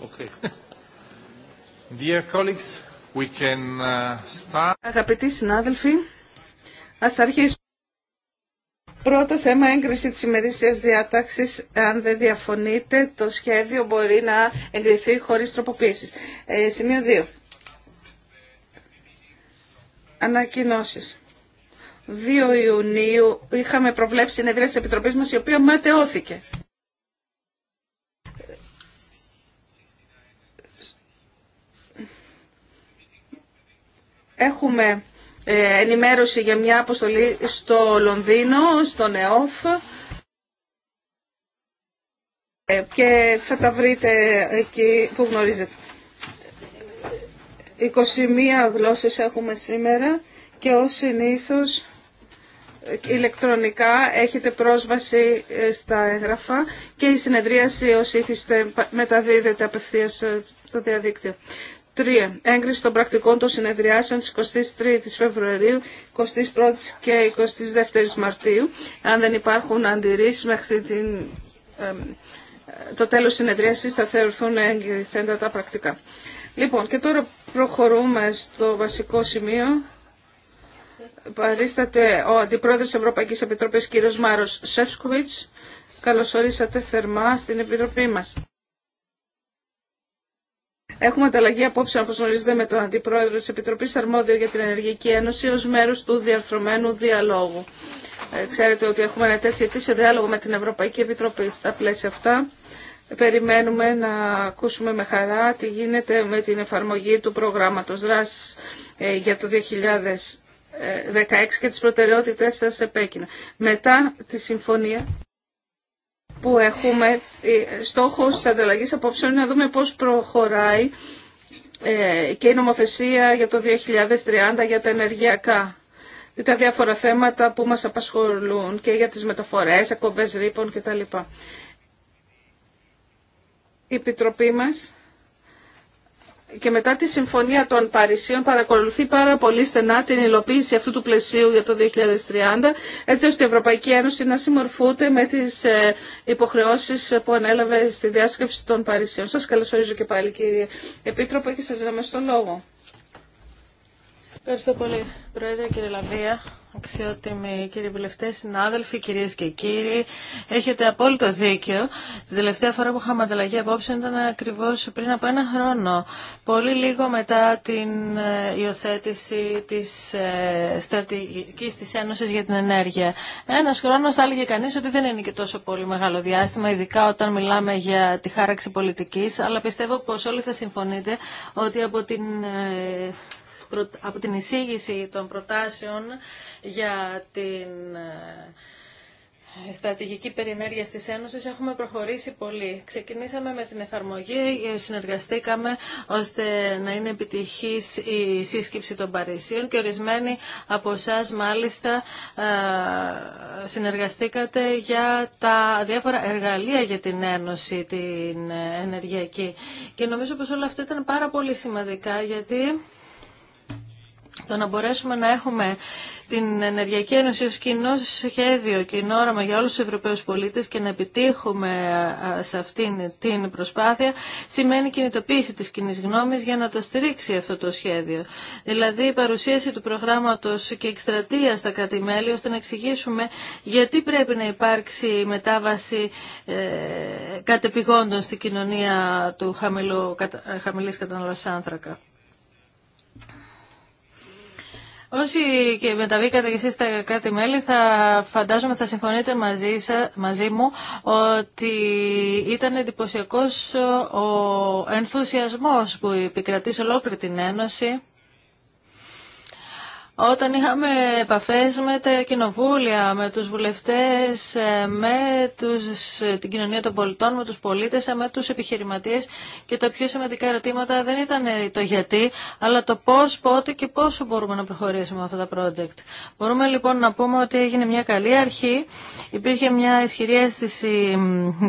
Okay. Dear colleagues, we can uh, start. Αγαπητοί συνάδελφοι, ας αρχίσουμε. Πρώτο θέμα έγκριση της ημερήσιας διάταξης, αν δεν διαφωνείτε, το σχέδιο μπορεί να εγκριθεί χωρίς τροποποίησης. Ε, σημείο 2. Ανακοινώσεις. 2 Ιουνίου είχαμε προβλέψει συνεδρία της Επιτροπής μας, η οποία ματαιώθηκε. Έχουμε ε, ενημέρωση για μια αποστολή στο Λονδίνο, στο ΝΕΟΦ ε, και θα τα βρείτε εκεί που γνωρίζετε. 21 γλώσσες έχουμε σήμερα και ως συνήθως ε, ηλεκτρονικά έχετε πρόσβαση στα έγγραφα και η συνεδρίαση όσοι ήθιστε μεταδίδεται απευθείας στο διαδίκτυο. 3. Έγκριση των πρακτικών των συνεδριάσεων τη 23 η Φεβρουαρίου, 21η και 22 η Μαρτίου. Αν δεν υπάρχουν αντιρρήσει μέχρι την, το τέλος συνεδρίασης θα θεωρηθούν εγκριθέντα τα πρακτικά. Λοιπόν, και τώρα προχωρούμε στο βασικό σημείο. Παρίσταται ο Αντιπρόεδρος της Ευρωπαϊκής Επιτροπής, κύριος Μάρος Σεύσκοβιτς. Καλωσορίσατε θερμά στην Επιτροπή μας. Έχουμε ανταλλαγή απόψε, όπω γνωρίζετε, με τον Αντιπρόεδρο τη Επιτροπή Αρμόδιο για την Ενεργειακή Ένωση ω μέρο του διαρθρωμένου διαλόγου. Ε, ξέρετε ότι έχουμε ένα τέτοιο ετήσιο διάλογο με την Ευρωπαϊκή Επιτροπή. Στα πλαίσια αυτά, περιμένουμε να ακούσουμε με χαρά τι γίνεται με την εφαρμογή του προγράμματος δράσης ε, για το 2016 ε, και τις προτεραιότητες σας επέκεινα. Μετά τη συμφωνία που έχουμε ε, στόχος της ανταλλαγής απόψεων είναι να δούμε πώς προχωράει ε, και η νομοθεσία για το 2030 για τα ενεργειακά τα διάφορα θέματα που μας απασχολούν και για τις μεταφορές, εκπομπές ρήπων κτλ. Η Επιτροπή μας και μετά τη Συμφωνία των Παρισίων παρακολουθεί πάρα πολύ στενά την υλοποίηση αυτού του πλαισίου για το 2030, έτσι ώστε η Ευρωπαϊκή Ένωση να συμμορφούται με τις ε, υποχρεώσεις που ανέλαβε στη διάσκεψη των Παρισίων. Σας καλωσορίζω και πάλι κύριε Επίτροπο και σας δίνουμε στο λόγο. Ευχαριστώ πολύ, Πρόεδρε, κύριε Λαβία. Αξιότιμοι κύριοι βουλευτέ, συνάδελφοι, κυρίε και κύριοι, έχετε απόλυτο δίκιο. Την τελευταία φορά που είχαμε ανταλλαγή απόψε ήταν ακριβώ πριν από ένα χρόνο, πολύ λίγο μετά την ε, υιοθέτηση τη ε, στρατηγική τη Ένωση για την Ενέργεια. Ένα χρόνο θα έλεγε κανεί ότι δεν είναι και τόσο πολύ μεγάλο διάστημα, ειδικά όταν μιλάμε για τη χάραξη πολιτική, αλλά πιστεύω πω όλοι θα συμφωνείτε ότι από την ε, από την εισήγηση των προτάσεων για την ε, στρατηγική περινέργεια της Ένωσης έχουμε προχωρήσει πολύ. Ξεκινήσαμε με την εφαρμογή, ε, συνεργαστήκαμε ώστε να είναι επιτυχής η σύσκεψη των Παρισίων και ορισμένοι από εσά μάλιστα ε, συνεργαστήκατε για τα διάφορα εργαλεία για την Ένωση, την ενεργειακή. Και νομίζω πως όλα αυτά ήταν πάρα πολύ σημαντικά γιατί το να μπορέσουμε να έχουμε την Ενεργειακή Ένωση ως κοινό σχέδιο, κοινό όραμα για όλους τους Ευρωπαίους πολίτες και να επιτύχουμε σε αυτήν την προσπάθεια σημαίνει κινητοποίηση της κοινή γνώμης για να το στηρίξει αυτό το σχέδιο. Δηλαδή η παρουσίαση του προγράμματος και εκστρατεία στα κρατημέλη ώστε να εξηγήσουμε γιατί πρέπει να υπάρξει μετάβαση ε, κατεπηγόντων στην κοινωνία του χαμηλού, χαμηλής καταναλωσάνθρακα. Όσοι και μεταβήκατε και εσείς στα κάτι μέλη, θα φαντάζομαι θα συμφωνείτε μαζί, σας, μαζί μου ότι ήταν εντυπωσιακό ο ενθουσιασμός που επικρατεί σε ολόκληρη την Ένωση όταν είχαμε επαφές με τα κοινοβούλια, με τους βουλευτές, ε, με τους, ε, την κοινωνία των πολιτών, με τους πολίτες, ε, με τους επιχειρηματίες και τα πιο σημαντικά ερωτήματα δεν ήταν το γιατί, αλλά το πώς, πότε και πόσο μπορούμε να προχωρήσουμε αυτά τα project. Μπορούμε λοιπόν να πούμε ότι έγινε μια καλή αρχή, υπήρχε μια ισχυρή αίσθηση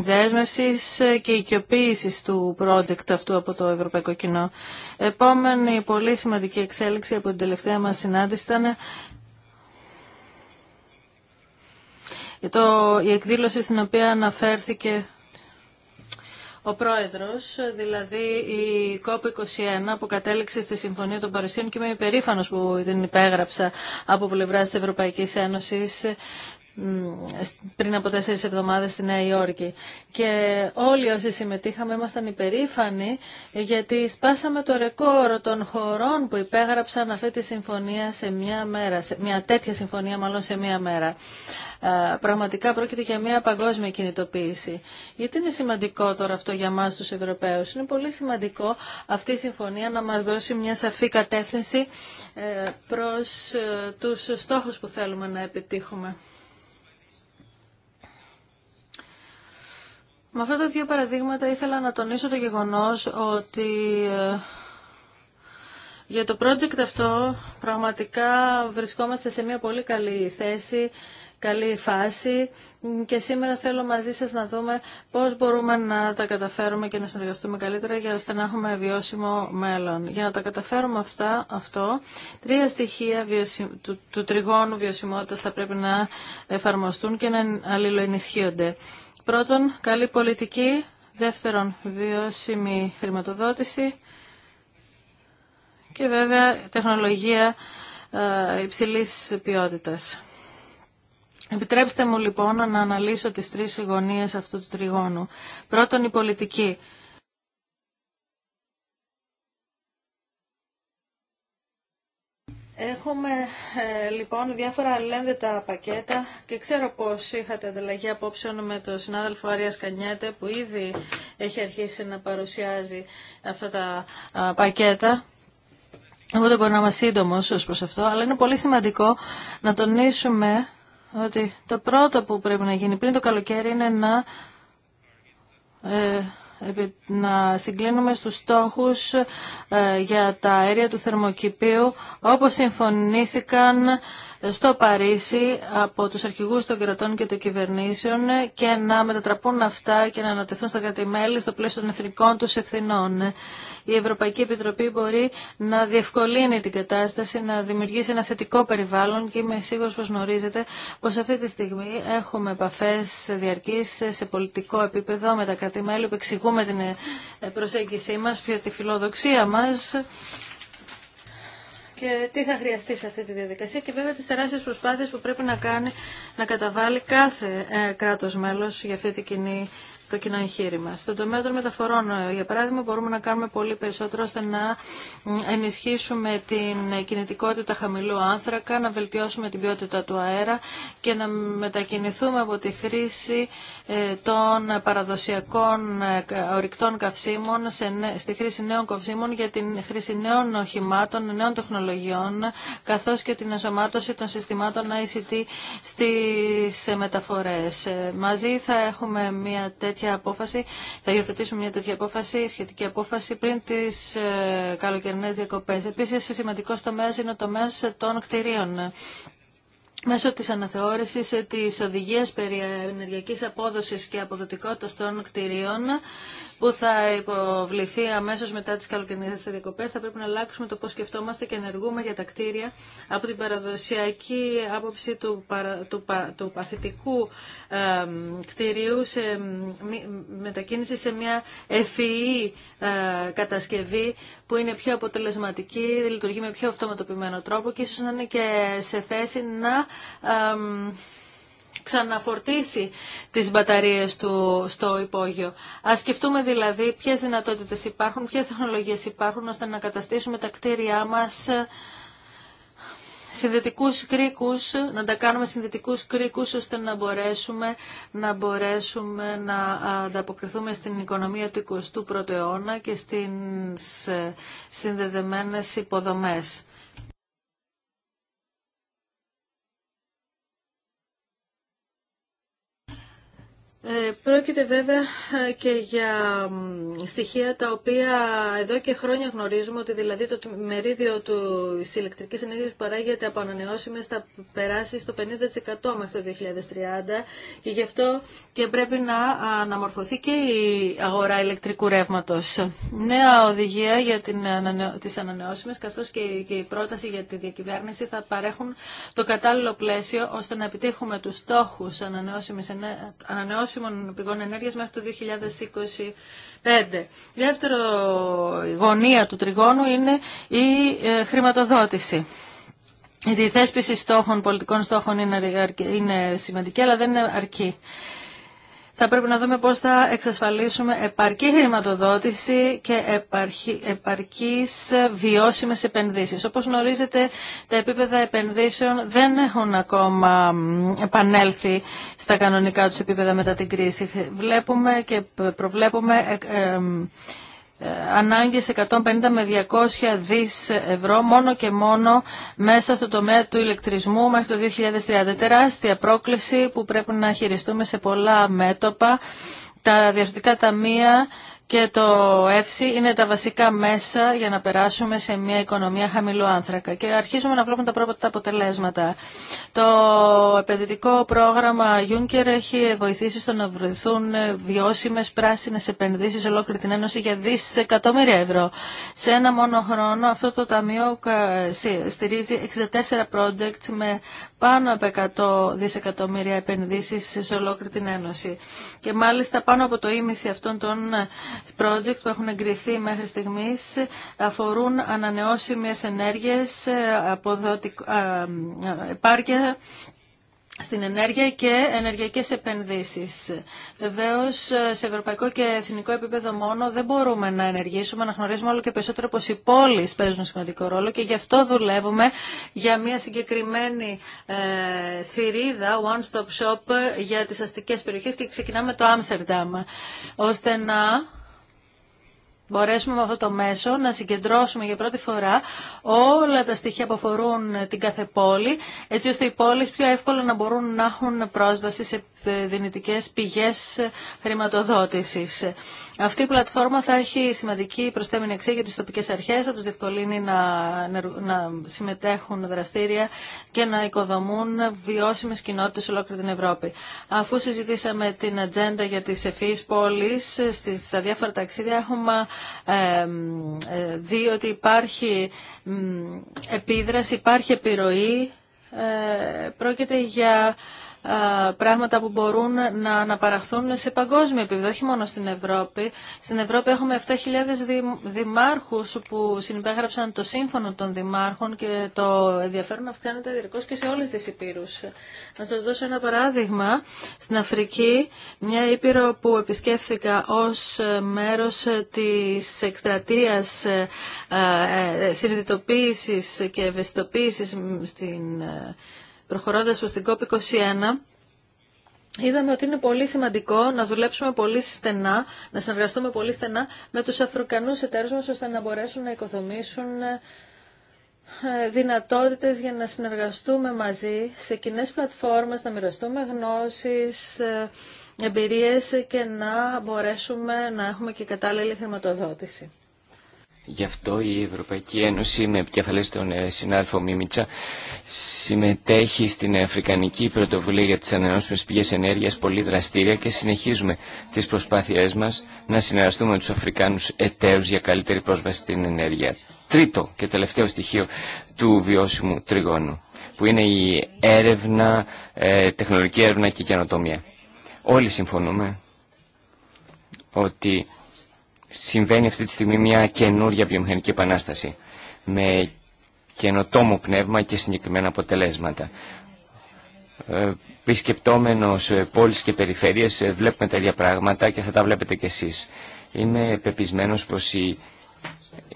δέσμευσης και οικειοποίησης του project αυτού από το Ευρωπαϊκό Κοινό. Επόμενη πολύ σημαντική εξέλιξη από την τελευταία μας συνάντηση ήταν ε, το, η εκδήλωση στην οποία αναφέρθηκε ο πρόεδρος, δηλαδή η COP21 που κατέληξε στη Συμφωνία των Παρισίων και είμαι υπερήφανος που την υπέγραψα από πλευρά της Ευρωπαϊκής Ένωσης πριν από τέσσερις εβδομάδες στη Νέα Υόρκη. Και όλοι όσοι συμμετείχαμε ήμασταν υπερήφανοι γιατί σπάσαμε το ρεκόρ των χωρών που υπέγραψαν αυτή τη συμφωνία σε μια μέρα, σε μια τέτοια συμφωνία μάλλον σε μια μέρα. Πραγματικά πρόκειται για μια παγκόσμια κινητοποίηση. Γιατί είναι σημαντικό τώρα αυτό για μας τους Ευρωπαίους. Είναι πολύ σημαντικό αυτή η συμφωνία να μας δώσει μια σαφή κατεύθυνση ε, προς ε, τους στόχους που θέλουμε να επιτύχουμε. Με αυτά τα δύο παραδείγματα ήθελα να τονίσω το γεγονός ότι ε, για το project αυτό πραγματικά βρισκόμαστε σε μια πολύ καλή θέση, καλή φάση και σήμερα θέλω μαζί σας να δούμε πώς μπορούμε να τα καταφέρουμε και να συνεργαστούμε καλύτερα για ώστε να έχουμε βιώσιμο μέλλον. Για να τα καταφέρουμε αυτά, αυτό, τρία στοιχεία του, του τριγώνου βιωσιμότητας θα πρέπει να εφαρμοστούν και να αλληλοενισχύονται. Πρώτον, καλή πολιτική. Δεύτερον, βιώσιμη χρηματοδότηση. Και βέβαια, τεχνολογία ε, υψηλής ποιότητας. Επιτρέψτε μου λοιπόν να αναλύσω τις τρεις γωνίες αυτού του τριγώνου. Πρώτον, η πολιτική. Έχουμε ε, λοιπόν διάφορα αλληλένδετα πακέτα και ξέρω πως είχατε ανταλλαγή απόψεων με τον συνάδελφο Αρία Κανιέτε που ήδη έχει αρχίσει να παρουσιάζει αυτά τα πακέτα. Εγώ δεν μπορώ να είμαι σύντομο ω προ αυτό, αλλά είναι πολύ σημαντικό να τονίσουμε ότι το πρώτο που πρέπει να γίνει πριν το καλοκαίρι είναι να ε, να συγκλίνουμε στους στόχους ε, για τα αέρια του θερμοκηπίου όπως συμφωνήθηκαν στο Παρίσι από τους αρχηγούς των κρατών και των κυβερνήσεων και να μετατραπούν αυτά και να ανατεθούν στα κρατημέλη στο πλαίσιο των εθνικών τους ευθυνών. Η Ευρωπαϊκή Επιτροπή μπορεί να διευκολύνει την κατάσταση, να δημιουργήσει ένα θετικό περιβάλλον και είμαι σίγουρο πως γνωρίζετε πως αυτή τη στιγμή έχουμε επαφές διαρκείς σε πολιτικό επίπεδο με τα κρατημέλη που εξηγούμε την προσέγγισή μας τη φιλοδοξία μας και τι θα χρειαστεί σε αυτή τη διαδικασία και βέβαια τις τεράστιες προσπάθειες που πρέπει να κάνει να καταβάλει κάθε ε, κράτος μέλος για αυτή την κοινή στο κοινό εγχείρημα. Στον τομέα των μεταφορών, για παράδειγμα, μπορούμε να κάνουμε πολύ περισσότερο ώστε να ενισχύσουμε την κινητικότητα χαμηλού άνθρακα, να βελτιώσουμε την ποιότητα του αέρα και να μετακινηθούμε από τη χρήση ε, των παραδοσιακών ε, ορυκτών καυσίμων στη χρήση νέων καυσίμων για την χρήση νέων οχημάτων, νέων τεχνολογιών, καθώς και την ενσωμάτωση των συστημάτων ICT στις ε, μεταφορές. Μαζί θα έχουμε μια τέτοια τέτοια απόφαση, θα υιοθετήσουμε μια τέτοια απόφαση, σχετική απόφαση πριν τι ε, διακοπέ. Επίση, σημαντικό τομέα είναι ο τομέα των κτηρίων. Μέσω της αναθεώρησης της οδηγίας περί ενεργειακής απόδοσης και αποδοτικότητας των κτηρίων που θα υποβληθεί αμέσω μετά τις καλοκαιρινέ διακοπέ. Θα πρέπει να αλλάξουμε το πω σκεφτόμαστε και ενεργούμε για τα κτίρια από την παραδοσιακή άποψη του, του, του παθητικού κτίριου σε μετακίνηση σε μια e e, ευφυή κατασκευή που είναι πιο αποτελεσματική, λειτουργεί με πιο αυτοματοποιημένο τρόπο και ίσω να είναι και σε θέση να ξαναφορτίσει τις μπαταρίες του στο υπόγειο. Ας σκεφτούμε δηλαδή ποιες δυνατότητες υπάρχουν, ποιες τεχνολογίες υπάρχουν, ώστε να καταστήσουμε τα κτίρια μας ε, συνδετικούς κρίκους, να τα κάνουμε συνδετικούς κρίκους ώστε να μπορέσουμε να, μπορέσουμε να ανταποκριθούμε στην οικονομία του 21ου αιώνα και στις ε, συνδεδεμένες υποδομές. Ε, πρόκειται βέβαια ε, και για στοιχεία τα οποία εδώ και χρόνια γνωρίζουμε ότι δηλαδή το μερίδιο του ηλεκτρικής ενέργειας που παράγεται από ανανεώσιμες θα περάσει στο 50% μέχρι το 2030 και γι' αυτό και πρέπει να αναμορφωθεί και η αγορά ηλεκτρικού ρεύματος. Νέα οδηγία για την, τις ανανεώσιμες καθώς και, η πρόταση για τη διακυβέρνηση θα παρέχουν το κατάλληλο πλαίσιο ώστε να επιτύχουμε τους στόχους ανανεώσιμες, ανανεώσιμες ανανεώσιμων πηγών ενέργειας μέχρι το 2025. Δεύτερο γωνία του τριγώνου είναι η ε, χρηματοδότηση. Η διθέσπιση στόχων, πολιτικών στόχων είναι σημαντική, αλλά δεν είναι αρκή θα πρέπει να δούμε πώς θα εξασφαλίσουμε επαρκή χρηματοδότηση και επαρχή, επαρκής βιώσιμες επενδύσεις. Όπως γνωρίζετε, τα επίπεδα επενδύσεων δεν έχουν ακόμα επανέλθει στα κανονικά τους επίπεδα μετά την κρίση. Βλέπουμε και προβλέπουμε ε, ε, ε, ανάγκες 150 με 200 δις ευρώ μόνο και μόνο μέσα στο τομέα του ηλεκτρισμού μέχρι το 2030. Τεράστια πρόκληση που πρέπει να χειριστούμε σε πολλά μέτωπα. Τα διευθυντικά ταμεία και το ΕΦΣΙ είναι τα βασικά μέσα για να περάσουμε σε μια οικονομία χαμηλού άνθρακα. Και αρχίζουμε να βλέπουμε τα πρώτα αποτελέσματα. Το επενδυτικό πρόγραμμα Juncker έχει βοηθήσει στο να βρεθούν βιώσιμε πράσινε επενδύσει σε ολόκληρη την Ένωση για δισεκατομμύρια ευρώ. Σε ένα μόνο χρόνο αυτό το ταμείο στηρίζει 64 projects με πάνω από 100 δισεκατομμύρια επενδύσει σε ολόκληρη την Ένωση. Και μάλιστα πάνω από το ίμιση αυτών των ε, projects που έχουν εγκριθεί μέχρι στιγμής αφορούν ανανεώσιμες ενέργειες, επάρκεια στην ενέργεια και ενεργειακές επενδύσεις. Βεβαίως, σε ευρωπαϊκό και εθνικό επίπεδο μόνο δεν μπορούμε να ενεργήσουμε, να γνωρίζουμε όλο και περισσότερο πως οι πόλεις παίζουν σημαντικό ρόλο και γι' αυτό δουλεύουμε για μια συγκεκριμένη ε, θηρίδα, one-stop shop για τις αστικές περιοχές και ξεκινάμε το Άμστερνταμ, ώστε να μπορέσουμε με αυτό το μέσο να συγκεντρώσουμε για πρώτη φορά όλα τα στοιχεία που αφορούν την κάθε πόλη, έτσι ώστε οι πόλεις πιο εύκολα να μπορούν να έχουν πρόσβαση σε δυνητικές πηγές χρηματοδότησης. Αυτή η πλατφόρμα θα έχει σημαντική προσθέμενη εξήγηση για τοπικές αρχές, θα τους διευκολύνει να, να συμμετέχουν δραστήρια και να οικοδομούν βιώσιμες κοινότητες σε ολόκληρη την Ευρώπη. Αφού συζητήσαμε την ατζέντα για τις ευφυεί πόλεις, στις διάφορα ταξίδια έχουμε ε, δει ότι υπάρχει επίδραση, υπάρχει επιρροή, ε, πρόκειται για πράγματα που μπορούν να αναπαραχθούν σε παγκόσμιο επίπεδο, όχι μόνο στην Ευρώπη. Στην Ευρώπη έχουμε 7.000 δημάρχους που συνυπέγραψαν το σύμφωνο των δημάρχων και το ενδιαφέρον αυξάνεται διαρκώς και σε όλες τις υπήρους. Να σας δώσω ένα παράδειγμα. Στην Αφρική, μια ήπειρο που επισκέφθηκα ως ε, μέρος ε, της εκστρατεία ε, συνειδητοποίηση και ευαισθητοποίησης στην Προχωρώντας προς την COP21, είδαμε ότι είναι πολύ σημαντικό να δουλέψουμε πολύ στενά, να συνεργαστούμε πολύ στενά με τους Αφρικανούς εταίρους μας, ώστε να μπορέσουν να οικοδομήσουν ε, δυνατότητες για να συνεργαστούμε μαζί σε κοινέ πλατφόρμες, να μοιραστούμε γνώσεις, ε, εμπειρίες και να μπορέσουμε να έχουμε και κατάλληλη χρηματοδότηση. Γι' αυτό η Ευρωπαϊκή Ένωση με επικέφαλή τον ε, συνάδελφο Μίμητσα συμμετέχει στην Αφρικανική Πρωτοβουλία για τις Ανανεώσιμες Πηγές Ενέργειας πολύ δραστήρια και συνεχίζουμε τις προσπάθειές μας να συνεργαστούμε με τους Αφρικάνους εταίρους για καλύτερη πρόσβαση στην ενέργεια. Τρίτο και τελευταίο στοιχείο του βιώσιμου τριγώνου που είναι η έρευνα, ε, τεχνολογική έρευνα και καινοτομία. Όλοι συμφωνούμε ότι συμβαίνει αυτή τη στιγμή μια καινούρια βιομηχανική επανάσταση με καινοτόμο πνεύμα και συγκεκριμένα αποτελέσματα. Ε, επισκεπτόμενος ε, πόλεις και περιφέρειες ε, βλέπουμε τα ίδια πράγματα και θα τα βλέπετε κι εσείς. Είμαι πεπισμένος πως οι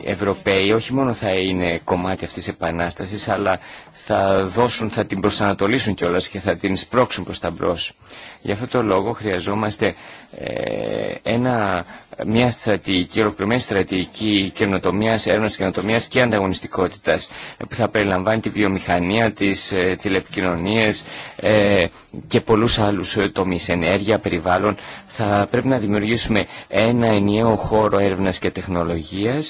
Ευρωπαίοι όχι μόνο θα είναι κομμάτι αυτής της επανάστασης αλλά θα δώσουν, θα την προσανατολίσουν κιόλας και θα την σπρώξουν προς τα μπρος. Γι' αυτό το λόγο χρειαζόμαστε ένα μια στρατηγική, ολοκληρωμένη στρατηγική καινοτομία, έρευνα καινοτομία και ανταγωνιστικότητα που θα περιλαμβάνει τη βιομηχανία, τι ε, τηλεπικοινωνίε ε, και πολλού άλλου ε, τομεί, ενέργεια, περιβάλλον. Θα πρέπει να δημιουργήσουμε ένα ενιαίο χώρο έρευνα και τεχνολογία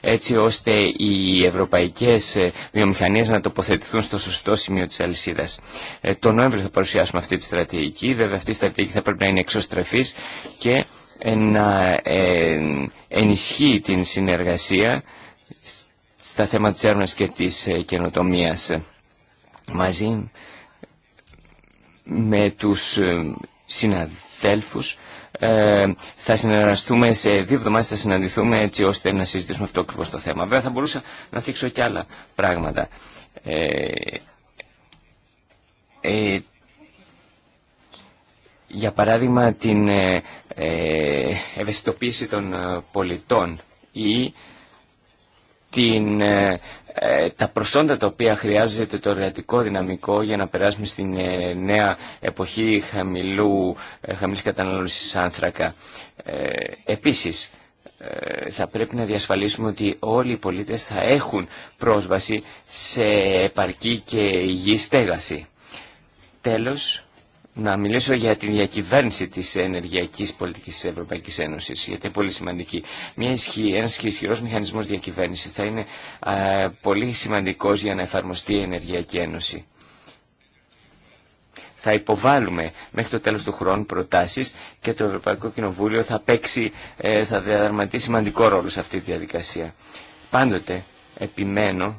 έτσι ώστε οι ευρωπαϊκέ βιομηχανίε να τοποθετηθούν στο σωστό σημείο τη αλυσίδα. Το Νοέμβριο θα παρουσιάσουμε αυτή τη στρατηγική. Βέβαια αυτή η στρατηγική θα πρέπει να είναι εξωστρεφή και να ε, ενισχύει την συνεργασία στα θέματα της έρευνας και της ε, καινοτομίας μαζί με τους ε, συναδέλφους θα συνεργαστούμε σε δύο εβδομάδες θα συναντηθούμε έτσι ώστε να συζητήσουμε αυτό ακριβώς το θέμα βέβαια θα μπορούσα να θίξω και άλλα πράγματα ε, για παράδειγμα την ε, ε, ευαισθητοποίηση των ε, πολιτών ή την, τα προσόντα τα οποία χρειάζεται το εργατικό δυναμικό για να περάσουμε στην νέα εποχή χαμηλού, χαμηλής κατανάλωσης άνθρακα. Επίσης, θα πρέπει να διασφαλίσουμε ότι όλοι οι πολίτες θα έχουν πρόσβαση σε επαρκή και υγιή στέγαση. Τέλος, να μιλήσω για τη διακυβέρνηση της ενεργειακής πολιτικής τη Ευρωπαϊκή Ένωση, γιατί είναι πολύ σημαντική. Μια ισχύ, ένας ισχυρός μηχανισμός διακυβέρνησης θα είναι πολύ σημαντικός για να εφαρμοστεί η Ενεργειακή Ένωση. Θα υποβάλουμε μέχρι το τέλος του χρόνου προτάσεις και το Ευρωπαϊκό Κοινοβούλιο θα παίξει, ε, θα διαδραματίσει σημαντικό ρόλο σε αυτή τη διαδικασία. Πάντοτε επιμένω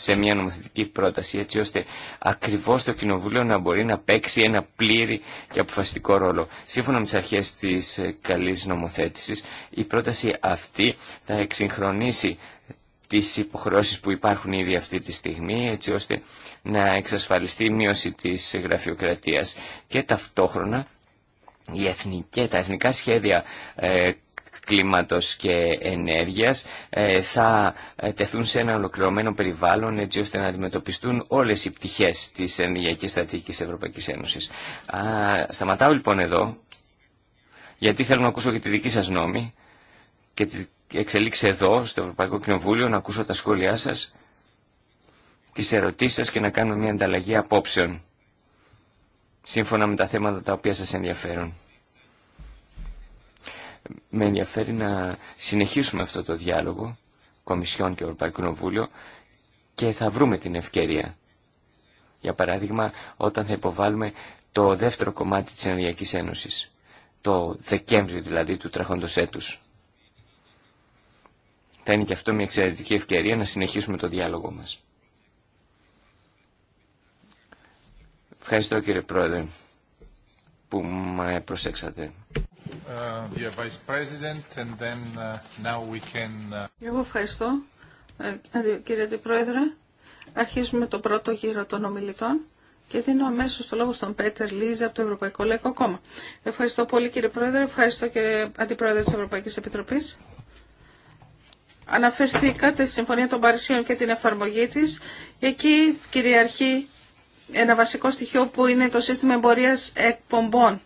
σε μια νομοθετική πρόταση έτσι ώστε ακριβώς το Κοινοβούλιο να μπορεί να παίξει ένα πλήρη και αποφασιστικό ρόλο. Σύμφωνα με τις αρχές της ε, καλής νομοθέτησης η πρόταση αυτή θα εξυγχρονίσει τις υποχρεώσεις που υπάρχουν ήδη αυτή τη στιγμή έτσι ώστε να εξασφαλιστεί η μείωση της γραφειοκρατίας και ταυτόχρονα τα εθνικά σχέδια ε, κλίματος και ενέργειας ε, θα ε, τεθούν σε ένα ολοκληρωμένο περιβάλλον έτσι ώστε να αντιμετωπιστούν όλες οι πτυχές της ενεργειακής στρατηγικής Ευρωπαϊκής Ένωσης. σταματάω λοιπόν εδώ, γιατί θέλω να ακούσω και τη δική σας νόμη και τις εξελίξη εδώ στο Ευρωπαϊκό Κοινοβούλιο, να ακούσω τα σχόλιά σας, τις ερωτήσεις σας και να κάνουμε μια ανταλλαγή απόψεων σύμφωνα με τα θέματα τα οποία σας ενδιαφέρουν με ενδιαφέρει να συνεχίσουμε αυτό το διάλογο, Κομισιόν και Ευρωπαϊκό Κοινοβούλιο, και θα βρούμε την ευκαιρία. Για παράδειγμα, όταν θα υποβάλουμε το δεύτερο κομμάτι της Ενεργειακής Ένωσης, το Δεκέμβριο δηλαδή του τρέχοντος έτους. Θα είναι και αυτό μια εξαιρετική ευκαιρία να συνεχίσουμε το διάλογο μας. Ευχαριστώ κύριε Πρόεδρε που με προσέξατε. Εγώ ευχαριστώ, ε, κύριε Αντιπρόεδρε. Αρχίζουμε το πρώτο γύρο των ομιλητών και δίνω αμέσω το λόγο στον Πέτερ Λίζα από το Ευρωπαϊκό Λαϊκό Κόμμα. Ευχαριστώ πολύ, κύριε Πρόεδρε. Ευχαριστώ και Αντιπρόεδρε τη Ευρωπαϊκή Επιτροπή. Αναφερθήκατε στη Συμφωνία των Παρισίων και την εφαρμογή της. Εκεί κυριαρχεί ένα βασικό στοιχείο που είναι το σύστημα εμπορίας εκπομπών.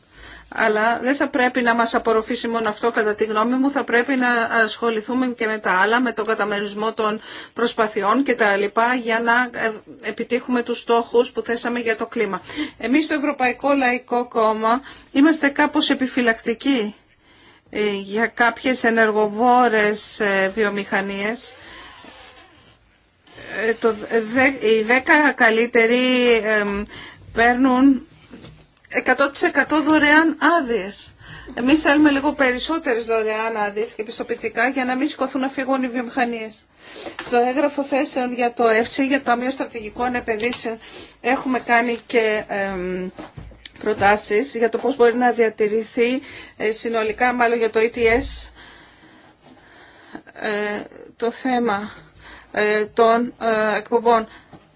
Αλλά δεν θα πρέπει να μας απορροφήσει μόνο αυτό κατά τη γνώμη μου, θα πρέπει να ασχοληθούμε και με τα άλλα, με τον καταμερισμό των προσπαθειών και τα λοιπά για να ε, επιτύχουμε τους στόχους που θέσαμε για το κλίμα. Εμείς στο Ευρωπαϊκό Λαϊκό Κόμμα είμαστε κάπως επιφυλακτικοί ε, για κάποιες ενεργοβόρες ε, βιομηχανίες ε, το, οι 10 καλύτεροι παίρνουν 100% δωρεάν άδειες. Εμείς θέλουμε λίγο περισσότερες δωρεάν άδειες και πιστοποιητικά για να μην σηκωθούν να φύγουν οι βιομηχανίες. Στο έγγραφο θέσεων για το ΕΦΣΥ, για το Ταμείο Στρατηγικών Επενδύσεων, έχουμε κάνει και προτάσεις για το πώς μπορεί να διατηρηθεί ε, συνολικά, μάλλον για το ETS, ε, το θέμα ε, των ε, εκπομπών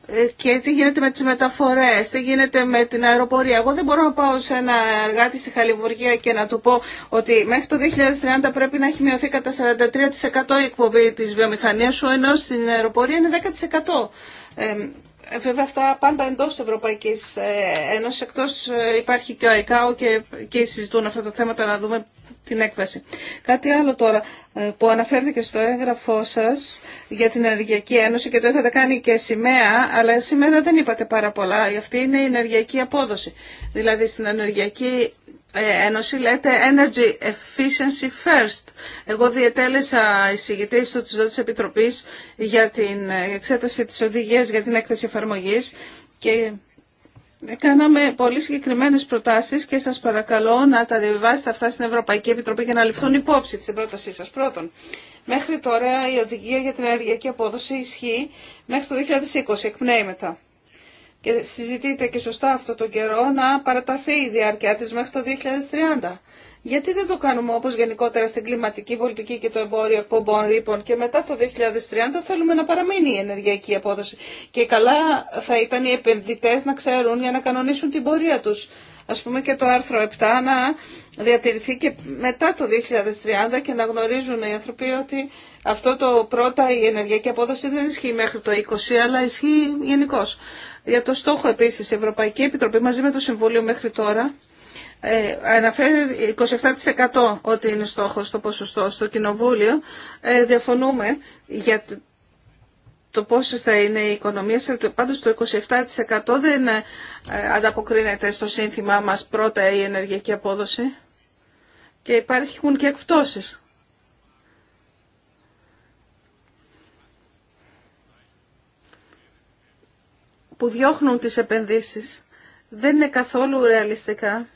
ε, και τι γίνεται με τις μεταφορές, τι γίνεται με την αεροπορία. Εγώ δεν μπορώ να πάω σε ένα εργάτη στη Χαλιβουργία και να του πω ότι μέχρι το 2030 πρέπει να έχει μειωθεί κατά 43% η εκπομπή της βιομηχανίας σου, ενώ στην αεροπορία είναι 10%. Ε, βέβαια αυτά πάντα εντός της Ευρωπαϊκής Ένωσης, εκτός υπάρχει και ο ΑΕΚΑΟ και συζητούν αυτά τα θέματα να δούμε την έκβαση. Κάτι άλλο τώρα ε, που αναφέρθηκε στο έγγραφό σας για την Ενεργειακή Ένωση και το είχατε κάνει και σημαία, αλλά σήμερα δεν είπατε πάρα πολλά. Αυτή είναι η ενεργειακή απόδοση. Δηλαδή στην Ενεργειακή ε, Ένωση λέτε Energy Efficiency First. Εγώ διετέλεσα εισηγητή στο της Δότης Επιτροπής για την ε, εξέταση της οδηγίας για την έκθεση εφαρμογής και Κάναμε πολύ συγκεκριμένες προτάσεις και σας παρακαλώ να τα διαβιβάσετε αυτά στην Ευρωπαϊκή Επιτροπή για να ληφθούν υπόψη τη πρότασή σας. Πρώτον, μέχρι τώρα η οδηγία για την ενεργειακή απόδοση ισχύει μέχρι το 2020, εκπνέει μετά και συζητείται και σωστά αυτό το καιρό να παραταθεί η διάρκεια της μέχρι το 2030. Γιατί δεν το κάνουμε όπως γενικότερα στην κλιματική πολιτική και το εμπόριο εκπομπών ρήπων και μετά το 2030 θέλουμε να παραμείνει η ενεργειακή απόδοση. Και καλά θα ήταν οι επενδυτές να ξέρουν για να κανονίσουν την πορεία τους. Ας πούμε και το άρθρο 7 να διατηρηθεί και μετά το 2030 και να γνωρίζουν οι άνθρωποι ότι αυτό το πρώτα η ενεργειακή απόδοση δεν ισχύει μέχρι το 20 αλλά ισχύει γενικώ. Για το στόχο επίσης η Ευρωπαϊκή Επιτροπή μαζί με το Συμβούλιο μέχρι τώρα ε, αναφέρει 27% ότι είναι στόχος το ποσοστό στο Κοινοβούλιο. Ε, διαφωνούμε για το πόσε θα είναι οι οικονομίες, πάντως το 27% δεν ε, ανταποκρίνεται στο σύνθημά μας πρώτα η ενεργειακή απόδοση και υπάρχουν και εκπτώσεις. που διώχνουν τις επενδύσεις δεν είναι καθόλου ρεαλιστικά.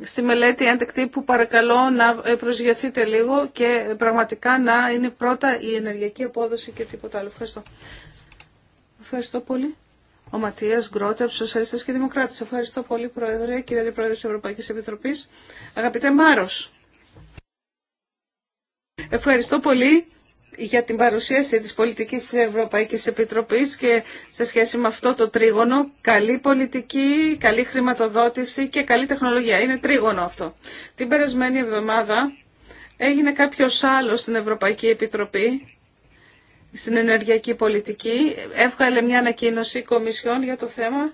Στη μελέτη αντεκτή που παρακαλώ να προσγειωθείτε λίγο και πραγματικά να είναι πρώτα η ενεργειακή απόδοση και τίποτα άλλο. Ευχαριστώ. Ευχαριστώ πολύ. Ο Ματία Γκρότε, από του Σοσιαλιστέ και Δημοκράτε. Ευχαριστώ πολύ, Πρόεδρε, κύριε Πρόεδρε τη Ευρωπαϊκή Επιτροπή. Αγαπητέ Μάρο, ευχαριστώ πολύ για την παρουσίαση της πολιτικής της Ευρωπαϊκής Επιτροπής και σε σχέση με αυτό το τρίγωνο, καλή πολιτική, καλή χρηματοδότηση και καλή τεχνολογία. Είναι τρίγωνο αυτό. Την περασμένη εβδομάδα έγινε κάποιος άλλος στην Ευρωπαϊκή Επιτροπή, στην ενεργειακή πολιτική, έβγαλε μια ανακοίνωση κομισιών για το θέμα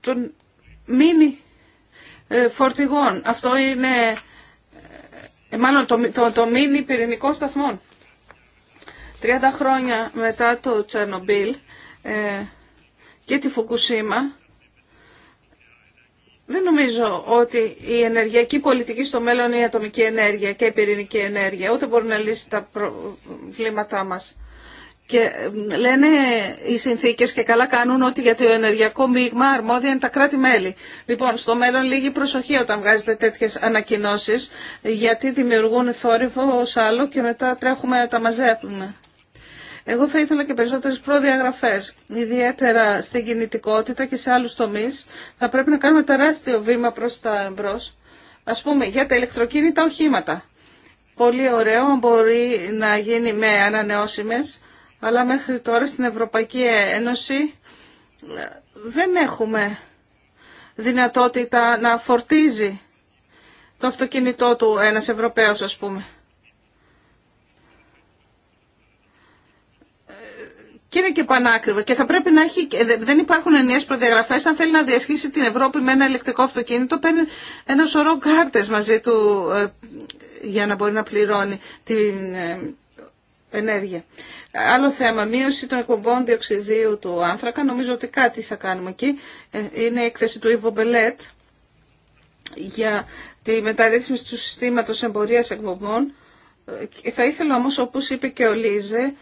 των μήνυ ε, φορτηγών. Αυτό είναι ε, μάλλον το, το, το μήνυ πυρηνικών σταθμών. 30 χρόνια μετά το Τσερνομπίλ ε, και τη Φουκουσίμα, δεν νομίζω ότι η ενεργειακή πολιτική στο μέλλον είναι η ατομική ενέργεια και η πυρηνική ενέργεια. Ούτε μπορεί να λύσει τα προβλήματά μας. Και λένε οι συνθήκε και καλά κάνουν ότι για το ενεργειακό μείγμα αρμόδια είναι τα κράτη-μέλη. Λοιπόν, στο μέλλον λίγη προσοχή όταν βγάζετε τέτοιε ανακοινώσει, γιατί δημιουργούν θόρυβο ω άλλο και μετά τρέχουμε να τα μαζέπουμε. Εγώ θα ήθελα και περισσότερε προδιαγραφέ, ιδιαίτερα στην κινητικότητα και σε άλλου τομεί. Θα πρέπει να κάνουμε τεράστιο βήμα προ τα εμπρό. Α πούμε, για τα ηλεκτροκίνητα οχήματα. Πολύ ωραίο, μπορεί να γίνει με ανανεώσιμες αλλά μέχρι τώρα στην Ευρωπαϊκή Ένωση ε, δεν έχουμε δυνατότητα να φορτίζει το αυτοκίνητό του ένας Ευρωπαίος ας πούμε. Και είναι και πανάκριβο. Και θα πρέπει να έχει, ε, δεν υπάρχουν ενιαίες προδιαγραφές. Αν θέλει να διασχίσει την Ευρώπη με ένα ηλεκτρικό αυτοκίνητο, παίρνει ένα σωρό κάρτες μαζί του ε, για να μπορεί να πληρώνει την ενέργεια. Άλλο θέμα, μείωση των εκπομπών διοξιδίου του άνθρακα. Νομίζω ότι κάτι θα κάνουμε εκεί. Ε, είναι η έκθεση του Ιβο Μπελέτ για τη μεταρρύθμιση του συστήματος εμπορίας εκπομπών. Ε, θα ήθελα όμως, όπως είπε και ο Λίζε,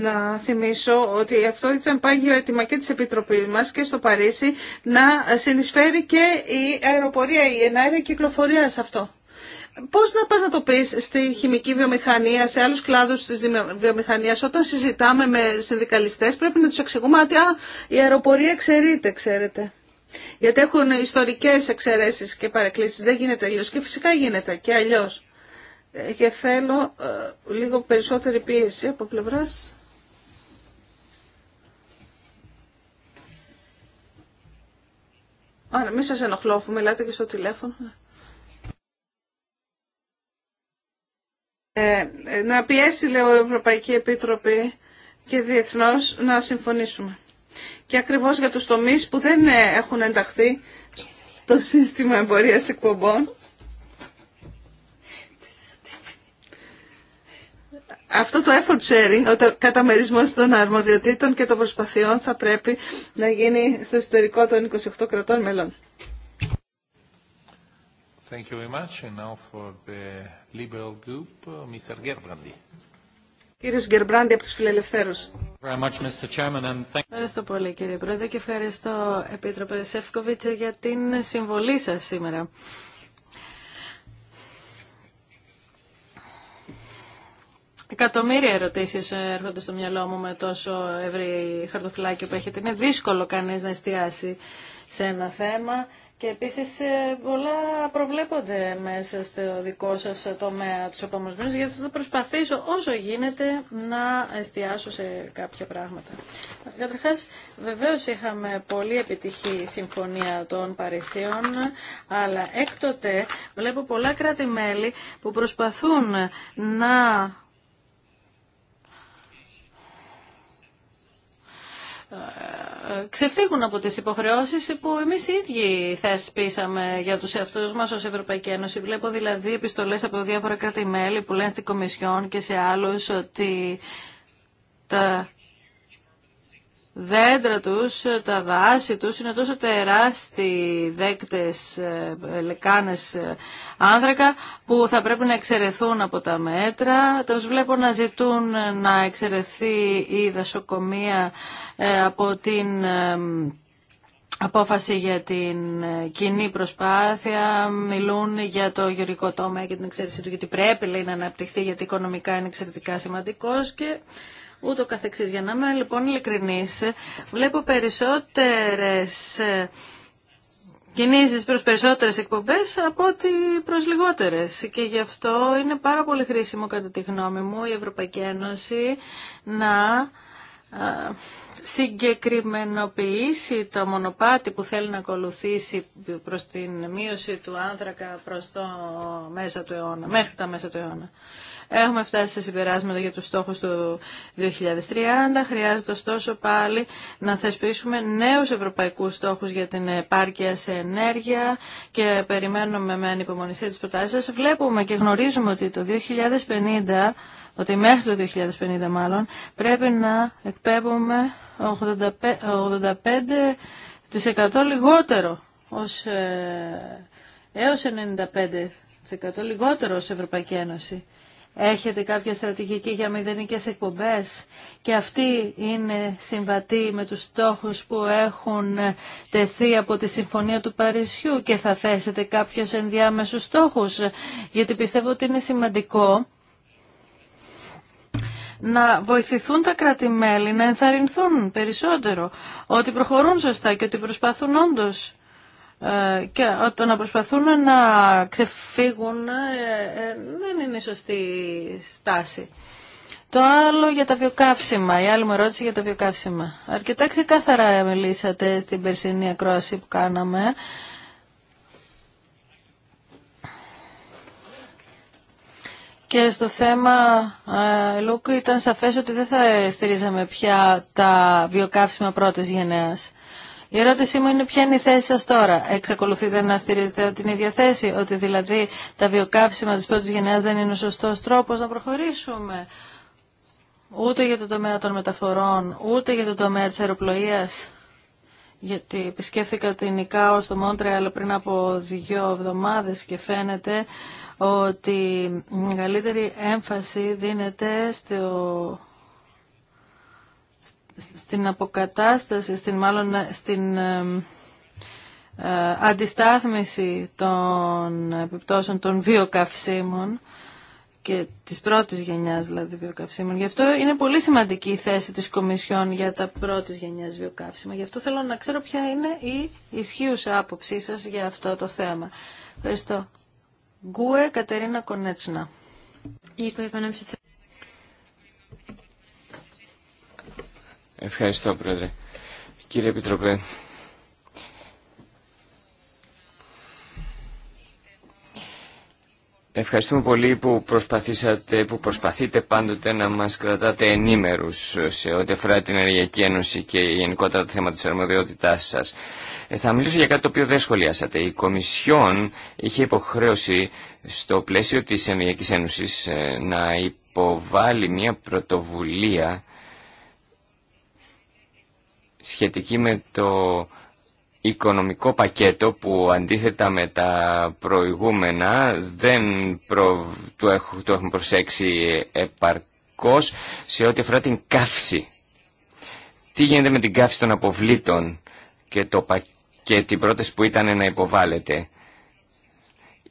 να θυμίσω ότι αυτό ήταν πάγιο αίτημα και της Επιτροπής μας και στο Παρίσι να συνεισφέρει και η αεροπορία, η ενάρεια κυκλοφορία σε αυτό. Πώ να πα να το πει στη χημική βιομηχανία, σε άλλους κλάδους της βιομηχανίας, όταν συζητάμε με συνδικαλιστές πρέπει να τους εξηγούμε ότι η αεροπορία εξαιρείται, ξέρετε. Γιατί έχουν ιστορικές εξαιρέσει και παρεκκλήσει. Δεν γίνεται αλλιώ και φυσικά γίνεται και αλλιώ. Ε, και θέλω ε, λίγο περισσότερη πίεση από πλευρά. Άρα, μην σα ενοχλώ αφού μιλάτε και στο τηλέφωνο. Ε, να πιέσει, λέω, η Ευρωπαϊκή Επίτροπη και διεθνώς να συμφωνήσουμε. Και ακριβώς για τους τομείς που δεν ε, έχουν ενταχθεί το σύστημα εμπορία εκπομπών. Αυτό το effort sharing, ο καταμερισμός των αρμοδιοτήτων και των προσπαθειών θα πρέπει να γίνει στο εσωτερικό των 28 κρατών μελών. Liberal Group, uh, από τους Φιλελευθέρους. Ευχαριστώ πολύ κύριε Πρόεδρε και ευχαριστώ Επίτροπε Σεύκοβιτ για την συμβολή σας σήμερα. Εκατομμύρια ερωτήσει έρχονται στο μυαλό μου με τόσο ευρύ χαρτοφυλάκιο που έχετε. Είναι δύσκολο κανεί να εστιάσει σε ένα θέμα. Και επίσης ε, πολλά προβλέπονται μέσα στο δικό σας τομέα τους επόμενους μήνες, γιατί θα προσπαθήσω όσο γίνεται να εστιάσω σε κάποια πράγματα. Καταρχά, βεβαίως είχαμε πολύ επιτυχή συμφωνία των Παρισίων, αλλά έκτοτε βλέπω πολλά κράτη-μέλη που προσπαθούν να ξεφύγουν από τις υποχρεώσεις που εμείς οι ίδιοι θεσπίσαμε για τους εαυτούς μας ως Ευρωπαϊκή Ένωση. Βλέπω δηλαδή επιστολές από διάφορα κράτη-μέλη που λένε στην Κομισιόν και σε άλλους ότι τα δέντρα τους, τα δάση τους είναι τόσο τεράστιοι δέκτες ε, λεκάνες ε, άνθρακα που θα πρέπει να εξαιρεθούν από τα μέτρα. Τους βλέπω να ζητούν ε, να εξαιρεθεί η δασοκομεία από την απόφαση για την κοινή προσπάθεια. Μιλούν για το γεωργικό τόμα και την εξαίρεση του, γιατί πρέπει λέει, να αναπτυχθεί, γιατί οικονομικά είναι εξαιρετικά σημαντικός και ούτω καθεξής. Για να είμαι λοιπόν ειλικρινής, βλέπω περισσότερες ε, κινήσεις προς περισσότερες εκπομπές από ότι προς λιγότερες. Και γι' αυτό είναι πάρα πολύ χρήσιμο κατά τη γνώμη μου η Ευρωπαϊκή Ένωση να ε, συγκεκριμενοποιήσει το μονοπάτι που θέλει να ακολουθήσει προς την μείωση του άνθρακα προς το μέσα του αιώνα, μέχρι τα μέσα του αιώνα. Έχουμε φτάσει σε συμπεράσματα για τους στόχους του 2030. Χρειάζεται ωστόσο πάλι να θεσπίσουμε νέους ευρωπαϊκούς στόχους για την επάρκεια σε ενέργεια και περιμένουμε με ανυπομονησία τις προτάσεις σας. Βλέπουμε και γνωρίζουμε ότι το 2050 ότι μέχρι το 2050 μάλλον πρέπει να εκπέμπουμε 85%, λιγότερο ως ε, έως 95% λιγότερο ως Ευρωπαϊκή Ένωση. Έχετε κάποια στρατηγική για μηδενικές εκπομπές και αυτή είναι συμβατή με τους στόχους που έχουν τεθεί από τη Συμφωνία του Παρισιού και θα θέσετε κάποιους ενδιάμεσους στόχους γιατί πιστεύω ότι είναι σημαντικό να βοηθηθούν τα κράτη-μέλη να ενθαρρυνθούν περισσότερο ότι προχωρούν σωστά και ότι προσπαθούν όντως ε, και το να προσπαθούν να ξεφύγουν ε, ε, δεν είναι η σωστή στάση. Το άλλο για τα βιοκαύσιμα, η άλλη μου ερώτηση για τα βιοκαύσιμα. Αρκετά ξεκάθαρα μιλήσατε στην περσινή ακρόαση που κάναμε. Και στο θέμα, Λούκου, ήταν σαφές ότι δεν θα στηρίζαμε πια τα βιοκαύσιμα πρώτης γενναίας. Η ερώτησή μου είναι ποια είναι η θέση σας τώρα. Εξακολουθείτε να στηρίζετε την ίδια θέση, ότι δηλαδή τα βιοκαύσιμα της πρώτης γενιάς δεν είναι ο σωστός τρόπος να προχωρήσουμε. Ούτε για το τομέα των μεταφορών, ούτε για το τομέα της αεροπλοείας. Γιατί επισκέφθηκα την ΙΚΑΟ στο αλλά πριν από δύο εβδομάδες και φαίνεται ότι μεγαλύτερη έμφαση δίνεται στο στην αποκατάσταση, στην μάλλον στην ε, αντιστάθμιση των επιπτώσεων των βιοκαυσίμων και της πρώτης γενιάς δηλαδή βιοκαυσίμων. Γι' αυτό είναι πολύ σημαντική η θέση της Κομισιόν για τα πρώτης γενιάς βιοκαύσιμα. Γι' αυτό θέλω να ξέρω ποια είναι η ισχύουσα άποψή σας για αυτό το θέμα. Ευχαριστώ. Γκουε Κατερίνα Κονέτσνα. Ευχαριστώ, Πρόεδρε. Κύριε Επιτροπέ, Ευχαριστούμε πολύ που προσπαθήσατε, που προσπαθείτε πάντοτε να μας κρατάτε ενήμερους σε ό,τι αφορά την Ενεργειακή Ένωση και γενικότερα το θέμα της αρμοδιότητάς σας. Ε, θα μιλήσω για κάτι το οποίο δεν σχολιάσατε. Η Κομισιόν είχε υποχρέωση στο πλαίσιο της Ενεργειακής Ένωσης ε, να υποβάλει μια πρωτοβουλία σχετική με το οικονομικό πακέτο που αντίθετα με τα προηγούμενα δεν το, έχουμε, προσέξει επαρκώς σε ό,τι αφορά την καύση. Τι γίνεται με την καύση των αποβλήτων και, το, και την πρόταση που ήταν να υποβάλλεται.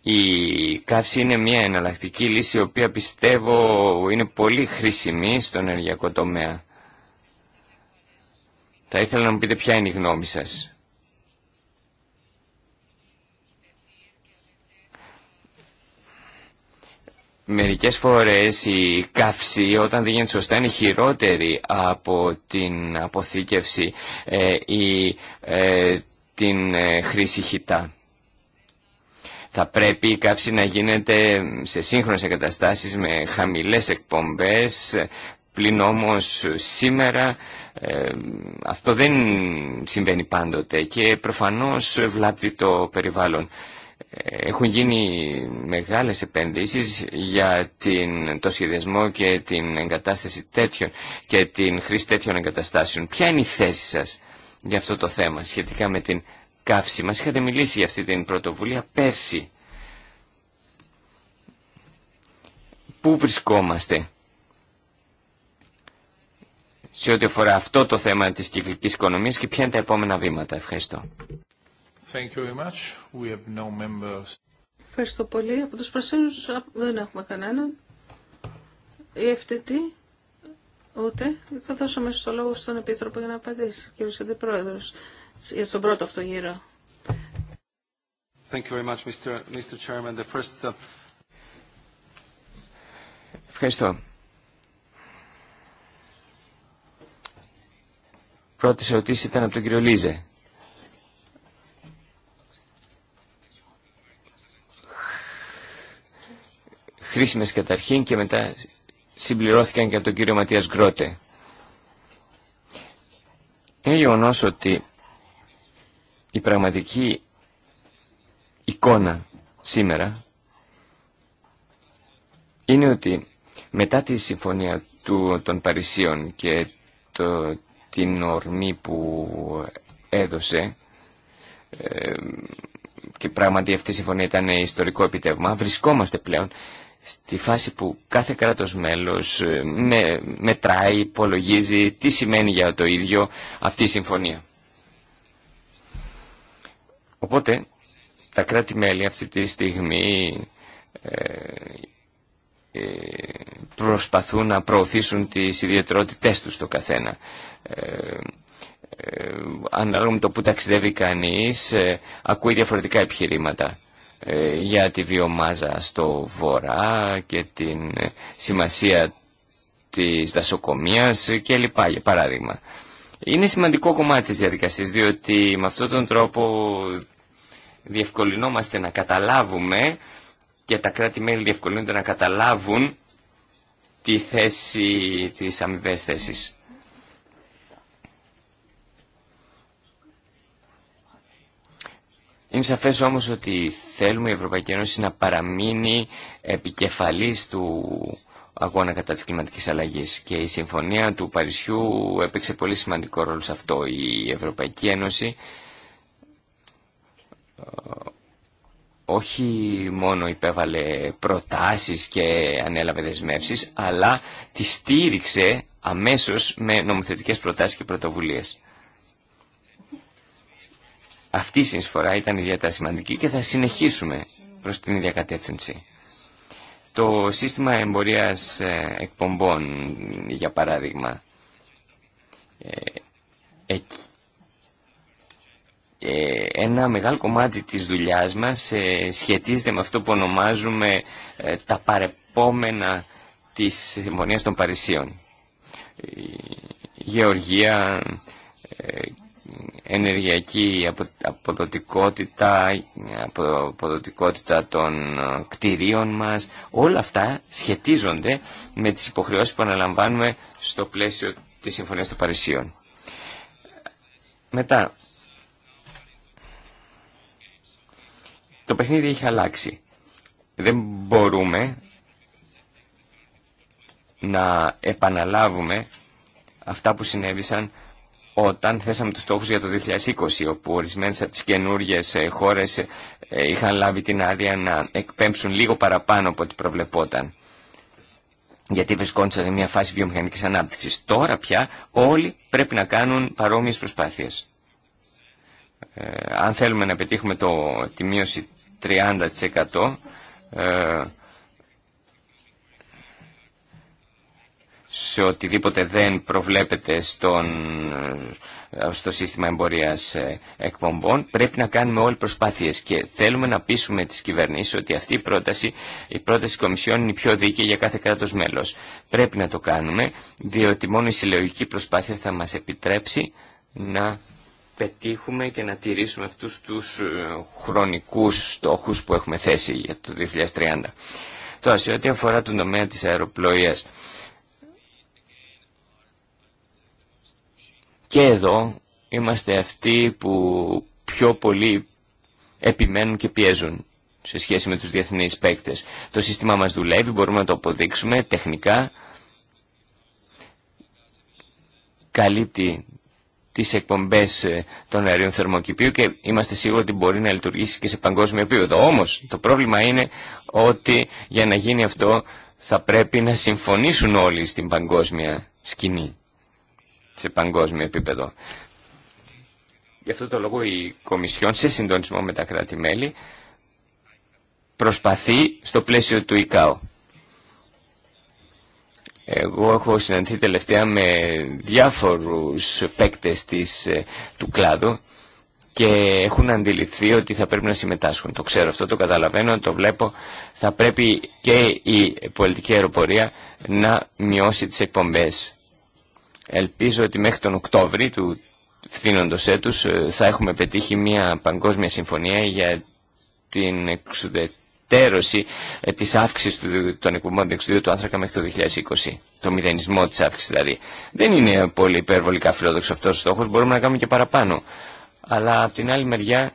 Η καύση είναι μια εναλλακτική λύση η οποία πιστεύω είναι πολύ χρήσιμη στον ενεργειακό τομέα. Θα ήθελα να μου πείτε ποια είναι η γνώμη σας. Μερικές φορές η καύση όταν δεν γίνεται σωστά είναι χειρότερη από την αποθήκευση ή ε, ε, την ε, χρήση χιτά. Θα πρέπει η καύση να γίνεται σε σύγχρονες εγκαταστάσεις με χαμηλές εκπομπές, πλην όμως σήμερα ε, αυτό δεν συμβαίνει πάντοτε και προφανώς βλάπτει το περιβάλλον. Ε, έχουν γίνει μεγάλες επενδύσεις για την, το σχεδιασμό και την εγκατάσταση τέτοιων και την χρήση τέτοιων εγκαταστάσεων. Ποια είναι η θέση σας για αυτό το θέμα σχετικά με την καύση. Μας είχατε μιλήσει για αυτή την πρωτοβουλία πέρσι. Πού βρισκόμαστε σε ό,τι αφορά αυτό το θέμα της κυκλικής οικονομίας και ποια είναι τα επόμενα βήματα. Ευχαριστώ. Thank you very much. We have no members. Ευχαριστώ πολύ. Από τους Πρασίνους δεν έχουμε κανέναν. Η FTT ούτε. Θα δώσω μέσα στο λόγο στον Επίτροπο για να απαντήσει, κύριο Αντιπρόεδρος, για τον πρώτο αυτό γύρο. Thank you very much, Mr. Mr. Chairman. The first... Uh, Ευχαριστώ. πρώτη ότι ήταν από τον κύριο Λίζε. Χρήσιμες καταρχήν και μετά συμπληρώθηκαν και από τον κύριο Ματίας Γκρότε. Είναι γεγονό ότι η πραγματική εικόνα σήμερα είναι ότι μετά τη συμφωνία του, των Παρισίων και το, την ορμή που έδωσε ε, και πράγματι αυτή η συμφωνία ήταν ιστορικό επιτεύγμα. Βρισκόμαστε πλέον στη φάση που κάθε κράτος μέλος ε, με, μετράει, υπολογίζει τι σημαίνει για το ίδιο αυτή η συμφωνία. Οπότε τα κράτη-μέλη αυτή τη στιγμή ε, ε προσπαθούν να προωθήσουν τις ιδιαιτερότητές τους στο καθένα. Ε, ε, ανάλογα με το που ταξιδεύει κανείς ε, ακούει διαφορετικά επιχειρήματα για τη βιομάζα στο βορρά και την σημασία της δασοκομείας και λοιπά, για παράδειγμα. Είναι σημαντικό κομμάτι της διαδικασίας, διότι με αυτόν τον τρόπο διευκολυνόμαστε να καταλάβουμε και τα κράτη-μέλη διευκολύνονται να καταλάβουν τη θέση της αμοιβές θέσης. Είναι σαφές όμως ότι θέλουμε η Ευρωπαϊκή Ένωση να παραμείνει επικεφαλής του αγώνα κατά της κλιματικής αλλαγής και η Συμφωνία του Παρισιού έπαιξε πολύ σημαντικό ρόλο σε αυτό. Η Ευρωπαϊκή Ένωση ε, όχι μόνο υπέβαλε προτάσεις και ανέλαβε δεσμεύσεις, αλλά τη στήριξε αμέσως με νομοθετικές προτάσεις και πρωτοβουλίες. Αυτή η συνεισφορά ήταν ιδιαίτερα σημαντική και θα συνεχίσουμε προς την ίδια κατεύθυνση. Το σύστημα εμπορίας ε, εκπομπών, για παράδειγμα, ε, ε, ένα μεγάλο κομμάτι της δουλειάς μας σχετίζεται με αυτό που ονομάζουμε τα παρεπόμενα της Συμφωνίας των Παρισίων. Γεωργία, ενεργειακή αποδοτικότητα, αποδοτικότητα των ε, κτηρίων μας. Όλα αυτά σχετίζονται με τις υποχρεώσεις που αναλαμβάνουμε στο πλαίσιο της Συμφωνίας των Παρισίων. Μετά, το παιχνίδι έχει αλλάξει. Δεν μπορούμε να επαναλάβουμε αυτά που συνέβησαν όταν θέσαμε τους στόχους για το 2020, όπου ορισμένες από τις καινούργιες ε, χώρες ε, είχαν λάβει την άδεια να εκπέμψουν λίγο παραπάνω από ό,τι προβλεπόταν. Γιατί βρισκόντουσαν σε μια φάση βιομηχανικής ανάπτυξης. Τώρα πια όλοι πρέπει να κάνουν παρόμοιες προσπάθειες. Ε, αν θέλουμε να πετύχουμε το, τη μείωση 30% σε οτιδήποτε δεν προβλέπεται στον, ε, στο σύστημα εμπορίας ε, εκπομπών. Πρέπει να κάνουμε όλοι προσπάθειες και θέλουμε να πείσουμε τις κυβερνήσεις ότι αυτή η πρόταση, η πρόταση Κομισιόν είναι η πιο δίκαιη για κάθε κράτος μέλος. Πρέπει να το κάνουμε, διότι μόνο η συλλογική προσπάθεια θα μας επιτρέψει να πετύχουμε και να τηρήσουμε αυτούς τους ε, χρονικούς στόχους που έχουμε θέσει για το 2030. Τώρα, σε ό,τι αφορά τον τομέα της αεροπλοείας, Και εδώ είμαστε αυτοί που πιο πολύ επιμένουν και πιέζουν σε σχέση με τους διεθνείς παίκτες. Το σύστημά μας δουλεύει, μπορούμε να το αποδείξουμε τεχνικά. Καλύπτει τις εκπομπές ε, των αερίων θερμοκηπίου και είμαστε σίγουροι ότι μπορεί να λειτουργήσει και σε παγκόσμιο επίπεδο. Όμως το πρόβλημα είναι ότι για να γίνει αυτό θα πρέπει να συμφωνήσουν όλοι στην παγκόσμια σκηνή σε παγκόσμιο επίπεδο. Γι' αυτό το λόγο η Κομισιόν σε συντονισμό με τα κράτη-μέλη προσπαθεί στο πλαίσιο του ΙΚΑΟ. Εγώ έχω συναντηθεί τελευταία με διάφορους παίκτες της, ε, του κλάδου και έχουν αντιληφθεί ότι θα πρέπει να συμμετάσχουν. Το ξέρω αυτό, το καταλαβαίνω, το βλέπω. Θα πρέπει και η πολιτική αεροπορία να μειώσει τις εκπομπές Ελπίζω ότι μέχρι τον Οκτώβρη του φθήνοντος έτους ε, θα έχουμε πετύχει μια παγκόσμια συμφωνία για την εξουδετέρωση ε, της αύξησης των εκπομπών διεξουδίου του άνθρακα μέχρι το 2020. Το μηδενισμό της αύξησης δηλαδή. Δεν είναι πολύ υπερβολικά φιλόδοξο αυτός ο στόχος, μπορούμε να κάνουμε και παραπάνω. Αλλά από την άλλη μεριά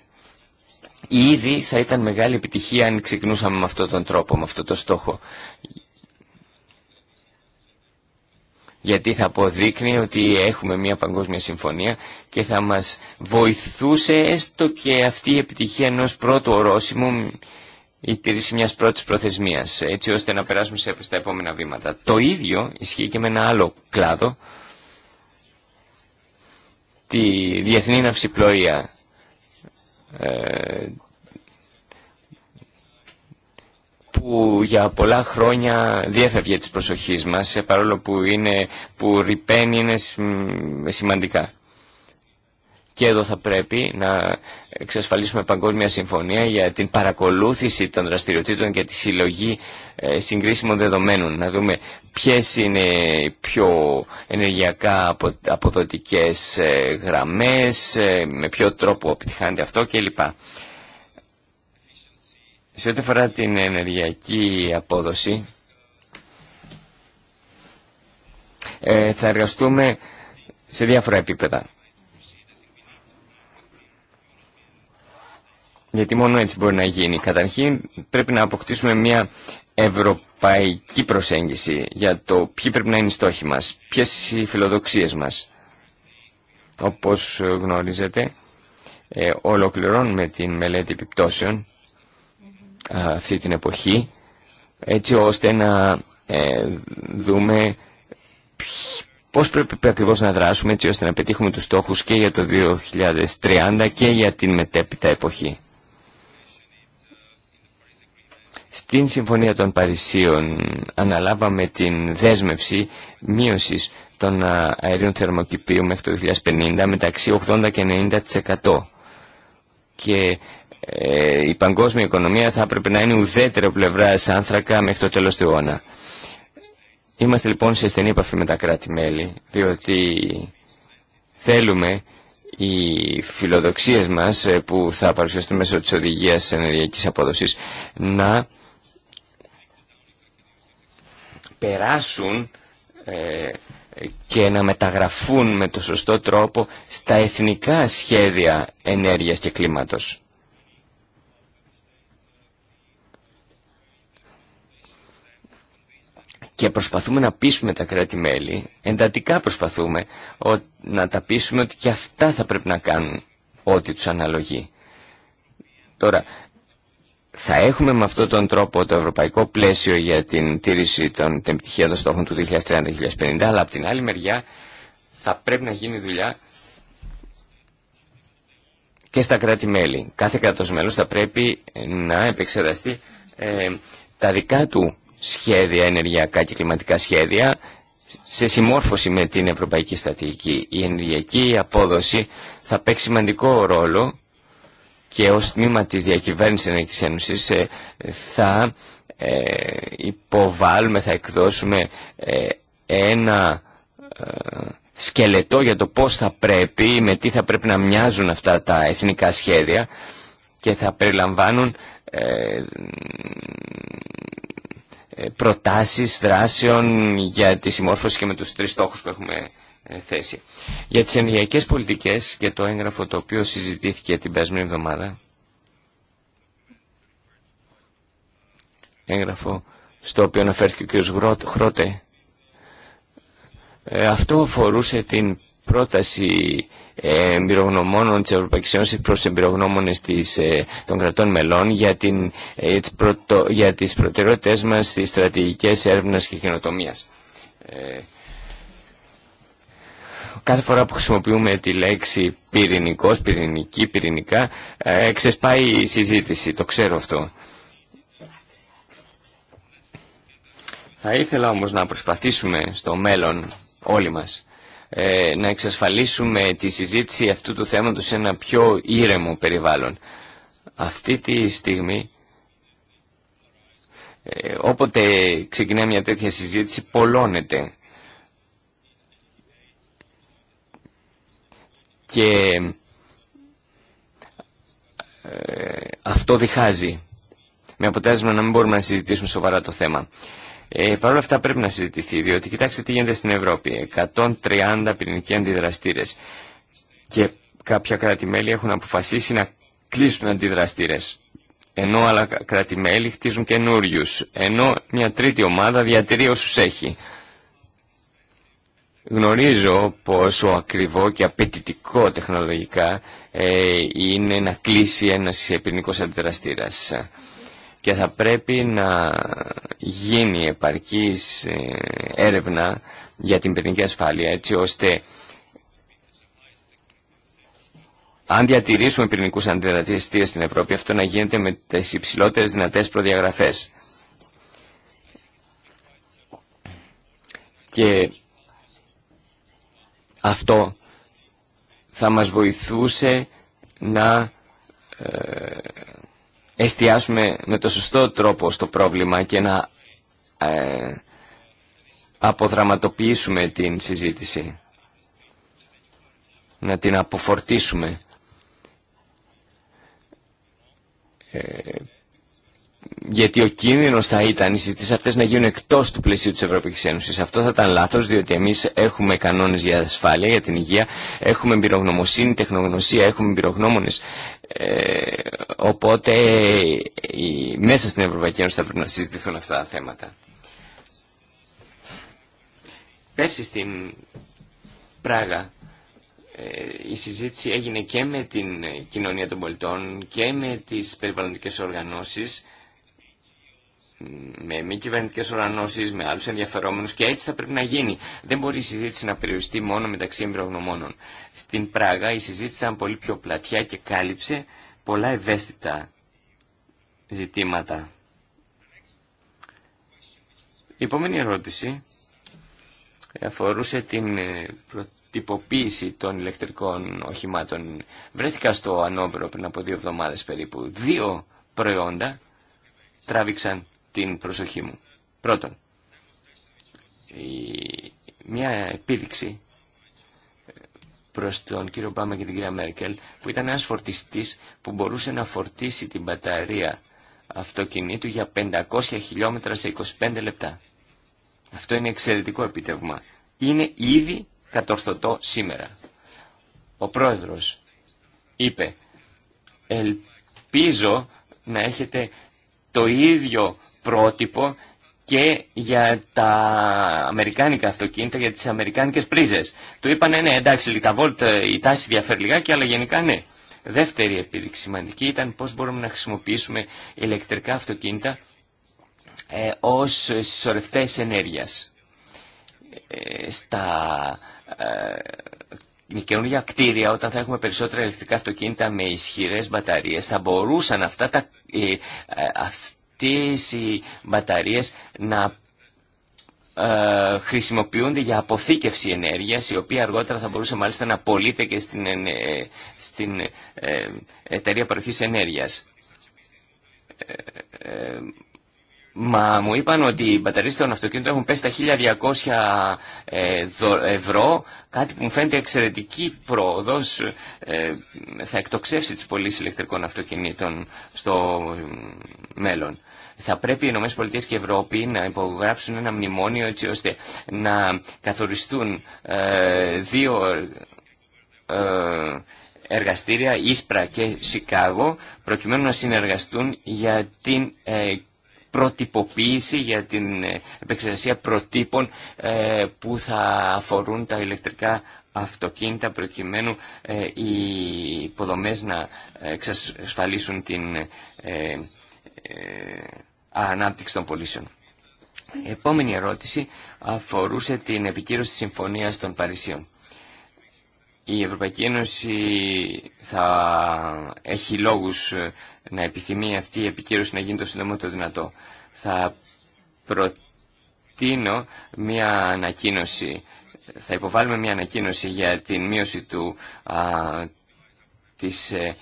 ήδη θα ήταν μεγάλη επιτυχία αν ξεκινούσαμε με αυτόν τον τρόπο, με αυτόν τον στόχο γιατί θα αποδείκνει ότι έχουμε μια παγκόσμια συμφωνία και θα μας βοηθούσε έστω και αυτή η επιτυχία ενός πρώτου ορόσημου η τηρήση μιας πρώτης προθεσμίας, έτσι ώστε να περάσουμε σε τα επόμενα βήματα. Το ίδιο ισχύει και με ένα άλλο κλάδο, τη διεθνή ναυσιπλοεία, ε, που για πολλά χρόνια διέφευγε της προσοχής μας, παρόλο που, είναι, που ρηπαίνει είναι σημαντικά. Και εδώ θα πρέπει να εξασφαλίσουμε παγκόσμια συμφωνία για την παρακολούθηση των δραστηριοτήτων και τη συλλογή ε, συγκρίσιμων δεδομένων. Να δούμε ποιες είναι πιο ενεργειακά αποδοτικές ε, γραμμές, ε, με ποιο τρόπο επιτυχάνεται αυτό κλπ. Σε ό,τι αφορά την ενεργειακή απόδοση, ε, θα εργαστούμε σε διάφορα επίπεδα. Γιατί μόνο έτσι μπορεί να γίνει. Καταρχήν πρέπει να αποκτήσουμε μια ευρωπαϊκή προσέγγιση για το ποιοι πρέπει να είναι οι στόχοι μας, ποιες οι φιλοδοξίες μας. Όπως γνωρίζετε, ε, ολοκληρώνουμε την μελέτη επιπτώσεων ε, αυτή την εποχή έτσι ώστε να ε, δούμε πώς πρέπει ακριβώς να δράσουμε έτσι ώστε να πετύχουμε τους στόχους και για το 2030 και για την μετέπειτα εποχή. Στην Συμφωνία των Παρισίων αναλάβαμε την δέσμευση μείωσης των αερίων θερμοκηπίου μέχρι το 2050 μεταξύ 80 και 90% και ε, η παγκόσμια οικονομία θα έπρεπε να είναι ουδέτερο πλευρά άνθρακα μέχρι το τέλος του αιώνα. Είμαστε λοιπόν σε στενή επαφή με τα κράτη-μέλη, διότι θέλουμε οι φιλοδοξίες μας ε, που θα παρουσιαστούν μέσω της οδηγίας ενεργειακής απόδοσης να περάσουν ε, και να μεταγραφούν με το σωστό τρόπο στα εθνικά σχέδια ενέργειας και κλίματος. και προσπαθούμε να πείσουμε τα κράτη-μέλη, εντατικά προσπαθούμε να τα πείσουμε ότι και αυτά θα πρέπει να κάνουν ό,τι τους αναλογεί. Τώρα, θα έχουμε με αυτόν τον τρόπο το ευρωπαϊκό πλαίσιο για την τήρηση των επιτυχία των στόχων του 2030-2050, αλλά από την άλλη μεριά θα πρέπει να γίνει δουλειά και στα κράτη-μέλη. Κάθε κράτος μέλος θα πρέπει να επεξεργαστεί ε, τα δικά του σχέδια, ενεργειακά και κλιματικά σχέδια σε συμμόρφωση με την Ευρωπαϊκή Στρατηγική. Η ενεργειακή απόδοση θα παίξει σημαντικό ρόλο και ως τμήμα της διακυβέρνησης Ενεργικής Ένωσης ε, θα ε, υποβάλουμε, θα εκδώσουμε ε, ένα σκελετό για το πώς θα πρέπει, με τι θα πρέπει να μοιάζουν αυτά τα εθνικά σχέδια και θα περιλαμβάνουν ε, προτάσεις δράσεων για τη συμμόρφωση και με τους τρεις στόχους που έχουμε ε, θέσει. Για τις ενεργειακές πολιτικές και το έγγραφο το οποίο συζητήθηκε την περασμένη εβδομάδα, έγγραφο στο οποίο αναφέρθηκε ο κ. Χρότε, ε, αυτό αφορούσε την πρόταση εμπειρογνωμόνων της Ευρωπαϊκής Ένωσης προς εμπειρογνώμονες της, ε, των κρατών μελών για, την, ε, για τις προτεραιότητες μας στις στρατηγικές έρευνας και καινοτομίας. Ε, κάθε φορά που χρησιμοποιούμε τη λέξη πυρηνικός, πυρηνική, πυρηνικά, ξεσπάει η συζήτηση, το ξέρω αυτό. Θα ήθελα όμως να προσπαθήσουμε στο μέλλον όλοι μας ε, να εξασφαλίσουμε τη συζήτηση αυτού του θέματος σε ένα πιο ήρεμο περιβάλλον. Αυτή τη στιγμή, ε, όποτε ξεκινά μια τέτοια συζήτηση, πολλώνεται. Και ε, αυτό διχάζει. Με αποτέλεσμα να μην μπορούμε να συζητήσουμε σοβαρά το θέμα. Ε, Παρ' όλα αυτά πρέπει να συζητηθεί, διότι κοιτάξτε τι γίνεται στην Ευρώπη. 130 πυρηνικοί αντιδραστήρε. Και κάποια κράτη-μέλη έχουν αποφασίσει να κλείσουν αντιδραστήρε. Ενώ άλλα κράτη-μέλη χτίζουν καινούριου. Ενώ μια τρίτη ομάδα διατηρεί όσου έχει. Γνωρίζω πόσο ακριβό και απαιτητικό τεχνολογικά ε, είναι να κλείσει ένας πυρηνικός αντιδραστήρας και θα πρέπει να γίνει επαρκής ε, έρευνα για την πυρηνική ασφάλεια έτσι ώστε αν διατηρήσουμε πυρηνικούς αντιδραστήρες στην Ευρώπη αυτό να γίνεται με τις υψηλότερες δυνατές προδιαγραφές. Και αυτό θα μας βοηθούσε να ε, εστιάσουμε με το σωστό τρόπο στο πρόβλημα και να ε, αποδραματοποιήσουμε την συζήτηση. Να την αποφορτίσουμε. Ε, γιατί ο κίνδυνος θα ήταν οι συζητήσεις αυτές να γίνουν εκτός του πλαισίου της Ευρωπαϊκής Ένωσης. Αυτό θα ήταν λάθος, διότι εμείς έχουμε κανόνες για ασφάλεια, για την υγεία, έχουμε εμπειρογνωμοσύνη, τεχνογνωσία, έχουμε εμπειρογνώμονες ε, οπότε η, ε, μέσα στην Ευρωπαϊκή Ένωση θα πρέπει να συζητηθούν αυτά τα θέματα. Πέρσι στην Πράγα ε, η συζήτηση έγινε και με την κοινωνία των πολιτών και με τις περιβαλλοντικές οργανώσεις με μη κυβερνητικέ οργανώσει, με άλλου ενδιαφερόμενου και έτσι θα πρέπει να γίνει. Δεν μπορεί η συζήτηση να περιοριστεί μόνο μεταξύ εμπειρογνωμόνων. Στην Πράγα η συζήτηση ήταν πολύ πιο πλατιά και κάλυψε πολλά ευαίσθητα ζητήματα. Η επόμενη ερώτηση αφορούσε την ε, προτυποποίηση των ηλεκτρικών οχημάτων. Βρέθηκα στο Ανόμπερο πριν από δύο εβδομάδες περίπου. Δύο προϊόντα τράβηξαν την προσοχή μου. Πρώτον, μια επίδειξη ε, προς τον κύριο Μπάμα και την κυρία Μέρκελ που ήταν ένας φορτιστής που μπορούσε να φορτίσει την μπαταρία αυτοκινήτου για 500 χιλιόμετρα σε 25 λεπτά. Αυτό είναι εξαιρετικό επιτεύγμα. Είναι ήδη κατορθωτό σήμερα. Ο πρόεδρος είπε «Ελπίζω να έχετε το ίδιο πρότυπο και για τα αμερικάνικα αυτοκίνητα, για τις αμερικάνικες πρίζες. Του είπανε ναι εντάξει τα βόλτ ε, η τάση διαφέρει λιγάκι αλλά γενικά ναι. Δεύτερη επίδειξη σημαντική ήταν πώς μπορούμε να χρησιμοποιήσουμε ηλεκτρικά αυτοκίνητα ε, ως συσσωρευτές ενέργειας. Ε, στα ε, καινούργια κτίρια όταν θα έχουμε περισσότερα ηλεκτρικά αυτοκίνητα με ισχυρές μπαταρίες θα μπορούσαν αυτά τα, ε, ε αυτές οι μπαταρίες να ε, χρησιμοποιούνται για αποθήκευση ενέργειας η οποία αργότερα θα μπορούσε μάλιστα να πωλείται και στην, ε, ε, στην εταιρεία παροχής ενέργειας. Μα μου είπαν ότι οι μπαταρίες των αυτοκίνητων έχουν πέσει τα 1200 ευρώ, κάτι που μου φαίνεται εξαιρετική πρόοδος, θα εκτοξεύσει τις πωλήσει ηλεκτρικών αυτοκινήτων στο μέλλον. Θα πρέπει οι ΗΠΑ και η Ευρώπη να υπογράψουν ένα μνημόνιο έτσι ώστε να καθοριστούν ε, δύο ε, εργαστήρια, Ίσπρα και Σικάγο, προκειμένου να συνεργαστούν για την ε, προτυποποίηση για την επεξεργασία προτύπων που θα αφορούν τα ηλεκτρικά αυτοκίνητα προκειμένου οι υποδομές να εξασφαλίσουν την ανάπτυξη των πωλήσεων. Η επόμενη ερώτηση αφορούσε την επικύρωση της Συμφωνίας των Παρισίων. Η Ευρωπαϊκή Ένωση θα έχει λόγους ε, να επιθυμεί αυτή η επικύρωση να γίνει το συντομότερο δυνατό. Θα προτείνω μια ανακοίνωση, θα υποβάλουμε μια ανακοίνωση για την μείωση του, α, της ε,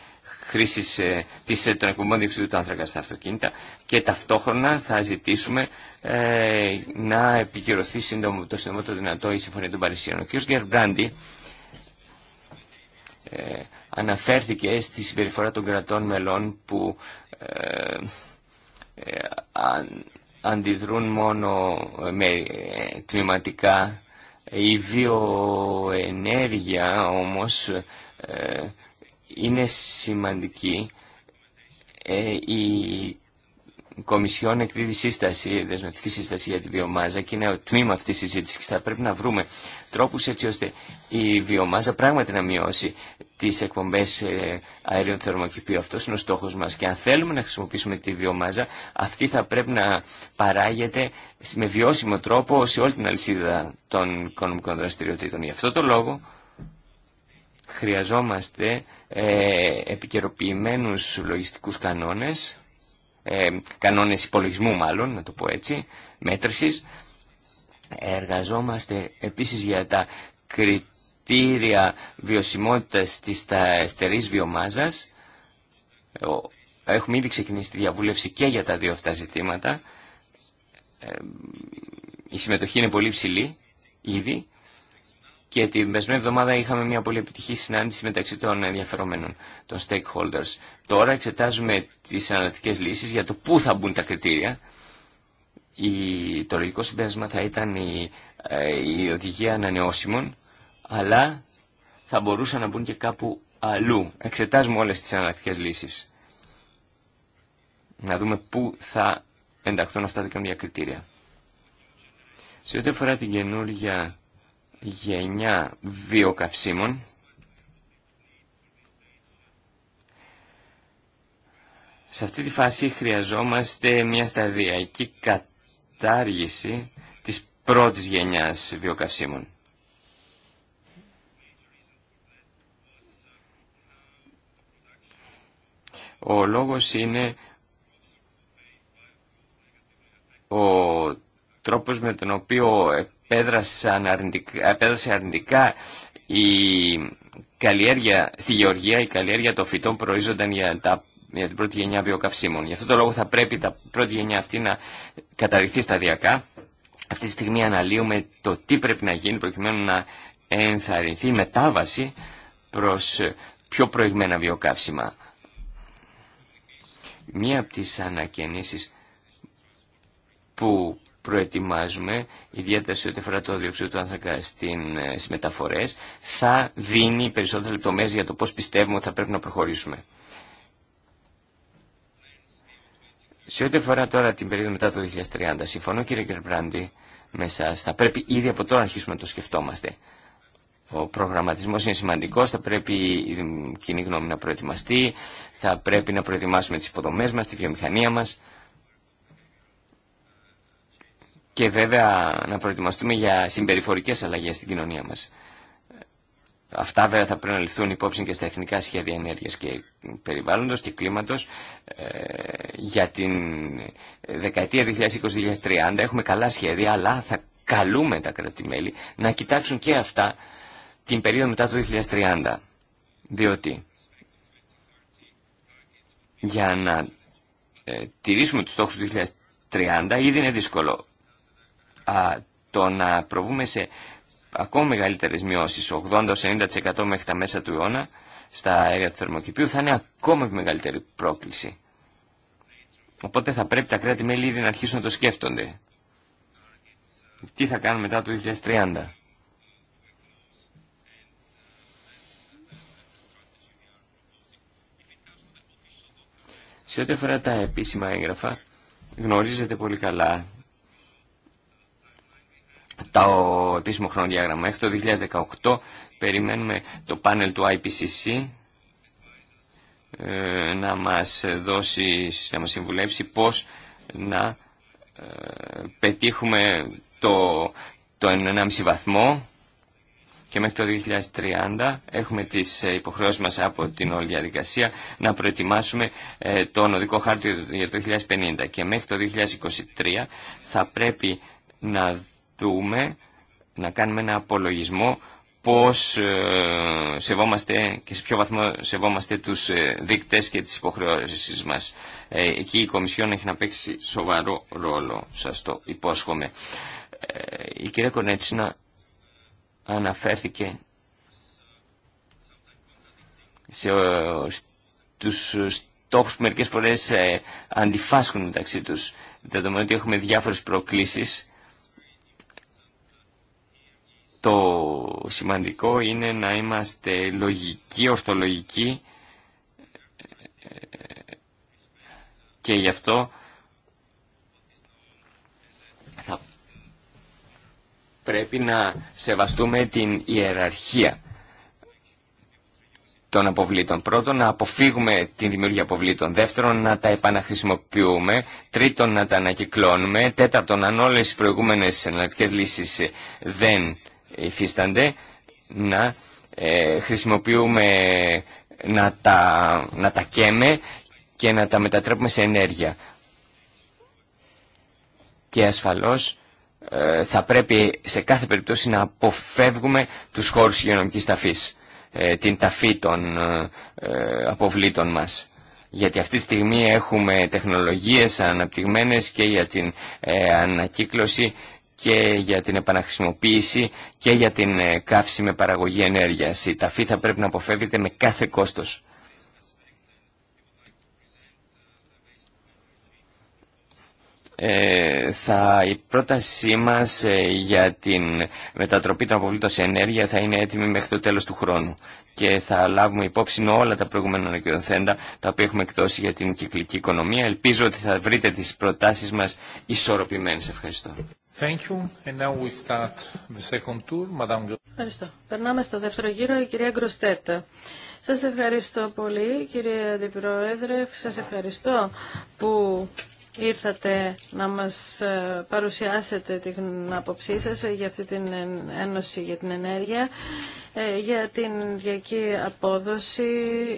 χρήση ε, της, ε, των εκπομπών διοξιδίου του άνθρακα στα αυτοκίνητα και ταυτόχρονα θα ζητήσουμε ε, να επικυρωθεί σύντομο, το το δυνατό η Συμφωνία των Παρισίων. Ο κ. Γκερμπράντι ε, αναφέρθηκε στη συμπεριφορά των κρατών μελών που ε, ε αν, αντιδρούν μόνο με, τμηματικά. Η βιοενέργεια όμως είναι σημαντική ε, η Κομισιόν εκδίδει σύσταση, δεσμευτική σύσταση για τη βιομάζα και είναι ο τμήμα αυτή τη συζήτηση θα πρέπει να βρούμε τρόπου έτσι ώστε η βιομάζα πράγματι να μειώσει τι εκπομπέ ε, αερίων θερμοκηπίου. Αυτό είναι ο στόχο μα και αν θέλουμε να χρησιμοποιήσουμε τη βιομάζα, αυτή θα πρέπει να παράγεται με βιώσιμο τρόπο σε όλη την αλυσίδα των οικονομικών δραστηριοτήτων. Γι' αυτό το λόγο χρειαζόμαστε ε, επικαιροποιημένους λογιστικούς κανόνες, ε, κανόνες υπολογισμού μάλλον, να το πω έτσι, μέτρησης. Εργαζόμαστε επίσης για τα κριτήρια βιωσιμότητας της στερής βιομάζας. Έχουμε ήδη ξεκινήσει τη διαβούλευση και για τα δύο αυτά ζητήματα. Ε, η συμμετοχή είναι πολύ ψηλή ήδη και την περσμένη εβδομάδα είχαμε μια πολύ επιτυχή συνάντηση μεταξύ των ενδιαφερομένων, των stakeholders. Τώρα εξετάζουμε τις αναλυτικές λύσεις για το πού θα μπουν τα κριτήρια. Η, το λογικό συμπέρασμα θα ήταν η, ε, η οδηγία ανανεώσιμων, αλλά θα μπορούσαν να μπουν και κάπου αλλού. Εξετάζουμε όλες τις αναλυτικές λύσεις. Να δούμε πού θα ενταχθούν αυτά τα κριτήρια. Σε ό,τι αφορά την καινούργια γενιά βιοκαυσίμων Σε αυτή τη φάση χρειαζόμαστε μια σταδιακή κατάργηση της πρώτης γενιάς βιοκαυσίμων. Ο λόγος είναι ο τρόπος με τον οποίο Πέδρασαν αρνητικά, η καλλιέργεια, στη γεωργία η καλλιέργεια των φυτών προορίζονταν για, τα, την πρώτη γενιά βιοκαυσίμων. Γι' αυτό το λόγο θα πρέπει τα πρώτη γενιά αυτή να καταρριφθεί σταδιακά. Αυτή τη στιγμή αναλύουμε το τι πρέπει να γίνει προκειμένου να ενθαρρυνθεί η μετάβαση προς πιο προηγμένα βιοκαύσιμα. Μία από τις ανακαινήσεις που προετοιμάζουμε, ιδιαίτερα σε ό,τι αφορά το διοξείδιο του άνθρακα ε, στι μεταφορέ, θα δίνει περισσότερε λεπτομέρειε για το πώ πιστεύουμε ότι θα πρέπει να προχωρήσουμε. Σε ό,τι αφορά τώρα την περίοδο μετά το 2030, συμφωνώ κύριε Κερμπράντη με εσά. Θα πρέπει ήδη από τώρα να αρχίσουμε να το σκεφτόμαστε. Ο προγραμματισμό είναι σημαντικό, θα πρέπει η κοινή γνώμη να προετοιμαστεί, θα πρέπει να προετοιμάσουμε τι υποδομέ μα, τη βιομηχανία μα και βέβαια να προετοιμαστούμε για συμπεριφορικές αλλαγές στην κοινωνία μας. Αυτά βέβαια θα πρέπει να ληφθούν υπόψη και στα εθνικά σχέδια ενέργειας και περιβάλλοντος και κλίματος. Ε, για την δεκαετία 2020-2030 έχουμε καλά σχέδια, αλλά θα καλούμε τα κρατημέλη να κοιτάξουν και αυτά την περίοδο μετά το 2030. Διότι για να ε, τηρήσουμε τους στόχους του 2030 ήδη είναι δύσκολο το να προβούμε σε ακόμα μεγαλύτερες μειώσεις, 80-90% μέχρι τα μέσα του αιώνα, στα αέρια του θερμοκηπίου, θα είναι ακόμα μεγαλύτερη πρόκληση. Οπότε θα πρέπει τα κράτη-μέλη ήδη να αρχίσουν να το σκέφτονται. Τι θα κάνουν μετά το 2030. Σε ό,τι αφορά τα επίσημα έγγραφα, γνωρίζετε πολύ καλά το επίσημο χρονοδιάγραμμα. Μέχρι το 2018 περιμένουμε το πάνελ του IPCC ε, να μας δώσει, να μας συμβουλεύσει πώς να ε, πετύχουμε το, το 1,5 βαθμό και μέχρι το 2030 έχουμε τις υποχρεώσεις μας από την όλη διαδικασία να προετοιμάσουμε ε, τον οδικό χάρτη για το 2050 και μέχρι το 2023 θα πρέπει να δούμε, να κάνουμε ένα απολογισμό πώς ε, σεβόμαστε και σε ποιο βαθμό σεβόμαστε τους ε, δείκτες και τις υποχρεώσεις μας. Ε, εκεί η Κομισιόν έχει να παίξει σοβαρό ρόλο, σας το υπόσχομαι. Η κυρία Κονέτσινα αναφέρθηκε σε τους στόχους που μερικές φορές αντιφάσκουν μεταξύ τους, δεδομένου ότι έχουμε διάφορες προκλήσεις το σημαντικό είναι να είμαστε λογικοί, ορθολογικοί και γι' αυτό πρέπει να σεβαστούμε την ιεραρχία των αποβλήτων. Πρώτον, να αποφύγουμε την δημιουργία αποβλήτων. Δεύτερον, να τα επαναχρησιμοποιούμε. Τρίτον, να τα ανακυκλώνουμε. Τέταρτον, αν όλες οι προηγούμενες εναλλακτικές λύσεις δεν υφίστανται να ε, χρησιμοποιούμε, να τα, να τα καίμε και να τα μετατρέπουμε σε ενέργεια. Και ασφαλώς ε, θα πρέπει σε κάθε περίπτωση να αποφεύγουμε τους χώρους υγειονομικής ταφής, ε, την ταφή των ε, αποβλήτων μας γιατί αυτή τη στιγμή έχουμε τεχνολογίες αναπτυγμένες και για την ανακύκλωση και για την επαναχρησιμοποίηση και για την ε, καύση με παραγωγή ενέργειας. Η ταφή θα πρέπει να αποφεύγεται με κάθε κόστος. Ε, θα, η πρότασή μας ε, για την μετατροπή των αποβλήτων σε ενέργεια θα είναι έτοιμη μέχρι το τέλος του χρόνου και θα λάβουμε υπόψη όλα τα προηγούμενα ανακοινωθέντα τα οποία έχουμε εκδώσει για την κυκλική οικονομία. Ελπίζω ότι θα βρείτε τις προτάσεις μας ισορροπημένες. Ευχαριστώ. Thank Ευχαριστώ. Περνάμε στο δεύτερο γύρο, η κυρία Γκροστέτα. Σας ευχαριστώ πολύ, κύριε Αντιπρόεδρε. Σας ευχαριστώ που ήρθατε να μας ε, παρουσιάσετε την άποψή σας για αυτή την Ένωση για την Ενέργεια, ε, για την ενεργειακή απόδοση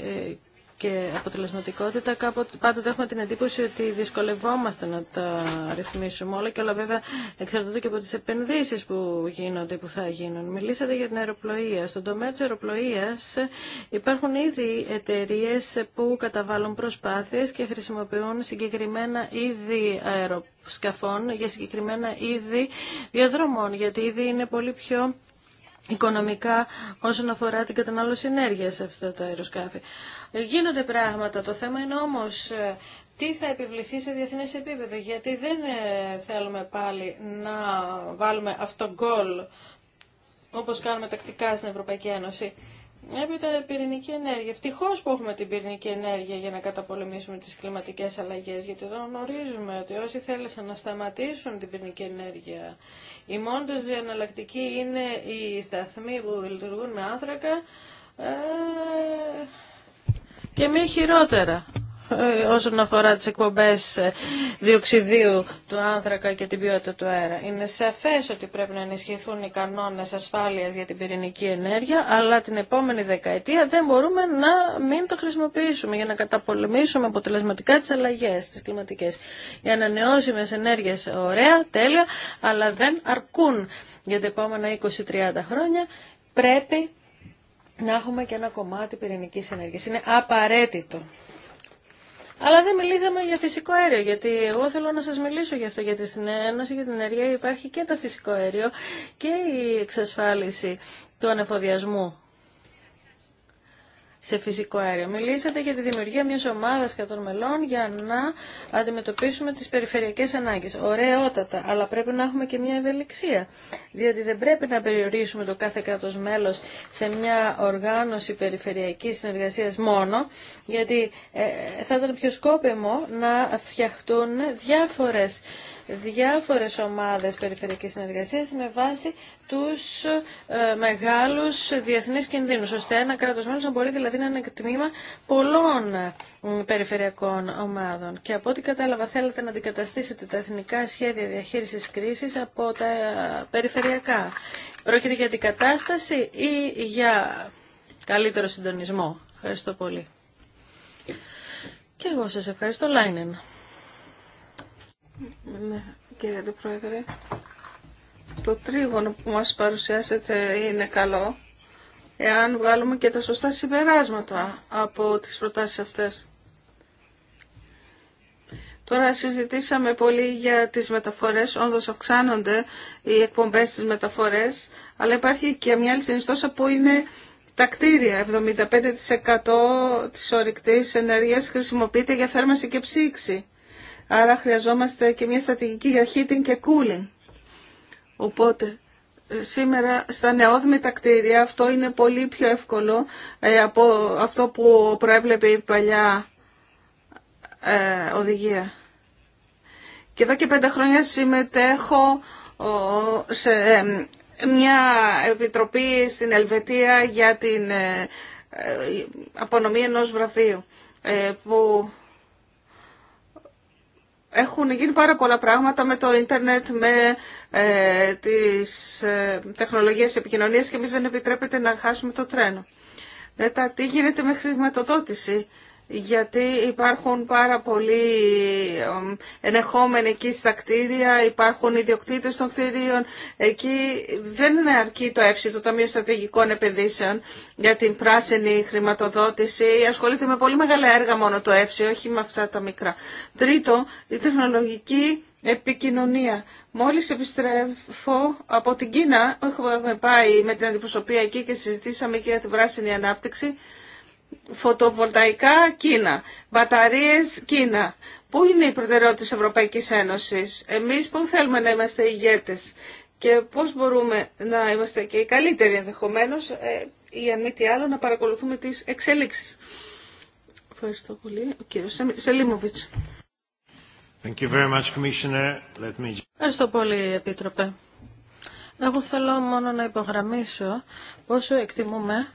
ε, και αποτελεσματικότητα, κάποτε, πάντοτε έχουμε την εντύπωση ότι δυσκολευόμαστε να τα ρυθμίσουμε όλα και όλα βέβαια εξαρτώνται και από τις επενδύσεις που γίνονται, που θα γίνουν. Μιλήσατε για την αεροπλοεία. Στον τομέα της αεροπλοείας υπάρχουν ήδη εταιρείε που καταβάλουν προσπάθειες και χρησιμοποιούν συγκεκριμένα είδη αεροσκαφών για συγκεκριμένα είδη διαδρομών, γιατί ήδη είναι πολύ πιο οικονομικά όσον αφορά την κατανάλωση ενέργειας σε αυτά τα αεροσκάφη. Γίνονται πράγματα. Το θέμα είναι όμως ε, τι θα επιβληθεί σε διεθνές επίπεδο. Γιατί δεν ε, θέλουμε πάλι να βάλουμε αυτό γκολ όπως κάνουμε τακτικά στην Ευρωπαϊκή Ένωση. Έπειτα πυρηνική ενέργεια. Ευτυχώ που έχουμε την πυρηνική ενέργεια για να καταπολεμήσουμε τι κλιματικέ αλλαγέ. Γιατί εδώ γνωρίζουμε ότι όσοι θέλησαν να σταματήσουν την πυρηνική ενέργεια, η μόνη είναι οι σταθμοί που λειτουργούν με άνθρακα. Ε, και μη χειρότερα ε, όσον αφορά τις εκπομπές ε, διοξιδίου του άνθρακα και την ποιότητα του αέρα. Είναι σαφές ότι πρέπει να ενισχυθούν οι κανόνες ασφάλειας για την πυρηνική ενέργεια, αλλά την επόμενη δεκαετία δεν μπορούμε να μην το χρησιμοποιήσουμε για να καταπολεμήσουμε αποτελεσματικά τις αλλαγές, τις κλιματικές. Οι ανανεώσιμες ενέργειες, ωραία, τέλεια, αλλά δεν αρκούν για τα επόμενα 20-30 χρόνια. Πρέπει να έχουμε και ένα κομμάτι πυρηνικής ενέργειας. Είναι απαραίτητο. Αλλά δεν μιλήσαμε για φυσικό αέριο, γιατί εγώ θέλω να σας μιλήσω γι' αυτό, γιατί στην Ένωση για την Ενέργεια υπάρχει και το φυσικό αέριο και η εξασφάλιση του ανεφοδιασμού σε φυσικό αέριο. Μιλήσατε για τη δημιουργία μιας ομάδας κατών μελών για να αντιμετωπίσουμε τις περιφερειακές ανάγκες. Ωραιότατα, αλλά πρέπει να έχουμε και μια ευελιξία. Διότι δεν πρέπει να περιορίσουμε το κάθε κράτος μέλος σε μια οργάνωση περιφερειακής συνεργασία μόνο, γιατί ε, θα ήταν πιο σκόπιμο να φτιαχτούν διάφορε διάφορες ομάδες περιφερειακής συνεργασίας με βάση τους ε, μεγάλους διεθνείς κινδύνους, ώστε ένα κράτος μέλος να μπορεί δηλαδή να είναι τμήμα πολλών περιφερειακών ομάδων. Και από ό,τι κατάλαβα θέλετε να αντικαταστήσετε τα εθνικά σχέδια διαχείρισης κρίσης από τα περιφερειακά. Πρόκειται για αντικατάσταση ή για καλύτερο συντονισμό. Ευχαριστώ πολύ. Και εγώ σας ευχαριστώ, Λάινεν. Ναι, κύριε Πρόεδρε. το τρίγωνο που μας παρουσιάσετε είναι καλό, εάν βγάλουμε και τα σωστά συμπεράσματα από τις προτάσεις αυτές. Τώρα συζητήσαμε πολύ για τις μεταφορές, όντως αυξάνονται οι εκπομπές στις μεταφορές, αλλά υπάρχει και μια άλλη συνιστόσα που είναι τα κτίρια. 75% της ορυκτής ενέργειας χρησιμοποιείται για θέρμανση και ψήξη. Άρα χρειαζόμαστε και μια στρατηγική για heating και cooling. Οπότε ε, σήμερα στα νεόδημη τα κτίρια αυτό είναι πολύ πιο εύκολο ε, από αυτό που προέβλεπε η παλιά ε, οδηγία. Και εδώ και πέντε χρόνια συμμετέχω σε μια επιτροπή στην Ελβετία για την απονομή ενός βραβείου που έχουν γίνει πάρα πολλά πράγματα με το ίντερνετ, με ε, τις ε, τεχνολογίες επικοινωνίας και εμείς δεν επιτρέπεται να χάσουμε το τρένο. Μετά, τι γίνεται με χρηματοδότηση γιατί υπάρχουν πάρα πολλοί ενεχόμενοι εκεί στα κτίρια, υπάρχουν ιδιοκτήτες των κτίριων. Εκεί δεν είναι αρκεί το έψη το Ταμείο Στρατηγικών Επενδύσεων, για την πράσινη χρηματοδότηση. Ασχολείται με πολύ μεγάλα έργα μόνο το έψη, όχι με αυτά τα μικρά. Τρίτο, η τεχνολογική επικοινωνία. Μόλις επιστρέφω από την Κίνα, έχουμε πάει με την αντιπροσωπεία εκεί και συζητήσαμε και για την πράσινη ανάπτυξη, φωτοβολταϊκά Κίνα, μπαταρίες Κίνα. Πού είναι η προτεραιότητα της Ευρωπαϊκής Ένωσης, εμείς πού θέλουμε να είμαστε ηγέτες και πώς μπορούμε να είμαστε και οι καλύτεροι ενδεχομένω ε, ή αν μη τι άλλο να παρακολουθούμε τις εξέλιξεις. Ευχαριστώ πολύ. Ο κύριος Ευχαριστώ πολύ, Επίτροπε. Εγώ θέλω μόνο να υπογραμμίσω πόσο εκτιμούμε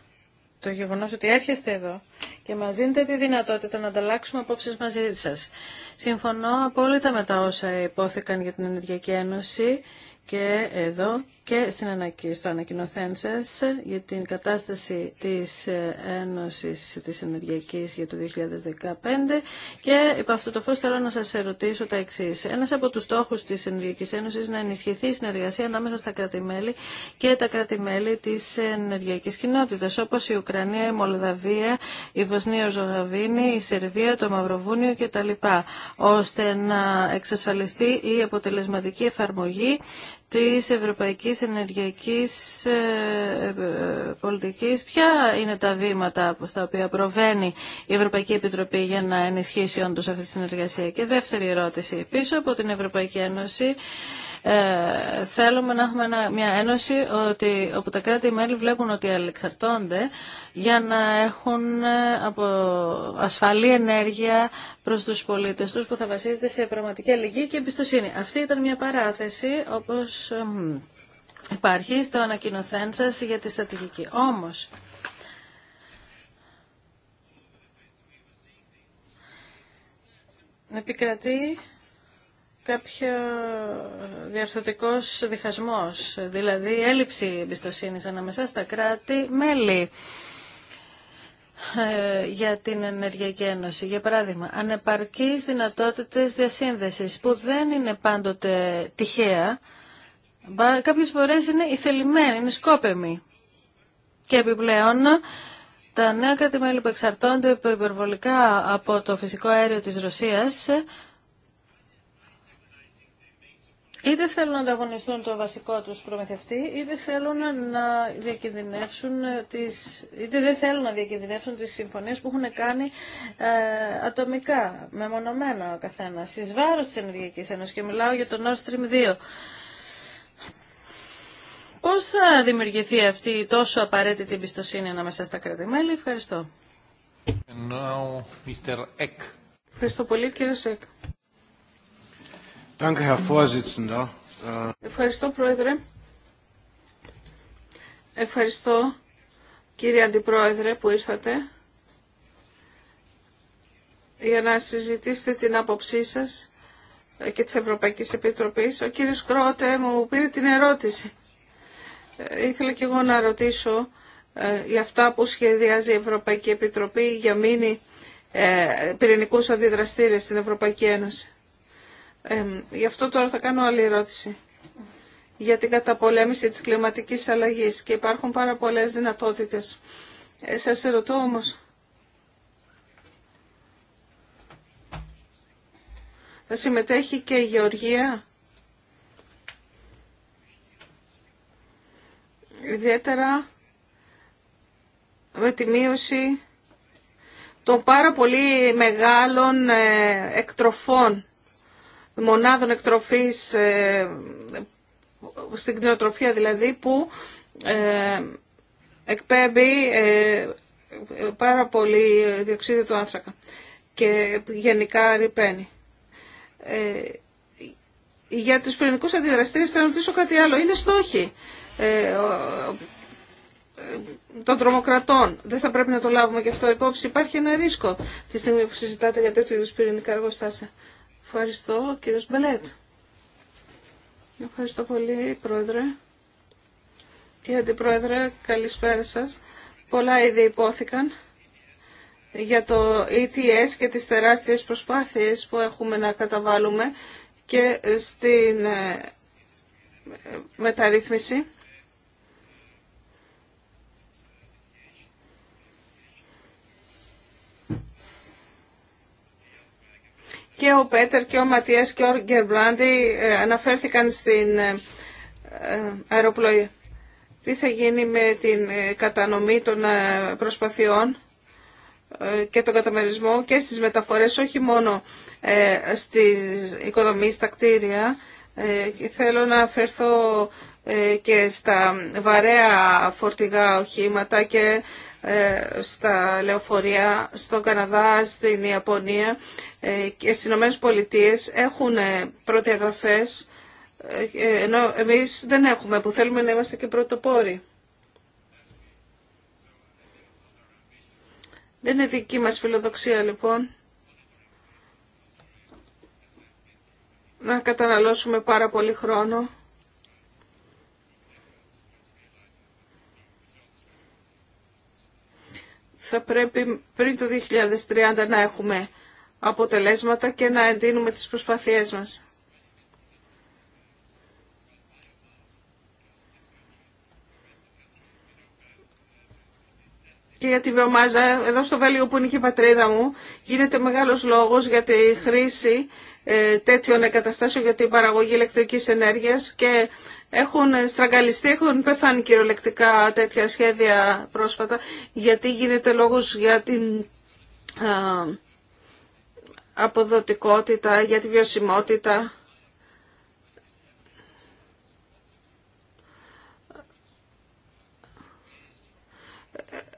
το γεγονός ότι έρχεστε εδώ και μας δίνετε τη δυνατότητα να ανταλλάξουμε απόψεις μαζί σας. Συμφωνώ απόλυτα με τα όσα υπόθηκαν για την Ενεργειακή Ένωση και εδώ και στην ανακοίνωση, στο ανακοινωθέν σας για την κατάσταση της ε, Ένωσης της Ενεργειακής για το 2015 και υπ' αυτό το φως θέλω να σας ερωτήσω τα εξής. Ένας από τους στόχους της Ενεργειακής Ένωσης είναι να ενισχυθεί η συνεργασία ανάμεσα στα κρατημέλη και τα κρατημέλη της Ενεργειακής Κοινότητας όπως η Ουκρανία, η Μολδαβία, η Βοσνία, η Ζωγαβίνη, η Σερβία, το Μαυροβούνιο κτλ. ώστε να εξασφαλιστεί η αποτελεσματική εφαρμογή της Ευρωπαϊκής Ενεργειακής ε, ε, Πολιτικής. Ποια είναι τα βήματα στα οποία προβαίνει η Ευρωπαϊκή Επιτροπή για να ενισχύσει όντως αυτή τη συνεργασία. Και δεύτερη ερώτηση. Πίσω από την Ευρωπαϊκή Ένωση ε, θέλουμε να έχουμε μια ένωση ότι, όπου τα κράτη-μέλη βλέπουν ότι αλεξαρτώνται για να έχουν ε, από ασφαλή ενέργεια προς τους πολίτες τους που θα βασίζεται σε πραγματική αλληλεγγύη και εμπιστοσύνη. Αυτή ήταν μια παράθεση όπως ε, υπάρχει στο ανακοινωθέν σας για τη στρατηγική. Όμως, επικρατεί κάποιο διαρθωτικός διχασμός, δηλαδή έλλειψη εμπιστοσύνη ανάμεσα στα κράτη-μέλη ε, για την Ενεργειακή Ένωση. Για παράδειγμα, ανεπαρκείς δυνατότητες διασύνδεσης που δεν είναι πάντοτε τυχαία, κάποιες φορές είναι ηθελημένη, είναι σκόπεμη. Και επιπλέον, τα νέα κράτη-μέλη που εξαρτώνται υπερβολικά από το φυσικό αέριο της Ρωσίας είτε θέλουν να ανταγωνιστούν το βασικό του προμηθευτή, είτε θέλουν να διακινδυνεύσουν τις, είτε δεν θέλουν να διακινδυνεύσουν τις συμφωνίες που έχουν κάνει ε, ατομικά, μεμονωμένα ο καθένας, εις βάρος της Ενεργειακής Ένωσης και μιλάω για το Nord Stream 2. Πώς θα δημιουργηθεί αυτή η τόσο απαραίτητη εμπιστοσύνη ανάμεσα στα κρατη Ευχαριστώ. Ευχαριστώ πολύ κύριε Σεκ. Ευχαριστώ, Πρόεδρε. Ευχαριστώ, κύριε Αντιπρόεδρε, που ήρθατε για να συζητήσετε την άποψή σας και της Ευρωπαϊκής Επιτροπής. Ο κύριος Κρότε μου πήρε την ερώτηση. Ε, ήθελα και εγώ να ρωτήσω ε, για αυτά που σχεδιάζει η Ευρωπαϊκή Επιτροπή για μήνυ ε, πυρηνικούς αντιδραστήρες στην Ευρωπαϊκή Ένωση. Ε, γι' αυτό τώρα θα κάνω άλλη ερώτηση για την καταπολέμηση της κλιματικής αλλαγής και υπάρχουν πάρα πολλές δυνατότητες. Ε, σας ερωτώ όμως, θα συμμετέχει και η Γεωργία, ιδιαίτερα με τη μείωση των πάρα πολύ μεγάλων ε, εκτροφών μονάδων εκτροφής, ε, στην κτηνοτροφία δηλαδή, που ε, εκπέμπει ε, πάρα πολύ διοξείδιο του άνθρακα και γενικά ρηπαίνει. για τους πυρηνικούς αντιδραστήρες θα ρωτήσω κάτι άλλο. Είναι στόχοι των τρομοκρατών. Δεν θα πρέπει να το λάβουμε και αυτό υπόψη. Υπάρχει ένα ρίσκο τη στιγμή που συζητάτε για τέτοιου είδου πυρηνικά εργοστάσια. Ευχαριστώ, κύριος Μπελέτ. Ευχαριστώ πολύ, Πρόεδρε. Κύριε Αντιπρόεδρε, καλησπέρα σας. Πολλά ήδη υπόθηκαν για το ETS και τις τεράστιες προσπάθειες που έχουμε να καταβάλουμε και στην ε, μεταρρύθμιση. Και ο Πέτερ και ο Ματίας και ο Γκερμπλάντι ε, αναφέρθηκαν στην ε, ε, αεροπλοή. Τι θα γίνει με την κατανομή των προσπαθειών και τον καταμερισμό και στις μεταφορές, όχι μόνο στη οικοδομή, στα κτίρια. Θέλω να αφαιρθώ και στα βαρέα φορτηγά οχήματα και ε, στα λεωφορεία, στον Καναδά, στην Ιαπωνία ε, και στι Ηνωμένε Πολιτείε έχουν ε, ε ενώ εμεί δεν έχουμε που θέλουμε να είμαστε και πρωτοπόροι. Δεν είναι δική μας φιλοδοξία λοιπόν να καταναλώσουμε πάρα πολύ χρόνο θα πρέπει πριν το 2030 να έχουμε αποτελέσματα και να εντείνουμε τις προσπάθειές μας. Και για τη βιομάζα, εδώ στο Βέλιο που είναι και η πατρίδα μου, γίνεται μεγάλος λόγος για τη χρήση ε, τέτοιων εγκαταστάσεων για την παραγωγή ηλεκτρικής ενέργειας και έχουν στραγγαλιστεί, έχουν πεθάνει κυριολεκτικά τέτοια σχέδια πρόσφατα, γιατί γίνεται λόγος για την αποδοτικότητα, για τη βιωσιμότητα.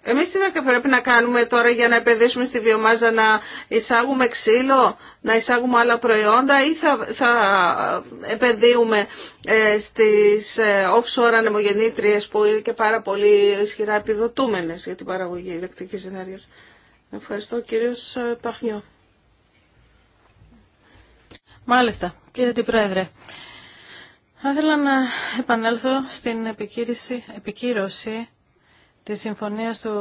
Εμεί τι θα πρέπει να κάνουμε τώρα για να επενδύσουμε στη βιομάζα, να εισάγουμε ξύλο, να εισάγουμε άλλα προϊόντα ή θα, θα επενδύουμε ε, στις ε, offshore ανεμογεννήτριε που είναι και πάρα πολύ ισχυρά επιδοτούμενες για την παραγωγή ηλεκτρικής ενέργειας. Ευχαριστώ κύριος ε, Παχνιό. Μάλιστα, κύριε την Πρόεδρε. Θα ήθελα να επανέλθω στην επικύρωση της συμφωνίας του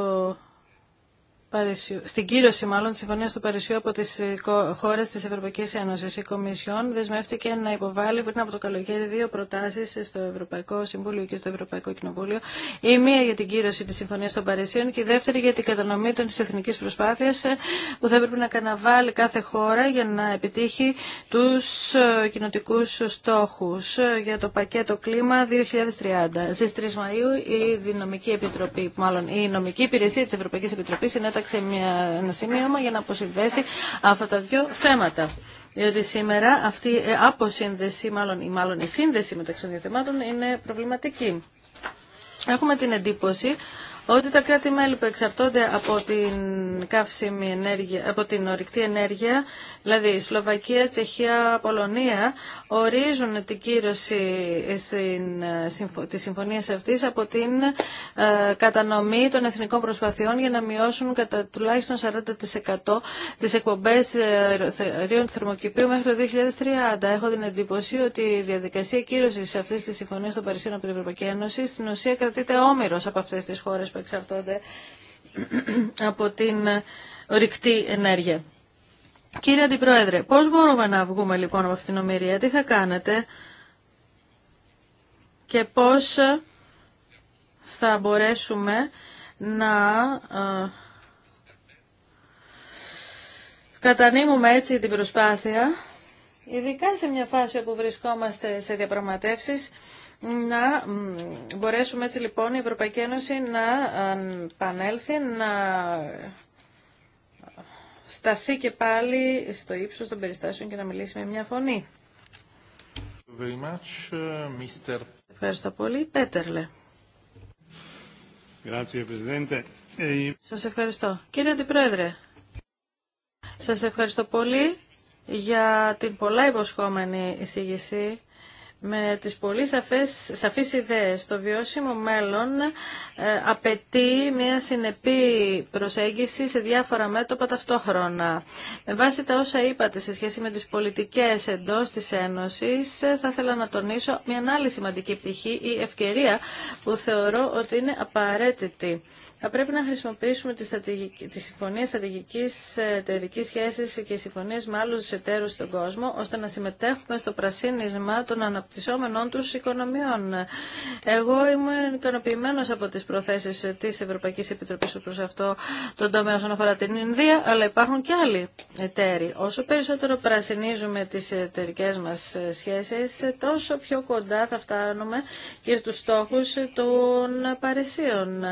στην κύρωση μάλλον τη συμφωνία του Παρισιού από τι ε, χώρε τη Ευρωπαϊκή Ένωση. Η Κομισιόν δεσμεύτηκε να υποβάλει πριν από το καλοκαίρι δύο προτάσει στο Ευρωπαϊκό Συμβούλιο και στο Ευρωπαϊκό Κοινοβούλιο. Η μία για την κύρωση τη συμφωνία των Παρισίων και η δεύτερη για την κατανομή των εθνική προσπάθεια ε, που θα έπρεπε να καναβάλει κάθε χώρα για να επιτύχει του ε, κοινοτικού στόχου για το πακέτο κλίμα 2030. Στι 3 Μαου η μάλλον η Νομική Υπηρεσία τη Ευρωπαϊκή Επιτροπή, είναι μια, ένα σημείωμα για να αποσυνδέσει αυτά τα δύο θέματα. Διότι σήμερα αυτή η αποσύνδεση, μάλλον, ή μάλλον η σύνδεση μεταξύ των θεμάτων είναι προβληματική. Έχουμε την εντύπωση ότι τα κράτη-μέλη που εξαρτώνται από την καύσιμη ενέργεια, από την ορυκτή ενέργεια, δηλαδή Σλοβακία, Τσεχία, Πολωνία, ορίζουν την κύρωση της συμφωνίας αυτής από την ε, κατανομή των εθνικών προσπαθειών για να μειώσουν κατά τουλάχιστον 40% τις εκπομπές αερίων του θερμοκηπίου μέχρι το 2030. Έχω την εντύπωση ότι η διαδικασία κύρωσης αυτής της συμφωνίας των Παρισίων από την Ευρωπαϊκή Ένωση στην ουσία κρατείται όμοιρος από αυτές τις χώρες που εξαρτώνται από την ε, ρηκτή ενέργεια. Κύριε Αντιπρόεδρε, πώς μπορούμε να βγούμε λοιπόν από αυτήν την ομοιρία, τι θα κάνετε και πώς ε, θα μπορέσουμε να ε, κατανείμουμε έτσι την προσπάθεια, ειδικά σε μια φάση όπου βρισκόμαστε σε διαπραγματεύσεις, να μπορέσουμε έτσι λοιπόν η Ευρωπαϊκή Ένωση να ε, πανέλθει, να σταθεί και πάλι στο ύψος των περιστάσεων και να μιλήσει με μια φωνή. Uh, ευχαριστώ πολύ. Πέτερλε. Ε, σας ευχαριστώ. Κύριε Αντιπρόεδρε, σας ευχαριστώ πολύ για την πολλά υποσχόμενη εισήγηση με τις πολύ σαφές, σαφείς ιδέες. Το βιώσιμο μέλλον ε, απαιτεί μια συνεπή προσέγγιση σε διάφορα μέτωπα ταυτόχρονα. Με βάση τα όσα είπατε σε σχέση με τις πολιτικές εντός της Ένωσης, ε, θα ήθελα να τονίσω μια άλλη σημαντική πτυχή ή ευκαιρία που θεωρώ ότι είναι απαραίτητη θα πρέπει να χρησιμοποιήσουμε τη, στρατηγική, τη συμφωνία στρατηγική ε, εταιρική σχέση και συμφωνίε με άλλου εταίρου στον κόσμο, ώστε να συμμετέχουμε στο πρασίνισμα των αναπτυσσόμενων του οικονομιών. Εγώ είμαι ικανοποιημένο από τι προθέσει τη Ευρωπαϊκή Επιτροπή προ αυτό τον τομέα όσον αφορά την Ινδία, αλλά υπάρχουν και άλλοι εταίροι. Όσο περισσότερο πρασινίζουμε τι εταιρικέ μα σχέσει, τόσο πιο κοντά θα φτάνουμε και στου στόχου των Παρισίων.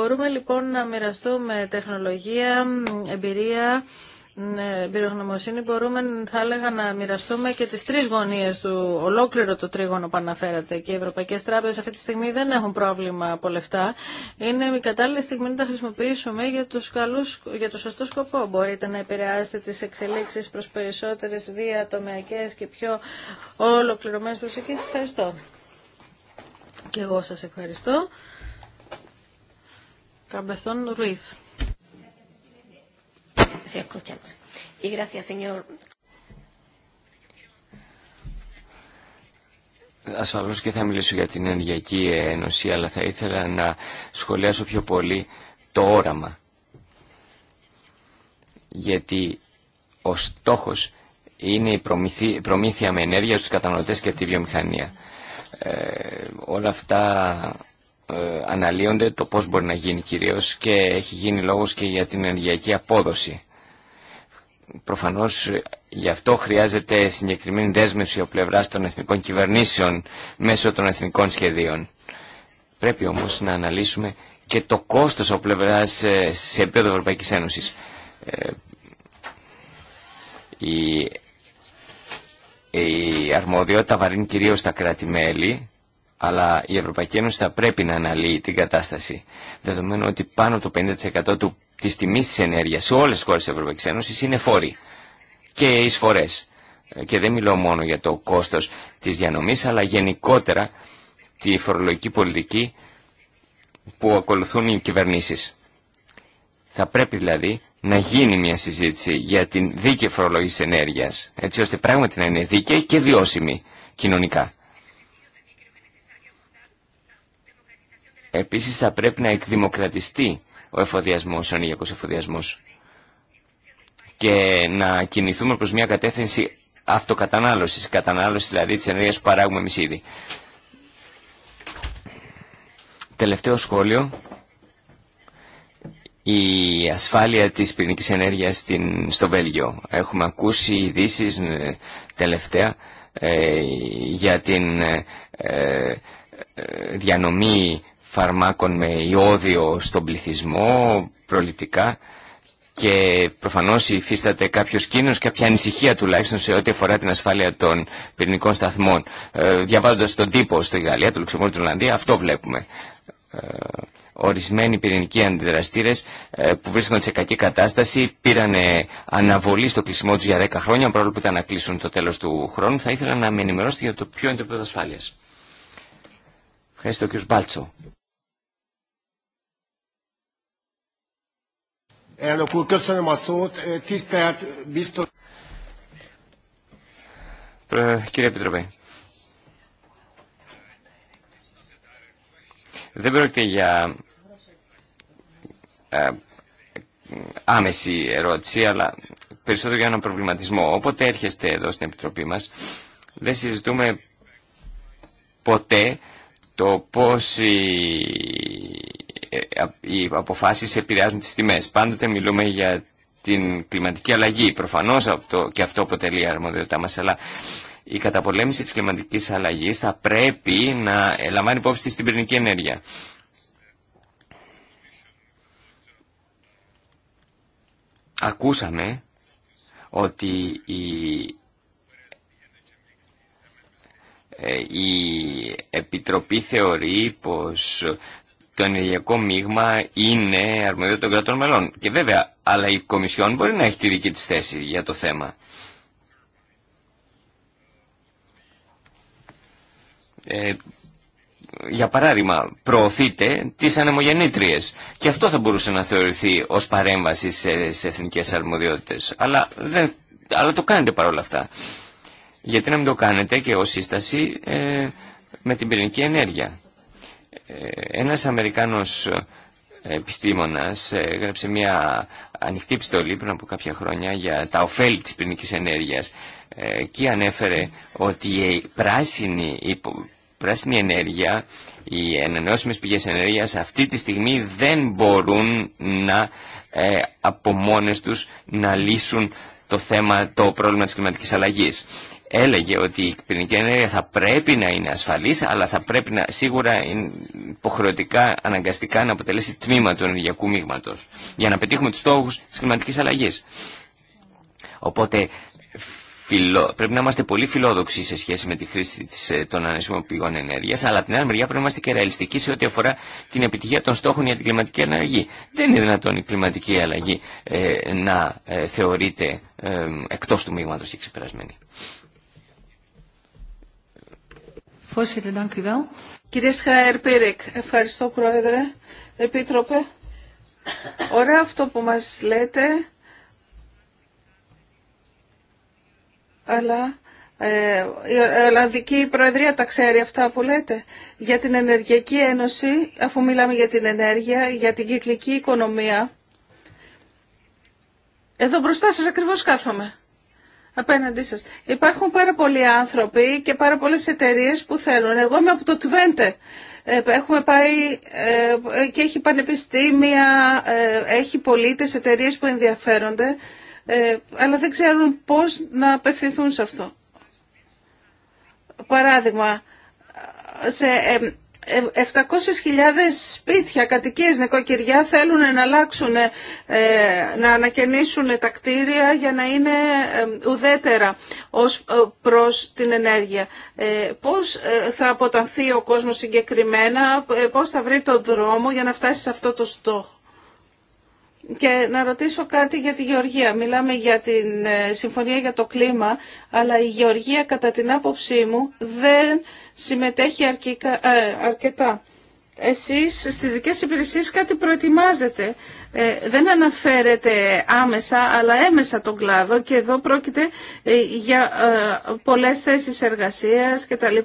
Μπορούμε λοιπόν να μοιραστούμε τεχνολογία, εμπειρία, ε, εμπειρογνωμοσύνη. Μπορούμε, θα έλεγα, να μοιραστούμε και τις τρεις γωνίες του, ολόκληρο το τρίγωνο που αναφέρατε. Και οι ευρωπαϊκές τράπεζες αυτή τη στιγμή δεν έχουν πρόβλημα από λεφτά. Είναι η κατάλληλη στιγμή να τα χρησιμοποιήσουμε για, τους καλούς, για το σωστό σκοπό. Μπορείτε να επηρεάσετε τις εξελίξεις προς περισσότερες διατομιακές και πιο ολοκληρωμένες προσεκίσεις. Ευχαριστώ. Και εγώ σας ευχαριστώ. Καμπεθόν Ρουίθ. Ασφαλώς και θα μιλήσω για την Ενεργειακή Ένωση, αλλά θα ήθελα να σχολιάσω πιο πολύ το όραμα. Γιατί ο στόχο είναι η προμήθεια, προμήθεια με ενέργεια στου καταναλωτέ και τη βιομηχανία. Ε, όλα αυτά ε, αναλύονται το πώς μπορεί να γίνει κυρίως και έχει γίνει λόγος και για την ενεργειακή απόδοση. Προφανώς γι' αυτό χρειάζεται συγκεκριμένη δέσμευση ο πλευράς των εθνικών κυβερνήσεων μέσω των εθνικών σχεδίων. Πρέπει όμως να αναλύσουμε και το κόστος ο πλευράς ε, σε επίπεδο Ευρωπαϊκής Ένωσης. Ε, η, αρμοδιότητα βαρύνει κυρίως τα κράτη-μέλη αλλά η Ευρωπαϊκή Ένωση θα πρέπει να αναλύει την κατάσταση. Δεδομένου ότι πάνω το 50% του, της τιμής της ενέργειας σε όλες τις χώρες της Ευρωπαϊκής Ένωσης είναι φόροι και εισφορές. Ε, και δεν μιλώ μόνο για το κόστος της διανομής, αλλά γενικότερα τη φορολογική πολιτική που ακολουθούν οι κυβερνήσεις. Θα πρέπει δηλαδή να γίνει μια συζήτηση για την δίκαιη φορολογική ενέργειας, έτσι ώστε πράγματι να είναι δίκαιη και βιώσιμη κοινωνικά. Επίσης θα πρέπει να εκδημοκρατιστεί ο εφοδιασμός, ο ενεργειακός εφοδιασμός και να κινηθούμε προς μια κατεύθυνση αυτοκατανάλωσης, κατανάλωση δηλαδή της ενέργειας που παράγουμε εμείς ήδη. Τελευταίο σχόλιο, η ασφάλεια της πυρηνικής ενέργειας στην, στο Βέλγιο. Έχουμε ακούσει ειδήσει ε, τελευταία ε, για την ε, ε διανομή φαρμάκων με ιόδιο στον πληθυσμό προληπτικά και προφανώς υφίσταται κάποιος κίνδυνος, κάποια ανησυχία τουλάχιστον σε ό,τι αφορά την ασφάλεια των πυρηνικών σταθμών. Ε, διαβάζοντας τον τύπο στη Γαλλία, το Λουξεμβούργο, την Ολλανδία, αυτό βλέπουμε. Ε, ορισμένοι πυρηνικοί αντιδραστήρες ε, που βρίσκονται σε κακή κατάσταση πήραν ε, αναβολή στο κλεισμό τους για 10 χρόνια, παρόλο που ήταν να κλείσουν το τέλος του χρόνου. Θα ήθελα να με ενημερώσετε για το ποιο είναι το επίπεδο ασφάλειας. Ευχαριστώ κύριο Μπάλτσο. Κύριε Επιτροπέ, δεν πρόκειται για άμεση ερώτηση, αλλά περισσότερο για έναν προβληματισμό. Όποτε έρχεστε εδώ στην Επιτροπή μας, δεν συζητούμε ποτέ το πώς η ε, ε, οι αποφάσεις επηρεάζουν τις τιμές. Πάντοτε μιλούμε για την κλιματική αλλαγή. Προφανώς αυτό, και αυτό αποτελεί αρμοδιότητά μας, αλλά η καταπολέμηση της κλιματικής αλλαγής θα πρέπει να λαμβάνει υπόψη της την πυρηνική ενέργεια. Ακούσαμε ότι η, ε, η Επιτροπή θεωρεί πως το ενεργειακό μείγμα είναι αρμοδιότητα των κρατών μελών. Και βέβαια, αλλά η Κομισιόν μπορεί να έχει τη δική της θέση για το θέμα. Ε, για παράδειγμα, προωθείτε τις ανεμογεννήτριες και αυτό θα μπορούσε να θεωρηθεί ως παρέμβαση σε, σε εθνικές αρμοδιότητες. Αλλά, δεν, αλλά το κάνετε παρόλα αυτά. Γιατί να μην το κάνετε και ως σύσταση ε, με την πυρηνική ενέργεια ένας Αμερικάνος ε, επιστήμονας έγραψε μια ανοιχτή επιστολή πριν από κάποια χρόνια για τα ωφέλη της πυρηνικής ενέργειας. Ε, και ανέφερε ότι η πράσινη, η πράσινη ενέργεια, οι ανανεώσιμες πηγές ενέργειας αυτή τη στιγμή δεν μπορούν να ε, από μόνες τους να λύσουν το θέμα, το πρόβλημα της κλιματικής αλλαγής έλεγε ότι η πυρηνική ενέργεια θα πρέπει να είναι ασφαλής, αλλά θα πρέπει να, σίγουρα υποχρεωτικά, αναγκαστικά να αποτελέσει τμήμα του ενεργειακού μείγματος για να πετύχουμε τους στόχους της κλιματικής αλλαγής. Οπότε φιλο, πρέπει να είμαστε πολύ φιλόδοξοι σε σχέση με τη χρήση της, ε, των ανεσίμων πηγών ενέργειας, αλλά από την άλλη μεριά πρέπει να είμαστε και ρεαλιστικοί σε ό,τι αφορά την επιτυχία των στόχων για την κλιματική αλλαγή. Δεν είναι δυνατόν η κλιματική αλλαγή ε, να ε, θεωρείται ε, του μείγματος και ξεπερασμένη. Κύριε Πίρικ, ευχαριστώ Πρόεδρε. Επίτροπε, ωραία αυτό που μας λέτε, αλλά ε, η Ολλανδική Προεδρία τα ξέρει αυτά που λέτε. Για την Ενεργειακή Ένωση, αφού μιλάμε για την ενέργεια, για την κυκλική οικονομία. Εδώ μπροστά σας ακριβώς κάθομαι απέναντί σας. Υπάρχουν πάρα πολλοί άνθρωποι και πάρα πολλές εταιρείε που θέλουν. Εγώ είμαι από το Τβέντε. Έχουμε πάει ε, και έχει πανεπιστήμια, ε, έχει πολίτες, εταιρείε που ενδιαφέρονται, ε, αλλά δεν ξέρουν πώς να απευθυνθούν σε αυτό. Παράδειγμα, σε 700.000 ε, σπίτια, κατοικίες, νοικοκυριά θέλουν να αλλάξουν, ε, να ανακαινήσουν τα κτίρια για να είναι ε, ουδέτερα ως προς την ενέργεια. Πώς θα αποτανθεί ο κόσμος συγκεκριμένα, πώς θα βρει τον δρόμο για να φτάσει σε αυτό το στόχο. Και να ρωτήσω κάτι για τη γεωργία. Μιλάμε για την ε, συμφωνία για το κλίμα, αλλά η γεωργία κατά την άποψή μου δεν συμμετέχει ε, αρκετά. Εσείς στις δικές υπηρεσίες κάτι προετοιμάζετε. Ε, δεν αναφέρετε άμεσα, αλλά έμεσα τον κλάδο και εδώ πρόκειται για ε, πολλές θέσεις εργασίας κτλ.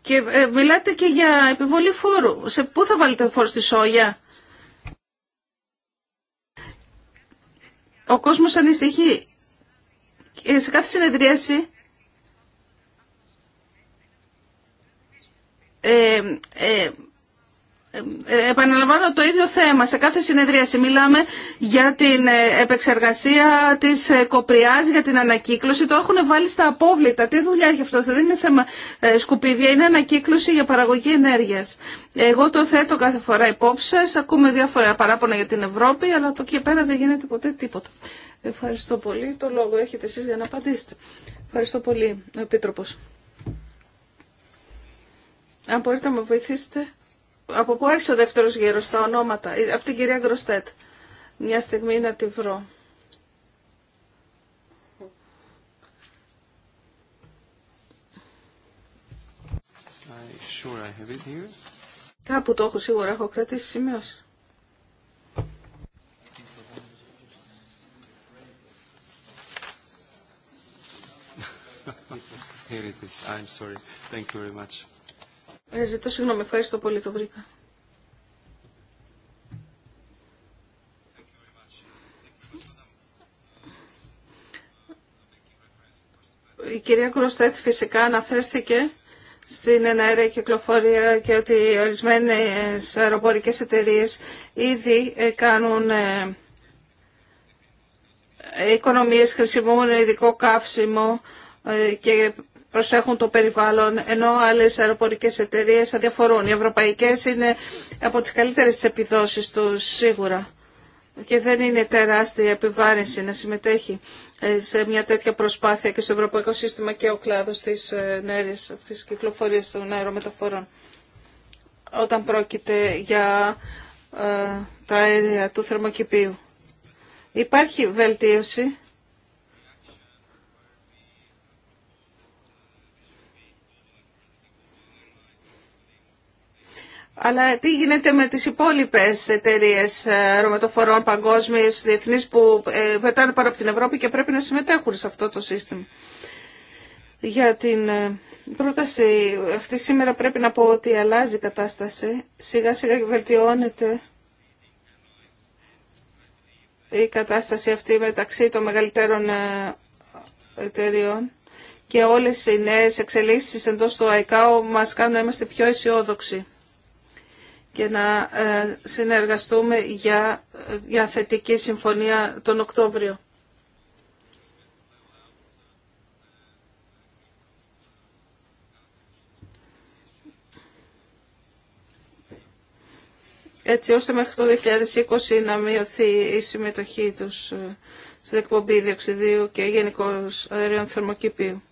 Και μιλάτε και για επιβολή φόρου. Σε πού θα βάλετε φόρο στη σόγια. Ο κόσμος ανησυχεί ε, σε κάθε συνεδρίαση ε, ε, ε, επαναλαμβάνω το ίδιο θέμα. Σε κάθε συνεδρίαση μιλάμε για την ε, επεξεργασία της ε, κοπριάς, για την ανακύκλωση. Το έχουν βάλει στα απόβλητα. Τι δουλειά έχει αυτό. Δεν είναι θέμα σκουπίδια, είναι ανακύκλωση για παραγωγή ενέργειας. Εγώ το θέτω κάθε φορά υπόψη σας. Ακούμε διάφορα παράπονα για την Ευρώπη, αλλά το και πέρα δεν γίνεται ποτέ τίποτα. Ευχαριστώ πολύ. Το λόγο έχετε εσείς για να απαντήσετε. Ευχαριστώ πολύ, ο Επίτροπος. Αν μπορείτε να με βοηθήσετε από πού άρχισε ο δεύτερος γύρος, τα ονόματα. Από την κυρία Γκροστέτ. Μια στιγμή να τη βρω. Κάπου το έχω σίγουρα, έχω κρατήσει σημείο. Here it is. I'm sorry. Thank you very much. Ε, ζητώ συγγνώμη, ευχαριστώ πολύ, το βρήκα. Η κυρία Κροστέτ φυσικά αναφέρθηκε στην εναέρια κυκλοφορία και ότι ορισμένες αεροπορικές εταιρείες ήδη ε, κάνουν ε, οικονομίες, χρησιμοποιούν ειδικό καύσιμο ε, και προσέχουν το περιβάλλον, ενώ άλλε αεροπορικέ εταιρείε αδιαφορούν. Οι Ευρωπαϊκέ είναι από τι καλύτερε τι επιδόσεις τους σίγουρα και δεν είναι τεράστια επιβάρυνση να συμμετέχει ε, σε μια τέτοια προσπάθεια και στο ευρωπαϊκό σύστημα και ο κλάδο τη ε, νέρης, κυκλοφορίας των αερομεταφορών. Όταν πρόκειται για ε, τα αέρια του θερμοκηπίου. Υπάρχει βελτίωση Αλλά τι γίνεται με τις υπόλοιπες εταιρείε ε, αερομετοφορών παγκόσμιες, διεθνείς που ε, πετάνε πάνω από την Ευρώπη και πρέπει να συμμετέχουν σε αυτό το σύστημα. Για την ε, πρόταση αυτή σήμερα πρέπει να πω ότι αλλάζει η κατάσταση. Σιγά σιγά βελτιώνεται η κατάσταση αυτή μεταξύ των μεγαλύτερων εταιριών και όλες οι νέες εξελίξεις εντός του ΑΕΚΑΟ μας κάνουν να είμαστε πιο αισιόδοξοι και να ε, συνεργαστούμε για, ε, για θετική συμφωνία τον Οκτώβριο. έτσι ώστε μέχρι το 2020 να μειωθεί η συμμετοχή τους ε, στην εκπομπή διοξιδίου και γενικώ αερίων θερμοκηπίου.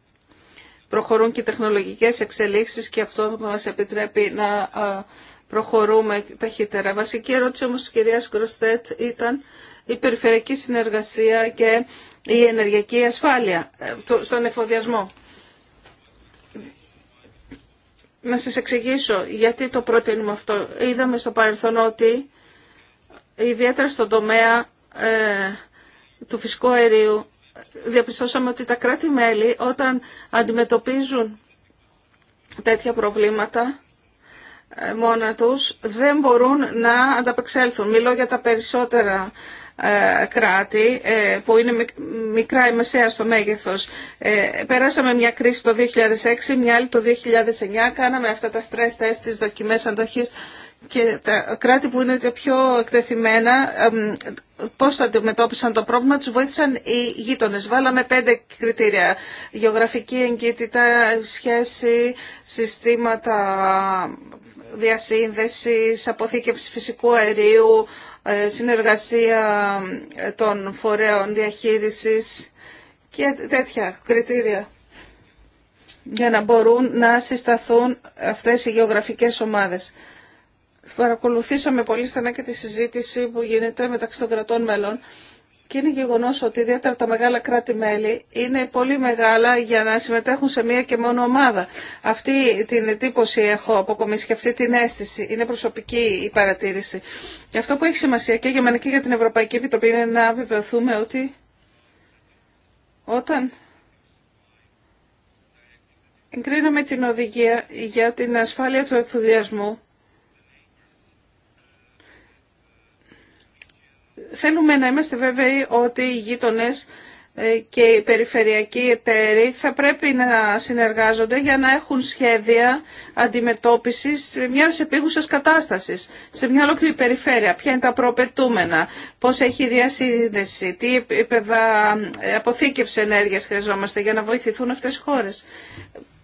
Προχωρούν και οι τεχνολογικές εξελίξεις και αυτό μας επιτρέπει να προχωρούμε ταχύτερα. Βασική ερώτηση όμως της κυρίας Γκροστέτ ήταν η περιφερειακή συνεργασία και η ενεργειακή ασφάλεια ε, στον εφοδιασμό. Να σας εξηγήσω γιατί το προτείνουμε αυτό. Είδαμε στο παρελθόν ότι ιδιαίτερα στον τομέα ε, του φυσικού αερίου διαπιστώσαμε ότι τα κράτη-μέλη όταν αντιμετωπίζουν τέτοια προβλήματα ε, μόνα τους δεν μπορούν να ανταπεξέλθουν. Μιλώ για τα περισσότερα ε, κράτη ε, που είναι μικρά ή μεσαία στο μέγεθος. Πέρασαμε μια κρίση το 2006, μια άλλη το 2009, κάναμε αυτά τα stress test, τις δοκιμές αντοχής και τα κράτη που είναι τα πιο εκτεθειμένα, πώς θα αντιμετώπισαν το πρόβλημα, τους βοήθησαν οι γείτονες. Βάλαμε πέντε κριτήρια. Γεωγραφική εγκύτητα, σχέση, συστήματα διασύνδεσης, αποθήκευση φυσικού αερίου, ε, συνεργασία ε, των φορέων διαχείρισης και τέτοια κριτήρια για να μπορούν να συσταθούν αυτές οι γεωγραφικές ομάδες. Παρακολουθήσαμε πολύ στενά και τη συζήτηση που γίνεται μεταξύ των κρατών μέλων και είναι γεγονό ότι ιδιαίτερα τα μεγάλα κράτη-μέλη είναι πολύ μεγάλα για να συμμετέχουν σε μία και μόνο ομάδα. Αυτή την εντύπωση έχω αποκομίσει και αυτή την αίσθηση. Είναι προσωπική η παρατήρηση. Και αυτό που έχει σημασία και για μένα και για την Ευρωπαϊκή Επιτροπή είναι να βεβαιωθούμε ότι όταν εγκρίναμε την οδηγία για την ασφάλεια του εφοδιασμού, θέλουμε να είμαστε βέβαιοι ότι οι γείτονε ε, και οι περιφερειακοί εταίροι θα πρέπει να συνεργάζονται για να έχουν σχέδια αντιμετώπισης μιας επίγουσας κατάστασης σε μια ολόκληρη περιφέρεια. Ποια είναι τα προπετούμενα, πώς έχει η διασύνδεση, τι επίπεδα ε, αποθήκευση ενέργειας χρειαζόμαστε για να βοηθηθούν αυτές οι χώρες.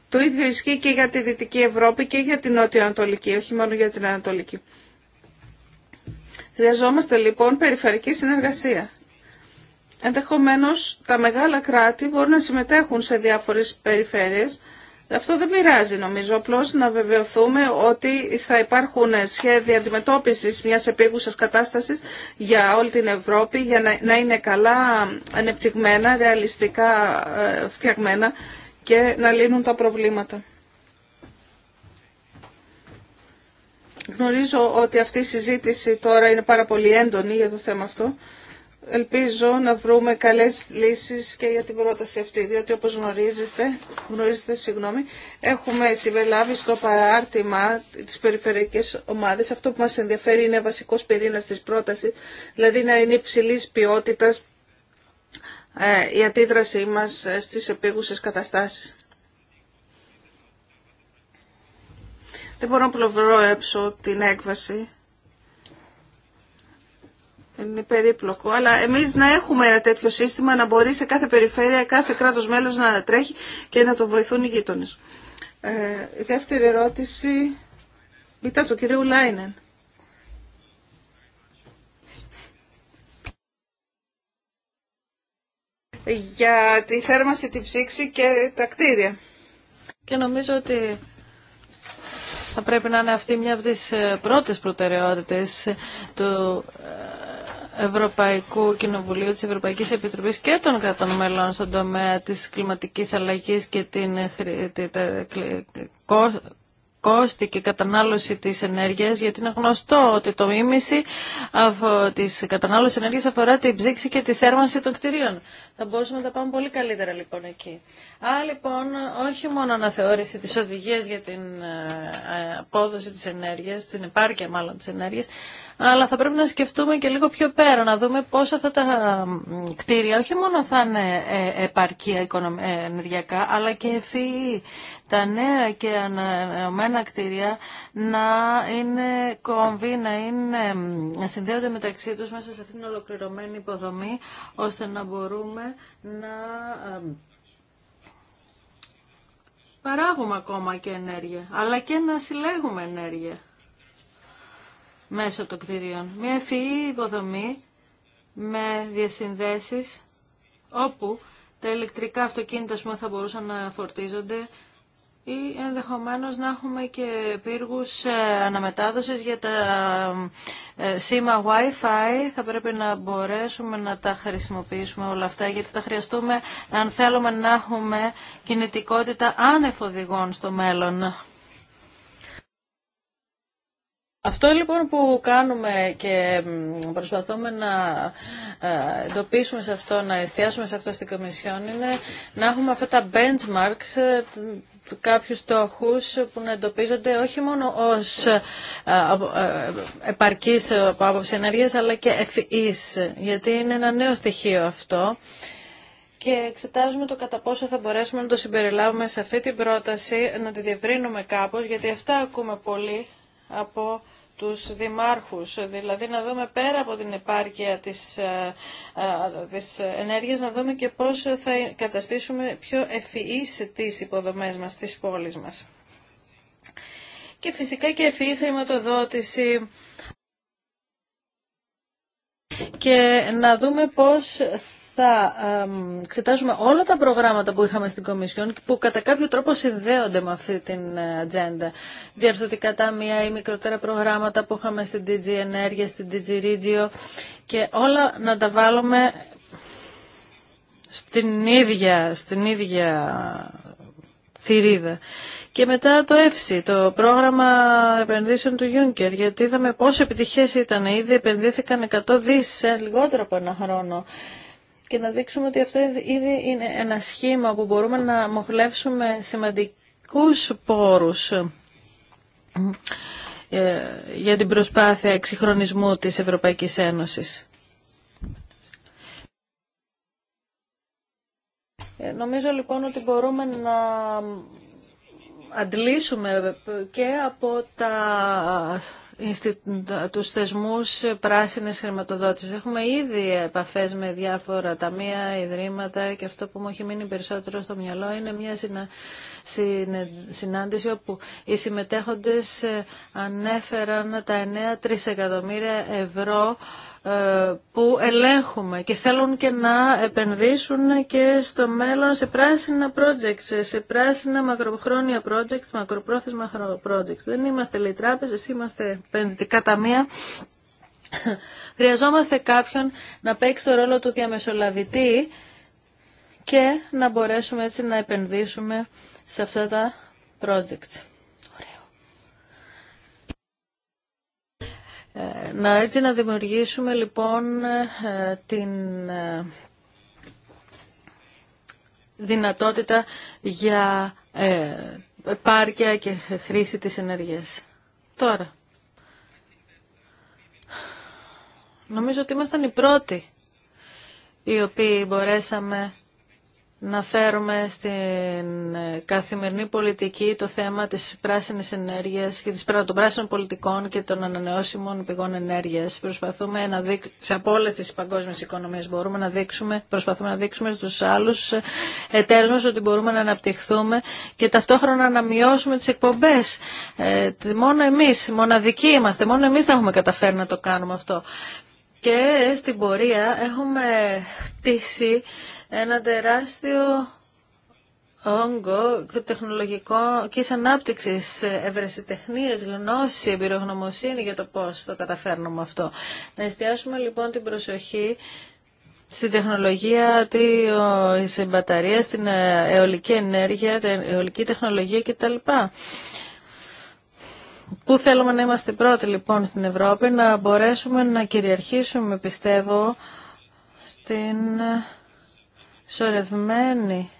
Το ίδιο ισχύει και για τη Δυτική Ευρώπη και για την Νότια Ανατολική, όχι μόνο για την Ανατολική. Χρειαζόμαστε λοιπόν περιφερική συνεργασία. Ενδεχομένω τα μεγάλα κράτη μπορούν να συμμετέχουν σε διάφορες περιφέρειες. Αυτό δεν πειράζει νομίζω, απλώς να βεβαιωθούμε ότι θα υπάρχουν σχέδια αντιμετώπισης μιας επίγουσας κατάστασης για όλη την Ευρώπη, για να είναι καλά ανεπτυγμένα, ρεαλιστικά ε, φτιαγμένα και να λύνουν τα προβλήματα. Γνωρίζω ότι αυτή η συζήτηση τώρα είναι πάρα πολύ έντονη για το θέμα αυτό. Ελπίζω να βρούμε καλές λύσεις και για την πρόταση αυτή, διότι όπως γνωρίζετε, γνωρίζετε συγγνώμη, έχουμε συμπεριλάβει στο παράρτημα τις περιφερειακές ομάδες. Αυτό που μας ενδιαφέρει είναι βασικός πυρήνας της πρότασης, δηλαδή να είναι υψηλή ποιότητας ε, η αντίδρασή μας ε, στις επίγουσες καταστάσεις. Δεν μπορώ να έψω την έκβαση. Είναι περίπλοκο. Αλλά εμείς να έχουμε ένα τέτοιο σύστημα να μπορεί σε κάθε περιφέρεια, κάθε κράτος μέλος να τρέχει και να το βοηθούν οι γείτονες. Ε, η δεύτερη ερώτηση ήταν τον κύριο Λάινεν. για τη θέρμανση, τη ψήξη και τα κτίρια. Και νομίζω ότι θα πρέπει να είναι αυτή μια από τις ε, πρώτες προτεραιότητες του ε, Ευρωπαϊκού Κοινοβουλίου, της Ευρωπαϊκής Επιτροπής και των κρατών μελών στον τομέα της κλιματικής αλλαγής και την ε, κόστη και κατανάλωση της ενέργειας, γιατί είναι γνωστό ότι το μίμηση της κατανάλωσης ενέργειας αφορά την ψήξη και τη θέρμανση των κτηρίων. Θα μπορούσαμε να τα πάμε πολύ καλύτερα λοιπόν εκεί. Α, λοιπόν όχι μόνο αναθεώρηση της οδηγίας για την ε, απόδοση της ενέργειας, την επάρκεια μάλλον της ενέργειας, αλλά θα πρέπει να σκεφτούμε και λίγο πιο πέρα, να δούμε πώς αυτά τα κτίρια όχι μόνο θα είναι ε, επαρκεία ενεργειακά, αλλά και ευφυή. Τα νέα και ανανεωμένα κτίρια να είναι κομβή, να, είναι, να συνδέονται μεταξύ τους μέσα σε αυτήν την ολοκληρωμένη υποδομή, ώστε να μπορούμε να ε, παράγουμε ακόμα και ενέργεια, αλλά και να συλλέγουμε ενέργεια μέσω των κτηρίων. Μια ευφυή υποδομή με διασυνδέσεις όπου τα ηλεκτρικά αυτοκίνητα θα μπορούσαν να φορτίζονται ή ενδεχομένως να έχουμε και πύργους ε, αναμετάδοσης για τα ε, σήμα Wi-Fi. Θα πρέπει να μπορέσουμε να τα χρησιμοποιήσουμε όλα αυτά, γιατί θα χρειαστούμε αν θέλουμε να έχουμε κινητικότητα άνευ στο μέλλον. Αυτό λοιπόν που κάνουμε και προσπαθούμε να ε, εντοπίσουμε σε αυτό, να εστιάσουμε σε αυτό στην Κομισιόν είναι να έχουμε αυτά τα benchmarks, ε, κάποιους στόχους που να εντοπίζονται όχι μόνο ως ε, επαρκής από άποψη ενέργεια, αλλά και ευφυής, γιατί είναι ένα νέο στοιχείο αυτό και εξετάζουμε το κατά πόσο θα μπορέσουμε να το συμπεριλάβουμε σε αυτή την πρόταση, να τη διευρύνουμε κάπως, γιατί αυτά ακούμε πολύ από τους δημάρχους, δηλαδή να δούμε πέρα από την επάρκεια της, ε, ε, της ενέργειας, να δούμε και πώς θα καταστήσουμε πιο ευφυείς τις υποδομές μας, τις πόλεις μας. Και φυσικά και ευφυή χρηματοδότηση και να δούμε πώς θα εξετάζουμε όλα τα προγράμματα που είχαμε στην Κομισιόν και που κατά κάποιο τρόπο συνδέονται με αυτή την ε, ατζέντα. Διαρθωτικά ταμεία ή μικρότερα προγράμματα που είχαμε στην DG Ενέργεια, στην DG Regio και όλα να τα βάλουμε στην ίδια, στην ίδια θηρίδα. Και μετά το ΕΦΣΙ, το πρόγραμμα επενδύσεων του Juncker, γιατί είδαμε πόσο επιτυχές ήταν. Ήδη επενδύθηκαν 100 δις σε λιγότερο από ένα χρόνο και να δείξουμε ότι αυτό ήδη είναι ένα σχήμα που μπορούμε να μοχλεύσουμε σημαντικούς πόρους ε, για την προσπάθεια εξυγχρονισμού της Ευρωπαϊκής Ένωσης. Ε, νομίζω λοιπόν ότι μπορούμε να αντλήσουμε και από τα τους θεσμούς πράσινης χρηματοδότησης. Έχουμε ήδη επαφές με διάφορα ταμεία, ιδρύματα και αυτό που μου έχει μείνει περισσότερο στο μυαλό είναι μια συνάντηση όπου οι συμμετέχοντες ε, ανέφεραν τα 9 τρισεκατομμύρια ευρώ που ελέγχουμε και θέλουν και να επενδύσουν και στο μέλλον σε πράσινα projects, σε πράσινα μακροχρόνια projects, μακροπρόθεσμα projects. Δεν είμαστε λέει τράπεζες, είμαστε επενδυτικά ταμεία. Χρειαζόμαστε κάποιον να παίξει το ρόλο του διαμεσολαβητή και να μπορέσουμε έτσι να επενδύσουμε σε αυτά τα projects. Ε, να έτσι να δημιουργήσουμε λοιπόν ε, την ε, δυνατότητα για επάρκεια και χρήση της ενέργειας. Τώρα, νομίζω ότι ήμασταν οι πρώτοι οι οποίοι μπορέσαμε να φέρουμε στην ε, καθημερινή πολιτική το θέμα της πράσινης ενέργειας και των πράσινων πολιτικών και των ανανεώσιμων πηγών ενέργειας. Προσπαθούμε να δείξουμε, από όλε τις παγκόσμιες οικονομίες μπορούμε να δείξουμε, προσπαθούμε να δείξουμε στους άλλους ε, εταίρους μας ότι μπορούμε να αναπτυχθούμε και ταυτόχρονα να μειώσουμε τις εκπομπές. Ε, μόνο εμείς, μοναδικοί είμαστε, μόνο εμείς θα έχουμε καταφέρει να το κάνουμε αυτό. Και στην πορεία έχουμε χτίσει ένα τεράστιο όγκο τεχνολογικό και ανάπτυξη ευρεσιτεχνίε, γνώση, εμπειρογνωμοσύνη για το πώ το καταφέρνουμε αυτό. Να εστιάσουμε λοιπόν την προσοχή στην τεχνολογία τη μπαταρία, στην ε, αιωλική ενέργεια, την αιωλική τεχνολογία κτλ. Πού θέλουμε να είμαστε πρώτοι λοιπόν στην Ευρώπη, να μπορέσουμε να κυριαρχήσουμε πιστεύω στην σορευμένη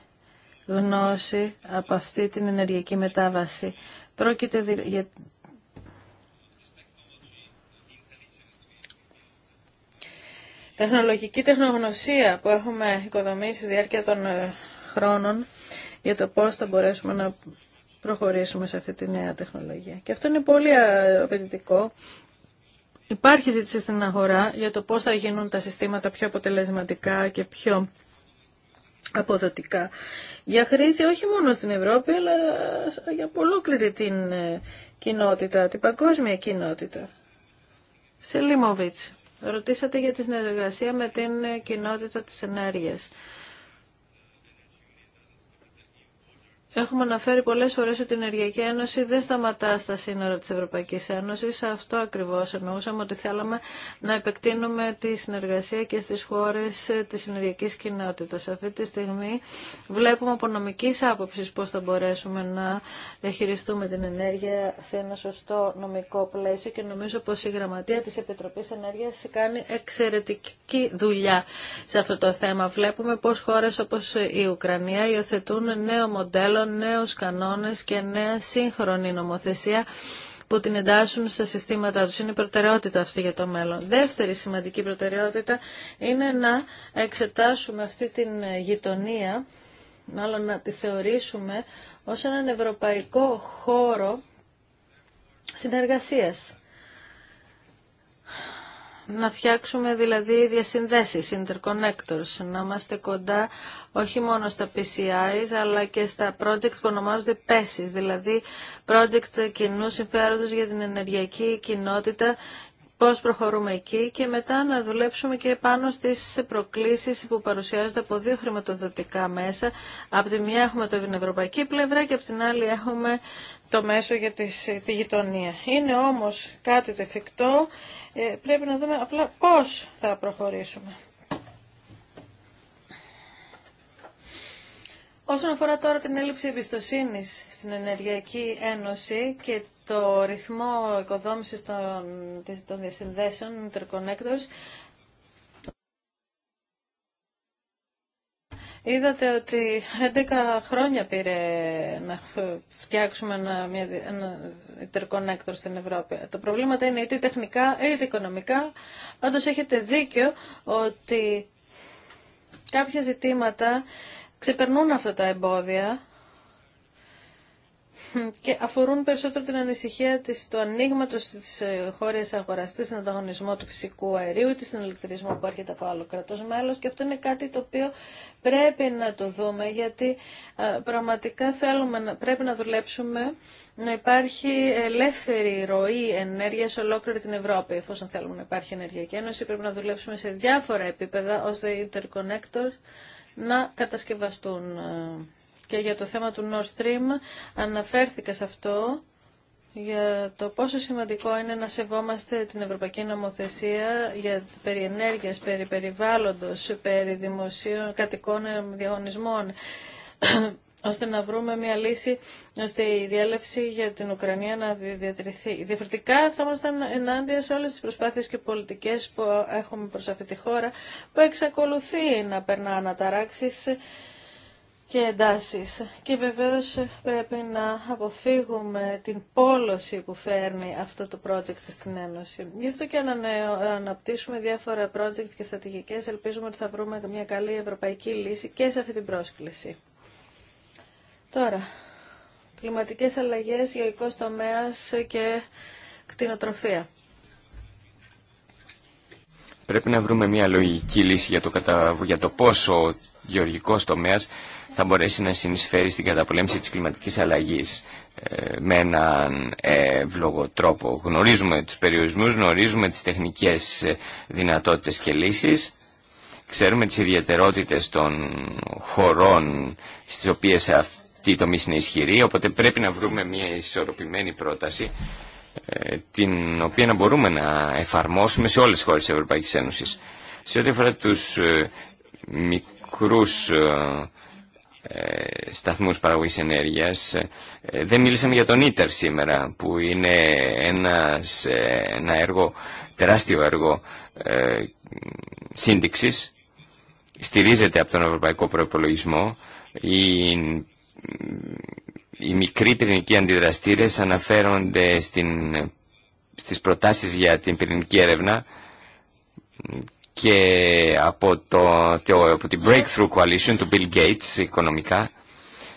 γνώση από αυτή την ενεργειακή μετάβαση. Πρόκειται για τεχνολογική τεχνογνωσία που έχουμε οικοδομήσει στη διάρκεια των ε, χρόνων για το πώς θα μπορέσουμε να προχωρήσουμε σε αυτή τη νέα τεχνολογία. Και αυτό είναι πολύ ε, απαιτητικό. Υπάρχει ζήτηση στην αγορά για το πώς θα γίνουν τα συστήματα πιο αποτελεσματικά και πιο αποδοτικά για χρήση όχι μόνο στην Ευρώπη αλλά για ολόκληρη την ε, κοινότητα, την παγκόσμια κοινότητα. Σελίμοβιτς, ρωτήσατε για τη συνεργασία με την ε, κοινότητα της ενέργειας. Έχουμε αναφέρει πολλές φορές ότι η Ενεργειακή Ένωση δεν σταματά στα σύνορα της Ευρωπαϊκής Ένωσης. Αυτό ακριβώς εννοούσαμε ότι θέλαμε να επεκτείνουμε τη συνεργασία και στις χώρες της ενεργειακής κοινότητας. Αυτή τη στιγμή βλέπουμε από νομικής άποψης πώς θα μπορέσουμε να διαχειριστούμε την ενέργεια σε ένα σωστό νομικό πλαίσιο και νομίζω πως η Γραμματεία της Επιτροπής Ενέργειας κάνει εξαιρετική δουλειά σε αυτό το θέμα. Βλέπουμε πως χώρες όπως η Ουκρανία υιοθετούν νέο μοντέλο νέους κανόνες και νέα σύγχρονη νομοθεσία που την εντάσσουν στα συστήματά τους. Είναι η προτεραιότητα αυτή για το μέλλον. Δεύτερη σημαντική προτεραιότητα είναι να εξετάσουμε αυτή την γειτονία, μάλλον να τη θεωρήσουμε ως έναν ευρωπαϊκό χώρο συνεργασίας να φτιάξουμε δηλαδή διασυνδέσεις, interconnectors, να είμαστε κοντά όχι μόνο στα PCIs αλλά και στα projects που ονομάζονται PESIs, δηλαδή projects κοινού συμφέροντος για την ενεργειακή κοινότητα πώς προχωρούμε εκεί και μετά να δουλέψουμε και πάνω στις προκλήσεις που παρουσιάζονται από δύο χρηματοδοτικά μέσα. Από τη μία έχουμε την ευρωπαϊκή πλευρά και από την άλλη έχουμε το μέσο για τη γειτονία. Είναι όμως κάτι το εφικτό. Ε, πρέπει να δούμε απλά πώς θα προχωρήσουμε. Όσον αφορά τώρα την έλλειψη εμπιστοσύνη στην Ενεργειακή Ένωση και το ρυθμό οικοδόμησης των, των διασυνδέσεων, interconnectors, Είδατε ότι 11 χρόνια πήρε να φτιάξουμε ένα, μια, ένα στην Ευρώπη. Το πρόβλημα είναι είτε τεχνικά είτε οικονομικά. Πάντως έχετε δίκιο ότι κάποια ζητήματα ξεπερνούν αυτά τα εμπόδια και αφορούν περισσότερο την ανησυχία της, του ανοίγματο τη ε, χώρε αγοραστή, στην ανταγωνισμό του φυσικού αερίου ή στην ηλεκτρισμό που έρχεται από άλλο κρατό μέλο. και αυτό είναι κάτι το οποίο πρέπει να το δούμε γιατί ε, πραγματικά θέλουμε, πρέπει να δουλέψουμε να υπάρχει ελεύθερη ροή ενέργεια σε ολόκληρη την Ευρώπη. Εφόσον θέλουμε να υπάρχει ενεργειακή ένωση πρέπει να δουλέψουμε σε διάφορα επίπεδα ώστε οι interconnectors να κατασκευαστούν. Ε, και για το θέμα του Nord Stream αναφέρθηκα σε αυτό για το πόσο σημαντικό είναι να σεβόμαστε την Ευρωπαϊκή Νομοθεσία για περί ενέργειας, περί περιβάλλοντος, περί δημοσίων κατοικών ε, διαγωνισμών ώστε να βρούμε μια λύση ώστε η διέλευση για την Ουκρανία να διατηρηθεί. Διαφορετικά θα ήμασταν ενάντια σε όλες τις προσπάθειες και πολιτικές που έχουμε προς αυτή τη χώρα που εξακολουθεί να περνά αναταράξεις και εντάσεις. Και βεβαίως πρέπει να αποφύγουμε την πόλωση που φέρνει αυτό το project στην Ένωση. Γι' αυτό και αναπτύσσουμε διάφορα project και στρατηγικές. Ελπίζουμε ότι θα βρούμε μια καλή ευρωπαϊκή λύση και σε αυτή την πρόσκληση. Τώρα, κλιματικές αλλαγές, γεωργικός τομέας και κτηνοτροφία. Πρέπει να βρούμε μια λογική λύση για το, κατα... για το πόσο γεωργικός τομέας θα μπορέσει να συνεισφέρει στην καταπολέμηση της κλιματικής αλλαγής ε, με έναν ε, εύλογο τρόπο. Γνωρίζουμε τους περιορισμούς, γνωρίζουμε τις τεχνικές ε, δυνατότητες και λύσεις, ξέρουμε τις ιδιαιτερότητες των χωρών στις οποίες αυτή η τομή είναι ισχυρή, οπότε πρέπει να βρούμε μια ισορροπημένη πρόταση την οποία να μπορούμε να εφαρμόσουμε σε όλες τις χώρες της Ευρωπαϊκής Ένωσης. Σε ό,τι αφορά τους μικρούς ε, σταθμούς παραγωγής ενέργειας. Ε, δεν μίλησαμε για τον Ίτερ σήμερα που είναι ένας, ε, ένα έργο, τεράστιο έργο σύνδεξης. Στηρίζεται από τον Ευρωπαϊκό Προπολογισμό. Οι, οι μικροί πυρηνικοί αντιδραστήρες αναφέρονται στην, στις προτάσεις για την πυρηνική έρευνα και από, το, το, από την Breakthrough Coalition του Bill Gates οικονομικά.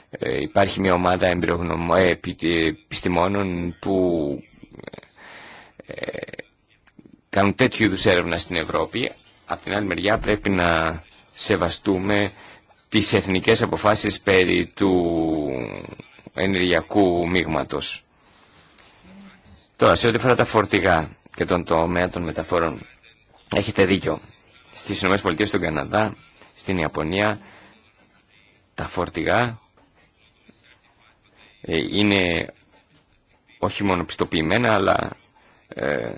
Ε, υπάρχει μια ομάδα ε, ε, επιστημόνων που κάνουν τέτοιου είδους έρευνα στην Ευρώπη. Απ' την άλλη μεριά πρέπει να σεβαστούμε τις εθνικές αποφάσεις περί του ενεργειακού μείγματος. Τώρα, σε ό,τι αφορά τα φορτηγά και τον τομέα των μεταφορών, Έχετε δίκιο. Στις ΗΠΑ, στον Καναδά, στην Ιαπωνία, τα φορτηγά ε, είναι όχι μόνο πιστοποιημένα, αλλά ε, ε,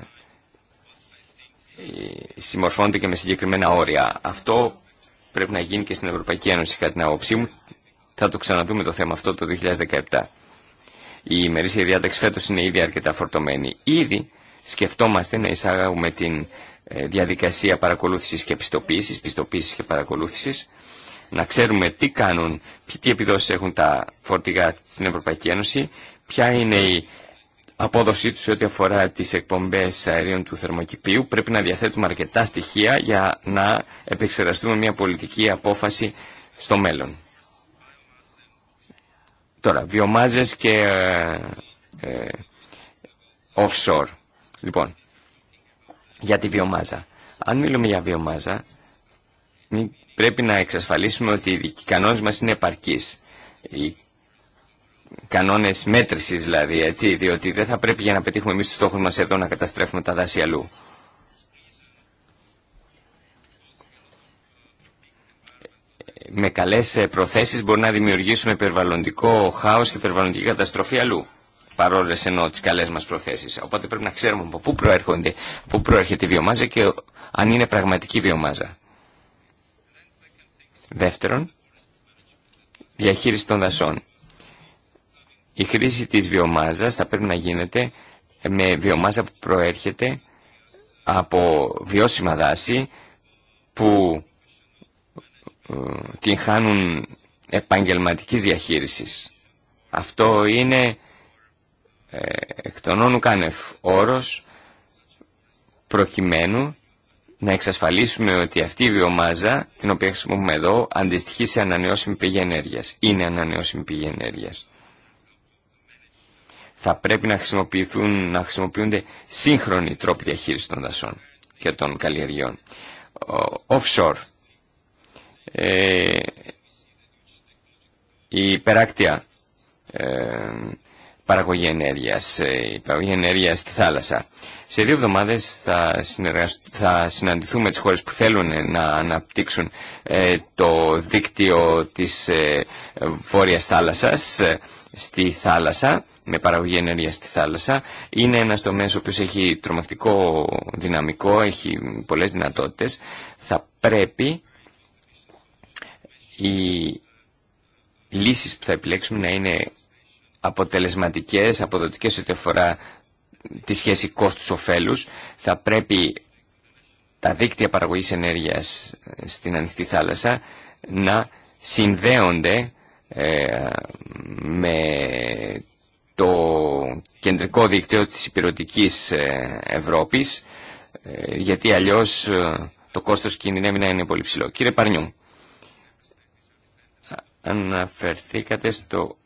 συμμορφώνονται και με συγκεκριμένα όρια. Αυτό πρέπει να γίνει και στην Ευρωπαϊκή Ένωση, κατά την άποψή μου. Θα το ξαναδούμε το θέμα αυτό το 2017. Η ημερήσια διάταξη φέτος είναι ήδη αρκετά φορτωμένη. Ήδη σκεφτόμαστε να εισάγουμε την ε, διαδικασία παρακολούθησης και πιστοποίησης, πιστοποίησης και παρακολούθησης, να ξέρουμε τι κάνουν, τι επιδόσεις έχουν τα φορτηγά στην Ευρωπαϊκή Ένωση, ποια είναι η απόδοσή τους ό,τι αφορά τις εκπομπές αερίων του θερμοκηπίου. Πρέπει να διαθέτουμε αρκετά στοιχεία για να επεξεργαστούμε μια πολιτική απόφαση στο μέλλον. Τώρα, βιομάζες και ε, ε, offshore. Λοιπόν, για τη βιομάζα. Αν μιλούμε για βιομάζα, πρέπει να εξασφαλίσουμε ότι οι κανόνες μας είναι επαρκείς. Οι κανόνες μέτρησης δηλαδή, έτσι, διότι δεν θα πρέπει για να πετύχουμε εμείς τους στόχους μας εδώ να καταστρέφουμε τα δάση αλλού. Με καλές ε, προθέσεις μπορούμε να δημιουργήσουμε περιβαλλοντικό χάος και περιβαλλοντική καταστροφή αλλού παρόλε ενώ τι καλέ μα προθέσει. Οπότε πρέπει να ξέρουμε από πού προέρχονται, πού προέρχεται η βιομάζα και αν είναι πραγματική βιομάζα. Δεύτερον, διαχείριση των δασών. Η χρήση της βιομάζας θα πρέπει να γίνεται με βιομάζα που προέρχεται από βιώσιμα δάση που ε, την χάνουν επαγγελματικής διαχείρισης. Αυτό είναι ε, εκ των όνου κάνευ όρος προκειμένου να εξασφαλίσουμε ότι αυτή η βιομάζα την οποία χρησιμοποιούμε εδώ αντιστοιχεί σε ανανεώσιμη πηγή ενέργειας. Είναι ανανεώσιμη πηγή ενέργειας. Θα πρέπει να, χρησιμοποιηθούν, να χρησιμοποιούνται σύγχρονοι τρόποι διαχείρισης των δασών και των καλλιεργειών. Offshore. Ε, η υπεράκτεια ε, παραγωγή ενέργειας, ε, η παραγωγή στη θάλασσα. Σε δύο εβδομάδες θα, θα συναντηθούμε με τις χώρες που θέλουν ε, να αναπτύξουν ε, το δίκτυο της βόρειας θάλασσας στη θάλασσα, με παραγωγή ενέργειας στη θάλασσα. Είναι ένας τομέας ο οποίος έχει τρομακτικό δυναμικό, έχει πολλές δυνατότητες. Θα πρέπει οι λύσεις που θα επιλέξουμε να είναι αποτελεσματικές, αποδοτικές ό,τι αφορά τη σχέση κόστους-οφέλους. Θα πρέπει τα δίκτυα παραγωγής ενέργειας στην ανοιχτή θάλασσα να συνδέονται ε, με το κεντρικό δίκτυο της υπηρετικής ε, Ευρώπης ε, γιατί αλλιώς το κόστος κινδυνεύει να είναι πολύ ψηλό. Κύριε Παρνιού, αναφερθήκατε στο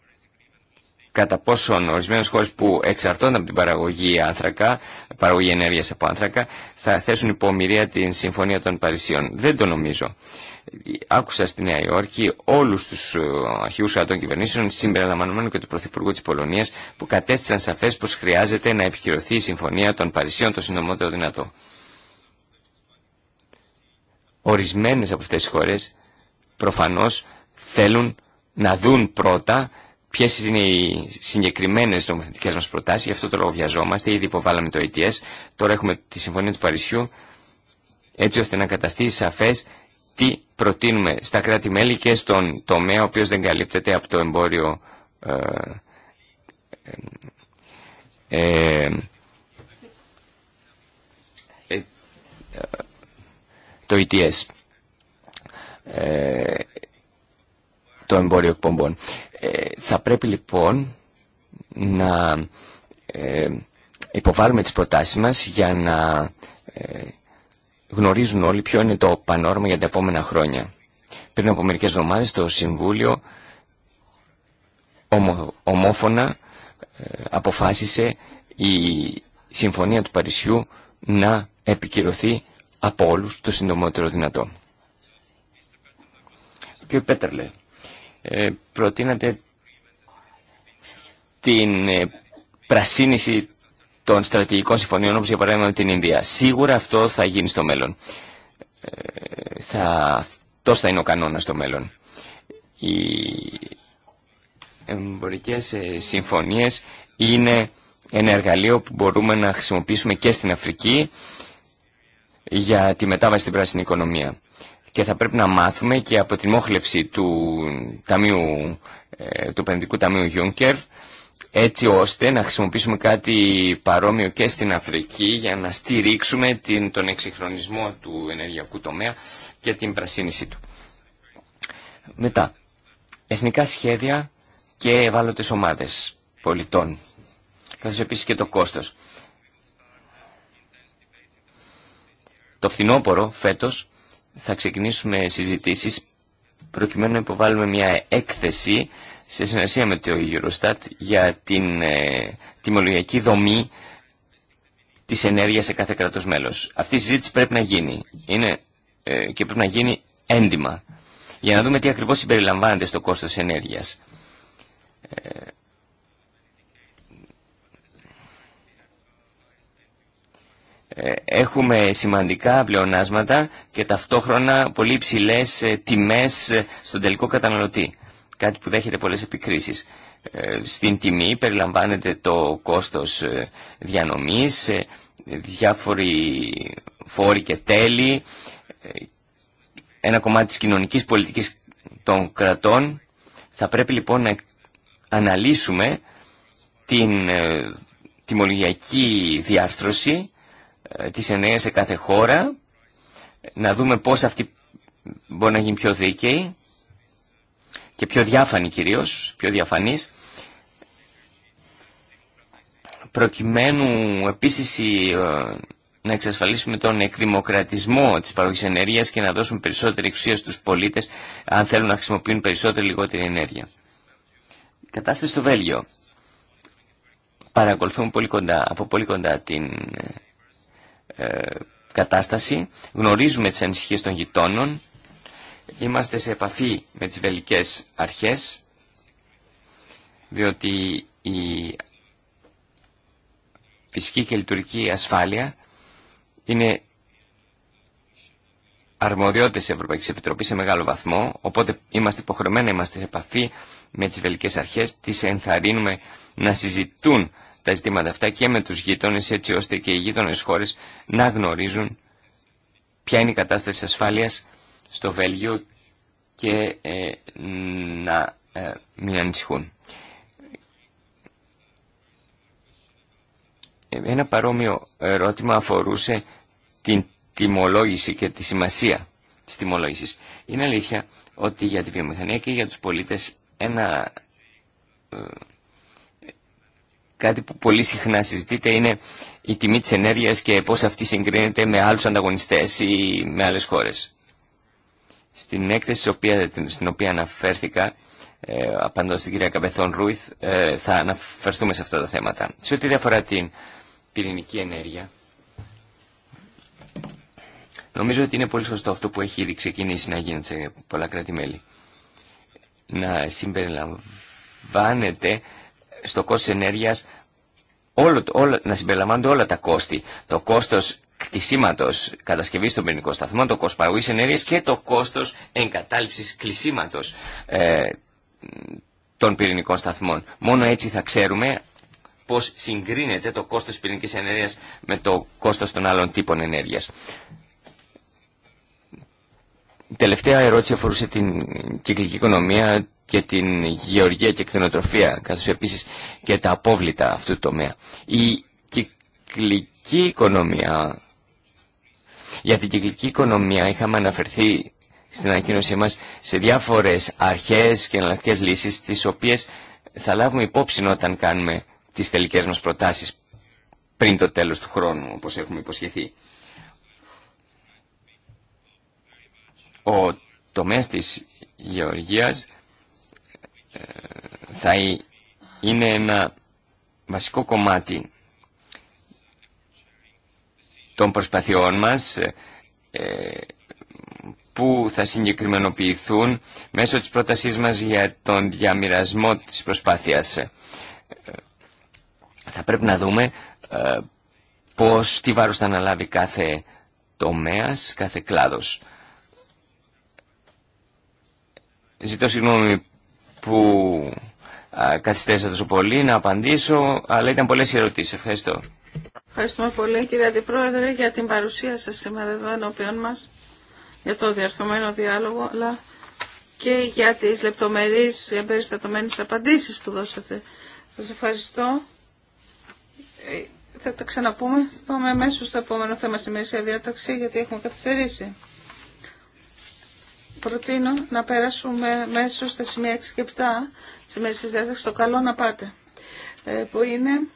κατά πόσον ορισμένες χώρες που εξαρτώνται από την παραγωγή άνθρακα, παραγωγή ενέργειας από άνθρακα, θα θέσουν υπομοιρία την Συμφωνία των Παρισίων. Δεν το νομίζω. Άκουσα στη Νέα Υόρκη όλους τους ε, αρχηγούς κρατών κυβερνήσεων, συμπεριλαμβανομένου και του Πρωθυπουργού της Πολωνίας, που κατέστησαν σαφές πως χρειάζεται να επικυρωθεί η Συμφωνία των Παρισίων το συντομότερο δυνατό. Ορισμένες από αυτές τις χώρες προφανώς θέλουν να δουν πρώτα ποιε είναι οι συγκεκριμένε νομοθετικέ μα προτάσει. Γι' αυτό το λόγο βιαζόμαστε. Ήδη υποβάλαμε το ETS. Ε Τώρα έχουμε τη Συμφωνία του Παρισιού, έτσι ώστε να καταστήσει σαφέ τι προτείνουμε στα κράτη-μέλη και στον τομέα ο οποίος δεν καλύπτεται από το εμπόριο ε, ε, ε, ε το ETS το εμπόριο εκπομπών. Ε, θα πρέπει λοιπόν να ε, υποβάλουμε τις προτάσεις μας για να ε, γνωρίζουν όλοι ποιο είναι το πανόρμα για τα επόμενα χρόνια. Πριν από μερικές εβδομάδες το Συμβούλιο ομόφωνα αποφάσισε η Συμφωνία του Παρισιού να επικυρωθεί από όλους το συντομότερο δυνατό. Και ε, προτείνατε την ε, πρασίνηση των στρατηγικών συμφωνίων όπως για παράδειγμα με την Ινδία. Σίγουρα αυτό θα γίνει στο μέλλον. Ε, θα, θα είναι ο κανόνας στο μέλλον. Οι εμπορικές ε, συμφωνίες είναι ένα εργαλείο που μπορούμε να χρησιμοποιήσουμε και στην Αφρική για τη μετάβαση στην πράσινη οικονομία και θα πρέπει να μάθουμε και από την μόχλευση του, ταμείου, ε, του Ταμείου Juncker έτσι ώστε να χρησιμοποιήσουμε κάτι παρόμοιο και στην Αφρική για να στηρίξουμε την, τον εξυγχρονισμό του ενεργειακού τομέα και την πρασίνησή του. Μετά, εθνικά σχέδια και ευάλωτες ομάδες πολιτών, καθώς επίσης και το κόστος. Το φθινόπωρο φέτος θα ξεκινήσουμε συζητήσεις προκειμένου να υποβάλουμε μια έκθεση σε συνεργασία με το Eurostat για την ε, τιμολογιακή δομή της ενέργειας σε κάθε κράτος μέλος. Αυτή η συζήτηση πρέπει να γίνει Είναι, ε, και πρέπει να γίνει έντιμα για να δούμε τι ακριβώς συμπεριλαμβάνεται στο κόστος ενέργειας. Ε, Ε, έχουμε σημαντικά πλεονάσματα και ταυτόχρονα πολύ υψηλέ ε, τιμές ε, στον τελικό καταναλωτή. Κάτι που δέχεται πολλές επικρίσεις. Στην τιμή περιλαμβάνεται το κόστος διανομής, διάφοροι φόροι και τέλη, ένα κομμάτι της κοινωνικής πολιτικής των κρατών. Θα πρέπει λοιπόν να αναλύσουμε την τιμολογιακή διάρθρωση τις ενέργειες σε κάθε χώρα, να δούμε πώς αυτή μπορεί να γίνει πιο δίκαιη και πιο διάφανη κυρίως, πιο διαφανής, προκειμένου επίσης ε, να εξασφαλίσουμε τον εκδημοκρατισμό της παραγωγής ενέργειας και να δώσουμε περισσότερη εξουσία στους πολίτες αν θέλουν να χρησιμοποιούν περισσότερη λιγότερη ενέργεια. Η κατάσταση στο Βέλγιο. Παρακολουθούμε πολύ κοντά, από πολύ κοντά την ε, ε, κατάσταση. Γνωρίζουμε τις ανησυχίες των γειτόνων. Είμαστε σε επαφή με τις βελικές αρχές, διότι η φυσική και λειτουργική ασφάλεια είναι αρμοδιότητες της Ευρωπαϊκής Επιτροπής σε μεγάλο βαθμό, οπότε είμαστε υποχρεωμένοι να είμαστε σε επαφή με τις βελικές αρχές, τις ενθαρρύνουμε να συζητούν τα ζητήματα αυτά και με τους γείτονες έτσι ώστε και οι γείτονες χώρες να γνωρίζουν ποια είναι η κατάσταση ασφάλειας στο Βέλγιο και ε, να ε, μην ανησυχούν. Ένα παρόμοιο ερώτημα αφορούσε την τιμολόγηση και τη σημασία της τιμολόγησης. Είναι αλήθεια ότι για τη βιομηχανία και για τους πολίτες ένα ε, Κάτι που πολύ συχνά συζητείται είναι η τιμή της ενέργειας και πώς αυτή συγκρίνεται με άλλους ανταγωνιστές ή με άλλες χώρες. Στην έκθεση στην οποία αναφέρθηκα, ε, απαντώ στην κυρία Καπεθόν Ρούιθ, ε, θα αναφερθούμε σε αυτά τα θέματα. Σε ό,τι αφορά την πυρηνική ενέργεια, νομίζω ότι είναι πολύ σωστό αυτό που έχει ήδη ξεκινήσει να γίνεται σε πολλά κράτη-μέλη. Να συμπεριλαμβάνεται στο κόστος ενέργειας όλο, όλο, να συμπεριλαμβάνονται όλα τα κόστη. Το κόστος κτισίματος κατασκευής των πυρηνικών σταθμών, το κόστος παραγωγής ενέργειας και το κόστος εγκατάλειψης κλεισίματος ε, των πυρηνικών σταθμών. Μόνο έτσι θα ξέρουμε πώς συγκρίνεται το κόστος πυρηνικής ενέργειας με το κόστος των άλλων τύπων ενέργειας. Η τελευταία ερώτηση αφορούσε την κυκλική οικονομία και την γεωργία και εκτενοτροφία καθώς επίσης και τα απόβλητα αυτού του τομέα. Η κυκλική οικονομία, για την κυκλική οικονομία είχαμε αναφερθεί στην ανακοίνωσή μας σε διάφορες αρχές και εναλλακτικές λύσεις, τις οποίες θα λάβουμε υπόψη όταν κάνουμε τις τελικές μας προτάσεις πριν το τέλος του χρόνου, όπως έχουμε υποσχεθεί. Ο τομέας της γεωργίας ε, θα είναι ένα βασικό κομμάτι των προσπαθειών μας ε, ε, που θα συγκεκριμενοποιηθούν μέσω της πρότασής μας για τον διαμοιρασμό της προσπάθειας. Θα πρέπει να δούμε πώς, τι βάρος θα αναλάβει κάθε τομέας, κάθε κλάδος. Ζητώ συγγνώμη που καθυστέρησα τόσο πολύ να απαντήσω, αλλά ήταν πολλές ερωτήσεις. Ευχαριστώ. Ευχαριστούμε πολύ κύριε Αντιπρόεδρε για την παρουσία σας σήμερα εδώ ενώπιον μας, για το διαρθωμένο διάλογο, αλλά και για τις λεπτομερείς εμπεριστατωμένες απαντήσεις που δώσατε. Σας ευχαριστώ. Ε, θα τα ξαναπούμε. Πάμε αμέσως στο επόμενο θέμα στη Μέση Διάταξη, γιατί έχουμε καθυστερήσει προτείνω να περάσουμε μέσω στα σημεία 6 και 7, σημεία στις διάθεση, στο καλό να πάτε, ε, που είναι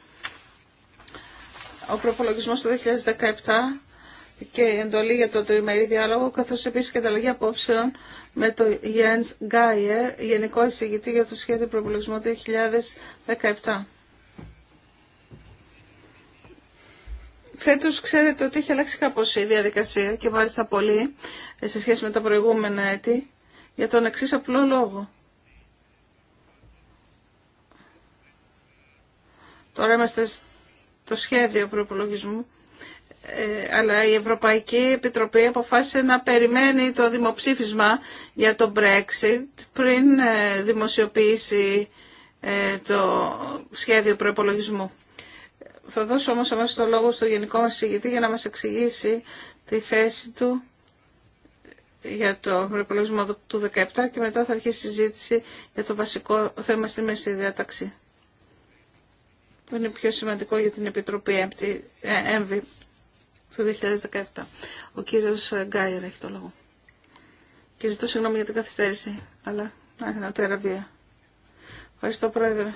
ο προπολογισμός του 2017 και η εντολή για το τριμερή διάλογο, καθώς επίσης και ανταλλαγή απόψεων με το Γιάννη Γκάιερ, Γενικό Εισηγητή για το Σχέδιο Προπολογισμού 2017. Φέτος ξέρετε ότι έχει αλλάξει κάπως η διαδικασία και μάλιστα πολύ σε σχέση με τα προηγούμενα έτη για τον εξή απλό λόγο. Τώρα είμαστε στο σχέδιο προπολογισμού, ε, αλλά η Ευρωπαϊκή Επιτροπή αποφάσισε να περιμένει το δημοψήφισμα για το Brexit πριν ε, δημοσιοποιήσει ε, το σχέδιο προπολογισμού. Θα δώσω όμως αμέσως το λόγο στο Γενικό μας Συγητή για να μας εξηγήσει τη θέση του για το προπολογισμό του 17 και μετά θα αρχίσει η συζήτηση για το βασικό θέμα στη μέση διάταξη που είναι πιο σημαντικό για την Επιτροπή ΕΜΒΗ του 2017. Ο κύριος Γκάιερ έχει το λόγο. Και ζητώ συγγνώμη για την καθυστέρηση, αλλά να είναι Ευχαριστώ, Πρόεδρε.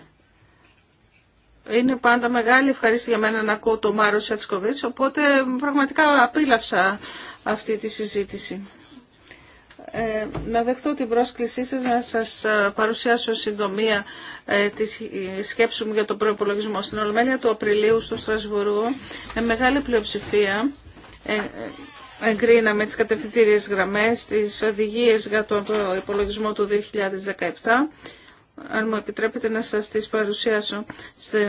Είναι πάντα μεγάλη ευχαρίστηση για μένα να ακούω το Μάρο Σεφσκοβίτς, οπότε πραγματικά απίλαυσα αυτή τη συζήτηση. Ε, να δεχτώ την πρόσκλησή σας να σας ε, παρουσιάσω συντομία ε, τη ε, σκέψη μου για τον προπολογισμό. Στην Ολομέλεια του Απριλίου στο Στρασβουργό, με μεγάλη πλειοψηφία, ε, ε, εγκρίναμε τις κατευθυντήριες γραμμές, τις οδηγίες για τον υπολογισμό του 2017 αν μου επιτρέπετε να σας τις παρουσιάσω σε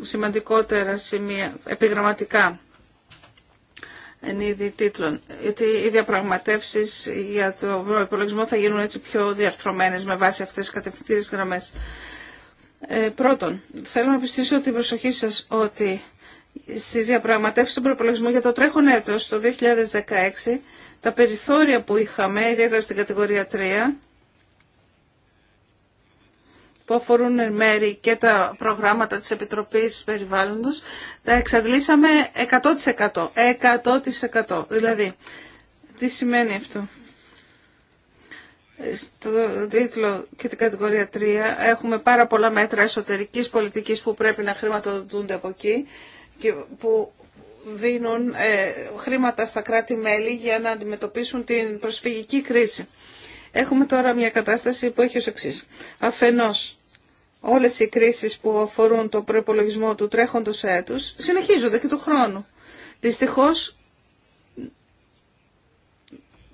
σημαντικότερα σημεία επιγραμματικά εν είδη τίτλων. Γιατί οι διαπραγματεύσει για το προϋπολογισμό θα γίνουν έτσι πιο διαρθρωμένες με βάση αυτές τις κατευθυντήρες γραμμές. Ε, πρώτον, θέλω να πιστήσω την προσοχή σας ότι στις διαπραγματεύσεις του προπολογισμού για το τρέχον έτος, το 2016, τα περιθώρια που είχαμε, ιδιαίτερα στην κατηγορία 3, που αφορούν μέρη και τα προγράμματα της Επιτροπής Περιβάλλοντος, τα εξαντλήσαμε 100%. 100%. Δηλαδή, τι σημαίνει αυτό. Στο τίτλο και την κατηγορία 3 έχουμε πάρα πολλά μέτρα εσωτερικής πολιτικής που πρέπει να χρηματοδοτούνται από εκεί και που δίνουν ε, χρήματα στα κράτη-μέλη για να αντιμετωπίσουν την προσφυγική κρίση. Έχουμε τώρα μια κατάσταση που έχει ως εξής. Αφενός όλες οι κρίσεις που αφορούν το προπολογισμό του τρέχοντος έτους συνεχίζονται και του χρόνου. Δυστυχώς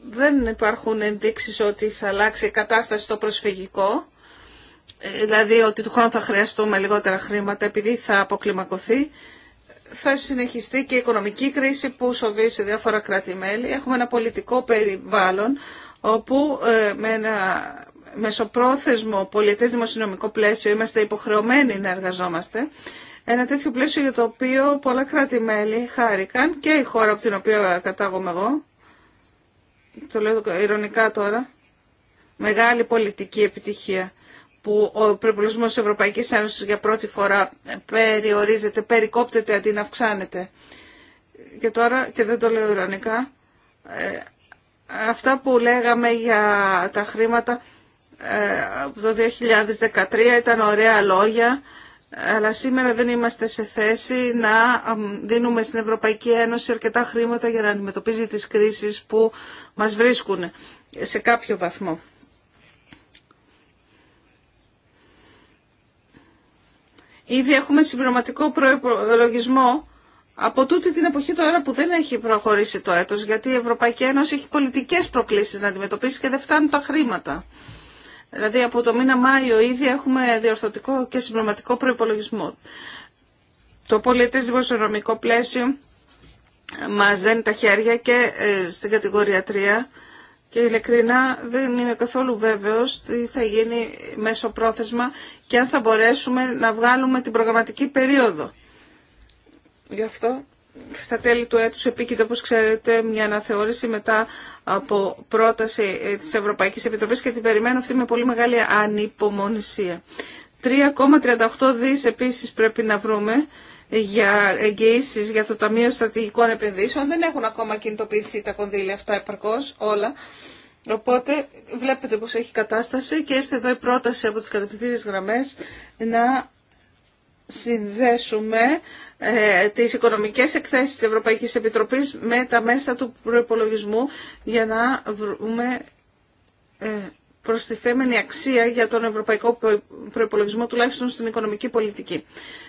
δεν υπάρχουν ενδείξεις ότι θα αλλάξει η κατάσταση στο προσφυγικό, ε, δηλαδή ότι του χρόνου θα χρειαστούμε λιγότερα χρήματα επειδή θα αποκλιμακωθεί. Θα συνεχιστεί και η οικονομική κρίση που σοβεί σε διάφορα κράτη-μέλη. Έχουμε ένα πολιτικό περιβάλλον όπου ε, με ένα μεσοπρόθεσμο πολιτές δημοσιονομικό πλαίσιο είμαστε υποχρεωμένοι να εργαζόμαστε. Ένα τέτοιο πλαίσιο για το οποίο πολλά κράτη-μέλη χάρηκαν και η χώρα από την οποία κατάγομαι εγώ, το λέω ηρωνικά τώρα, μεγάλη πολιτική επιτυχία που ο προπολογισμό της Ευρωπαϊκής Ένωσης για πρώτη φορά περιορίζεται, περικόπτεται αντί να αυξάνεται. Και τώρα, και δεν το λέω ηρωνικά, ε, αυτά που λέγαμε για τα χρήματα από ε, το 2013 ήταν ωραία λόγια, αλλά σήμερα δεν είμαστε σε θέση να δίνουμε στην Ευρωπαϊκή Ένωση αρκετά χρήματα για να αντιμετωπίζει τις κρίσεις που μας βρίσκουν σε κάποιο βαθμό. Ήδη έχουμε συμπληρωματικό προϋπολογισμό από τούτη την εποχή τώρα που δεν έχει προχωρήσει το έτος, γιατί η Ευρωπαϊκή Ένωση έχει πολιτικές προκλήσεις να αντιμετωπίσει και δεν φτάνουν τα χρήματα. Δηλαδή από το μήνα Μάιο ήδη έχουμε διορθωτικό και συμπληρωματικό προϋπολογισμό. Το πολιτισμο δημοσιονομικό πλαίσιο μας δένει τα χέρια και ε, στην κατηγορία 3 και ειλικρινά δεν είμαι καθόλου βέβαιος τι θα γίνει μέσω πρόθεσμα και αν θα μπορέσουμε να βγάλουμε την προγραμματική περίοδο. Γι' αυτό στα τέλη του έτους επίκειται, όπως ξέρετε, μια αναθεώρηση μετά από πρόταση ε, της Ευρωπαϊκής Επιτροπής και την περιμένω αυτή με πολύ μεγάλη ανυπομονησία. 3,38 δις επίσης πρέπει να βρούμε για εγγυήσεις για το Ταμείο Στρατηγικών Επενδύσεων. Δεν έχουν ακόμα κινητοποιηθεί τα κονδύλια αυτά επαρκώς όλα. Οπότε βλέπετε πως έχει κατάσταση και ήρθε εδώ η πρόταση από τις κατευθυντήριες γραμμές να συνδέσουμε ε, τις οικονομικές εκθέσεις της Ευρωπαϊκής Επιτροπής με τα μέσα του προϋπολογισμού για να βρούμε ε, προστιθέμενη αξία για τον ευρωπαϊκό προϋπολογισμό τουλάχιστον στην οικονομική πολιτική.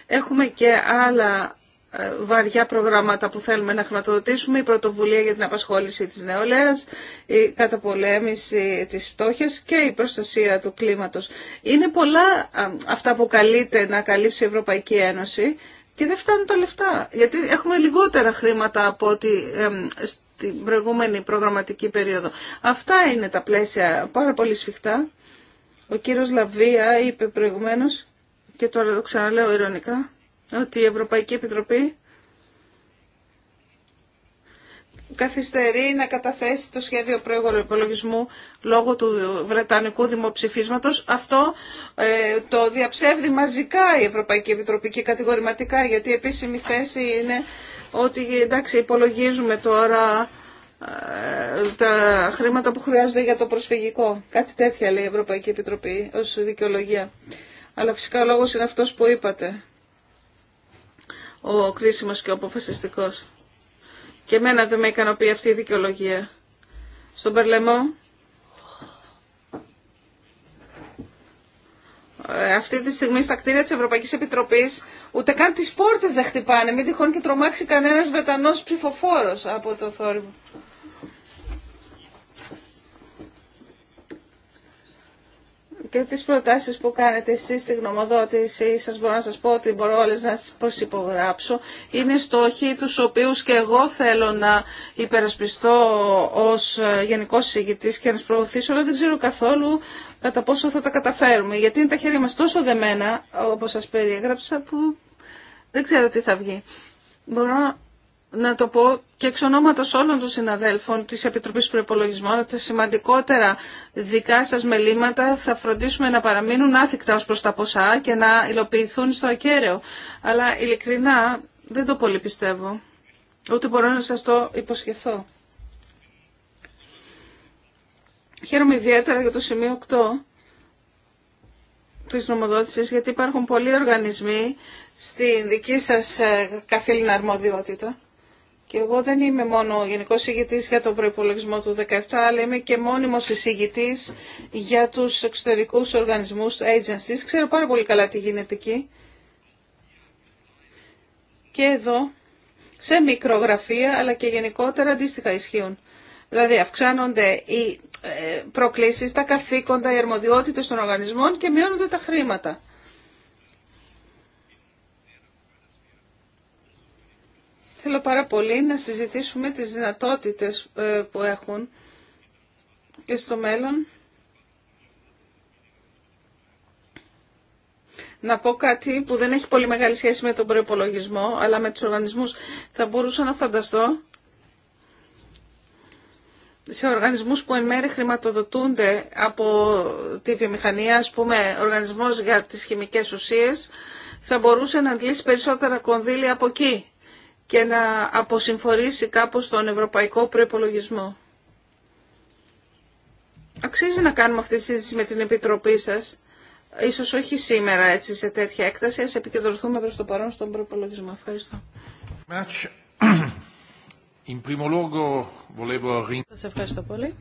Έχουμε και άλλα ε, βαριά προγράμματα που θέλουμε να χρηματοδοτήσουμε, η πρωτοβουλία για την απασχόληση της νεολαίας, η καταπολέμηση της φτώχειας και η προστασία του κλίματος. Είναι πολλά αυτά που καλείται να καλύψει η Ευρωπαϊκή Ένωση και δεν φτάνουν τα λεφτά, γιατί έχουμε λιγότερα χρήματα από ό,τι στην προηγούμενη προγραμματική περίοδο. Αυτά είναι τα πλαίσια πάρα πολύ σφιχτά. Ο κύριος Λαβία είπε προηγουμένως, και τώρα το ξαναλέω ηρωνικά, ότι η Ευρωπαϊκή Επιτροπή καθυστερεί να καταθέσει το σχέδιο υπολογισμού λόγω του Βρετανικού δημοψηφίσματος. Αυτό ε, το διαψεύδει μαζικά η Ευρωπαϊκή Επιτροπή και κατηγορηματικά, γιατί η επίσημη θέση είναι ότι εντάξει υπολογίζουμε τώρα ε, τα χρήματα που χρειάζονται για το προσφυγικό. Κάτι τέτοια λέει η Ευρωπαϊκή Επιτροπή ως δικαιολογία. Αλλά φυσικά ο λόγος είναι αυτός που είπατε, ο κρίσιμος και ο αποφασιστικός. Και εμένα δεν με ικανοποιεί αυτή η δικαιολογία. Στον Περλεμό, ε, αυτή τη στιγμή στα κτίρια της Ευρωπαϊκής Επιτροπής ούτε καν τις πόρτες δεν χτυπάνε, μην τυχόν και τρομάξει κανένας βετανός ψηφοφόρος από το θόρυβο. και τις προτάσεις που κάνετε εσείς στη γνωμοδότηση σας μπορώ να σας πω ότι μπορώ όλες να τις υπογράψω είναι στόχοι τους οποίους και εγώ θέλω να υπερασπιστώ ως ε, γενικός συζητητής και να τους προωθήσω αλλά δεν ξέρω καθόλου κατά πόσο θα τα καταφέρουμε γιατί είναι τα χέρια μας τόσο δεμένα όπως σας περιέγραψα που δεν ξέρω τι θα βγει. Μπορώ να το πω και εξ ονόματος όλων των συναδέλφων της Επιτροπής ότι τα σημαντικότερα δικά σας μελήματα θα φροντίσουμε να παραμείνουν άθικτα ως προς τα ποσά και να υλοποιηθούν στο ακέραιο. Αλλά ειλικρινά δεν το πολύ πιστεύω. Ούτε μπορώ να σας το υποσχεθώ. Χαίρομαι ιδιαίτερα για το σημείο 8 της νομοδότησης, γιατί υπάρχουν πολλοί οργανισμοί στη δική σας ε, καθήλυνα αρμοδιότητα και εγώ δεν είμαι μόνο γενικός ηγητής για τον προϋπολογισμό του 2017, αλλά είμαι και μόνιμος εισηγητής για τους εξωτερικούς οργανισμούς, agencies. Ξέρω πάρα πολύ καλά τι γίνεται εκεί. Και εδώ, σε μικρογραφία, αλλά και γενικότερα αντίστοιχα ισχύουν. Δηλαδή αυξάνονται οι ε, προκλήσεις, τα καθήκοντα, οι αρμοδιότητες των οργανισμών και μειώνονται τα χρήματα. Θέλω πάρα πολύ να συζητήσουμε τις δυνατότητες ε, που έχουν και στο μέλλον. Να πω κάτι που δεν έχει πολύ μεγάλη σχέση με τον προϋπολογισμό, αλλά με τους οργανισμούς. Θα μπορούσα να φανταστώ σε οργανισμούς που εν μέρει χρηματοδοτούνται από τη βιομηχανία, ας πούμε οργανισμός για τις χημικές ουσίες, θα μπορούσε να αντλήσει περισσότερα κονδύλια από εκεί και να αποσυμφορήσει κάπως τον ευρωπαϊκό προϋπολογισμό. Αξίζει να κάνουμε αυτή τη συζήτηση με την Επιτροπή σας. Ίσως όχι σήμερα έτσι σε τέτοια έκταση. Ας επικεντρωθούμε προς το παρόν στον προπολογισμό. Ευχαριστώ. Σας ευχαριστώ πολύ.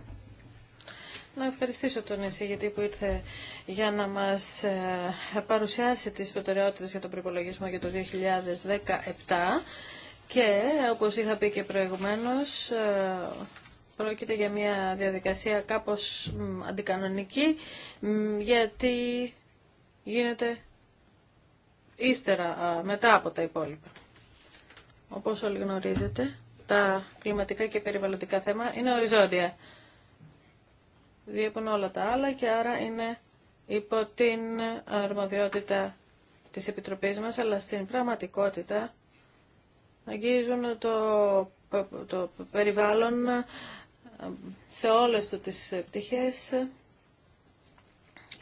Να ευχαριστήσω τον εισηγητή που ήρθε για να μας ε, παρουσιάσει τις προτεραιότητες για τον προπολογισμό για το 2017. Και όπως είχα πει και προηγουμένως, ε, πρόκειται για μια διαδικασία κάπως αντικανονική, γιατί γίνεται ύστερα, μετά από τα υπόλοιπα. Όπως όλοι γνωρίζετε, τα κλιματικά και περιβαλλοντικά θέματα είναι οριζόντια. Διέπουν όλα τα άλλα και άρα είναι υπό την αρμοδιότητα της Επιτροπής μας, αλλά στην πραγματικότητα αγγίζουν το, το περιβάλλον σε όλες τις πτυχές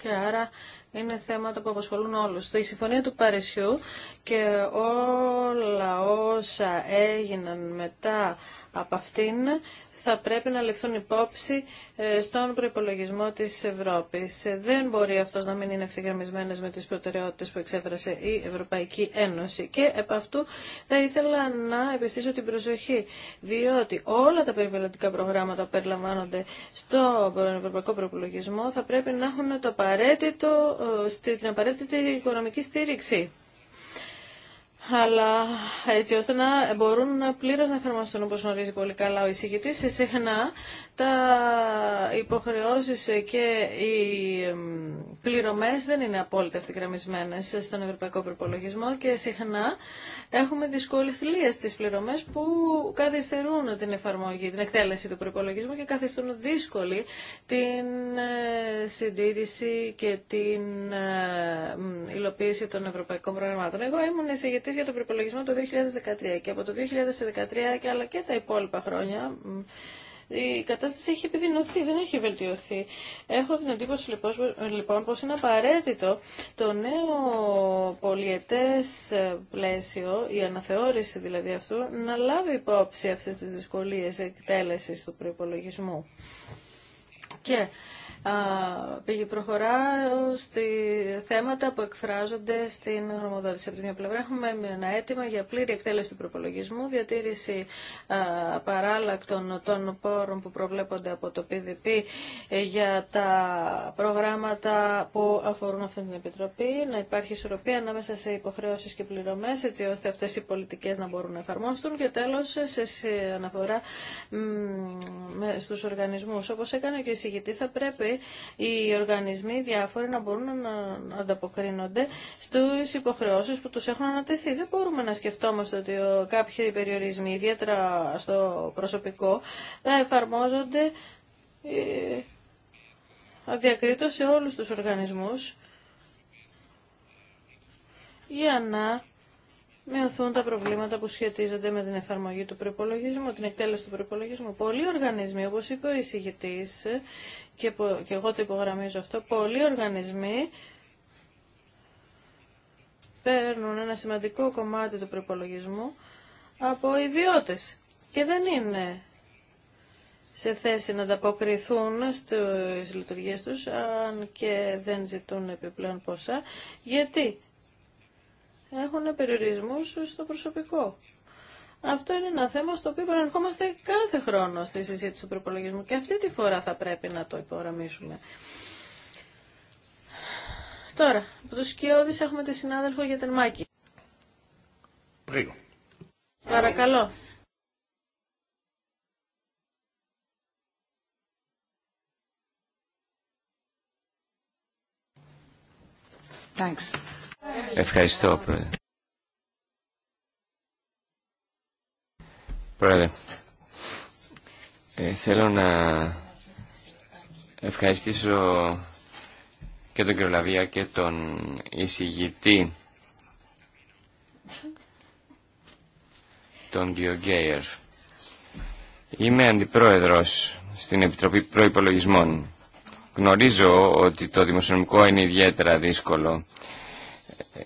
και άρα είναι θέματα που απασχολούν όλους. Η Συμφωνία του Παρισιού και όλα όσα έγιναν μετά από αυτήν θα πρέπει να ληφθούν υπόψη ε, στον προπολογισμό της Ευρώπης. Ε, δεν μπορεί αυτός να μην είναι ευθυγραμμισμένος με τις προτεραιότητες που εξέφρασε η Ευρωπαϊκή Ένωση. Και επ' αυτού θα ήθελα να επιστήσω την προσοχή, διότι όλα τα περιβαλλοντικά προγράμματα που περιλαμβάνονται στο Ευρωπαϊκό Προπολογισμό θα πρέπει να έχουν το ε, την απαραίτητη οικονομική στήριξη αλλά έτσι ώστε να μπορούν πλήρως να εφαρμοστούν όπως γνωρίζει πολύ καλά ο εισηγητής συχνά τα υποχρεώσεις και οι πληρωμές δεν είναι απόλυτα ευθυγραμμισμένες στον ευρωπαϊκό προπολογισμό και συχνά έχουμε δυσκολία στις πληρωμές που καθυστερούν την εφαρμογή, την εκτέλεση του προπολογισμού και καθιστούν δύσκολη την ε, συντήρηση και την ε, υλοποίηση των ευρωπαϊκών προγραμμάτων. Εγώ ήμουν εισηγητής για το προπολογισμό το 2013 και από το 2013 και αλλά και τα υπόλοιπα χρόνια η κατάσταση έχει επιδεινωθεί, δεν έχει βελτιωθεί. Έχω την εντύπωση λοιπόν πως λοιπόν, είναι απαραίτητο το νέο πολιετές ε, πλαίσιο, η αναθεώρηση δηλαδή αυτού, να λάβει υπόψη αυτές τις δυσκολίες εκτέλεσης του προϋπολογισμού. Και πήγε προχωρά στη θέματα που εκφράζονται στην γνωμοδότηση. Από τη μια πλευρά έχουμε ένα αίτημα για πλήρη εκτέλεση του προπολογισμού, διατήρηση παράλλακτων των πόρων που προβλέπονται από το PDP ε, για τα προγράμματα που αφορούν αυτή την Επιτροπή, να υπάρχει ισορροπία ανάμεσα σε υποχρεώσεις και πληρωμές, έτσι ώστε αυτές οι πολιτικές να μπορούν να εφαρμόσουν και τέλος σε αναφορά στους οργανισμούς. Όπως έκανε και η συγητή, θα πρέπει οι οργανισμοί διάφοροι να μπορούν να ανταποκρίνονται στους υποχρεώσεις που τους έχουν ανατεθεί. Δεν μπορούμε να σκεφτόμαστε ότι ε, κάποιοι περιορισμοί, ιδιαίτερα στο προσωπικό, θα εφαρμόζονται ε, αδιακρίτως σε όλους τους οργανισμούς για να μειωθούν τα προβλήματα που σχετίζονται με την εφαρμογή του προπολογισμού, την εκτέλεση του προπολογισμού. Πολλοί οργανισμοί, όπως είπε ο εισηγητής, και, και εγώ το υπογραμμίζω αυτό, πολλοί οργανισμοί παίρνουν ένα σημαντικό κομμάτι του προπολογισμού από ιδιώτες και δεν είναι σε θέση να ανταποκριθούν στις λειτουργίες τους αν και δεν ζητούν επιπλέον ποσά γιατί έχουν περιορισμούς στο προσωπικό. Αυτό είναι ένα θέμα στο οποίο παρανερχόμαστε κάθε χρόνο στη συζήτηση του προπολογισμού και αυτή τη φορά θα πρέπει να το υπογραμμίσουμε. Τώρα, από τους Σκιώδης έχουμε τη συνάδελφο για την Μάκη. Πρίγω. Παρακαλώ. Thanks. Ευχαριστώ, Πρόεδρε. Πρόεδρε, ε, θέλω να ευχαριστήσω και τον κύριο και τον εισηγητή, τον κύριο Γκέιερ. Είμαι αντιπρόεδρος στην Επιτροπή Προϋπολογισμών. Γνωρίζω ότι το δημοσιονομικό είναι ιδιαίτερα δύσκολο ε,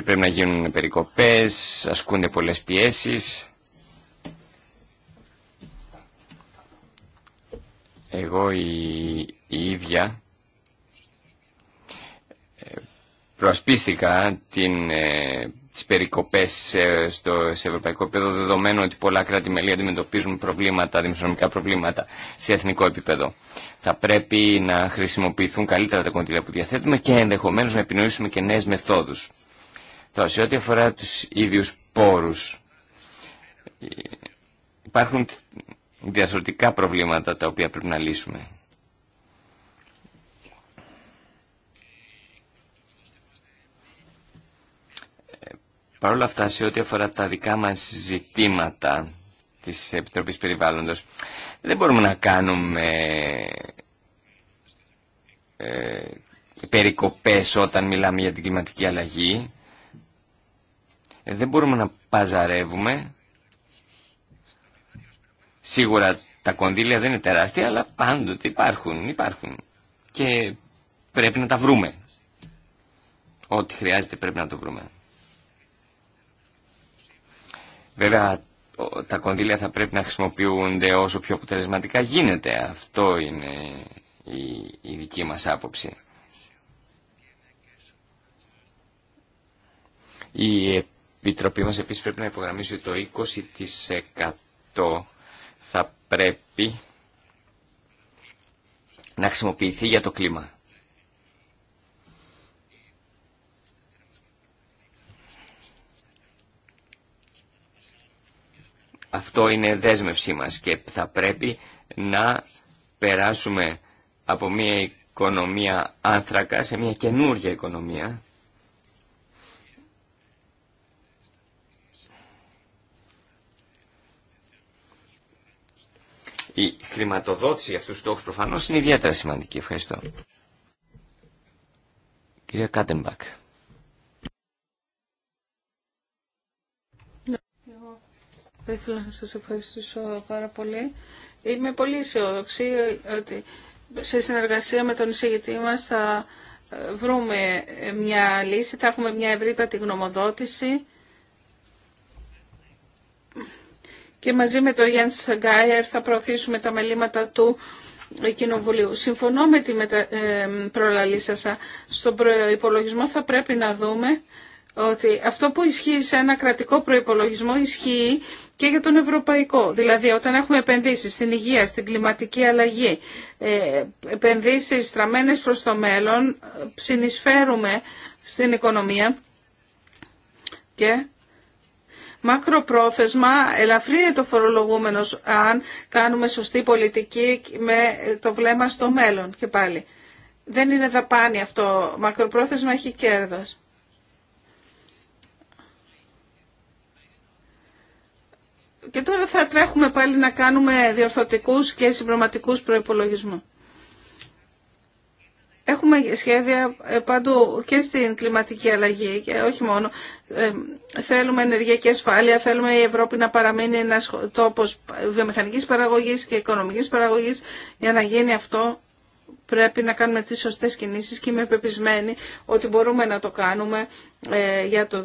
πρέπει να γίνουν περικοπές, ασκούνται πολλές πιέσεις. Εγώ η, η ίδια ε, προασπίστηκα την ε, τι περικοπέ ε, στο, σε ευρωπαϊκό επίπεδο, δεδομένου ότι πολλά κράτη-μέλη αντιμετωπίζουν προβλήματα, δημοσιονομικά προβλήματα σε εθνικό επίπεδο. Θα πρέπει να χρησιμοποιηθούν καλύτερα τα κονδύλια που διαθέτουμε και ενδεχομένως να επινοήσουμε και νέες μεθόδους. Τώρα, σε ό,τι αφορά τους ίδιους πόρους, υπάρχουν διασωτικά προβλήματα τα οποία πρέπει να λύσουμε. Παρ' όλα αυτά, σε ό,τι αφορά τα δικά μας ζητήματα της Επιτροπής Περιβάλλοντος, δεν μπορούμε να κάνουμε ε, περικοπές όταν μιλάμε για την κλιματική αλλαγή. Ε, δεν μπορούμε να παζαρεύουμε. Σίγουρα τα κονδύλια δεν είναι τεράστια, αλλά πάντοτε υπάρχουν, υπάρχουν. Και πρέπει να τα βρούμε. Ό,τι χρειάζεται πρέπει να το βρούμε. Βέβαια τα κονδύλια θα πρέπει να χρησιμοποιούνται όσο πιο αποτελεσματικά γίνεται. Αυτό είναι η, η δική μας άποψη. Η Επιτροπή μας επίσης πρέπει να υπογραμμίσει το 20% θα πρέπει να χρησιμοποιηθεί για το κλίμα. Αυτό είναι δέσμευσή μας και θα πρέπει να περάσουμε από μια οικονομία άνθρακα σε μια καινούργια οικονομία. Η χρηματοδότηση για αυτούς τους στόχους προφανώς είναι ιδιαίτερα σημαντική. Ευχαριστώ. Κυρία Κάτεμπακ. Θα ήθελα να σας ευχαριστήσω πάρα πολύ. Είμαι πολύ αισιόδοξη ότι σε συνεργασία με τον εισηγητή μας θα ε, βρούμε ε, μια λύση, θα έχουμε μια ευρύτατη γνωμοδότηση και μαζί με τον Γιάννη Σαγκάιερ θα προωθήσουμε τα μελήματα του Κοινοβουλίου. Συμφωνώ με την μετα... Ε, προλαλή σας. Στον προϋπολογισμό θα πρέπει να δούμε ότι αυτό που ισχύει σε ένα κρατικό προϋπολογισμό ισχύει και για τον ευρωπαϊκό. Δηλαδή όταν έχουμε επενδύσεις στην υγεία, στην κλιματική αλλαγή, ε, επενδύσεις στραμμένες προς το μέλλον, συνεισφέρουμε στην οικονομία και μακροπρόθεσμα ελαφρύνει το φορολογούμενος αν κάνουμε σωστή πολιτική με το βλέμμα στο μέλλον και πάλι. Δεν είναι δαπάνη αυτό. Μακροπρόθεσμα έχει κέρδος. Και τώρα θα τρέχουμε πάλι να κάνουμε διορθωτικούς και συμπληρωματικούς προπολογισμού. Έχουμε σχέδια ε, παντού και στην κλιματική αλλαγή και όχι μόνο. Ε, θέλουμε ενεργειακή ασφάλεια, θέλουμε η Ευρώπη να παραμείνει ένας τόπος ε, βιομηχανικής παραγωγής και οικονομικής παραγωγής για να γίνει αυτό πρέπει να κάνουμε τις σωστές κινήσεις και είμαι πεπισμένη ότι μπορούμε να το κάνουμε ε, για το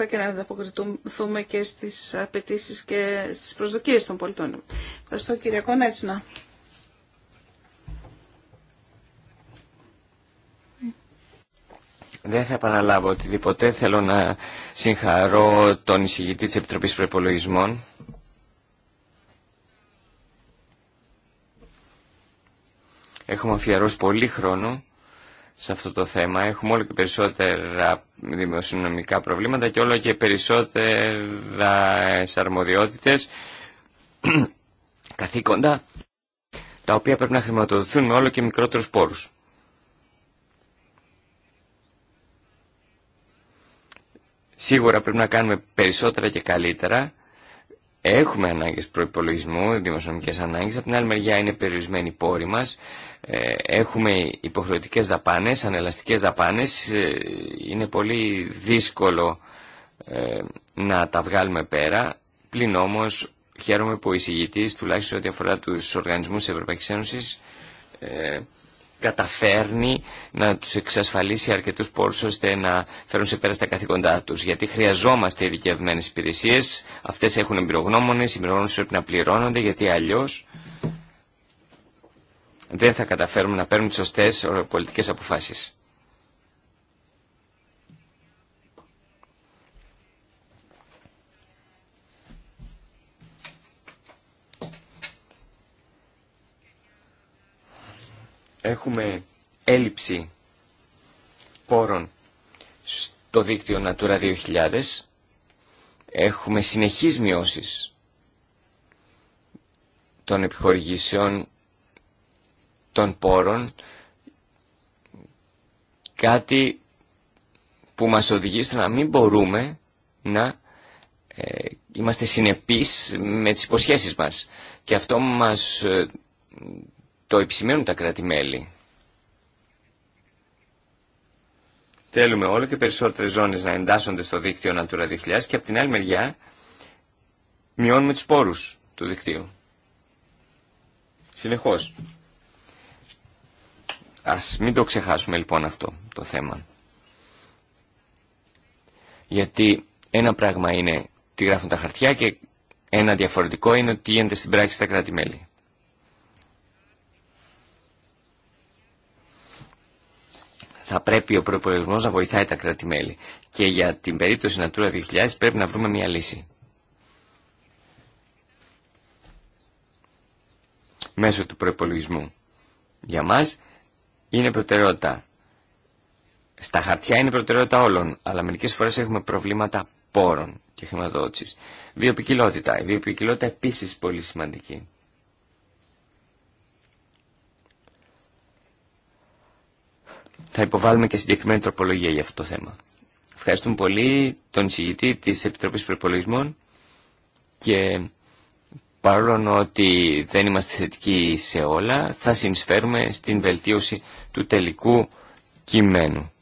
2017 και να ανταποκριθούμε και στις απαιτήσει και στις προσδοκίες των πολιτών. Ευχαριστώ κύριε Κονέτσνα. Δεν θα επαναλάβω οτιδήποτε. Θέλω να συγχαρώ τον εισηγητή της Επιτροπής Προπολογισμών Έχουμε αφιερώσει πολύ χρόνο σε αυτό το θέμα. Έχουμε όλο και περισσότερα δημοσιονομικά προβλήματα και όλο και περισσότερα αρμοδιότητες, καθήκοντα, τα οποία πρέπει να χρηματοδοθούν με όλο και μικρότερους πόρους. Σίγουρα πρέπει να κάνουμε περισσότερα και καλύτερα. Έχουμε ανάγκες προϋπολογισμού, δημοσιονομικές ανάγκες. Από την άλλη μεριά είναι περιορισμένοι οι πόροι μας. Ε, έχουμε υποχρεωτικές δαπάνες, ανελαστικές δαπάνες, ε, είναι πολύ δύσκολο ε, να τα βγάλουμε πέρα, πλην όμως χαίρομαι που ο εισηγητής, τουλάχιστον ό,τι αφορά τους οργανισμούς της Ευρωπαϊκής Ένωσης, καταφέρνει να τους εξασφαλίσει αρκετούς πόρους ώστε να φέρουν σε πέρα στα καθήκοντά τους. Γιατί χρειαζόμαστε ειδικευμένες υπηρεσίες, αυτές έχουν εμπειρογνώμονες, οι εμπειρογνώμονες πρέπει να πληρώνονται γιατί αλλιώς δεν θα καταφέρουμε να παίρνουμε τις σωστές πολιτικές αποφάσεις. Έχουμε έλλειψη πόρων στο δίκτυο Natura 2000. Έχουμε συνεχείς μειώσεις των επιχορηγήσεων των πόρων κάτι που μας οδηγεί στο να μην μπορούμε να ε, είμαστε συνεπείς με τις υποσχέσεις μας. Και αυτό μας ε, το επισημαίνουν τα κράτη-μέλη. Θέλουμε όλο και περισσότερες ζώνες να εντάσσονται στο δίκτυο Natura 2000 και από την άλλη μεριά μειώνουμε τους πόρους του δικτύου. Συνεχώς. Ας μην το ξεχάσουμε λοιπόν αυτό το θέμα. Γιατί ένα πράγμα είναι τι γράφουν τα χαρτιά και ένα διαφορετικό είναι ότι γίνεται στην πράξη στα κράτη-μέλη. Θα πρέπει ο προπολογισμό να βοηθάει τα κράτη-μέλη. Και για την περίπτωση Natura 2000 πρέπει να βρούμε μια λύση. Μέσω του προπολογισμού. Για μας είναι προτεραιότητα. Στα χαρτιά είναι προτεραιότητα όλων, αλλά μερικέ φορέ έχουμε προβλήματα πόρων και χρηματοδότηση. Βιοπικιλότητα. Η βιοπικιλότητα επίση πολύ σημαντική. Θα υποβάλουμε και συγκεκριμένη τροπολογία για αυτό το θέμα. Ευχαριστούμε πολύ τον εισηγητή της Επιτροπής Προπολογισμών και παρόλο ότι δεν είμαστε θετικοί σε όλα, θα συνεισφέρουμε στην βελτίωση του τελικού κειμένου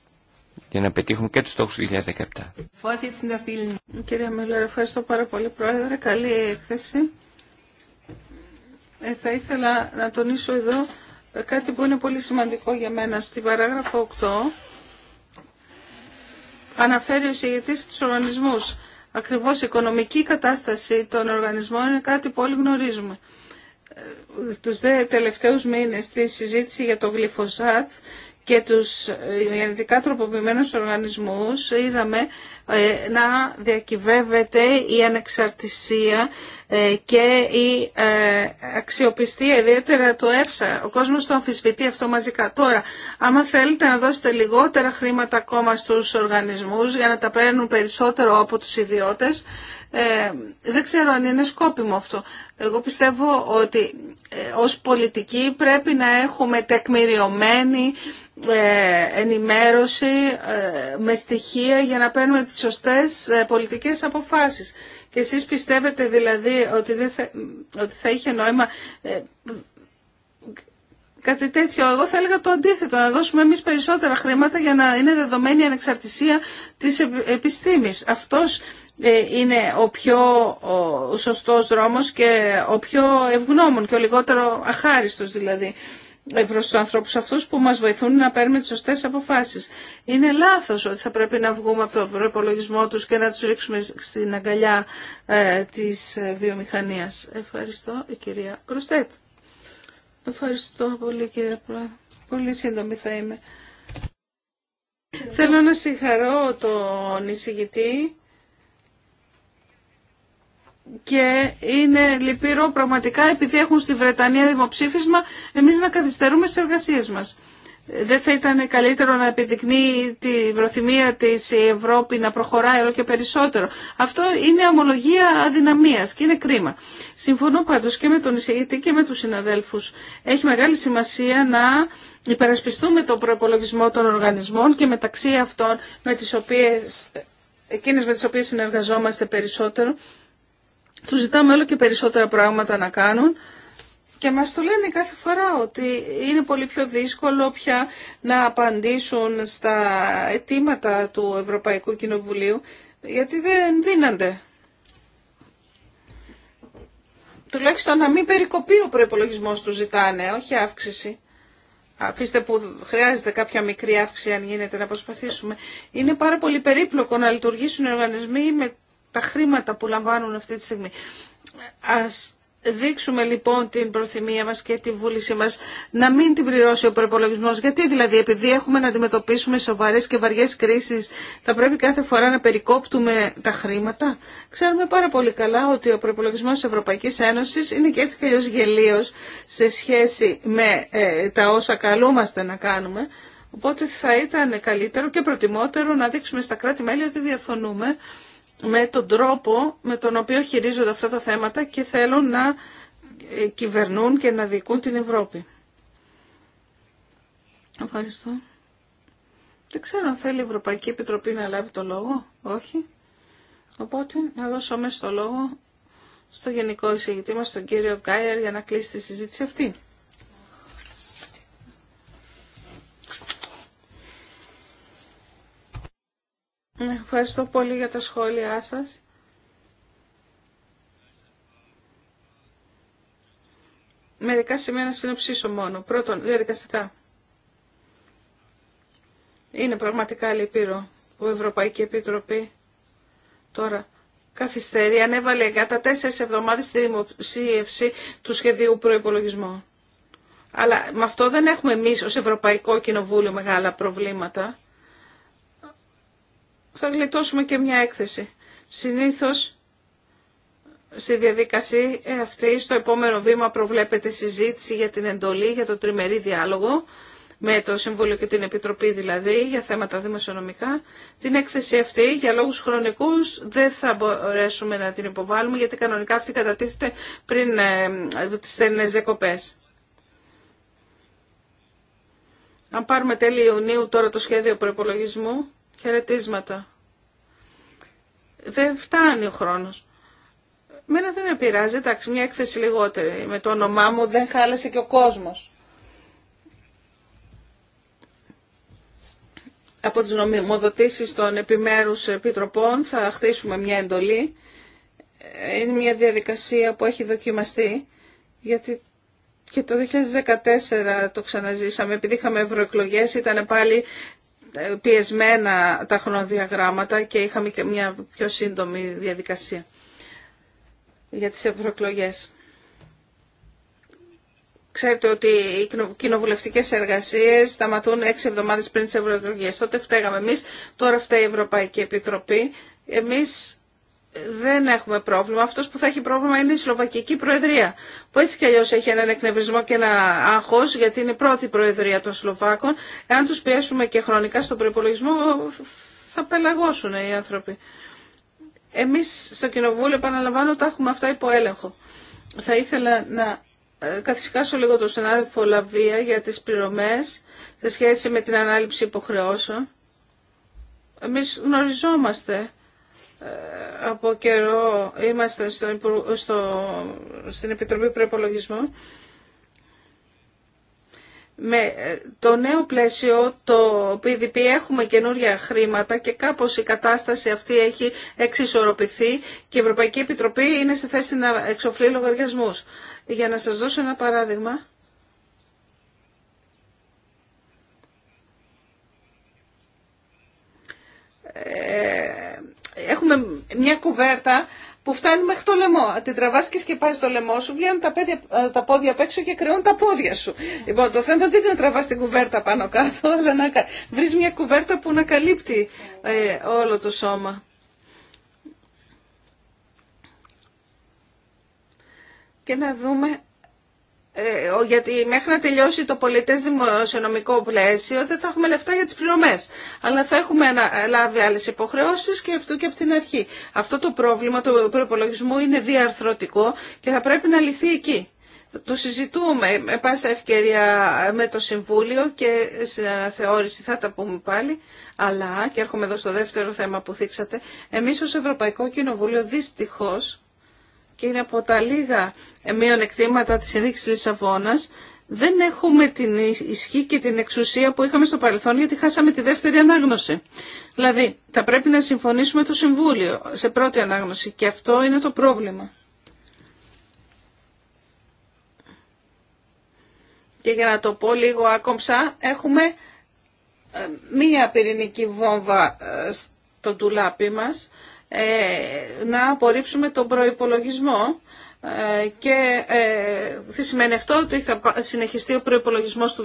για να πετύχουμε και τους στόχους του 2017. Κύριε Μελλέρ, ευχαριστώ πάρα πολύ Πρόεδρε. Καλή έκθεση. Ε, θα ήθελα να τονίσω εδώ κάτι που είναι πολύ σημαντικό για μένα. Στην παράγραφο 8 αναφέρει ο συγητής στους οργανισμούς Ακριβώς η οικονομική κατάσταση των οργανισμών είναι κάτι που όλοι γνωρίζουμε. Ε, τους δε τελευταίους μήνες στη συζήτηση για το γλυφοσάτ και τους ε, γενετικά τροποποιημένους οργανισμούς είδαμε ε, να διακυβεύεται η ανεξαρτησία ε, και η ε, αξιοπιστία ιδιαίτερα του ΕΦΣΑ. Ο κόσμος το αμφισβητεί αυτό μαζικά. Τώρα, άμα θέλετε να δώσετε λιγότερα χρήματα ακόμα στους οργανισμούς για να τα παίρνουν περισσότερο από τους ιδιώτες, δεν ξέρω αν είναι σκόπιμο αυτό. Εγώ πιστεύω ότι ως πολιτικοί πρέπει να έχουμε τεκμηριωμένη ενημέρωση με στοιχεία για να παίρνουμε σωστές ε, πολιτικές αποφάσεις. Και εσείς πιστεύετε δηλαδή ότι, δεν θα, ότι θα είχε νόημα ε, κάτι τέτοιο. Εγώ θα έλεγα το αντίθετο, να δώσουμε εμείς περισσότερα χρήματα για να είναι δεδομένη η ανεξαρτησία της επιστήμης. Αυτός ε, είναι ο πιο σωστός δρόμος και ο πιο ευγνώμων και ο λιγότερο αχάριστος δηλαδή. Ε, προς τους ανθρώπους αυτούς που μας βοηθούν να παίρνουμε τις σωστές αποφάσεις. Είναι λάθος ότι θα πρέπει να βγούμε από τον προπολογισμό τους και να τους ρίξουμε στην αγκαλιά ε, της ε, βιομηχανίας. Ευχαριστώ, η κυρία Κροστέτ. Ευχαριστώ πολύ, κυρία Πρόεδρε. Πολύ σύντομη θα είμαι. Θέλω να συγχαρώ τον εισηγητή και είναι λυπηρό πραγματικά επειδή έχουν στη Βρετανία δημοψήφισμα εμείς να καθυστερούμε στις εργασίες μας. Δεν θα ήταν καλύτερο να επιδεικνύει την προθυμία της η Ευρώπη να προχωράει όλο και περισσότερο. Αυτό είναι ομολογία αδυναμίας και είναι κρίμα. Συμφωνώ πάντως και με τον εισηγητή και με τους συναδέλφους. Έχει μεγάλη σημασία να υπερασπιστούμε τον προπολογισμό των οργανισμών και μεταξύ αυτών με τις οποίες, εκείνες με τις οποίες συνεργαζόμαστε περισσότερο του ζητάμε όλο και περισσότερα πράγματα να κάνουν και μας το λένε κάθε φορά ότι είναι πολύ πιο δύσκολο πια να απαντήσουν στα αιτήματα του Ευρωπαϊκού Κοινοβουλίου γιατί δεν δίνανται. Τουλάχιστον να μην περικοπεί ο προπολογισμό του ζητάνε, όχι αύξηση. Αφήστε που χρειάζεται κάποια μικρή αύξηση αν γίνεται να προσπαθήσουμε. Είναι πάρα πολύ περίπλοκο να λειτουργήσουν οι οργανισμοί με τα χρήματα που λαμβάνουν αυτή τη στιγμή. Ας δείξουμε λοιπόν την προθυμία μας και τη βούλησή μας να μην την πληρώσει ο προπολογισμό. Γιατί δηλαδή επειδή έχουμε να αντιμετωπίσουμε σοβαρές και βαριές κρίσεις θα πρέπει κάθε φορά να περικόπτουμε τα χρήματα. Ξέρουμε πάρα πολύ καλά ότι ο προπολογισμό της Ευρωπαϊκής Ένωσης είναι και έτσι και αλλιώς γελίος σε σχέση με ε, τα όσα καλούμαστε να κάνουμε. Οπότε θα ήταν καλύτερο και προτιμότερο να δείξουμε στα κράτη-μέλη ότι διαφωνούμε με τον τρόπο με τον οποίο χειρίζονται αυτά τα θέματα και θέλουν να ε, κυβερνούν και να δικούν την Ευρώπη. Ευχαριστώ. Δεν ξέρω αν θέλει η Ευρωπαϊκή Επιτροπή να λάβει το λόγο. Όχι. Οπότε να δώσω μέσα το λόγο στο Γενικό Εισηγητή μας, τον κύριο Γκάιερ, για να κλείσει τη συζήτηση αυτή. Ναι, ευχαριστώ πολύ για τα σχόλιά σας. Μερικά σημεία να συνοψίσω μόνο. Πρώτον, διαδικαστικά. Είναι πραγματικά λυπηρό που η Ευρωπαϊκή Επιτροπή τώρα καθυστερεί, ανέβαλε κατά τέσσερις εβδομάδες τη δημοσίευση του σχεδίου προϋπολογισμού. Αλλά με αυτό δεν έχουμε εμείς ως Ευρωπαϊκό Κοινοβούλιο μεγάλα προβλήματα θα γλιτώσουμε και μια έκθεση. Συνήθως στη διαδικασία αυτή, στο επόμενο βήμα προβλέπεται συζήτηση για την εντολή, για το τριμερή διάλογο, με το Συμβούλιο και την Επιτροπή δηλαδή, για θέματα δημοσιονομικά. Την έκθεση αυτή, για λόγους χρονικούς, δεν θα μπορέσουμε να την υποβάλουμε, γιατί κανονικά αυτή κατατίθεται πριν ε, τις δεκοπέ. Αν πάρουμε τέλη Ιουνίου τώρα το σχέδιο προπολογισμού, Χαιρετίσματα. Δεν φτάνει ο χρόνος. Μένα δεν με πειράζει, εντάξει, μια έκθεση λιγότερη. Με το όνομά μου δεν χάλασε και ο κόσμος. Από τις νομιμοδοτήσεις των επιμέρους επιτροπών θα χτίσουμε μια εντολή. Είναι μια διαδικασία που έχει δοκιμαστεί, γιατί και το 2014 το ξαναζήσαμε, επειδή είχαμε ευρωεκλογέ, ήταν πάλι ε, πιεσμένα τα χρονοδιαγράμματα και είχαμε και μια πιο σύντομη διαδικασία για τις ευρωεκλογέ. Ξέρετε ότι οι κοινοβουλευτικές εργασίες σταματούν έξι εβδομάδες πριν τις ευρωεκλογέ. Τότε φταίγαμε εμείς, τώρα φταίει η Ευρωπαϊκή Επιτροπή. Εμείς δεν έχουμε πρόβλημα. Αυτός που θα έχει πρόβλημα είναι η Σλοβακική Προεδρία, που έτσι κι αλλιώς έχει έναν εκνευρισμό και ένα άγχος, γιατί είναι η πρώτη Προεδρία των Σλοβάκων. Εάν τους πιέσουμε και χρονικά στον προπολογισμό, θα πελαγώσουν οι άνθρωποι. Εμείς στο Κοινοβούλιο, επαναλαμβάνω, τα έχουμε αυτά υπό έλεγχο. Θα ήθελα να ε, καθισκάσω λίγο τον συνάδελφο Λαβία για τις πληρωμές σε σχέση με την ανάληψη υποχρεώσεων. Εμείς γνωριζόμαστε από καιρό είμαστε στο, στο, στην Επιτροπή προπολογισμού. Με ε, το νέο πλαίσιο, το PDP, έχουμε καινούρια χρήματα και κάπως η κατάσταση αυτή έχει εξισορροπηθεί και η Ευρωπαϊκή Επιτροπή είναι σε θέση να εξοφλεί λογαριασμούς. Για να σας δώσω ένα παράδειγμα. Ε, μια κουβέρτα που φτάνει μέχρι το λαιμό. Την τραβάς και σκεπάζει το λαιμό σου, βγαίνουν τα, πέδια, ε, τα πόδια απ' έξω και κρεώνουν τα πόδια σου. Λοιπόν, το θέμα δεν είναι να τραβάς την κουβέρτα πάνω κάτω, αλλά να βρεις μια κουβέρτα που να καλύπτει ε, όλο το σώμα. Και να δούμε ε, γιατί μέχρι να τελειώσει το πολιτές δημοσιονομικό πλαίσιο δεν θα έχουμε λεφτά για τις πληρωμές. Αλλά θα έχουμε λάβει άλλες υποχρεώσεις και αυτού και από την αρχή. Αυτό το πρόβλημα του προπολογισμού είναι διαρθρωτικό και θα πρέπει να λυθεί εκεί. Το συζητούμε με πάσα ευκαιρία με το Συμβούλιο και στην αναθεώρηση θα τα πούμε πάλι. Αλλά, και έρχομαι εδώ στο δεύτερο θέμα που θίξατε, εμείς ως Ευρωπαϊκό Κοινοβούλιο δυστυχώς και είναι από τα λίγα μειονεκτήματα της τη της Λισαβόνας, δεν έχουμε την ισχύ και την εξουσία που είχαμε στο παρελθόν γιατί χάσαμε τη δεύτερη ανάγνωση. Δηλαδή, θα πρέπει να συμφωνήσουμε το Συμβούλιο σε πρώτη ανάγνωση και αυτό είναι το πρόβλημα. Και για να το πω λίγο άκομψα, έχουμε ε, μία πυρηνική βόμβα ε, στο τουλάπι μας ε, να απορρίψουμε τον προϋπολογισμό ε, και ε, τι σημαίνει αυτό ότι θα συνεχιστεί ο προϋπολογισμός του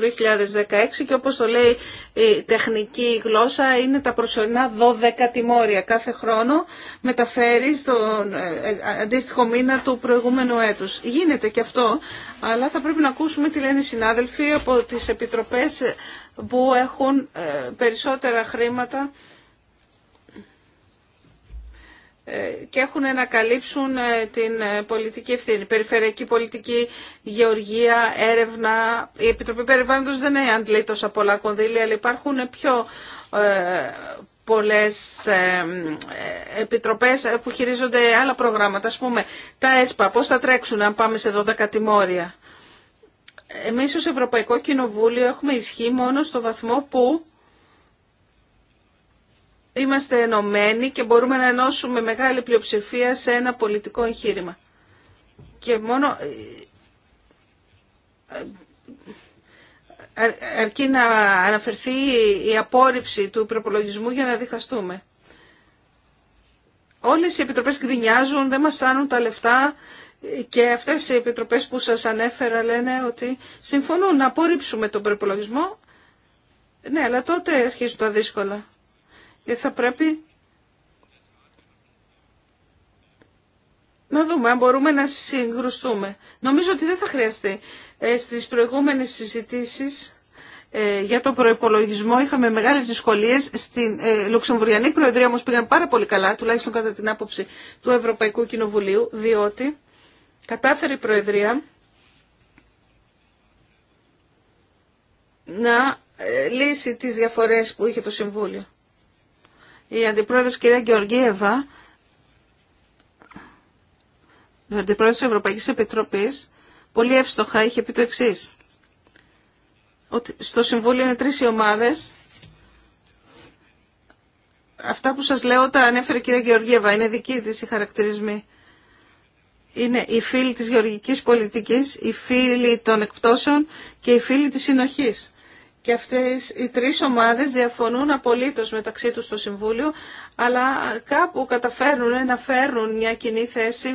2016 και όπως το λέει η τεχνική γλώσσα είναι τα προσωρινά 12 τιμόρια κάθε χρόνο μεταφέρει στον ε, αντίστοιχο μήνα του προηγούμενου έτους. Γίνεται και αυτό αλλά θα πρέπει να ακούσουμε τι λένε οι συνάδελφοι από τις επιτροπές που έχουν περισσότερα χρήματα ε, και έχουν να καλύψουν ε, την ε, πολιτική ευθύνη. Περιφερειακή πολιτική, γεωργία, έρευνα. Η Επιτροπή Περιβάλλοντος δεν είναι από πολλά κονδύλια, αλλά υπάρχουν πιο πολλές επιτροπές που χειρίζονται άλλα προγράμματα. Ας πούμε, τα ΕΣΠΑ, πώς θα τρέξουν αν πάμε σε 12 τιμόρια. Εμείς ως Ευρωπαϊκό Κοινοβούλιο έχουμε ισχύ μόνο στο βαθμό που είμαστε ενωμένοι και μπορούμε να ενώσουμε μεγάλη πλειοψηφία σε ένα πολιτικό εγχείρημα. Και μόνο ε, ε, αρκεί να αναφερθεί η απόρριψη του προπολογισμού για να διχαστούμε. Όλες οι επιτροπές γκρινιάζουν, δεν μας φτάνουν τα λεφτά και αυτές οι επιτροπές που σας ανέφερα λένε ότι συμφωνούν να απορρίψουμε τον προπολογισμό. Ναι, αλλά τότε αρχίζουν τα δύσκολα. Γιατί ε, θα πρέπει να δούμε αν μπορούμε να συγκρουστούμε. Νομίζω ότι δεν θα χρειαστεί. Ε, στις προηγούμενες συζητήσεις ε, για τον προϋπολογισμό είχαμε μεγάλες δυσκολίες. Στην ε, Λουξεμβουριανή Προεδρία όμως πήγαν πάρα πολύ καλά, τουλάχιστον κατά την άποψη του Ευρωπαϊκού Κοινοβουλίου, διότι κατάφερε η Προεδρία να ε, λύσει τις διαφορές που είχε το Συμβούλιο η Αντιπρόεδρος κυρία Γεωργίευα, η Αντιπρόεδρος της Ευρωπαϊκής Επιτροπής, πολύ εύστοχα είχε πει το εξή. Ότι στο Συμβούλιο είναι τρεις οι ομάδες. Αυτά που σας λέω τα ανέφερε κυρία Γεωργίευα, είναι δική της οι χαρακτηρισμοί. Είναι οι φίλοι της γεωργικής πολιτικής, οι φίλοι των εκπτώσεων και οι φίλοι της συνοχής. Και αυτές οι τρεις ομάδες διαφωνούν απολύτως μεταξύ τους στο Συμβούλιο, αλλά κάπου καταφέρνουν να φέρουν μια κοινή θέση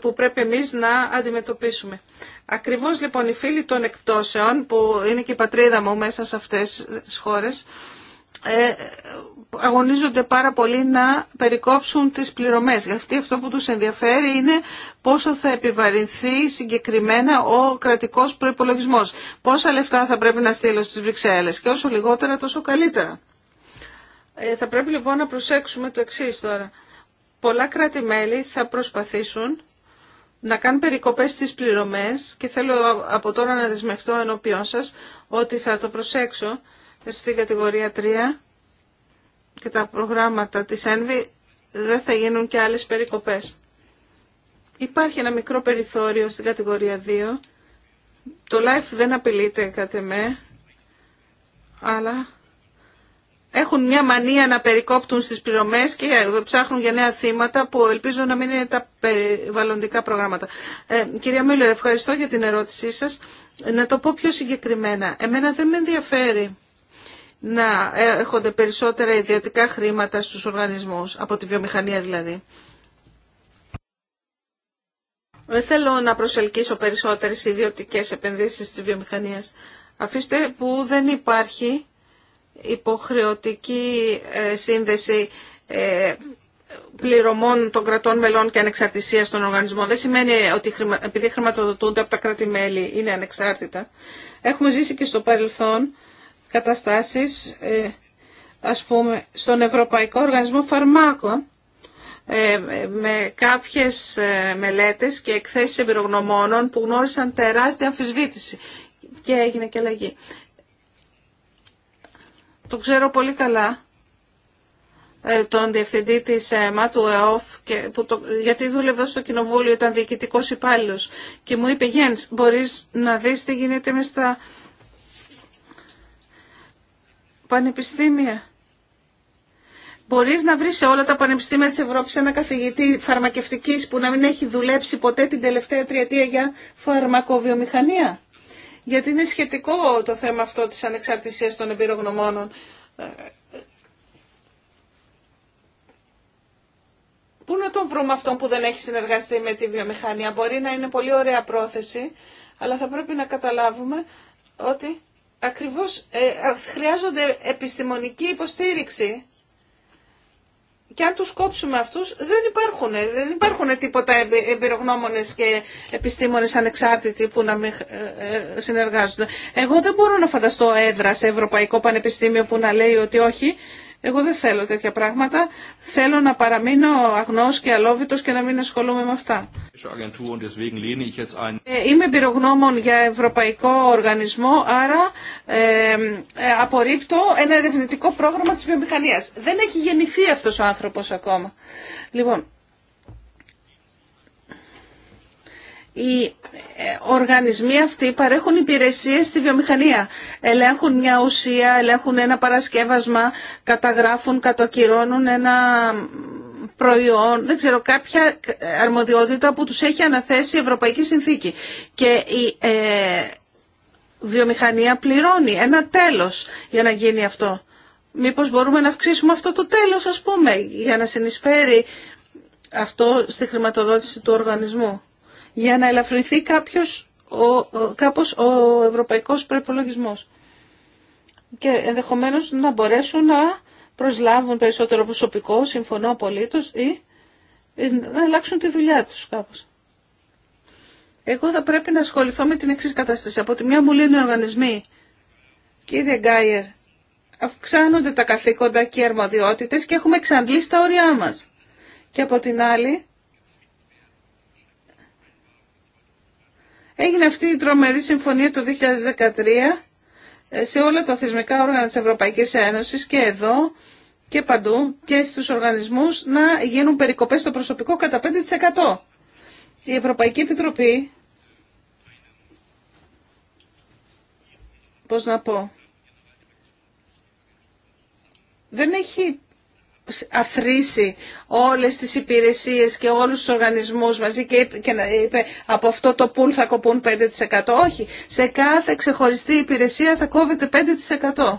που πρέπει εμείς να αντιμετωπίσουμε. Ακριβώς λοιπόν οι φίλοι των εκπτώσεων, που είναι και η πατρίδα μου μέσα σε αυτές τις χώρες, ε, αγωνίζονται πάρα πολύ να περικόψουν τις πληρωμές. Γιατί αυτό που τους ενδιαφέρει είναι πόσο θα επιβαρυνθεί συγκεκριμένα ο κρατικός προϋπολογισμός. Πόσα λεφτά θα πρέπει να στείλω στις Βρυξέλλες και όσο λιγότερα τόσο καλύτερα. Ε, θα πρέπει λοιπόν να προσέξουμε το εξή τώρα. Πολλά κράτη-μέλη θα προσπαθήσουν να κάνουν περικοπές στις πληρωμές και θέλω από τώρα να δεσμευτώ ενώπιόν σας ότι θα το προσέξω στην κατηγορία 3 και τα προγράμματα της ΕΝΒΗ δεν θα γίνουν και άλλες περικοπές. Υπάρχει ένα μικρό περιθώριο στην κατηγορία 2. Το live δεν απειλείται κατά με, αλλά έχουν μια μανία να περικόπτουν στις πληρωμές και ψάχνουν για νέα θύματα που ελπίζω να μην είναι τα περιβαλλοντικά προγράμματα. Ε, κυρία Μίλλερ, ευχαριστώ για την ερώτησή σας. Να το πω πιο συγκεκριμένα. Εμένα δεν με ενδιαφέρει να έρχονται περισσότερα ιδιωτικά χρήματα στους οργανισμούς, από τη βιομηχανία δηλαδή. Δεν θέλω να προσελκύσω περισσότερες ιδιωτικές επενδύσεις της βιομηχανίας. Αφήστε που δεν υπάρχει υποχρεωτική ε, σύνδεση ε, πληρωμών των κρατών μελών και ανεξαρτησίας των οργανισμών. Δεν σημαίνει ότι επειδή χρηματοδοτούνται από τα κράτη-μέλη είναι ανεξάρτητα. Έχουμε ζήσει και στο παρελθόν καταστάσεις, ε, ας πούμε, στον Ευρωπαϊκό Οργανισμό Φαρμάκων, ε, με κάποιες ε, μελέτες και εκθέσεις εμπειρογνωμόνων που γνώρισαν τεράστια αμφισβήτηση και έγινε και αλλαγή. Το ξέρω πολύ καλά τον διευθυντή της ΕΜΑ του ΕΟΦ και το, γιατί δούλευε στο κοινοβούλιο ήταν διοικητικός υπάλληλος και μου είπε Γιάννης μπορείς να δεις τι γίνεται με στα πανεπιστήμια. Μπορείς να βρεις σε όλα τα πανεπιστήμια της Ευρώπης ένα καθηγητή φαρμακευτικής που να μην έχει δουλέψει ποτέ την τελευταία τριετία για φαρμακοβιομηχανία. Γιατί είναι σχετικό το θέμα αυτό της ανεξαρτησίας των εμπειρογνωμόνων. Πού να τον βρούμε αυτόν που δεν έχει συνεργαστεί με τη βιομηχανία. Μπορεί να είναι πολύ ωραία πρόθεση, αλλά θα πρέπει να καταλάβουμε ότι ακριβώς ε, χρειάζονται επιστημονική υποστήριξη και αν τους κόψουμε αυτούς δεν υπάρχουν, δεν υπάρχουν τίποτα εμπειρογνώμονες και επιστήμονες ανεξάρτητοι που να μην ε, ε, συνεργάζονται. Εγώ δεν μπορώ να φανταστώ έδρα σε Ευρωπαϊκό Πανεπιστήμιο που να λέει ότι όχι, εγώ δεν θέλω τέτοια πράγματα. Θέλω να παραμείνω αγνός και αλόβητος και να μην ασχολούμαι με αυτά. Ε, είμαι εμπειρογνώμων για Ευρωπαϊκό Οργανισμό, άρα ε, ε, απορρίπτω ένα ερευνητικό πρόγραμμα της βιομηχανίας. Δεν έχει γεννηθεί αυτός ο άνθρωπος ακόμα. Λοιπόν, οι ε, οργανισμοί αυτοί παρέχουν υπηρεσίες στη βιομηχανία. Ελέγχουν μια ουσία, ελέγχουν ένα παρασκεύασμα, καταγράφουν, κατοκυρώνουν ένα προϊόν, δεν ξέρω, κάποια αρμοδιότητα που τους έχει αναθέσει η Ευρωπαϊκή Συνθήκη. Και η ε, βιομηχανία πληρώνει ένα τέλος για να γίνει αυτό. Μήπως μπορούμε να αυξήσουμε αυτό το τέλος, ας πούμε, για να συνεισφέρει αυτό στη χρηματοδότηση του οργανισμού για να ελαφρυνθεί κάποιος, ο, κάπως ο ευρωπαϊκός προπολογισμό. Και ενδεχομένως να μπορέσουν να προσλάβουν περισσότερο προσωπικό, συμφωνώ απολύτως, ή να αλλάξουν τη δουλειά τους κάπως. Εγώ θα πρέπει να ασχοληθώ με την εξή κατάσταση. Από τη μια μου λένε οργανισμοί, κύριε Γκάιερ, αυξάνονται τα καθήκοντα και οι αρμοδιότητες και έχουμε εξαντλήσει τα όρια μας. Και από την άλλη, Έγινε αυτή η τρομερή συμφωνία το 2013 ε, σε όλα τα θεσμικά όργανα της Ευρωπαϊκής Ένωσης και εδώ και παντού και στους οργανισμούς να γίνουν περικοπές στο προσωπικό κατά 5%. Η Ευρωπαϊκή Επιτροπή, πώς να πω, δεν έχει αθροίσει όλες τις υπηρεσίες και όλους τους οργανισμούς μαζί και, και είπε από αυτό το πουλ θα κοπούν 5%. Όχι, σε κάθε ξεχωριστή υπηρεσία θα κόβεται 5%.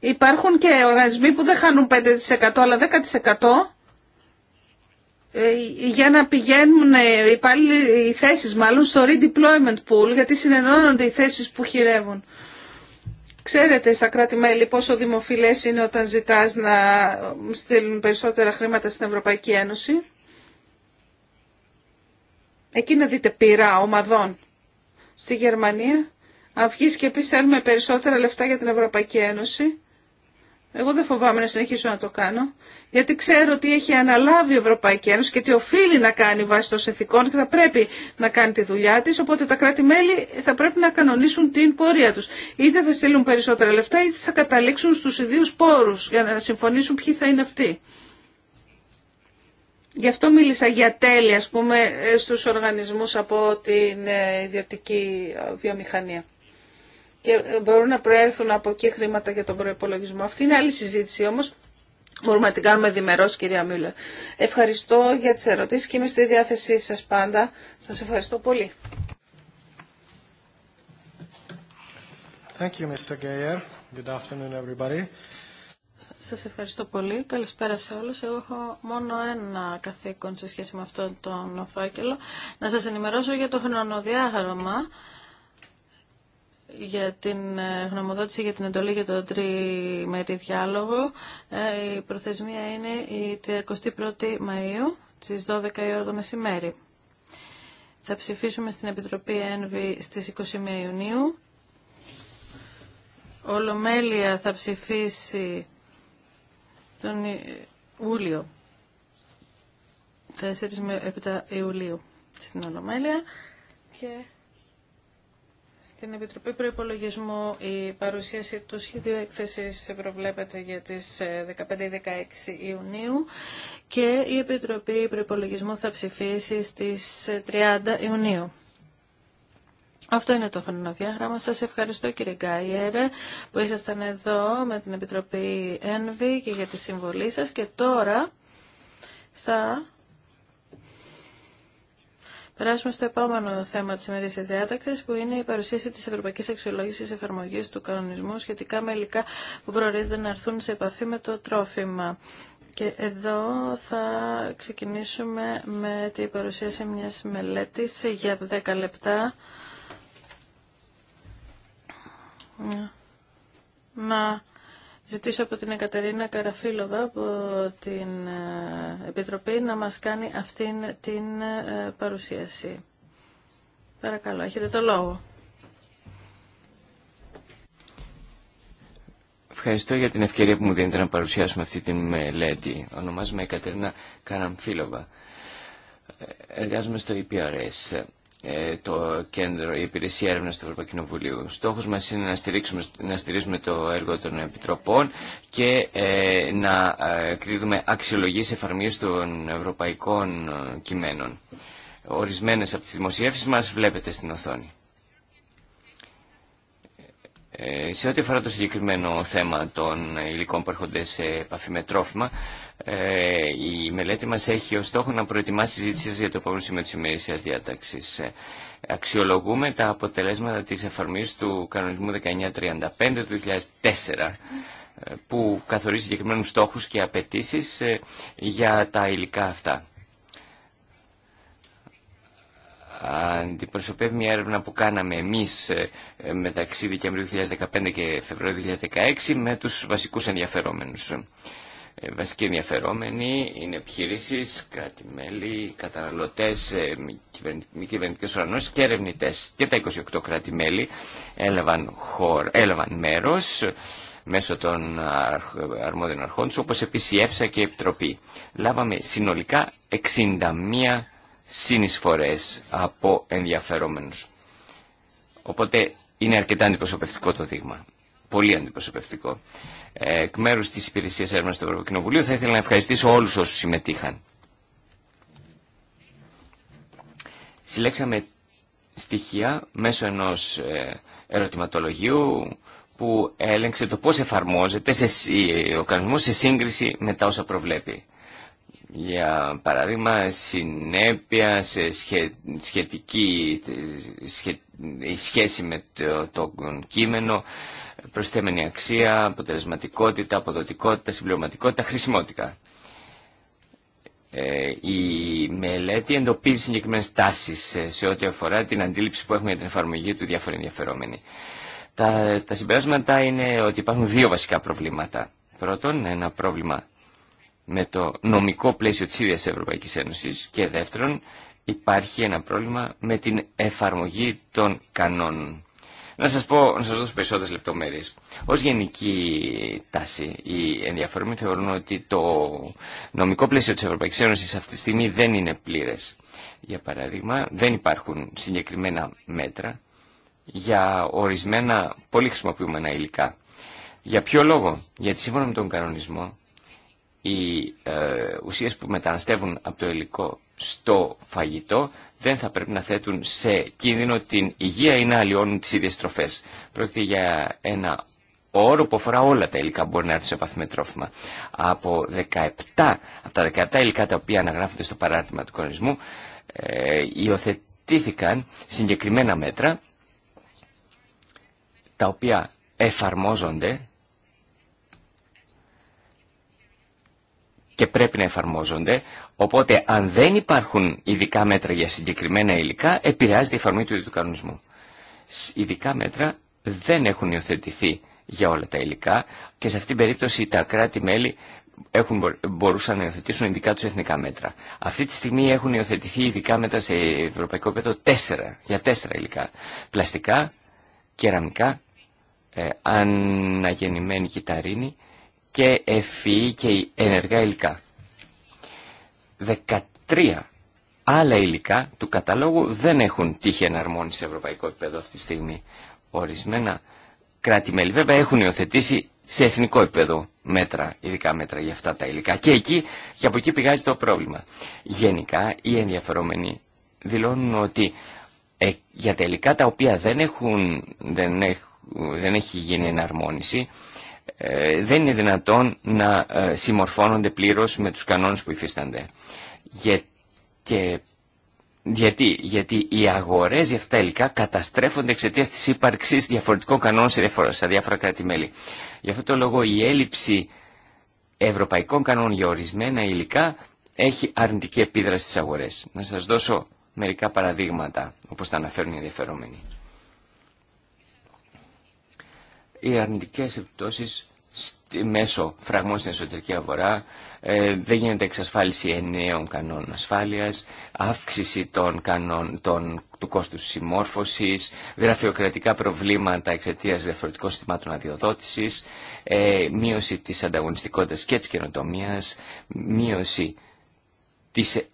Υπάρχουν και οργανισμοί που δεν χάνουν 5% αλλά 10% ε, για να πηγαίνουν ε, οι, πάλι, οι θέσεις μάλλον στο redeployment pool γιατί συνενώνονται οι θέσεις που χειρεύουν. Ξέρετε στα κράτη-μέλη πόσο δημοφιλές είναι όταν ζητάς να στείλουν περισσότερα χρήματα στην Ευρωπαϊκή Ένωση. Εκεί να δείτε πειρά ομαδών. Στη Γερμανία, αν βγεις και πεις θέλουμε περισσότερα λεφτά για την Ευρωπαϊκή Ένωση, εγώ δεν φοβάμαι να συνεχίσω να το κάνω, γιατί ξέρω ότι έχει αναλάβει η Ευρωπαϊκή Ένωση και τι οφείλει να κάνει βάσει των συνθηκών και θα πρέπει να κάνει τη δουλειά τη. Οπότε τα κράτη-μέλη θα πρέπει να κανονίσουν την πορεία του. Είτε θα στείλουν περισσότερα λεφτά, είτε θα καταλήξουν στου ιδίου πόρου για να συμφωνήσουν ποιοι θα είναι αυτοί. Γι' αυτό μίλησα για τέλη, ας πούμε, ε, στους οργανισμούς από την ε, ιδιωτική ε, βιομηχανία και μπορούν να προέρθουν από εκεί χρήματα για τον προπολογισμό. Αυτή είναι άλλη συζήτηση όμως. Μπορούμε να την κάνουμε κυρία Μιούλερ. Ευχαριστώ για τι ερωτήσει και είμαι στη διάθεσή σας πάντα. Σα ευχαριστώ πολύ. Thank you, Mr. Good afternoon, everybody. Σας ευχαριστώ πολύ. Καλησπέρα σε όλους. Εγώ έχω μόνο ένα καθήκον σε σχέση με αυτόν τον φάκελο. Να σας ενημερώσω για το χρονοδιάγραμμα για την ε, γνωμοδότηση για την εντολή για το τριμερή διάλογο. Ε, η προθεσμία είναι η 31η Μαΐου στις 12 η ώρα το μεσημέρι. Θα ψηφίσουμε στην Επιτροπή ΕΝΒΗ στις 21 Ιουνίου. Ολομέλεια θα ψηφίσει τον Ιούλιο. 4 με 7 Ιουλίου στην Ολομέλεια. Και στην Επιτροπή Προπολογισμού η παρουσίαση του σχεδίου έκθεση προβλέπεται για τι 15-16 ε, Ιουνίου και η Επιτροπή Προπολογισμού θα ψηφίσει στι 30 ε, Ιουνίου. Αυτό είναι το χρονοδιάγραμμα. Σας ευχαριστώ κύριε Γκάιερε που ήσασταν εδώ με την Επιτροπή ΕΝΒΗ και για τη συμβολή σας και τώρα θα περάσουμε στο επόμενο θέμα της ημερή διάταξη, που είναι η παρουσίαση της Ευρωπαϊκής Αξιολόγηση Εφαρμογής του Κανονισμού σχετικά με υλικά που προορίζονται να έρθουν σε επαφή με το τρόφιμα. Και εδώ θα ξεκινήσουμε με την παρουσίαση μιας μελέτης για 10 λεπτά. Να ζητήσω από την Εκατερίνα Καραφίλοβα από την ε, Επιτροπή να μας κάνει αυτήν την ε, παρουσίαση. Παρακαλώ, έχετε το λόγο. Ευχαριστώ για την ευκαιρία που μου δίνετε να παρουσιάσουμε αυτή τη μελέτη. Ονομάζομαι Εκατερίνα Καραμφίλοβα. Ε, εργάζομαι στο EPRS. Ε, το κέντρο, η υπηρεσία έρευνα του Ευρωπαϊκού Κοινοβουλίου. Στόχος μας είναι να, στηρίξουμε, να στηρίζουμε το έργο των επιτροπών και ε, να ε, κρίνουμε αξιολογίες εφαρμογής των ευρωπαϊκών κειμένων. Ορισμένες από τις δημοσιεύσεις μας βλέπετε στην οθόνη. Ε, σε ό,τι αφορά το συγκεκριμένο θέμα των υλικών που έρχονται σε επαφή με τρόφιμα, ε, η μελέτη μας έχει ως στόχο να προετοιμάσει συζήτηση για το επόμενο σημείο της ημερήσιας διάταξης. Ε, αξιολογούμε τα αποτελέσματα της εφαρμογής του κανονισμού 1935 του 2004 που καθορίζει συγκεκριμένους στόχους και απαιτήσεις για τα υλικά αυτά. αντιπροσωπεύει μια έρευνα που κάναμε εμείς ε, ε, μεταξύ Δεκεμβρίου 2015 και Φεβρουαρίου 2016 με τους βασικούς ενδιαφερόμενους. Ε, βασικοί ενδιαφερόμενοι είναι επιχειρήσει, κράτη-μέλη, καταναλωτέ, μη κυβερνητικέ οργανώσει και ερευνητέ. Και τα 28 κράτη-μέλη έλαβαν, έλαβαν μέρο μέσω των αρμόδιων αρχών του, όπω επίση η ΕΦΣΑ και η Επιτροπή. Λάβαμε συνολικά 61 συνεισφορές από ενδιαφερόμενους. Οπότε είναι αρκετά αντιπροσωπευτικό το δείγμα. Πολύ αντιπροσωπευτικό. Ε, εκ μέρους της Υπηρεσίας Έρευνας του Ευρωκοινοβουλίου θα ήθελα να ευχαριστήσω όλους όσους συμμετείχαν. Συλλέξαμε στοιχεία μέσω ενός ε, ερωτηματολογίου που έλεγξε το πώς εφαρμόζεται ε, ο κανονισμός σε σύγκριση με τα όσα προβλέπει για παράδειγμα συνέπεια σε σχε, σχετική σχέση με το, το κείμενο προσθέμενη αξία, αποτελεσματικότητα, αποδοτικότητα, συμπληρωματικότητα, χρησιμότητα. Ε, η μελέτη εντοπίζει συγκεκριμένε τάσει σε ό,τι αφορά την αντίληψη που έχουμε για την εφαρμογή του διάφορου ενδιαφερόμενοι. Τα, τα συμπεράσματα είναι ότι υπάρχουν δύο βασικά προβλήματα. Πρώτον, ένα πρόβλημα με το νομικό πλαίσιο της ίδιας Ευρωπαϊκής Ένωσης και δεύτερον υπάρχει ένα πρόβλημα με την εφαρμογή των κανόνων. Να σας, πω, να σας δώσω περισσότερες λεπτομέρειες. Ως γενική τάση, οι ενδιαφορμοί θεωρούν ότι το νομικό πλαίσιο της Ευρωπαϊκής Ένωσης αυτή τη στιγμή δεν είναι πλήρες. Για παράδειγμα, δεν υπάρχουν συγκεκριμένα μέτρα για ορισμένα πολύ χρησιμοποιούμενα υλικά. Για ποιο λόγο, γιατί σύμφωνα με τον κανονισμό οι ε, ουσίες που μεταναστεύουν από το υλικό στο φαγητό δεν θα πρέπει να θέτουν σε κίνδυνο την υγεία ή να αλλοιώνουν τις ίδιες τροφές. Πρόκειται για ένα όρο που αφορά όλα τα υλικά που μπορεί να έρθουν σε επαφή με τρόφιμα. Από, 17, από τα 17 υλικά τα οποία αναγράφονται στο παράρτημα του κονισμού, ε, υιοθετήθηκαν συγκεκριμένα μέτρα τα οποία εφαρμόζονται και πρέπει να εφαρμόζονται. Οπότε αν δεν υπάρχουν ειδικά μέτρα για συγκεκριμένα υλικά, επηρεάζεται η εφαρμογή του κανονισμού. Ειδικά μέτρα δεν έχουν υιοθετηθεί για όλα τα υλικά και σε αυτήν την περίπτωση τα κράτη-μέλη έχουν, μπορούσαν να υιοθετήσουν ειδικά του εθνικά μέτρα. Αυτή τη στιγμή έχουν υιοθετηθεί ειδικά μέτρα σε ευρωπαϊκό επίπεδο τέσσερα, για τέσσερα υλικά. Πλαστικά, κεραμικά, ε, αναγεννημένη κυταρίνη και ευφυή και ενεργά υλικά. 13 άλλα υλικά του καταλόγου δεν έχουν τύχει εναρμόνιση σε ευρωπαϊκό επίπεδο αυτή τη στιγμή. Ορισμένα κράτη-μέλη βέβαια έχουν υιοθετήσει σε εθνικό επίπεδο μέτρα, ειδικά μέτρα για αυτά τα υλικά. Και εκεί, και από εκεί πηγάζει το πρόβλημα. Γενικά, οι ενδιαφερόμενοι δηλώνουν ότι ε, για τα υλικά τα οποία δεν, δεν έχει γίνει εναρμόνιση, ε, δεν είναι δυνατόν να ε, συμμορφώνονται πλήρως με τους κανόνες που υφίστανται. Γιατί? Γιατί οι αγορές για αυτά υλικά καταστρέφονται εξαιτία της ύπαρξης διαφορετικών κανόνων σε διάφορα, σε διάφορα κράτη-μέλη. Γι' αυτό το λόγο η έλλειψη ευρωπαϊκών κανόνων για ορισμένα υλικά έχει αρνητική επίδραση στις αγορές. Να σας δώσω μερικά παραδείγματα όπως τα αναφέρουν οι ενδιαφερόμενοι οι αρνητικές επιπτώσεις μέσω φραγμών στην εσωτερική αγορά, ε, δεν γίνεται εξασφάλιση εννέων κανόνων ασφάλειας, αύξηση των κανόν, των, του κόστου συμμόρφωσης, γραφειοκρατικά προβλήματα εξαιτία διαφορετικών συστημάτων αδειοδότησης, ε, μείωση της ανταγωνιστικότητας και της καινοτομίας, μείωση της,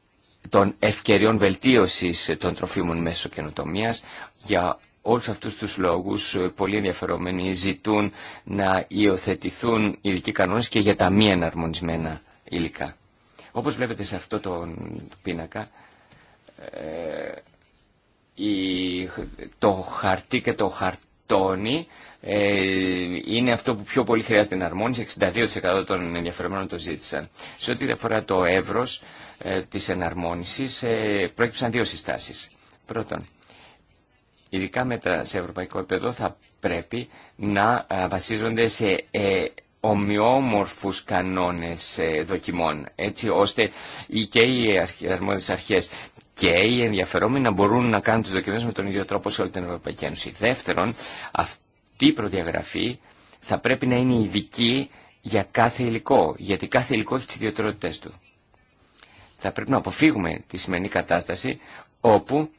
των ευκαιριών βελτίωσης των τροφίμων μέσω καινοτομίας για όλους αυτούς τους λόγους ε, πολύ ενδιαφερόμενοι ζητούν να υιοθετηθούν ειδικοί κανόνες και για τα μη εναρμονισμένα υλικά. Όπως βλέπετε σε αυτό το πίνακα, ε, το χαρτί και το χαρτόνι ε, είναι αυτό που πιο πολύ χρειάζεται εναρμόνιση. 62% των ενδιαφερομένων το ζήτησαν. Σε ό,τι αφορά το εύρος της εναρμόνισης, πρόκειψαν δύο συστάσεις. Πρώτον, ειδικά μέτρα σε ευρωπαϊκό επίπεδο θα πρέπει να ε, βασίζονται σε ε, ομοιόμορφους κανόνες ε, δοκιμών, έτσι ώστε και οι αρμόδιες αρχές και οι ενδιαφερόμενοι να μπορούν να κάνουν τις δοκιμές με τον ίδιο τρόπο σε όλη την Ευρωπαϊκή Ένωση. Δεύτερον, αυτή η προδιαγραφή θα πρέπει να είναι ειδική για κάθε υλικό, γιατί κάθε υλικό έχει τις ιδιαιτερότητες του. Θα πρέπει να αποφύγουμε τη σημερινή κατάσταση όπου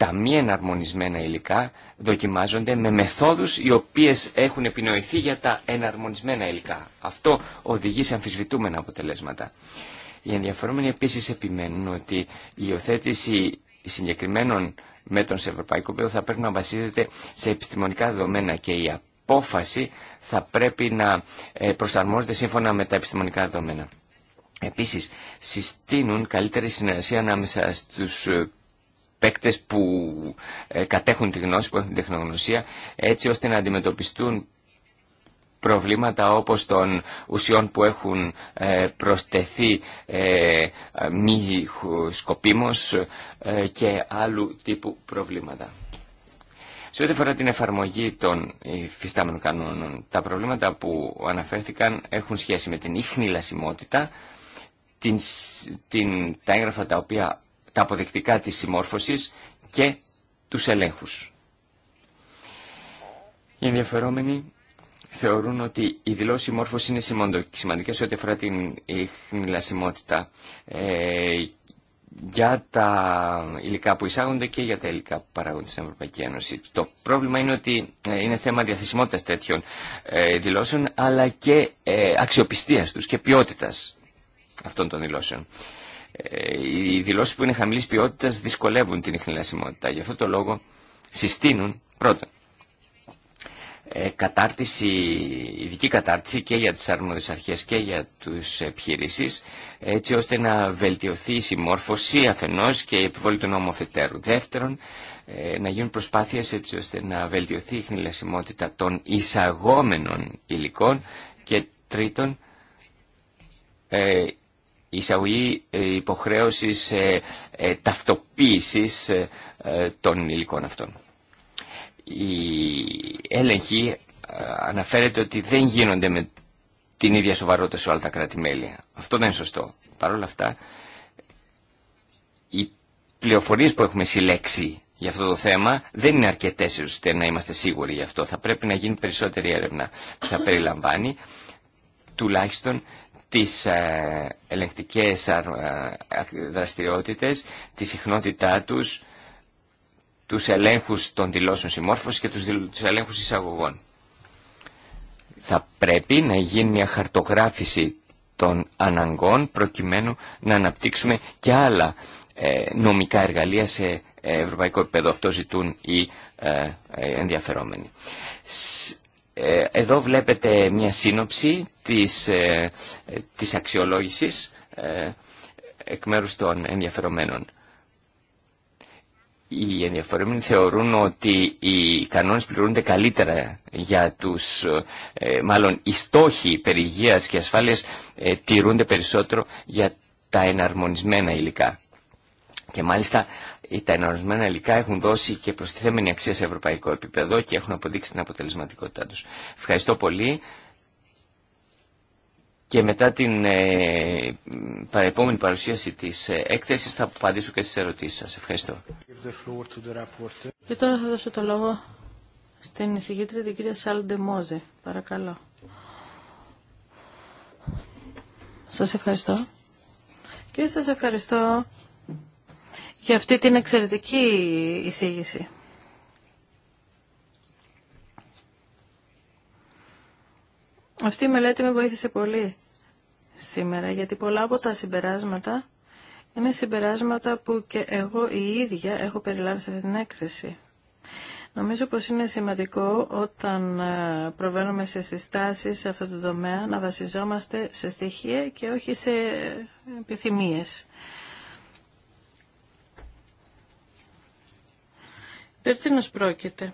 τα μη εναρμονισμένα υλικά δοκιμάζονται με μεθόδους οι οποίες έχουν επινοηθεί για τα εναρμονισμένα υλικά. Αυτό οδηγεί σε αμφισβητούμενα αποτελέσματα. Οι ενδιαφερόμενοι επίσης επιμένουν ότι η υιοθέτηση συγκεκριμένων μέτρων σε ευρωπαϊκό πεδίο θα πρέπει να βασίζεται σε επιστημονικά δεδομένα και η απόφαση θα πρέπει να ε, προσαρμόζεται σύμφωνα με τα επιστημονικά δεδομένα. Επίσης, συστήνουν καλύτερη συνεργασία ανάμεσα στους ε, παίκτες που ε, κατέχουν τη γνώση, που έχουν τεχνογνωσία, έτσι ώστε να αντιμετωπιστούν προβλήματα όπως των ουσιών που έχουν ε, προσθεθεί ε, μη σκοπίμως και άλλου τύπου προβλήματα. Σε ό,τι αφορά την εφαρμογή των υφιστάμενων κανόνων, τα προβλήματα που αναφέρθηκαν έχουν σχέση με την ίχνη λασιμότητα, την, την, τα έγγραφα τα οποία τα αποδεκτικά της συμμόρφωσης και τους ελέγχους. Οι ενδιαφερόμενοι θεωρούν ότι η δηλώση συμμόρφωση είναι σημαντική σε ό,τι αφορά την χνηλασιμότητα ε, για τα υλικά που εισάγονται και για τα υλικά που παράγονται στην Ευρωπαϊκή Ένωση. Το πρόβλημα είναι ότι ε, είναι θέμα διαθεσιμότητας τέτοιων ε, δηλώσεων αλλά και ε, αξιοπιστίας τους και ποιότητας αυτών των δηλώσεων. Ε, οι δηλώσει που είναι χαμηλή ποιότητα δυσκολεύουν την ιχνηλασιμότητα. Γι' αυτό το λόγο συστήνουν πρώτον ε, κατάρτιση, ειδική κατάρτιση και για τις αρμόδιες αρχές και για τους επιχείρησει, έτσι ώστε να βελτιωθεί η συμμόρφωση αφενός και η επιβολή του αφετέρου. Δεύτερον, ε, να γίνουν προσπάθειες έτσι ώστε να βελτιωθεί η χνηλασιμότητα των εισαγόμενων υλικών και τρίτον, η εισαγωγή ε, υποχρέωσης ε, ε, ταυτοποίησης των υλικών αυτών. Η έλεγχη αναφέρεται ότι δεν γίνονται με την ίδια σοβαρότητα σε όλα τα κράτη-μέλη. Αυτό δεν είναι σωστό. Παρ' όλα αυτά, οι πληροφορίες που έχουμε συλλέξει για αυτό το θέμα δεν είναι αρκετές ώστε να είμαστε σίγουροι γι' αυτό. Θα πρέπει να γίνει περισσότερη έρευνα που θα περιλαμβάνει τουλάχιστον τις ε, ελεγκτικές ε, δραστηριότητες, τη συχνότητά τους, τους ελέγχους των δηλώσεων συμμόρφωσης και τους ελέγχους εισαγωγών. Θα πρέπει να γίνει μια χαρτογράφηση των αναγκών προκειμένου να αναπτύξουμε και άλλα ε, νομικά εργαλεία σε ευρωπαϊκό επίπεδο. Αυτό ζητούν οι ενδιαφερόμενοι. Ε, εδώ βλέπετε μια σύνοψη της, ε, της αξιολόγησης ε, εκ μέρους των ενδιαφερομένων. Οι ενδιαφερόμενοι θεωρούν ότι οι κανόνες πληρούνται καλύτερα για τους, μάλλον οι στόχοι περί και ασφάλειας τηρούνται περισσότερο για τα εναρμονισμένα υλικά. Και μάλιστα ε, τα ενορισμένα υλικά έχουν δώσει και προστιθέμενη αξία σε ευρωπαϊκό επίπεδο και έχουν αποδείξει την αποτελεσματικότητά τους. Ευχαριστώ πολύ. Και μετά την ε, παρεπόμενη παρουσίαση της ε, έκθεσης θα απαντήσω και στις ερωτήσεις σας. Ευχαριστώ. Και τώρα θα δώσω το λόγο στην εισηγήτρια την κυρία Σάλντε Μόζε. Παρακαλώ. Σας ευχαριστώ. Και σας ευχαριστώ για αυτή την εξαιρετική εισήγηση. Αυτή η μελέτη με βοήθησε πολύ σήμερα, γιατί πολλά από τα συμπεράσματα είναι συμπεράσματα που και εγώ η ίδια έχω περιλάβει σε αυτή την έκθεση. Νομίζω πως είναι σημαντικό όταν ε, προβαίνουμε σε συστάσεις σε αυτό το τομέα να βασιζόμαστε σε στοιχεία και όχι σε ε, επιθυμίες. Περί πρόκειται.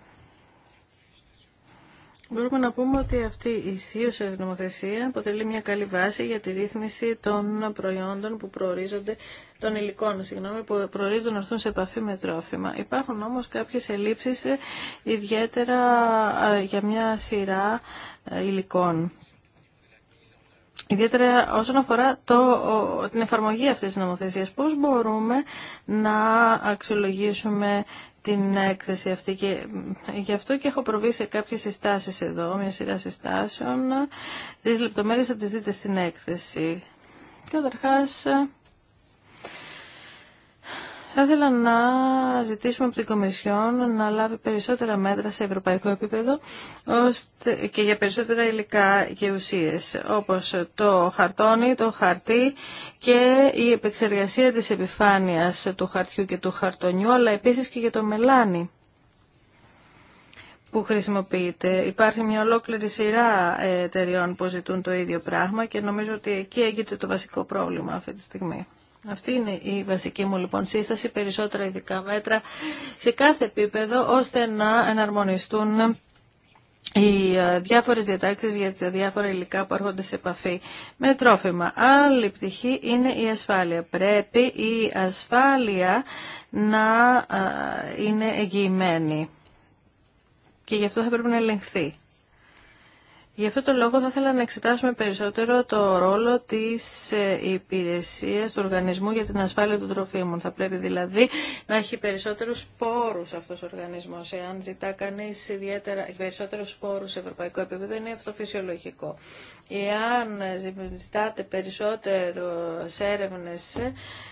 Μπορούμε να πούμε ότι αυτή η ισίωση νομοθεσία αποτελεί μια καλή βάση για τη ρύθμιση των προϊόντων που προορίζονται, των υλικών, συγγνώμη, που προορίζονται να έρθουν σε επαφή με τρόφιμα. Υπάρχουν όμως κάποιες ελλείψεις ε, ιδιαίτερα ε, για μια σειρά ε, υλικών. Ιδιαίτερα όσον αφορά το, την εφαρμογή αυτής της νομοθεσίας, πώς μπορούμε να αξιολογήσουμε την έκθεση αυτή και γι' αυτό και έχω προβεί σε κάποιες συστάσεις εδώ, μια σειρά συστάσεων. Τις λεπτομέρειες θα τις δείτε στην έκθεση. Καταρχάς, θα ήθελα να ζητήσουμε από την Κομισιόν να λάβει περισσότερα μέτρα σε ευρωπαϊκό επίπεδο ώστε και για περισσότερα υλικά και ουσίες όπως το χαρτόνι, το χαρτί και η επεξεργασία της επιφάνειας του χαρτιού και του χαρτονιού αλλά επίσης και για το μελάνι που χρησιμοποιείται. Υπάρχει μια ολόκληρη σειρά ε, εταιριών που ζητούν το ίδιο πράγμα και νομίζω ότι εκεί έγινε το βασικό πρόβλημα αυτή τη στιγμή. Αυτή είναι η βασική μου λοιπόν σύσταση, περισσότερα ειδικά μέτρα σε κάθε επίπεδο ώστε να εναρμονιστούν οι ε, διάφορες διατάξεις για τα διάφορα υλικά που έρχονται σε επαφή με τρόφιμα. Άλλη πτυχή είναι η ασφάλεια. Πρέπει η ασφάλεια να ε, είναι εγγυημένη και γι' αυτό θα πρέπει να ελεγχθεί. Γι' αυτό το λόγο θα ήθελα να εξετάσουμε περισσότερο το ρόλο της ε, υπηρεσίας του οργανισμού για την ασφάλεια των τροφίμων. Θα πρέπει δηλαδή να έχει περισσότερους πόρους αυτός ο οργανισμός. Εάν ζητά κανείς ιδιαίτερα περισσότερους πόρους σε ευρωπαϊκό επίπεδο είναι αυτό φυσιολογικό. Εάν ζητάτε περισσότερο έρευνε,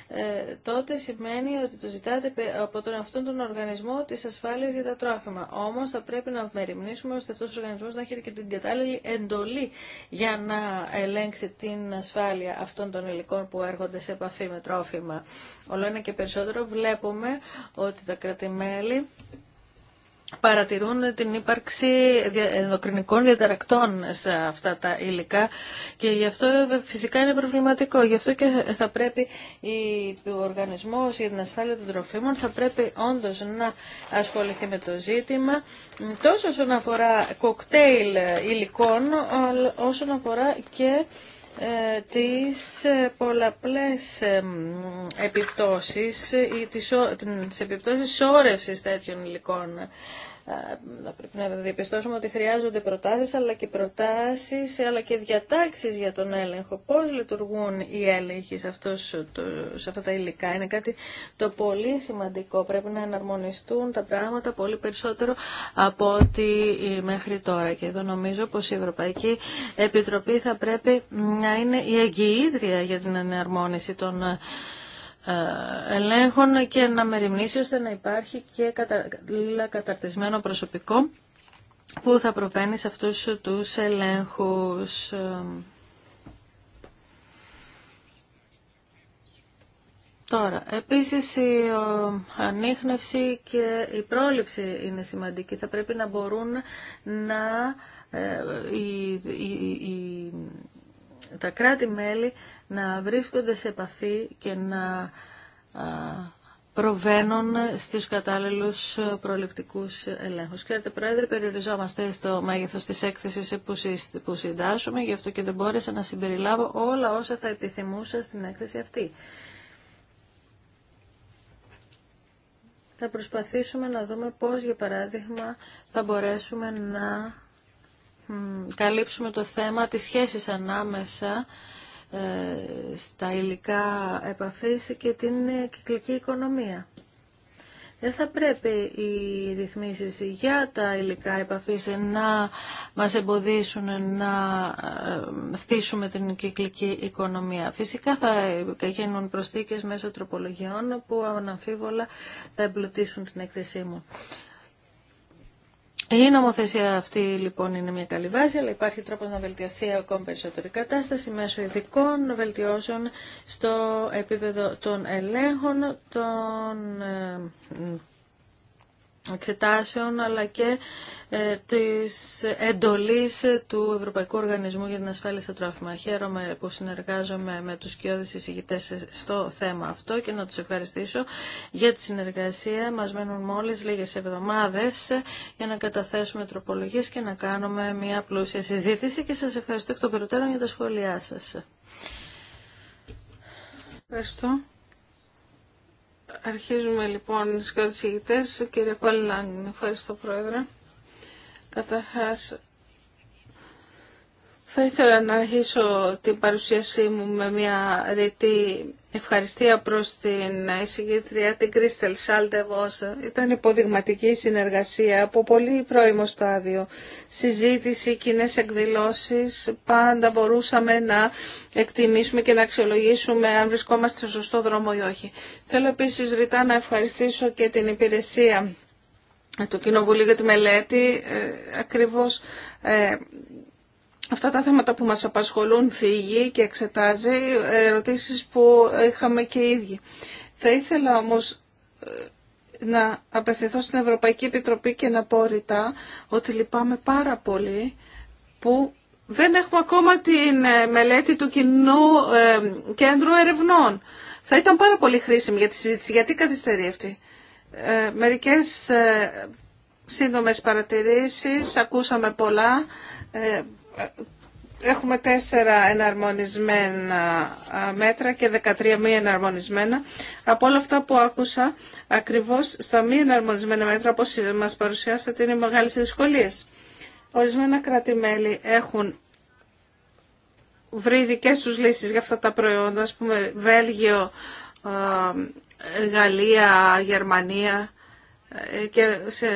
ε, τότε σημαίνει ότι το ζητάτε από τον αυτόν τον οργανισμό της ασφάλειας για τα τρόφιμα. Όμως θα πρέπει να μεριμνήσουμε ώστε αυτός ο οργανισμός να έχει και την κατάλληλη εντολή για να ελέγξει την ασφάλεια αυτών των υλικών που έρχονται σε επαφή με τρόφιμα. Όλο ένα και περισσότερο βλέπουμε ότι τα κρατημέλη παρατηρούν την ύπαρξη ενδοκρινικών διαταρακτών σε αυτά τα υλικά και γι' αυτό ε, φυσικά είναι προβληματικό. Γι' αυτό και θα πρέπει ο οργανισμός για την ασφάλεια των τροφίμων θα πρέπει όντως να ασχοληθεί με το ζήτημα τόσο όσον αφορά κοκτέιλ υλικών όσον αφορά και ε, τις ε, πολλαπλές ε, επιπτώσεις ή τις, τις επιπτώσεις σώρευσης τέτοιων υλικών. Ε, θα πρέπει να διαπιστώσουμε ότι χρειάζονται προτάσεις αλλά και προτάσεις αλλά και διατάξεις για τον έλεγχο. Πώς λειτουργούν οι έλεγχοι σε, αυτός, το, σε αυτά τα υλικά. Είναι κάτι το πολύ σημαντικό. Πρέπει να εναρμονιστούν τα πράγματα πολύ περισσότερο από ό,τι μέχρι τώρα. Και εδώ νομίζω πως η Ευρωπαϊκή Επιτροπή θα πρέπει να είναι η εγγυήτρια για την εναρμόνιση των ελέγχων και να μεριμνήσει ώστε να υπάρχει και καταρτισμένο προσωπικό που θα προβαίνει σε αυτούς τους ελέγχους. Τώρα, επίσης η ανείχνευση και η πρόληψη είναι σημαντική. Θα πρέπει να μπορούν να, ε, τα κράτη-μέλη να βρίσκονται σε επαφή και να προβαίνουν στις κατάλληλους προληπτικούς ελέγχους. Κύριε Πρόεδρε, περιοριζόμαστε στο μέγεθος της έκθεσης που συντάσσουμε, γι' αυτό και δεν μπόρεσα να συμπεριλάβω όλα όσα θα επιθυμούσα στην έκθεση αυτή. Θα προσπαθήσουμε να δούμε πώς, για παράδειγμα, θα μπορέσουμε να καλύψουμε το θέμα της σχέσης ανάμεσα ε, στα υλικά επαφής και την ε, κυκλική οικονομία. Δεν θα πρέπει οι ρυθμίσεις για τα υλικά επαφής να μας εμποδίσουν να ε, στήσουμε την κυκλική οικονομία. Φυσικά θα γίνουν προσθήκες μέσω τροπολογιών που αναμφίβολα θα εμπλουτίσουν την έκθεσή μου. Η νομοθεσία αυτή λοιπόν είναι μια καλή βάση, αλλά υπάρχει τρόπος να βελτιωθεί ακόμη περισσότερη κατάσταση μέσω ειδικών βελτιώσεων στο επίπεδο των ελέγχων των ε, εξετάσεων αλλά και ε, της εντολής ε, του Ευρωπαϊκού Οργανισμού για την Ασφάλεια στο Τρόφιμα. Χαίρομαι που συνεργάζομαι με τους κοιόδης εισηγητές ε, στο θέμα αυτό και να τους ευχαριστήσω για τη συνεργασία. Μας μένουν μόλις λίγες εβδομάδες για να καταθέσουμε τροπολογίες και να κάνουμε μια πλούσια συζήτηση και σας ευχαριστώ εκ των περιττέρων για τα σχόλιά σας. Ευχαριστώ. Αρχίζουμε λοιπόν στις σκοτωσυγητές. Κύριε Κολλάν, ευχαριστώ Πρόεδρε. Καταρχάς θα ήθελα να αρχίσω την παρουσίασή μου με μια ρητή ευχαριστία προς την εισηγήτρια την Κρίστελ Σάλτεβος. Ήταν υποδειγματική συνεργασία από πολύ πρώιμο στάδιο. Συζήτηση, κοινέ εκδηλώσεις, πάντα μπορούσαμε να εκτιμήσουμε και να αξιολογήσουμε αν βρισκόμαστε στο σωστό δρόμο ή όχι. Θέλω επίσης ρητά να ευχαριστήσω και την υπηρεσία του Κοινοβουλίου για τη μελέτη, ε, ακριβώς ε, αυτά τα θέματα που μας απασχολούν φύγει και εξετάζει ε, ερωτήσεις που είχαμε και οι ίδιοι. Θα ήθελα όμως ε, να απευθυνθώ στην Ευρωπαϊκή Επιτροπή και να πω ρητά ότι λυπάμαι πάρα πολύ που δεν έχουμε ακόμα την ε, μελέτη του κοινού κέντρου ερευνών. Θα ήταν πάρα πολύ χρήσιμη για τη συζήτηση. Γιατί καθυστερεί αυτή. Μερικές σύντομες παρατηρήσεις, ακούσαμε πολλά έχουμε τέσσερα εναρμονισμένα μέτρα και 13 μη εναρμονισμένα. Από όλα αυτά που άκουσα, ακριβώς στα μη εναρμονισμένα μέτρα, όπως μας παρουσιάσατε, είναι οι μεγάλες δυσκολίες. Ορισμένα κράτη-μέλη έχουν βρει δικές τους λύσεις για αυτά τα προϊόντα, ας πούμε Βέλγιο, Γαλλία, Γερμανία ε, και σε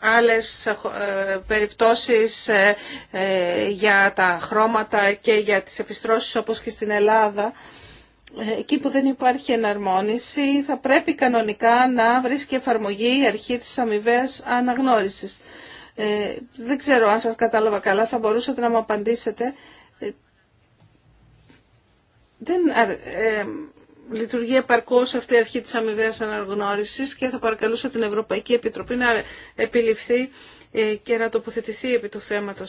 άλλες ε, περιπτώσεις ε, ε, για τα χρώματα και για τις επιστρώσεις όπως και στην Ελλάδα. Εκεί που δεν υπάρχει εναρμόνιση θα πρέπει κανονικά να βρίσκει εφαρμογή η αρχή της αμοιβαία αναγνώρισης. δεν ξέρω αν σας κατάλαβα καλά, θα μπορούσατε να μου απαντήσετε. δεν, λειτουργεί επαρκώ αυτή η αρχή τη αμοιβαία αναγνώριση και θα παρακαλούσα την Ευρωπαϊκή Επιτροπή να επιληφθεί ε, και να τοποθετηθεί επί του θέματο.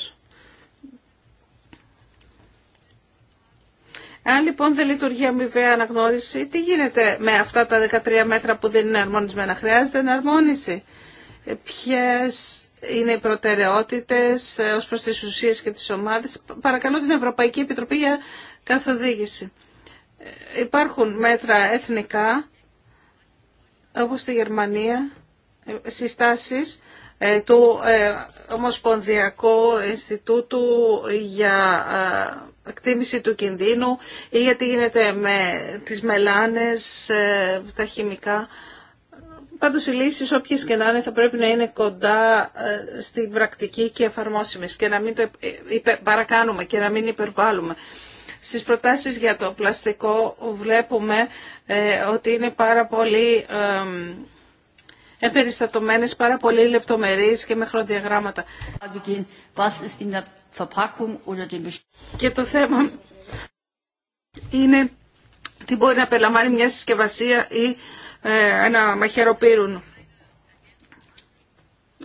Αν λοιπόν δεν λειτουργεί αμοιβαία αναγνώριση, τι γίνεται με αυτά τα 13 μέτρα που δεν είναι αρμονισμένα. Χρειάζεται εναρμόνιση. Ε, Ποιε είναι οι προτεραιότητες ε, ω προ τι ουσίε και τι ομάδε. Παρακαλώ την Ευρωπαϊκή Επιτροπή για καθοδήγηση υπάρχουν μέτρα εθνικά, όπως στη Γερμανία, συστάσεις ε, του ε, Ομοσπονδιακού Ινστιτούτου για ε, εκτίμηση του κινδύνου ή γιατί γίνεται με τις μελάνες, τα χημικά. Πάντως οι λύσεις όποιες και να είναι θα πρέπει να είναι κοντά στην πρακτική και εφαρμόσιμες και να μην το παρακάνουμε και να μην υπερβάλλουμε. Στις προτάσεις για το πλαστικό βλέπουμε ε, ότι είναι πάρα πολύ εμπεριστατωμένες, πάρα πολύ λεπτομερείς και με χρονοδιαγράμματα. Και το θέμα είναι τι μπορεί να περιλαμβάνει μια συσκευασία ή ε, ένα μαχαιροπύρουν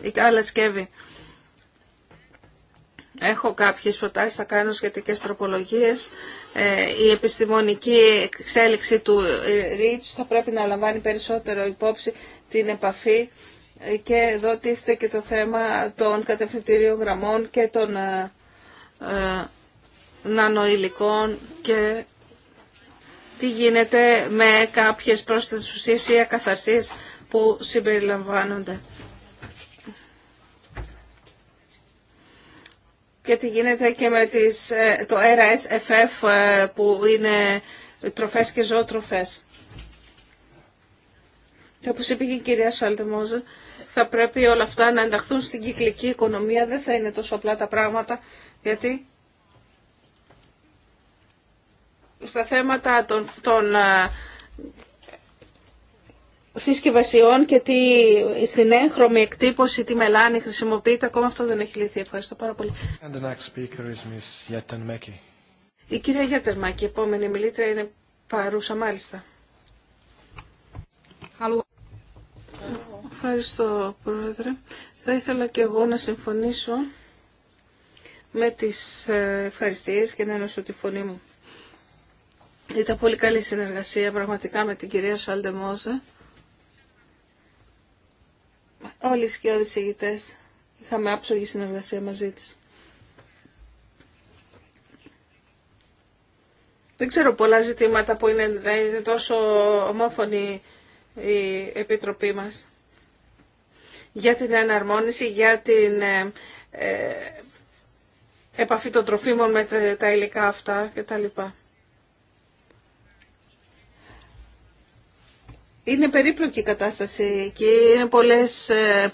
ή άλλα σκεύη. Έχω κάποιες προτάσεις, θα κάνω σχετικές τροπολογίες. Ε, η επιστημονική εξέλιξη του REACH ε, θα πρέπει να λαμβάνει περισσότερο υπόψη την επαφή ε, και εδώ και το θέμα των κατευθυντήριων γραμμών και των νανοηλικών και τι γίνεται με κάποιες πρόσθετες ουσίες ή ακαθαρσίες που συμπεριλαμβάνονται. και τι γίνεται και με τις, ε, το RSFF ε, που είναι τροφές και ζωοτροφές. Και όπως είπε και η κυρία Σαλτεμόζε, θα πρέπει όλα αυτά να ενταχθούν στην κυκλική οικονομία. Δεν θα είναι τόσο απλά τα πράγματα, γιατί στα θέματα των ε, συσκευασιών και τι, στην έγχρωμη εκτύπωση, τι μελάνη χρησιμοποιείται, ακόμα αυτό δεν έχει λυθεί. Ευχαριστώ πάρα πολύ. η κυρία Γιατερμάκη, επόμενη μιλήτρια είναι παρούσα μάλιστα. Ευχαριστώ, Πρόεδρε. Θα ήθελα και εγώ να συμφωνήσω με τις ε, ευχαριστίες και να ενώσω τη φωνή μου. Ήταν πολύ καλή συνεργασία πραγματικά με την κυρία Σάλντε Μόζε Όλοι οι σκιώδεις ηγητές είχαμε άψογη συνεργασία μαζί τους. Δεν ξέρω πολλά ζητήματα που είναι, τόσο ομόφωνη η Επιτροπή μας. Για την εναρμόνιση, για την ε, ε επαφή των τροφίμων με τα υλικά αυτά κτλ. Είναι περίπλοκη η κατάσταση και είναι πολλές ε,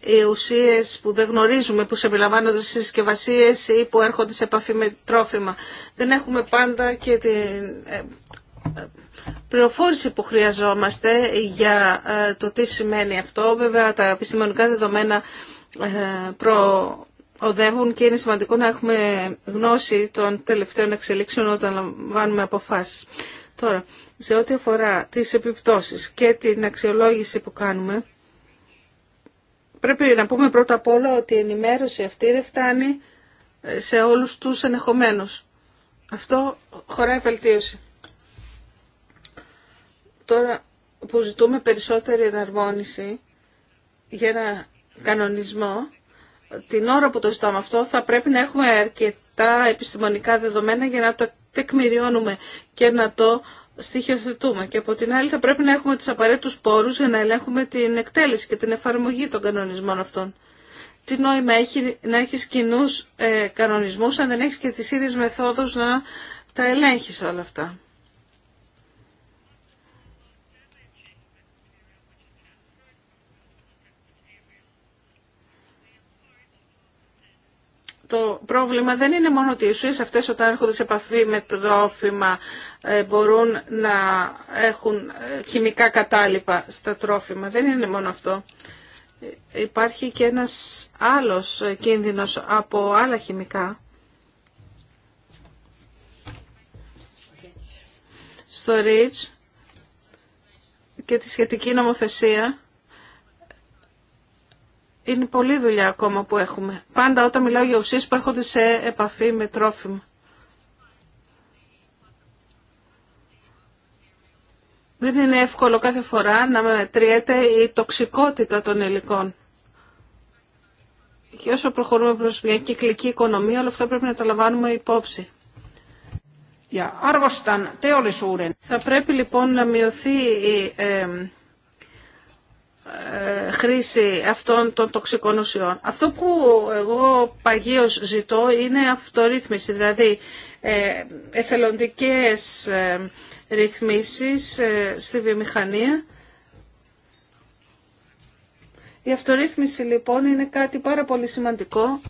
οι ουσίες που δεν γνωρίζουμε, που συμπεριλαμβάνονται στις συσκευασίε ή που έρχονται σε επαφή με τρόφιμα. Δεν έχουμε πάντα και την ε, πληροφόρηση που χρειαζόμαστε για ε, το τι σημαίνει αυτό. Βέβαια τα επιστημονικά δεδομένα προοδεύουν και είναι σημαντικό να έχουμε γνώση των τελευταίων εξελίξεων όταν λαμβάνουμε αποφάσεις. Τώρα, σε ό,τι αφορά τις επιπτώσεις και την αξιολόγηση που κάνουμε, πρέπει να πούμε πρώτα απ' όλα ότι η ενημέρωση αυτή δεν φτάνει ε, σε όλους τους ενεχομένους. Αυτό χωράει βελτίωση. Τώρα που ζητούμε περισσότερη εναρμόνιση για ένα κανονισμό, την ώρα που το ζητάμε αυτό θα πρέπει να έχουμε αρκετά επιστημονικά δεδομένα για να το τεκμηριώνουμε και να το στοιχειοθετούμε και από την άλλη θα πρέπει να έχουμε τους απαραίτητους πόρους για να ελέγχουμε την εκτέλεση και την εφαρμογή των κανονισμών αυτών. Τι νόημα έχει να έχεις κοινού ε, κανονισμούς αν δεν έχεις και τις ίδιες μεθόδους να τα ελέγχεις όλα αυτά. το πρόβλημα δεν είναι μόνο ότι οι ουσίες αυτές όταν έρχονται σε επαφή με τρόφιμα ε, μπορούν να έχουν ε, χημικά κατάλοιπα στα τρόφιμα. Δεν είναι μόνο αυτό. Υπάρχει και ένας άλλος ε, κίνδυνος από άλλα χημικά. Στο και τη σχετική νομοθεσία είναι πολλή δουλειά ακόμα που έχουμε. Πάντα όταν μιλάω για ουσίες που έρχονται σε επαφή με τρόφιμα. Δεν είναι εύκολο κάθε φορά να μετριέται η τοξικότητα των υλικών. Και όσο προχωρούμε προς μια κυκλική οικονομία, όλα αυτά πρέπει να τα λαμβάνουμε υπόψη. θα πρέπει λοιπόν να μειωθεί η ε, ε, χρήση αυτών των τοξικών ουσιών. Αυτό που εγώ παγίως ζητώ είναι αυτορύθμιση, δηλαδή ε, εθελοντικές ε, ρυθμίσεις στη βιομηχανία. Η αυτορύθμιση λοιπόν είναι κάτι πάρα πολύ σημαντικό.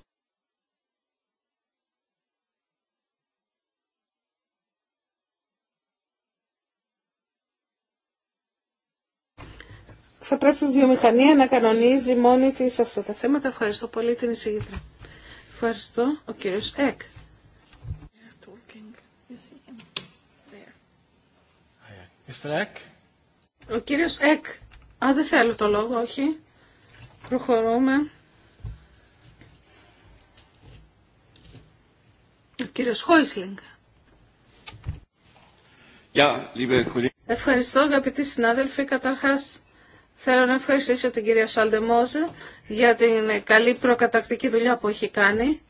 θα πρέπει η βιομηχανία να κανονίζει μόνη τη αυτά τα θέματα. Ευχαριστώ πολύ την εισηγήτρια. Ευχαριστώ. Ο κύριος Εκ. Ο κύριος Εκ. Α, δεν θέλω το λόγο, όχι. Προχωρούμε. Ο κύριος Χόισλινγκ. Ευχαριστώ αγαπητοί συνάδελφοι. Καταρχάς Θέλω να ευχαριστήσω την κυρία Σαλντεμόζε για την καλή προκατακτική δουλειά που έχει κάνει.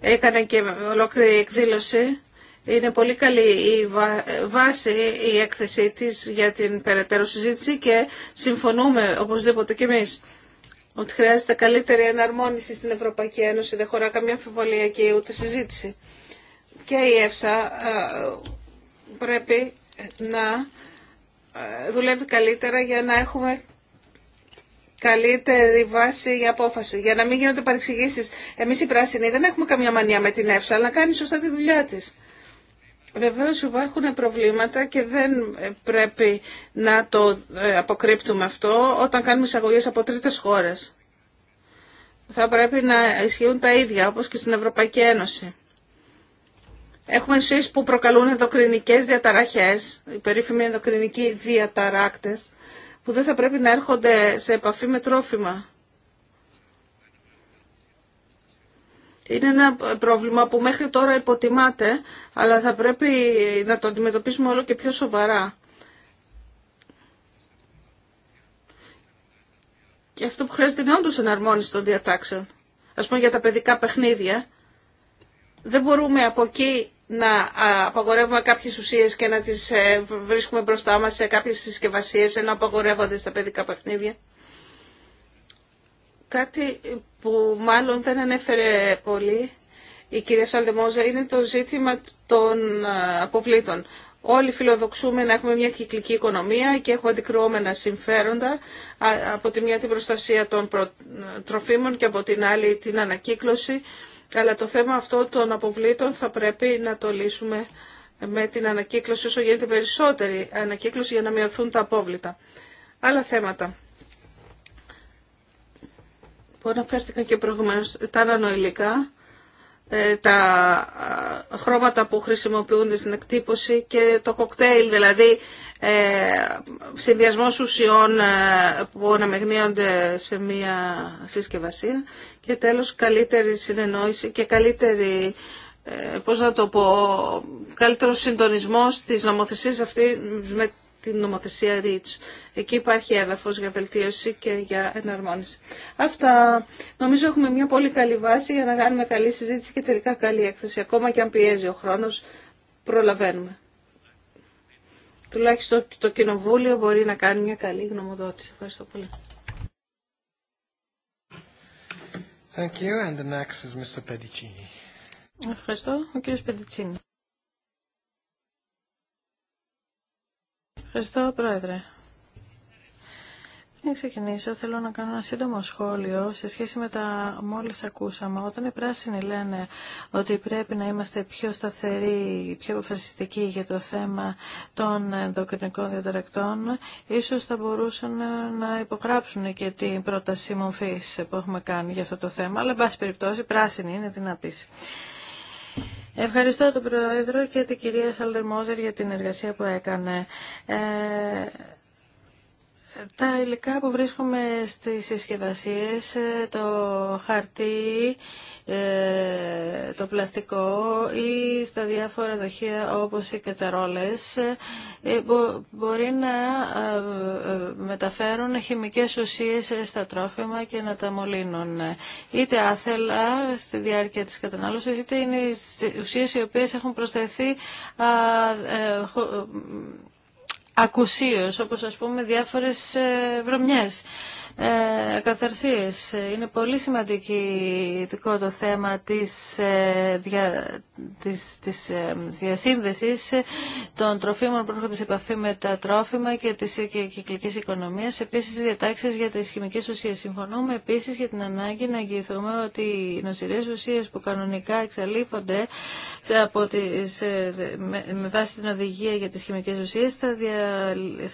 Έκανε και ολόκληρη εκδήλωση. Είναι πολύ καλή η βάση, η έκθεσή της για την περαιτέρω συζήτηση και συμφωνούμε οπωσδήποτε κι εμείς ότι χρειάζεται καλύτερη εναρμόνιση στην Ευρωπαϊκή Ένωση. Δεν χωρά καμία αμφιβολία και ούτε συζήτηση. Και η ΕΦΣΑ ε, πρέπει να ε, δουλεύει καλύτερα για να έχουμε καλύτερη βάση για απόφαση. Για να μην γίνονται παρεξηγήσει. Εμεί οι πράσινοι δεν έχουμε καμία μανία με την ΕΦΣΑ, αλλά να κάνει σωστά τη δουλειά τη. Βεβαίω υπάρχουν προβλήματα και δεν πρέπει να το ε, αποκρύπτουμε αυτό όταν κάνουμε εισαγωγέ από τρίτε χώρε. Θα πρέπει να ισχύουν τα ίδια όπω και στην Ευρωπαϊκή Ένωση. Έχουμε εσεί που προκαλούν ενδοκρινικέ διαταραχέ, οι περίφημοι ενδοκρινικοί διαταράκτες, που δεν θα πρέπει να έρχονται σε επαφή με τρόφιμα. Είναι ένα πρόβλημα που μέχρι τώρα υποτιμάται, αλλά θα πρέπει να το αντιμετωπίσουμε όλο και πιο σοβαρά. Και αυτό που χρειάζεται είναι όντως εναρμόνιση των διατάξεων. Ας πούμε για τα παιδικά παιχνίδια. Δεν μπορούμε από εκεί να απαγορεύουμε κάποιες ουσίες και να τις ε, βρίσκουμε μπροστά μας σε κάποιες συσκευασίες ενώ απαγορεύονται στα παιδικά παιχνίδια. Κάτι που μάλλον δεν ανέφερε πολύ η κυρία Σαλδεμόζα είναι το ζήτημα των ε, αποβλήτων. Όλοι φιλοδοξούμε να έχουμε μια κυκλική οικονομία και έχουμε αντικρουόμενα συμφέροντα από τη μια την προστασία των ε, τροφίμων και από την άλλη την ανακύκλωση. Αλλά το θέμα αυτό των αποβλήτων θα πρέπει να το λύσουμε με την ανακύκλωση όσο γίνεται περισσότερη ανακύκλωση για να μειωθούν τα απόβλητα. Άλλα θέματα που αναφέρθηκαν και προηγουμένως, τα νανοηλικά ε, τα ε, χρώματα που χρησιμοποιούνται στην εκτύπωση και το κοκτέιλ, δηλαδή ε, ουσιών ε, που αναμεγνύονται σε μία συσκευασία και τέλος καλύτερη συνεννόηση και καλύτερη πώς να το πω, καλύτερο συντονισμό της νομοθεσία αυτή με την νομοθεσία REACH. Εκεί υπάρχει έδαφος για βελτίωση και για εναρμόνιση. Αυτά νομίζω έχουμε μια πολύ καλή βάση για να κάνουμε καλή συζήτηση και τελικά καλή έκθεση. Ακόμα και αν πιέζει ο χρόνος, προλαβαίνουμε. Τουλάχιστον το Κοινοβούλιο μπορεί να κάνει μια καλή γνωμοδότηση. Ευχαριστώ πολύ. Thank you. And the is Mr. Ευχαριστώ. Ο κύριος Πεντιτσίνη. Ευχαριστώ, Πρόεδρε. Πριν ξεκινήσω, θέλω να κάνω ένα σύντομο σχόλιο σε σχέση με τα μόλις ακούσαμε. Όταν οι πράσινοι λένε ότι πρέπει να είμαστε πιο σταθεροί, πιο αποφασιστικοί για το θέμα των ενδοκρινικών διαταρακτών, ίσως θα μπορούσαν να υπογράψουν και την πρόταση μορφή που έχουμε κάνει για αυτό το θέμα. Αλλά, εν πάση περιπτώσει, πράσινοι είναι την Ευχαριστώ τον Πρόεδρο και την κυρία Σαλδερμόζερ για την εργασία που έκανε. Ε, τα υλικά που βρίσκουμε στις συσκευασίε, ε, το χαρτί, ε, το πλαστικό ή στα διάφορα δοχεία όπως οι κατσαρόλες ε, μπορεί να μεταφέρουν χημικές ουσίες στα τρόφιμα και να τα μολύνουν. Είτε άθελα στη διάρκεια της κατανάλωσης, είτε είναι ουσίες οι οποίες έχουν προσθεθεί ακουσίως, όπως ας πούμε διάφορες ε, βρωμιές ε, καθαρσίες. Είναι πολύ σημαντικό το θέμα της, ε, δια, της, ε, διασύνδεσης των τροφίμων που έρχονται σε επαφή με τα τρόφιμα και της ε, και κυκλικής οικονομίας. Επίσης, διατάξεις για τις χημικές ουσίες. Συμφωνούμε επίσης για την ανάγκη να εγγυηθούμε ότι οι νοσηρές ουσίες που κανονικά εξαλείφονται ε, με, βάση την οδηγία για τις χημικές ουσίες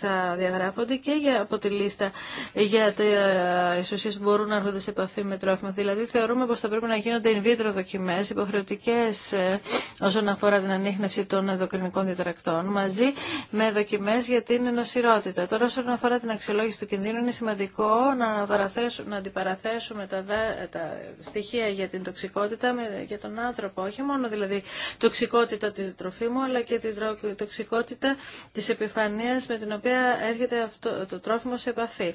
θα, διαγράφονται και από τη λίστα για τα ε, ουσίε που μπορούν να έρχονται σε επαφή με τρόφιμα. Δηλαδή θεωρούμε πως θα πρέπει να γίνονται in vitro δοκιμές υποχρεωτικές ε, όσον αφορά την ανείχνευση των ενδοκρινικών διτρακτών μαζί με δοκιμέ για την νοσηρότητα. Τώρα όσον αφορά την αξιολόγηση του κινδύνου είναι σημαντικό να, να αντιπαραθέσουμε τα, τα στοιχεία για την τοξικότητα με, για τον άνθρωπο. Όχι μόνο δηλαδή τοξικότητα τη τροφίμου αλλά και την τοξικότητα τη επιφανία με την οποία έρχεται αυτό, το τρόφιμο σε επαφή.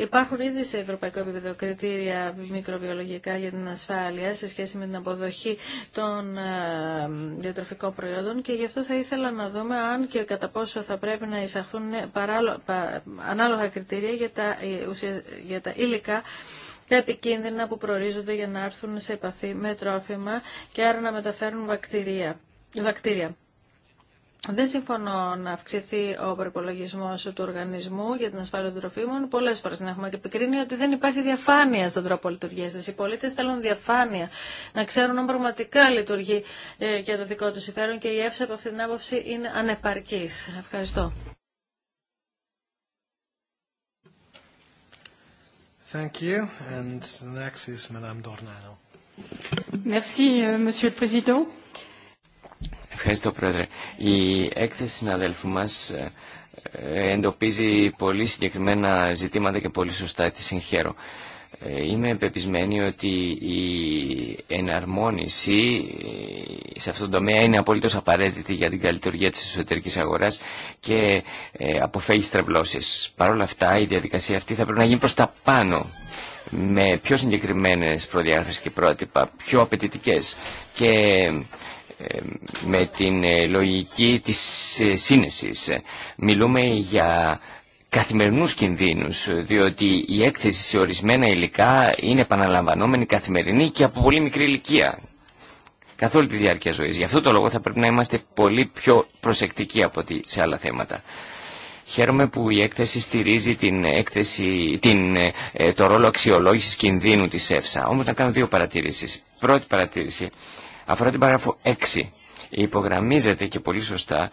Υπάρχουν ήδη σε ευρωπαϊκό επίπεδο κριτήρια μικροβιολογικά για την ασφάλεια σε σχέση με την αποδοχή των ε, διατροφικών προϊόντων και γι' αυτό θα ήθελα να δούμε αν και κατά πόσο θα πρέπει να εισαχθούν ε, ανάλογα κριτήρια για τα, ε, για τα υλικά τα επικίνδυνα που προορίζονται για να έρθουν σε επαφή με τρόφιμα και άρα να μεταφέρουν βακτήρια. Δεν συμφωνώ να αυξηθεί ο προπολογισμό του οργανισμού για την ασφάλεια των τροφίμων. Πολλέ φορέ την έχουμε επικρίνει ότι δεν υπάρχει διαφάνεια στον τρόπο λειτουργία τη. Οι πολίτε θέλουν διαφάνεια, να ξέρουν αν πραγματικά λειτουργεί ε, για το δικό του συμφέρον και η ΕΦΣΑ από αυτή την άποψη είναι ανεπαρκή. Ευχαριστώ. Thank you. And next is Madame Merci, euh, Monsieur le Président. Ευχαριστώ, Πρόεδρε. Η έκθεση συναδέλφου μας ε, ε, εντοπίζει πολύ συγκεκριμένα ζητήματα και πολύ σωστά τη συγχαίρω. Ε, είμαι πεπισμένη ότι η εναρμόνιση σε αυτόν τον τομέα είναι απολύτως απαραίτητη για την καλλιτουργία της εσωτερικής αγοράς και αποφεύγει στρεβλώσεις. Παρ' όλα αυτά η διαδικασία αυτή θα πρέπει να γίνει προς τα πάνω με πιο συγκεκριμένες προδιάγραφες και πρότυπα, πιο απαιτητικέ και με την ε, λογική της ε, σύνεσης. Μιλούμε για καθημερινούς κινδύνους, διότι η έκθεση σε ορισμένα υλικά είναι επαναλαμβανόμενη καθημερινή και από πολύ μικρή ηλικία. Καθ' όλη τη διάρκεια ζωής. Γι' αυτό το λόγο θα πρέπει να είμαστε πολύ πιο προσεκτικοί από ό,τι σε άλλα θέματα. Χαίρομαι που η έκθεση στηρίζει την έκθεση, την, ε, το ρόλο αξιολόγησης κινδύνου της ΕΦΣΑ. Όμως να κάνω δύο παρατηρήσεις. Πρώτη παρατήρηση αφορά την παράγραφο 6. Υπογραμμίζεται και πολύ σωστά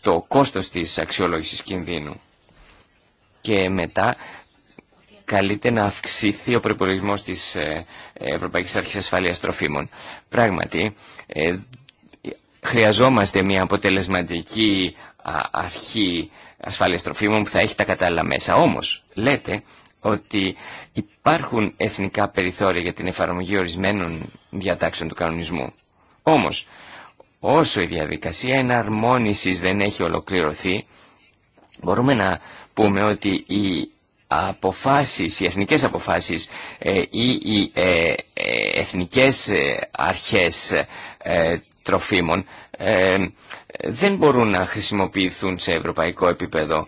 το κόστος της αξιολόγησης κινδύνου. Και μετά καλείται να αυξηθεί ο προπολογισμό της ε, Ευρωπαϊκής Αρχής Ασφαλείας Τροφίμων. Πράγματι, ε, χρειαζόμαστε μια αποτελεσματική αρχή ασφάλειας τροφίμων που θα έχει τα κατάλληλα μέσα. Όμως, λέτε ότι υπάρχουν εθνικά περιθώρια για την εφαρμογή ορισμένων διατάξεων του κανονισμού. Όμως, όσο η διαδικασία εναρμόνισης δεν έχει ολοκληρωθεί, μπορούμε να πούμε ότι οι αποφάσεις, οι εθνικές αποφάσεις ε, ή οι ε, ε, εθνικές αρχές τροφίμων δεν μπορούν να χρησιμοποιηθούν σε ευρωπαϊκό επίπεδο.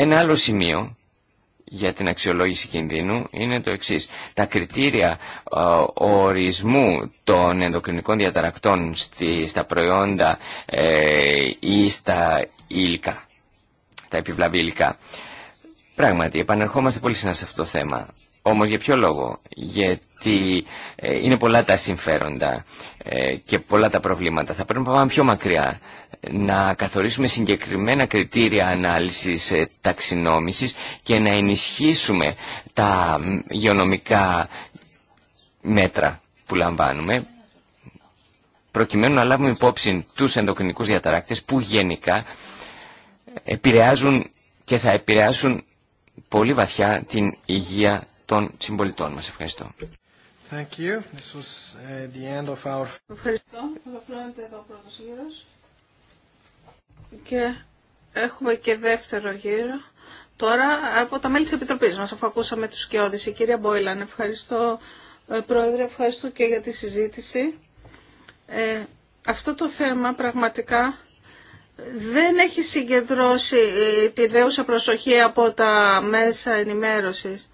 Ένα άλλο σημείο για την αξιολόγηση κινδύνου είναι το εξής. Τα κριτήρια ε, ορισμού των ενδοκρινικών διαταρακτών στη, στα προϊόντα ε, ή στα υλικά, τα επιβλαβή υλικά. Πράγματι, επανερχόμαστε πολύ συχνά σε αυτό το θέμα. Όμως για ποιο λόγο. Γιατί ε, είναι πολλά τα συμφέροντα ε, και πολλά τα προβλήματα. Θα πρέπει να πάμε πιο μακριά. Να καθορίσουμε συγκεκριμένα κριτήρια ανάλυσης ε, ταξινόμησης και να ενισχύσουμε τα υγειονομικά μέτρα που λαμβάνουμε προκειμένου να λάβουμε υπόψη τους ενδοκρινικούς διαταράκτες που γενικά επηρεάζουν και θα επηρεάσουν πολύ βαθιά την υγεία των συμπολιτών μας. Ευχαριστώ. Thank you. This was uh, the end of our... Ευχαριστώ. Ολοκληρώνεται εδώ ο πρώτος γύρος. Και έχουμε και δεύτερο γύρο. Τώρα από τα μέλη της Επιτροπής μας, αφού ακούσαμε τους Σκιώδης, η κυρία Μπόιλαν, ευχαριστώ ε, Πρόεδρε, ευχαριστώ και για τη συζήτηση. Ε, αυτό το θέμα πραγματικά δεν έχει συγκεντρώσει ε, τη δέουσα προσοχή από τα μέσα ενημέρωσης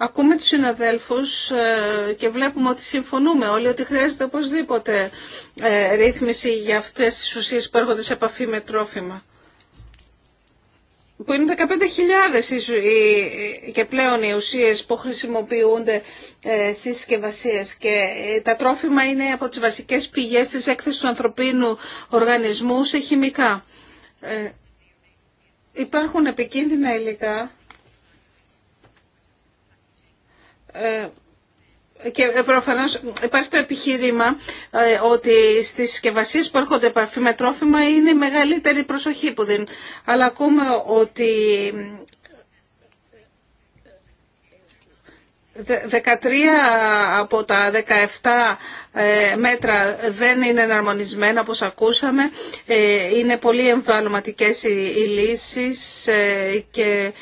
ακούμε τους συναδέλφους ε, και βλέπουμε ότι συμφωνούμε όλοι ότι χρειάζεται οπωσδήποτε ε, ρύθμιση για αυτές τις ουσίες που έρχονται σε επαφή με τρόφιμα. Που είναι 15.000 και πλέον οι ουσίες που χρησιμοποιούνται ε, στις συσκευασίε και τα τρόφιμα είναι από τις βασικές πηγές της έκθεσης του ανθρωπίνου οργανισμού σε χημικά. Υπάρχουν επικίνδυνα υλικά Ε, και ε, προφανώ υπάρχει το επιχείρημα ε, ότι στι συσκευασίε που έρχονται επαφή με τρόφιμα είναι μεγαλύτερη προσοχή που δίνουν. Αλλά ακούμε ότι 13 από τα 17 μέτρα δεν είναι εναρμονισμένα όπως ακούσαμε. Είναι πολύ εμβαλωματικές οι λύσεις και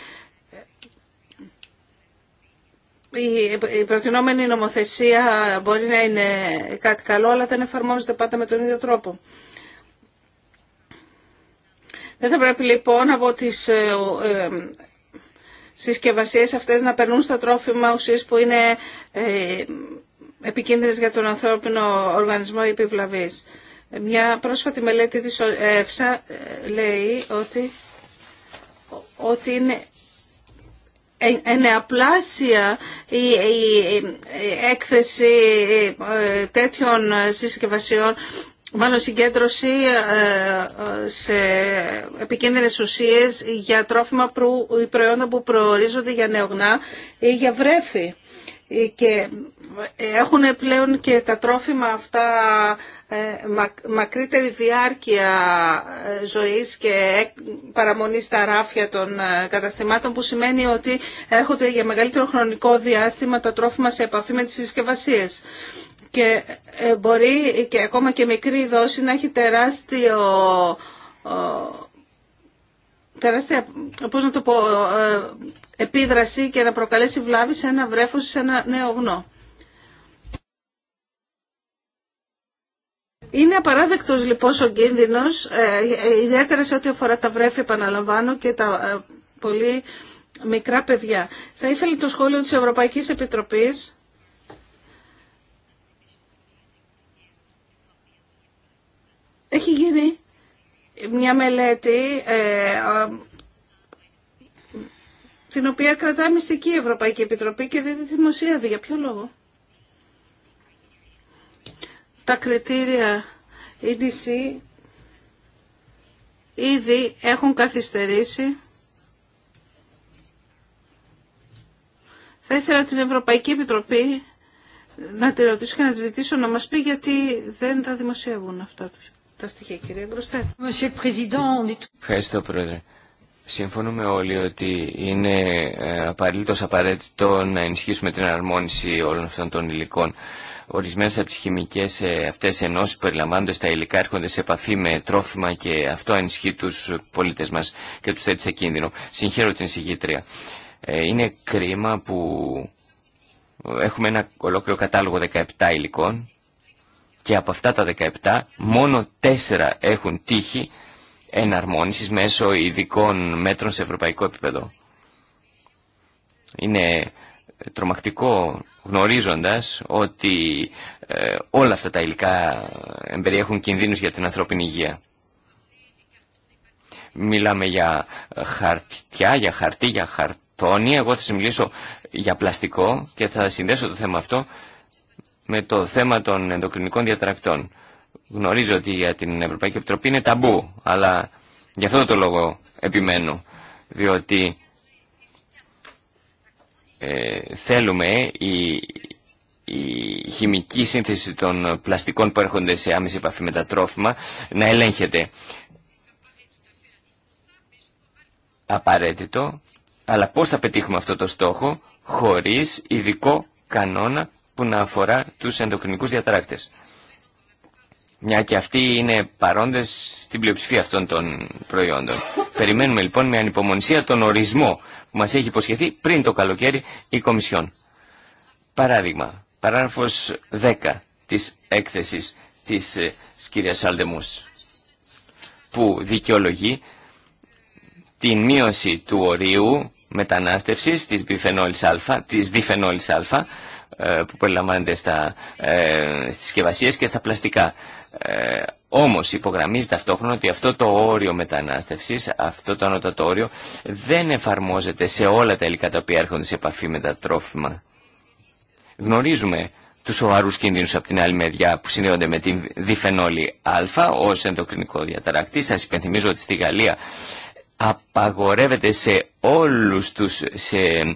η προτινόμενη νομοθεσία μπορεί να είναι κάτι καλό, αλλά δεν εφαρμόζεται πάντα με τον ίδιο τρόπο. Δεν θα πρέπει λοιπόν από τις ε, ε, συσκευασίες αυτές να περνούν στα τρόφιμα ουσίες που είναι ε, επικίνδυνες για τον ανθρώπινο οργανισμό ή επιβλαβής. Μια πρόσφατη μελέτη της ΕΦΣΑ λέει ότι, ότι είναι ενεαπλάσια ε, η, έκθεση ε, τέτοιων συσκευασιών Μάλλον συγκέντρωση ε, σε επικίνδυνες ουσίες για τρόφιμα ή προϊόντα που προορίζονται για νεογνά ή για βρέφη. Και έχουν πλέον και τα τρόφιμα αυτά ε, μακρύτερη διάρκεια ε, ζωής και παραμονή στα ράφια των ε, καταστημάτων που σημαίνει ότι έρχονται για μεγαλύτερο χρονικό διάστημα τα τρόφιμα σε επαφή με τις συσκευασίε. Και μπορεί και ακόμα και μικρή δόση να έχει τεράστιο τεράστια, πώς να το επίδραση και να προκαλέσει βλάβη σε ένα βρέφος, σε ένα νέο γνώ. Είναι απαράδεκτος λοιπόν ο κίνδυνος, ε, ιδιαίτερα σε ό,τι αφορά τα βρέφη, επαναλαμβάνω, και τα ε, πολύ μικρά παιδιά. Θα ήθελα το σχόλιο της Ευρωπαϊκής Επιτροπής Έχει γίνει μια μελέτη ε, ε την οποία κρατά μυστική η Ευρωπαϊκή Επιτροπή και δεν τη δημοσίευε. Για ποιο λόγο τα κριτήρια EDC ήδη έχουν καθυστερήσει. Θα ήθελα την Ευρωπαϊκή Επιτροπή να τη ρωτήσω και να τη ζητήσω να μας πει γιατί δεν τα δημοσιεύουν αυτά τα στοιχεία, κύριε Ευχαριστώ, Πρόεδρε. Συμφωνούμε όλοι ότι είναι ε, απαραίτητο απαραίτητο να ενισχύσουμε την αρμόνιση όλων αυτών των υλικών. Ορισμένε από τι χημικέ ε, αυτέ ενώσει που περιλαμβάνονται στα υλικά έρχονται σε επαφή με τρόφιμα και αυτό ενισχύει του πολίτε μα και του θέτει σε κίνδυνο. Συγχαίρω την εισηγήτρια. Ε, είναι κρίμα που έχουμε ένα ολόκληρο κατάλογο 17 υλικών και από αυτά τα 17 μόνο 4 έχουν τύχη εναρμόνισης μέσω ειδικών μέτρων σε ευρωπαϊκό επίπεδο. Είναι τρομακτικό γνωρίζοντας ότι ε, όλα αυτά τα υλικά περιέχουν κινδύνους για την ανθρώπινη υγεία. Μιλάμε για χαρτιά, για χαρτί, για χαρτόνι. Εγώ θα σας μιλήσω για πλαστικό και θα συνδέσω το θέμα αυτό με το θέμα των ενδοκρινικών διατρακτών. Γνωρίζω ότι για την Ευρωπαϊκή Επιτροπή είναι ταμπού, αλλά για αυτό το λόγο επιμένω, διότι ε, θέλουμε η, η χημική σύνθεση των πλαστικών που έρχονται σε άμεση επαφή με τα τρόφιμα να ελέγχεται. Απαραίτητο, αλλά πώς θα πετύχουμε αυτό το στόχο χωρίς ειδικό κανόνα που να αφορά τους ενδοκρινικούς διαταράκτες. Μια και αυτοί είναι παρόντες στην πλειοψηφία αυτών των προϊόντων. Περιμένουμε λοιπόν με ανυπομονησία τον ορισμό που μας έχει υποσχεθεί πριν το καλοκαίρι η Κομισιόν. Παράδειγμα, παράγραφος 10 της έκθεσης της ε, κυρίας Σαλδεμούς που δικαιολογεί την μείωση του ορίου μετανάστευσης της, της διφενόλης α ε, που περιλαμβάνεται στα, ε, στις συσκευασίε και στα πλαστικά. Ε, όμως υπογραμμίζει ταυτόχρονα ότι αυτό το όριο μετανάστευσης, αυτό το ανώτατο δεν εφαρμόζεται σε όλα τα υλικά τα οποία έρχονται σε επαφή με τα τρόφιμα. Γνωρίζουμε του σοβαρού κίνδυνους από την άλλη μεριά που συνδέονται με τη διφενόλη Α ω ενδοκρινικό διαταρακτή. Σα υπενθυμίζω ότι στη Γαλλία απαγορεύεται σε όλους τους σε ε,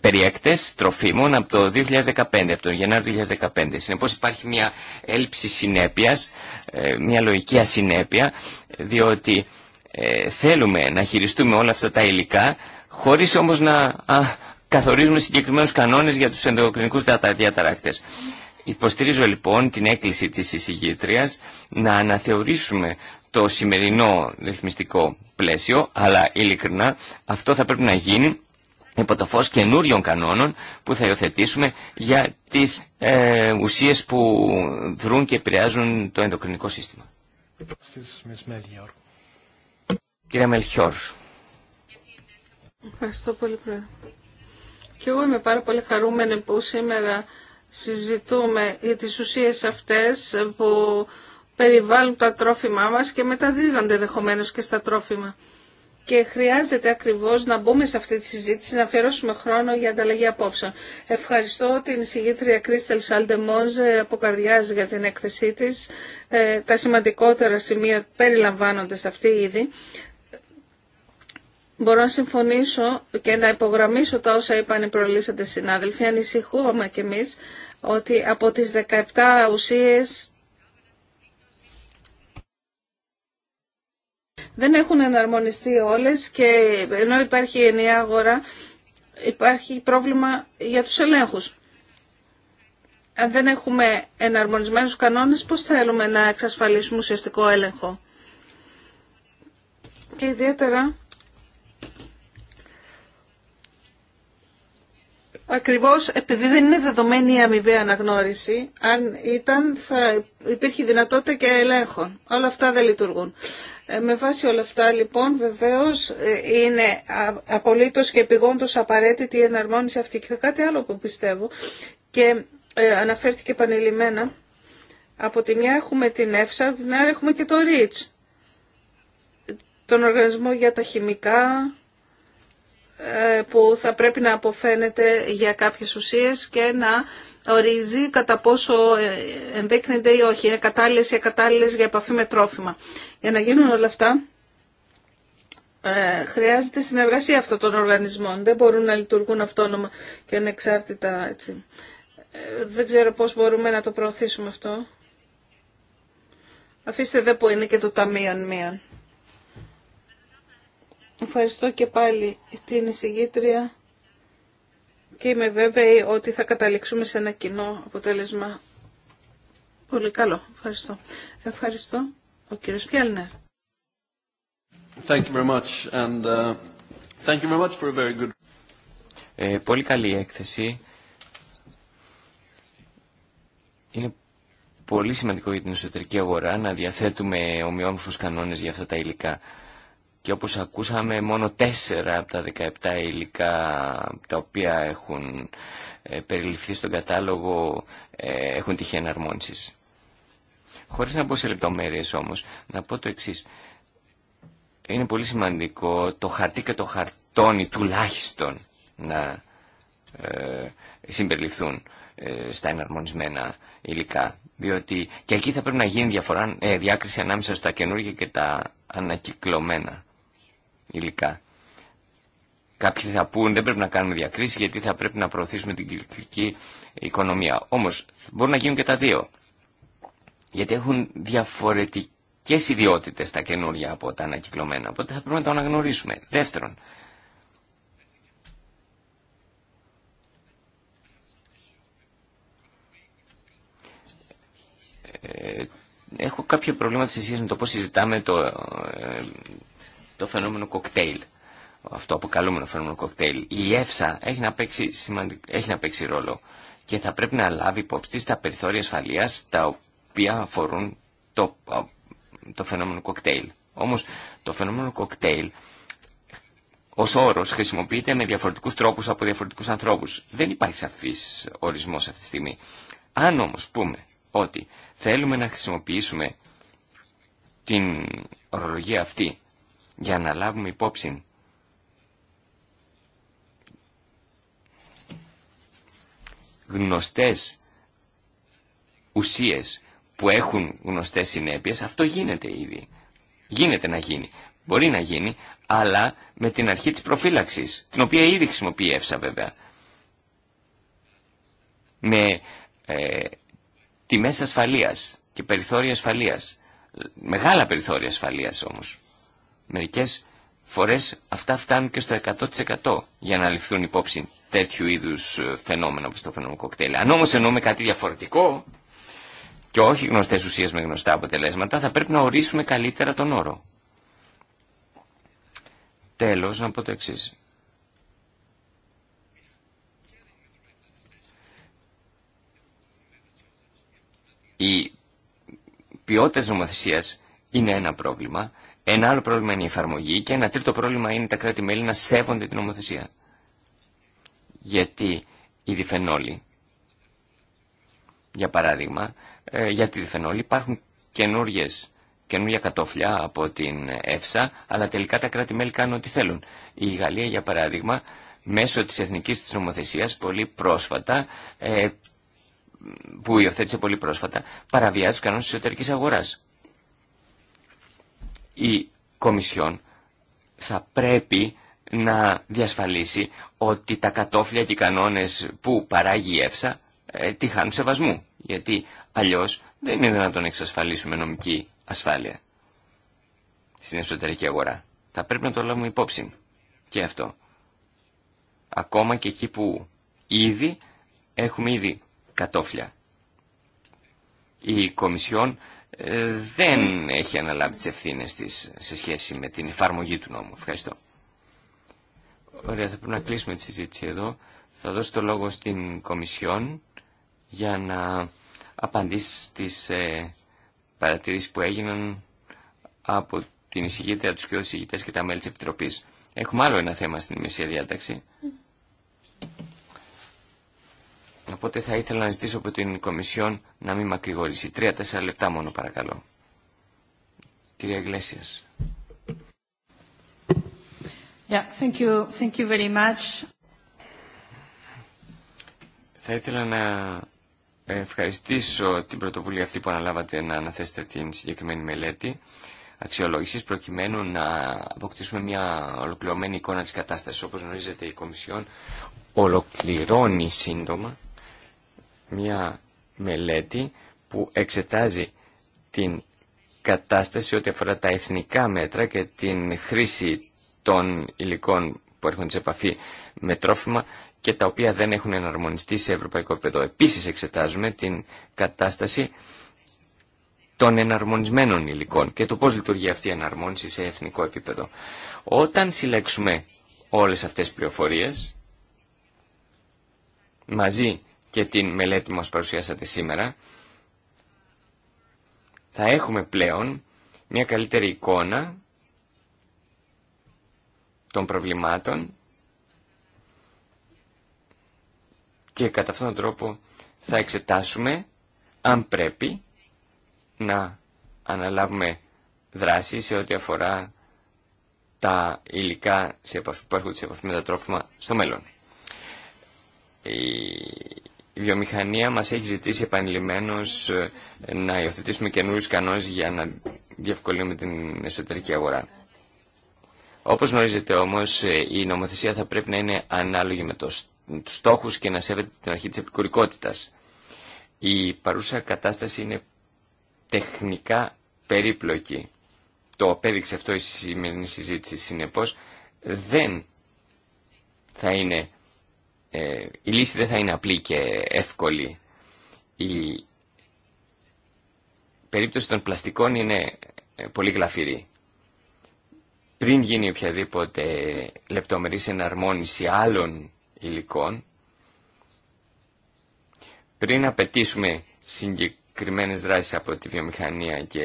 περιεκτές τροφίμων από το 2015, από τον Γενάριο του 2015. Συνεπώς υπάρχει μια έλλειψη συνέπειας, ε, μια λογική ασυνέπεια, διότι ε, θέλουμε να χειριστούμε όλα αυτά τα υλικά, χωρίς όμως να καθορίζουμε συγκεκριμένους κανόνες για τους ενδοκρινικούς διαταράκτες. Υποστηρίζω λοιπόν την έκκληση της εισηγήτριας να αναθεωρήσουμε το σημερινό ρυθμιστικό πλαίσιο, αλλά ειλικρινά αυτό θα πρέπει να γίνει υπό το φως καινούριων κανόνων που θα υιοθετήσουμε για τις ε, ουσίες που δρούν και επηρεάζουν το ενδοκρινικό σύστημα. Κύριε Μελχιόρ. Ευχαριστώ πολύ, Πρόεδρε. Και εγώ είμαι πάρα πολύ χαρούμενη που σήμερα συζητούμε για τις ουσίες αυτές που περιβάλλουν τα τρόφιμά μας και μεταδίδονται δεχομένως και στα τρόφιμα. Και χρειάζεται ακριβώς να μπούμε σε αυτή τη συζήτηση, να αφιερώσουμε χρόνο για ανταλλαγή απόψεων. Ευχαριστώ την συγγήτρια Κρίστελ Σαλντεμόζε από καρδιάς για την έκθεσή της. Ε, τα σημαντικότερα σημεία περιλαμβάνονται σε αυτή ήδη. Μπορώ να συμφωνήσω και να υπογραμμίσω τα όσα είπαν οι προλύσαντες συνάδελφοι. Ανησυχούμε κι εμείς ότι από τις 17 ουσίες δεν έχουν εναρμονιστεί όλες και ενώ υπάρχει ενιαία αγορά υπάρχει πρόβλημα για τους ελέγχους. Αν δεν έχουμε εναρμονισμένους κανόνες πώς θέλουμε να εξασφαλίσουμε ουσιαστικό έλεγχο. Και ιδιαίτερα Ακριβώς επειδή δεν είναι δεδομένη η αμοιβή αναγνώριση, αν ήταν θα υπήρχε δυνατότητα και ελέγχων. Όλα αυτά δεν λειτουργούν. Ε, με βάση όλα αυτά λοιπόν βεβαίως ε, είναι απολύτως και επιγόντως απαραίτητη η εναρμόνιση αυτή και κάτι άλλο που πιστεύω και ε, αναφέρθηκε επανειλημμένα από τη μια έχουμε την ΕΦΣΑ, από την άλλη έχουμε και το ΡΙΤΣ τον οργανισμό για τα χημικά που θα πρέπει να αποφαίνεται για κάποιες ουσίες και να ορίζει κατά πόσο ε, ενδέκνεται ή όχι, είναι κατάλληλες ή ακατάλληλες για επαφή με τρόφιμα. Για να γίνουν όλα αυτά, ε, χρειάζεται συνεργασία αυτών των οργανισμών. Δεν μπορούν να λειτουργούν αυτόνομα και ανεξάρτητα έτσι. Ε, δεν ξέρω πώς μπορούμε να το προωθήσουμε αυτό. Αφήστε δε που είναι και το ταμείο μία. Ευχαριστώ και πάλι την εισηγήτρια και είμαι βέβαιη ότι θα καταλήξουμε σε ένα κοινό αποτέλεσμα πολύ καλό. Ευχαριστώ. Ευχαριστώ. Ο κύριος Πιέλνερ. πολύ καλή έκθεση. Είναι πολύ σημαντικό για την εσωτερική αγορά να διαθέτουμε ομοιόμορφους κανόνες για αυτά τα υλικά και όπως ακούσαμε μόνο τέσσερα από τα 17 υλικά τα οποία έχουν ε, περιληφθεί στον κατάλογο ε, έχουν τυχαία εναρμόνισης. Χωρίς να πω σε λεπτομέρειες όμως, να πω το εξής. Είναι πολύ σημαντικό το χαρτί και το χαρτόνι τουλάχιστον να ε, συμπεριληφθούν ε, στα εναρμονισμένα υλικά. Διότι και εκεί θα πρέπει να γίνει διαφορά, διάκριση ανάμεσα στα καινούργια και τα ανακυκλωμένα υλικά. Κάποιοι θα πούν δεν πρέπει να κάνουμε διακρίση, γιατί θα πρέπει να προωθήσουμε την κυκλική οικονομία. Όμω, μπορούν να γίνουν και τα δύο. Γιατί έχουν διαφορετικέ ιδιότητε τα καινούργια από τα ανακυκλωμένα. Οπότε θα πρέπει να τα αναγνωρίσουμε. Δεύτερον, ε, έχω κάποια προβλήματα σε σχέση με το πώς συζητάμε το, ε, το φαινόμενο κοκτέιλ. Αυτό αποκαλούμενο φαινόμενο κοκτέιλ. Η ΕΦΣΑ έχει να παίξει, έχει να παίξει ρόλο και θα πρέπει να λάβει υπόψη τα περιθώρια ασφαλεία τα οποία αφορούν το, το φαινόμενο κοκτέιλ. Όμω, το φαινόμενο κοκτέιλ ω όρο χρησιμοποιείται με διαφορετικού τρόπου από διαφορετικού ανθρώπου. Δεν υπάρχει σαφής ορισμό αυτή τη στιγμή. Αν όμω πούμε ότι θέλουμε να χρησιμοποιήσουμε την ορολογία αυτή για να λάβουμε υπόψη γνωστές ουσίες που έχουν γνωστές συνέπειες, αυτό γίνεται ήδη. Γίνεται να γίνει. Μπορεί να γίνει, αλλά με την αρχή της προφύλαξης, την οποία ήδη χρησιμοποιεί βέβαια. Με ε, τιμές ασφαλείας και περιθώρια ασφαλείας. Μεγάλα περιθώρια ασφαλείας όμως. Μερικές φορές αυτά φτάνουν και στο 100% για να ληφθούν υπόψη τέτοιου είδους ε, φαινόμενα όπως το φαινόμενο κοκτέιλ. Αν όμως εννοούμε κάτι διαφορετικό και όχι γνωστές ουσίες με γνωστά αποτελέσματα θα πρέπει να ορίσουμε καλύτερα τον όρο. Τέλος, να πω το εξή. Οι ποιότητες νομοθεσία είναι ένα πρόβλημα. Ένα άλλο πρόβλημα είναι η εφαρμογή και ένα τρίτο πρόβλημα είναι τα κράτη-μέλη να σέβονται την νομοθεσία. Γιατί η διφενόλη, για παράδειγμα, ε, για τη διφενόλη υπάρχουν καινούργια κατόφλια από την ΕΦΣΑ, αλλά τελικά τα κράτη-μέλη κάνουν ό,τι θέλουν. Η Γαλλία, για παράδειγμα, μέσω της εθνικής της νομοθεσίας, πολύ πρόσφατα, ε, που υιοθέτησε πολύ πρόσφατα, παραβιάζει τους κανόνες της εσωτερικής αγοράς η Κομισιόν θα πρέπει να διασφαλίσει ότι τα κατόφλια και οι κανόνες που παράγει η ΕΦΣΑ ε, τη χάνουν σεβασμού. Γιατί αλλιώς δεν είναι δυνατόν να εξασφαλίσουμε νομική ασφάλεια στην εσωτερική αγορά. Θα πρέπει να το λάβουμε υπόψη και αυτό. Ακόμα και εκεί που ήδη έχουμε ήδη κατόφλια. Η Κομισιόν ε, δεν έχει αναλάβει τις ευθύνες της σε σχέση με την εφαρμογή του νόμου. Ευχαριστώ. Ωραία, θα πρέπει να κλείσουμε τη συζήτηση εδώ. Θα δώσω το λόγο στην Κομισιόν για να απαντήσει στις ε, παρατηρήσεις που έγιναν από την εισηγήτρια, τους και εισηγητές και τα μέλη της Επιτροπής. Έχουμε άλλο ένα θέμα στην μεσαία διάταξη. Οπότε θα ήθελα να ζητήσω από την Κομισιόν να μην μακρηγορήσει. Τρία-τέσσερα λεπτά μόνο παρακαλώ. Κυρία Γκλέσιας. thank you. Thank you very much. Θα ήθελα να ευχαριστήσω την πρωτοβουλία αυτή που αναλάβατε να αναθέσετε την συγκεκριμένη μελέτη αξιολόγησης προκειμένου να αποκτήσουμε μια ολοκληρωμένη εικόνα της κατάστασης. Όπως γνωρίζετε η Κομισιόν ολοκληρώνει σύντομα μια μελέτη που εξετάζει την κατάσταση ό,τι αφορά τα εθνικά μέτρα και την χρήση των υλικών που έρχονται σε επαφή με τρόφιμα και τα οποία δεν έχουν εναρμονιστεί σε ευρωπαϊκό επίπεδο. Επίσης εξετάζουμε την κατάσταση των εναρμονισμένων υλικών και το πώς λειτουργεί αυτή η εναρμόνιση σε εθνικό επίπεδο. Όταν συλλέξουμε όλες αυτές τις πληροφορίες μαζί και την μελέτη που μας παρουσιάσατε σήμερα, θα έχουμε πλέον μια καλύτερη εικόνα των προβλημάτων και κατά αυτόν τον τρόπο θα εξετάσουμε αν πρέπει να αναλάβουμε δράση σε ό,τι αφορά τα υλικά σε επαφή, που έρχονται σε επαφή με τα τρόφιμα στο μέλλον η βιομηχανία μας έχει ζητήσει επανειλημμένως ε, να υιοθετήσουμε καινούριου κανόνες για να διευκολύνουμε την εσωτερική αγορά. Όπως γνωρίζετε όμως, ε, η νομοθεσία θα πρέπει να είναι ανάλογη με το, τους στόχους και να σέβεται την αρχή της επικουρικότητας. Η παρούσα κατάσταση είναι τεχνικά περίπλοκη. Το απέδειξε αυτό η σημερινή συζήτηση. Συνεπώς, δεν θα είναι ε, η λύση δεν θα είναι απλή και εύκολη. Η περίπτωση των πλαστικών είναι ε, πολύ γλαφυρή. Πριν γίνει οποιαδήποτε λεπτομερή εναρμόνιση άλλων υλικών, πριν απαιτήσουμε συγκεκριμένες δράσεις από τη βιομηχανία και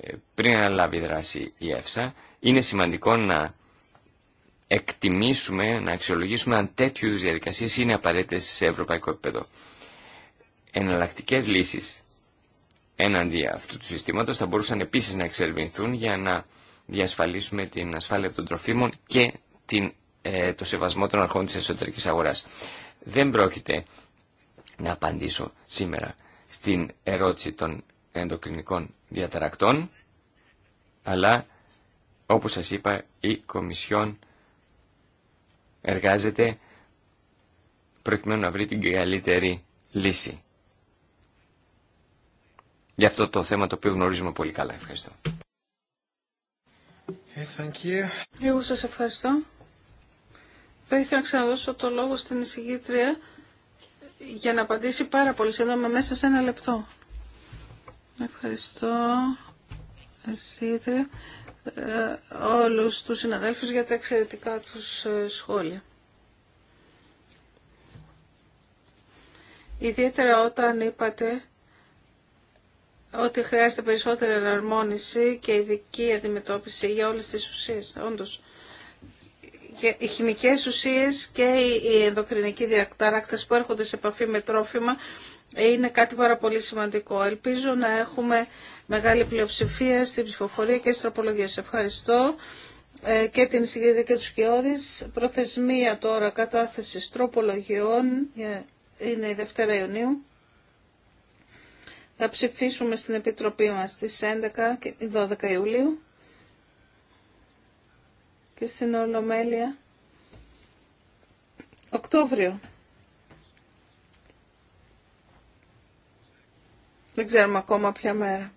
ε, πριν αναλάβει δράση η ΕΦΣΑ, είναι σημαντικό να εκτιμήσουμε, να αξιολογήσουμε αν τέτοιου είδου διαδικασίες είναι απαραίτητε σε ευρωπαϊκό επίπεδο. Εναλλακτικέ λύσεις έναντι αυτού του συστήματος θα μπορούσαν επίσης να εξερευνηθούν για να διασφαλίσουμε την ασφάλεια των τροφίμων και την, ε, το σεβασμό των αρχών της εσωτερικής αγοράς. Δεν πρόκειται να απαντήσω σήμερα στην ερώτηση των ενδοκρινικών διαταρακτών, αλλά όπως σας είπα η Κομισιόν εργάζεται προκειμένου να βρει την καλύτερη λύση. Για αυτό το θέμα το οποίο γνωρίζουμε πολύ καλά. Ευχαριστώ. Hey, Εγώ σας ευχαριστώ. Θα ήθελα να ξαναδώσω το λόγο στην εισηγήτρια για να απαντήσει πάρα πολύ σύντομα μέσα σε ένα λεπτό. Ευχαριστώ. Εισηγήτρια. Ε, όλους τους συναδέλφους για τα εξαιρετικά τους ε, σχόλια. Ιδιαίτερα όταν είπατε ότι χρειάζεται περισσότερη εναρμόνιση και ειδική αντιμετώπιση για όλες τις ουσίες, όντως. οι χημικές ουσίες και οι ενδοκρινικοί διακτάρακτες που έρχονται σε επαφή με τρόφιμα είναι κάτι πάρα πολύ σημαντικό. Ελπίζω να έχουμε μεγάλη πλειοψηφία στην ψηφοφορία και στις τροπολογίε. Ευχαριστώ ε, και την συγκεκριμένη και τους κοιόδης. Προθεσμία τώρα κατάθεση τροπολογιών ε, είναι η Δευτέρα Ιουνίου. Θα ψηφίσουμε στην Επιτροπή μας στις 11 και 12 Ιουλίου και στην Ολομέλεια Οκτώβριο. Δεν ξέρουμε ακόμα ποια μέρα.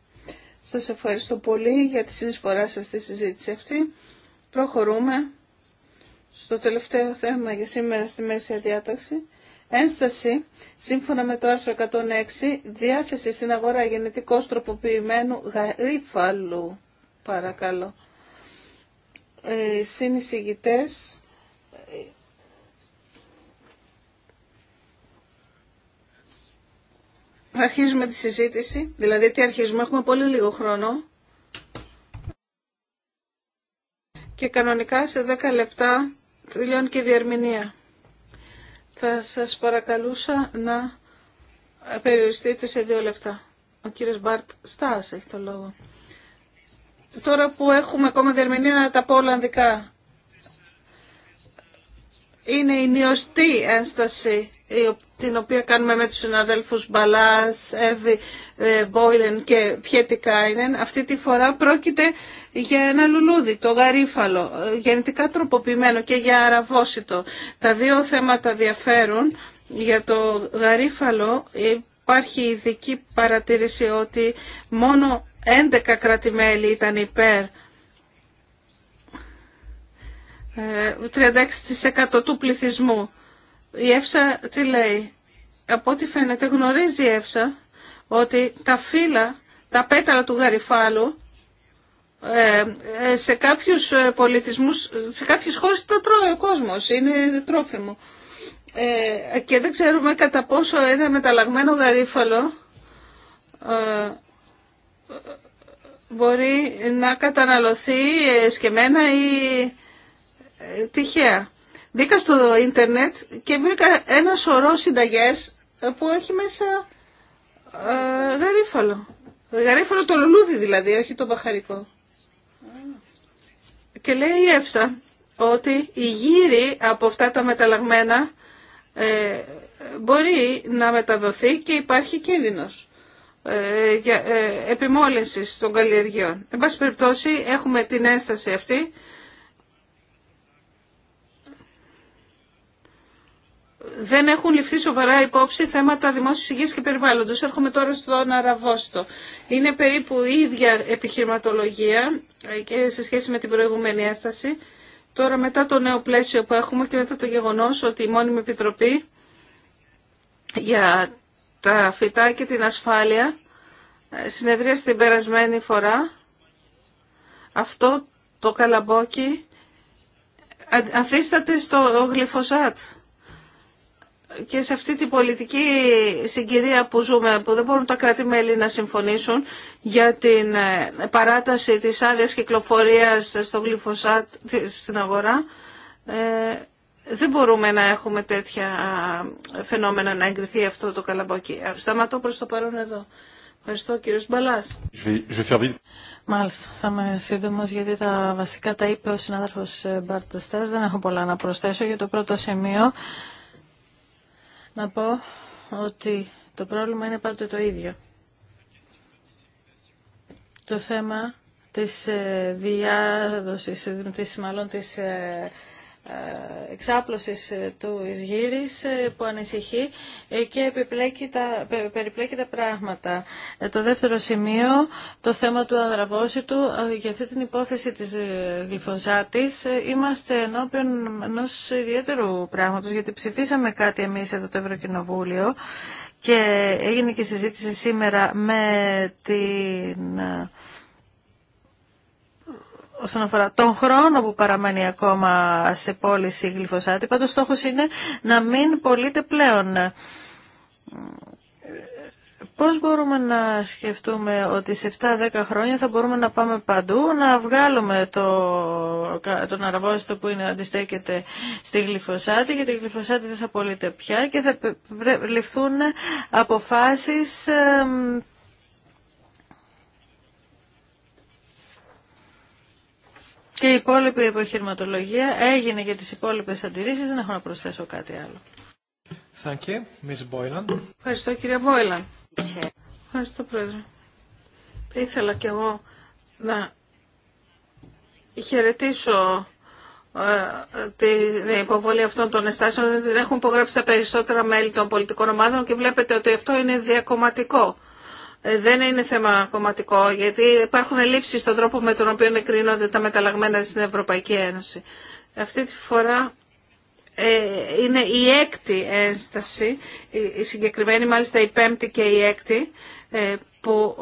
Σας ευχαριστώ πολύ για τη συνεισφορά σας στη συζήτηση αυτή. Προχωρούμε στο τελευταίο θέμα για σήμερα στη μέση διάταξη. Ένσταση, σύμφωνα με το άρθρο 106, διάθεση στην αγορά γενετικώς τροποποιημένου γαρίφαλου. Παρακαλώ. Ε, συνεισηγητές Αρχίζουμε τη συζήτηση, δηλαδή τι αρχίζουμε, έχουμε πολύ λίγο χρόνο. Και κανονικά σε 10 λεπτά τελειώνει και η διερμηνία. Θα σας παρακαλούσα να περιοριστείτε σε 2 λεπτά. Ο κύριος Μπάρτ Στάς έχει το λόγο. Τώρα που έχουμε ακόμα διερμηνία να τα πω ολλανδικά. Είναι η νιωστή ένσταση ε, την οποία κάνουμε με τους συναδέλφους Μπαλάς, Εύη, ε, Μπόιλεν και Πιέτικάινεν, αυτή τη φορά πρόκειται για ένα λουλούδι, το γαρίφαλο, ε, γεννητικά τροποποιημένο και για αραβόσιτο. Τα δύο θέματα διαφέρουν. Για το γαρίφαλο υπάρχει ειδική παρατήρηση ότι μόνο 11 κράτη-μέλη ήταν υπέρ 36% του πληθυσμού. Η Εύσα τι λέει. Από ό,τι φαίνεται γνωρίζει η Εύσα ότι τα φύλλα, τα πέταλα του γαριφάλου ε, ε, σε κάποιους ε, πολιτισμούς, σε κάποιες χώρες τα τρώει ο κόσμος, είναι τρόφιμο. και δεν ξέρουμε κατά πόσο ένα μεταλλαγμένο γαρίφαλο μπορεί να καταναλωθεί σκεμμένα ή τυχαία. Μπήκα στο ίντερνετ και βρήκα ένα σωρό συνταγές που έχει μέσα ε, γαρίφαλο. Γαρίφαλο το λουλούδι δηλαδή, όχι το μπαχαρικό. Και λέει η Εύσα ότι η γύρι από αυτά τα μεταλλαγμένα ε, μπορεί να μεταδοθεί και υπάρχει κίνδυνος ε, ε, επιμόλυνσης των καλλιεργειών. Εν πάση περιπτώσει έχουμε την ένσταση αυτή δεν έχουν ληφθεί σοβαρά υπόψη θέματα δημόσιας υγείας και περιβάλλοντος. Έρχομαι τώρα στον Αραβόστο. Είναι περίπου η ίδια επιχειρηματολογία ε, και σε σχέση με την προηγούμενη έσταση. Τώρα μετά το νέο πλαίσιο που έχουμε και μετά το γεγονός ότι η μόνιμη επιτροπή για τα φυτά και την ασφάλεια ε, συνεδρίασε την περασμένη φορά. Αυτό το καλαμπόκι ε, Αθίσταται στο γλυφοσάτ και σε αυτή την πολιτική συγκυρία που ζούμε, που δεν μπορούν τα κράτη-μέλη να συμφωνήσουν για την ε, παράταση της άδεια κυκλοφορίας στο γλυφοσάτ στην αγορά, ε, δεν μπορούμε να έχουμε τέτοια φαινόμενα να εγκριθεί αυτό το καλαμπόκι. Ε, σταματώ προς το παρόν εδώ. Ευχαριστώ κύριος Μπαλάς. Μάλιστα, θα είμαι σύντομο γιατί τα βασικά τα είπε ο συνάδελφος Μπαρτεστές, Δεν έχω πολλά να προσθέσω για το πρώτο σημείο να πω ότι το πρόβλημα είναι πάντοτε το ίδιο. Το θέμα της ε, διάδοσης, ε, της, μάλλον της ε, ε, εξάπλωσης ε, του εισγύρης ε, που ανησυχεί και τα, περιπλέκει τα πράγματα. Το δεύτερο σημείο, το θέμα του αδραβόσιτου, για αυτή την υπόθεση της γλυφοζάτης είμαστε ενώπιον ενό ιδιαίτερου πράγματος, γιατί ψηφίσαμε κάτι εμείς εδώ το Ευρωκοινοβούλιο και έγινε και συζήτηση σήμερα με την όσον αφορά τον χρόνο που παραμένει ακόμα σε πώληση γλυφοσάτη. Πάντως στόχος είναι να μην πωλείται πλέον. Πώς μπορούμε να σκεφτούμε ότι σε 7-10 χρόνια θα μπορούμε να πάμε παντού, να βγάλουμε το, τον αραβόστο που είναι, αντιστέκεται στη γλυφοσάτη, γιατί η γλυφοσάτη δεν θα πωλείται πια και θα ληφθούν αποφάσεις και η υπόλοιπη επιχειρηματολογία έγινε για τις υπόλοιπες αντιρρήσεις. Δεν έχω να προσθέσω κάτι άλλο. Thank you, Boylan. Ευχαριστώ κύριε Μπόιλαν. Ευχαριστώ πρόεδρε. Ήθελα κι εγώ να χαιρετήσω ε, την υποβολή αυτών των εστάσεων. Έχουν υπογράψει τα περισσότερα μέλη των πολιτικών ομάδων και βλέπετε ότι αυτό είναι διακομματικό δεν είναι θέμα κομματικό, γιατί υπάρχουν ελλείψεις στον τρόπο με τον οποίο εκρίνονται τα μεταλλαγμένα στην Ευρωπαϊκή Ένωση. Αυτή τη φορά ε, είναι η έκτη ένσταση, η συγκεκριμένη μάλιστα η πέμπτη και η έκτη, ε, που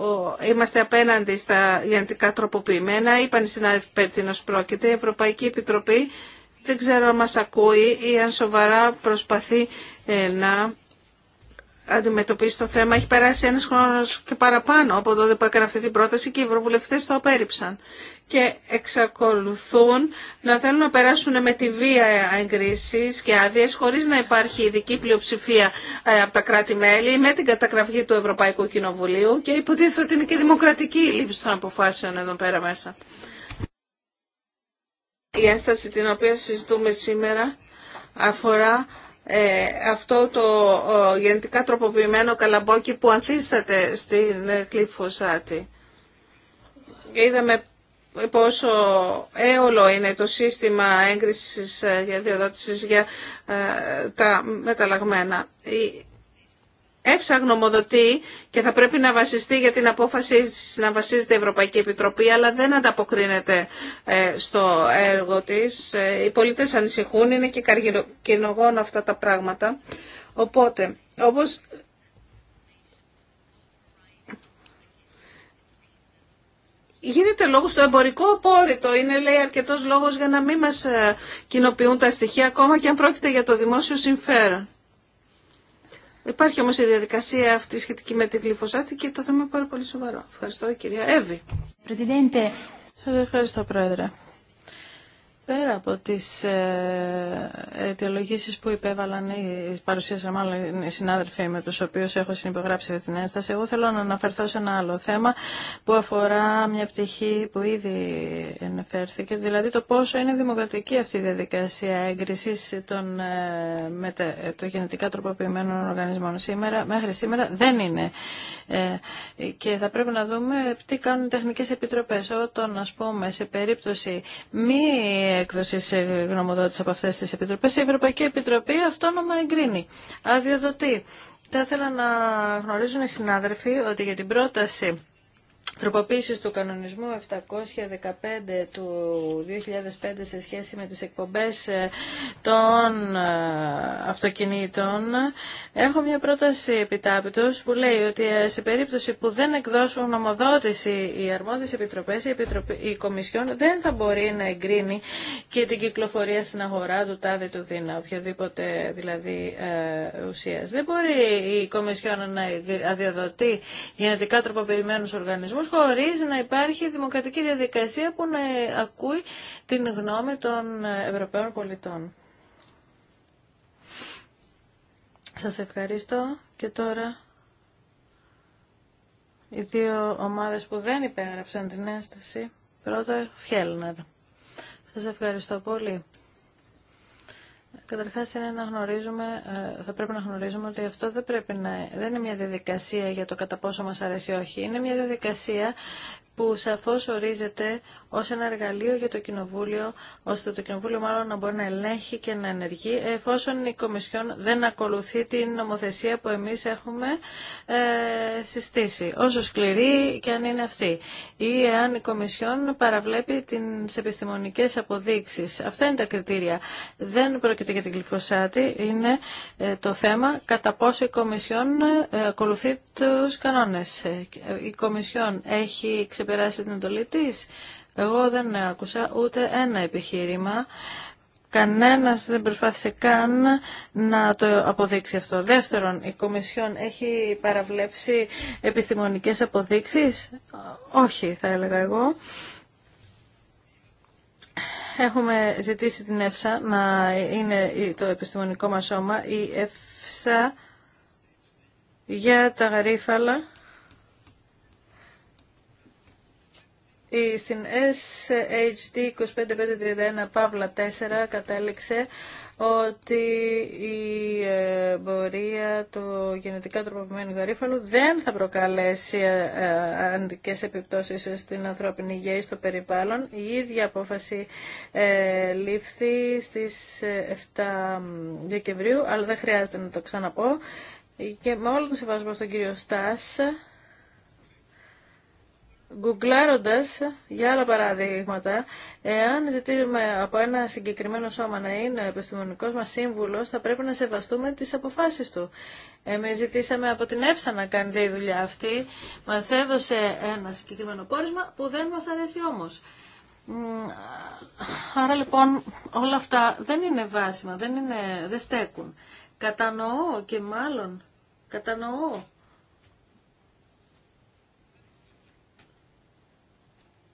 είμαστε απέναντι στα γενετικά τροποποιημένα. Είπαν οι συνάδελφοι πρόκειται. Η Ευρωπαϊκή Επιτροπή δεν ξέρω αν μας ακούει ή αν σοβαρά προσπαθεί ε, να αντιμετωπίσει το θέμα. Έχει περάσει ένας χρόνος και παραπάνω από τότε που έκανε αυτή την πρόταση και οι ευρωβουλευτές το απέρριψαν. Και εξακολουθούν να θέλουν να περάσουν με τη βία εγκρίσει και άδειε χωρίς να υπάρχει ειδική πλειοψηφία ε, από τα κράτη-μέλη με την καταγραφή του Ευρωπαϊκού Κοινοβουλίου και υποτίθεται ότι είναι και δημοκρατική η λήψη των αποφάσεων εδώ πέρα μέσα. Η ένσταση την οποία συζητούμε σήμερα αφορά ε, αυτό το γενετικά τροποποιημένο καλαμπόκι που ανθίσταται στην Και ε, Είδαμε πόσο έολο είναι το σύστημα έγκρισης διαδιοδότησης ε, για τα μεταλλαγμένα. Εύσα γνωμοδοτεί και θα πρέπει να βασιστεί για την απόφαση να βασίζεται η Ευρωπαϊκή Επιτροπή, αλλά δεν ανταποκρίνεται ε, στο έργο της. Ε, οι πολίτες ανησυχούν, είναι και καρκινογόν αυτά τα πράγματα. Οπότε, όπως Γίνεται λόγο στο εμπορικό απόρριτο. Είναι, λέει, αρκετό λόγο για να μην μα ε, κοινοποιούν τα στοιχεία ακόμα και αν πρόκειται για το δημόσιο συμφέρον. Υπάρχει όμως η διαδικασία αυτή σχετική με τη γλυφωσάτη και το θέμα είναι πάρα πολύ σοβαρό. Ευχαριστώ κυρία Εύη. Σας ευχαριστώ Πρόεδρε. Πέρα από τις ε, αιτιολογήσεις που υπέβαλαν οι παρουσίασαν μάλλον οι συνάδελφοι με τους οποίους έχω συνυπογράψει την ένσταση, εγώ θέλω να αναφερθώ σε ένα άλλο θέμα που αφορά μια πτυχή που ήδη ενεφέρθηκε δηλαδή το πόσο είναι δημοκρατική αυτή η διαδικασία έγκρισης των, ε, μετα, γενετικά τροποποιημένων οργανισμών. Σήμερα, μέχρι σήμερα δεν είναι ε, και θα πρέπει να δούμε τι κάνουν οι τεχνικές επιτροπές όταν, ας πούμε, σε περίπτωση μη έκδοση γνωμοδότηση από αυτές τις επιτροπές, η Ευρωπαϊκή Επιτροπή αυτόνομα εγκρίνει. Αδειοδοτεί. Θα ήθελα να γνωρίζουν οι συνάδελφοι ότι για την πρόταση τροποποίησης του κανονισμού 715 του 2005 σε σχέση με τις εκπομπές ε, των ε, αυτοκινήτων. Έχω μια πρόταση επιτάπητος που λέει ότι ε, σε περίπτωση που δεν εκδώσουν νομοδότηση οι αρμόδιες επιτροπές, η, Επιτροπή, η Κομισιόν δεν θα μπορεί να εγκρίνει και την κυκλοφορία στην αγορά του τάδε του δίνα, οποιαδήποτε δηλαδή ε, ουσίας. Δεν μπορεί η Κομισιόν να αδειοδοτεί γενετικά τροποποιημένους οργανισμούς χωρίς να υπάρχει δημοκρατική διαδικασία που να ακούει την γνώμη των Ευρωπαίων πολιτών. Σας ευχαριστώ και τώρα οι δύο ομάδες που δεν υπέγραψαν την ένσταση. Πρώτα Φιέλνερ. Σας ευχαριστώ πολύ. Καταρχά είναι να ε, θα πρέπει να γνωρίζουμε ότι αυτό δεν, πρέπει να, δεν είναι μια διαδικασία για το κατά πόσο μα αρέσει ή όχι. Είναι μια διαδικασία που σαφώ ορίζεται ως ένα εργαλείο για το Κοινοβούλιο, ώστε το Κοινοβούλιο μάλλον να μπορεί να ελέγχει και να ενεργεί, εφόσον η Κομισιόν δεν ακολουθεί την νομοθεσία που εμείς έχουμε ε, συστήσει, όσο σκληρή και αν είναι αυτή, ή εάν η Κομισιόν παραβλέπει τις επιστημονικές αποδείξεις. Αυτά είναι τα κριτήρια. Δεν πρόκειται για την κλειφωσάτη. είναι ε, το θέμα κατά πόσο η Κομισιόν ε, ακολουθεί τους κανόνες. Ε, η Κομισιόν έχει ξεπεράσει την εντολή της. Εγώ δεν άκουσα ούτε ένα επιχείρημα. Κανένας δεν προσπάθησε καν να το αποδείξει αυτό. Δεύτερον, η Κομισιόν έχει παραβλέψει επιστημονικές αποδείξεις. Όχι, θα έλεγα εγώ. Έχουμε ζητήσει την ΕΦΣΑ να είναι το επιστημονικό μας σώμα. Η ΕΦΣΑ για τα γαρίφαλα στην SHD 25531 Παύλα 4 κατέληξε ότι η ε, πορεία του γενετικά τροποποιημένου γαρίφαλου δεν θα προκαλέσει ε, αρνητικέ επιπτώσεις στην ανθρώπινη υγεία ή στο περιβάλλον. Η ίδια απόφαση ε, λήφθη στις 7 Δεκεμβρίου, αλλά δεν χρειάζεται να το ξαναπώ. Και με όλο τον σεβασμό στον κύριο Στάς, Γκουγκλάροντας για άλλα παραδείγματα, εάν ζητήσουμε από ένα συγκεκριμένο σώμα να είναι ο επιστημονικός μας σύμβουλος, θα πρέπει να σεβαστούμε τις αποφάσεις του. Εμείς ζητήσαμε από την ΕΦΣΑ να κάνει τη δουλειά αυτή. Μας έδωσε ένα συγκεκριμένο πόρισμα που δεν μας αρέσει όμως. Άρα λοιπόν όλα αυτά δεν είναι βάσιμα, δεν, δεν στέκουν. Κατανοώ και μάλλον κατανοώ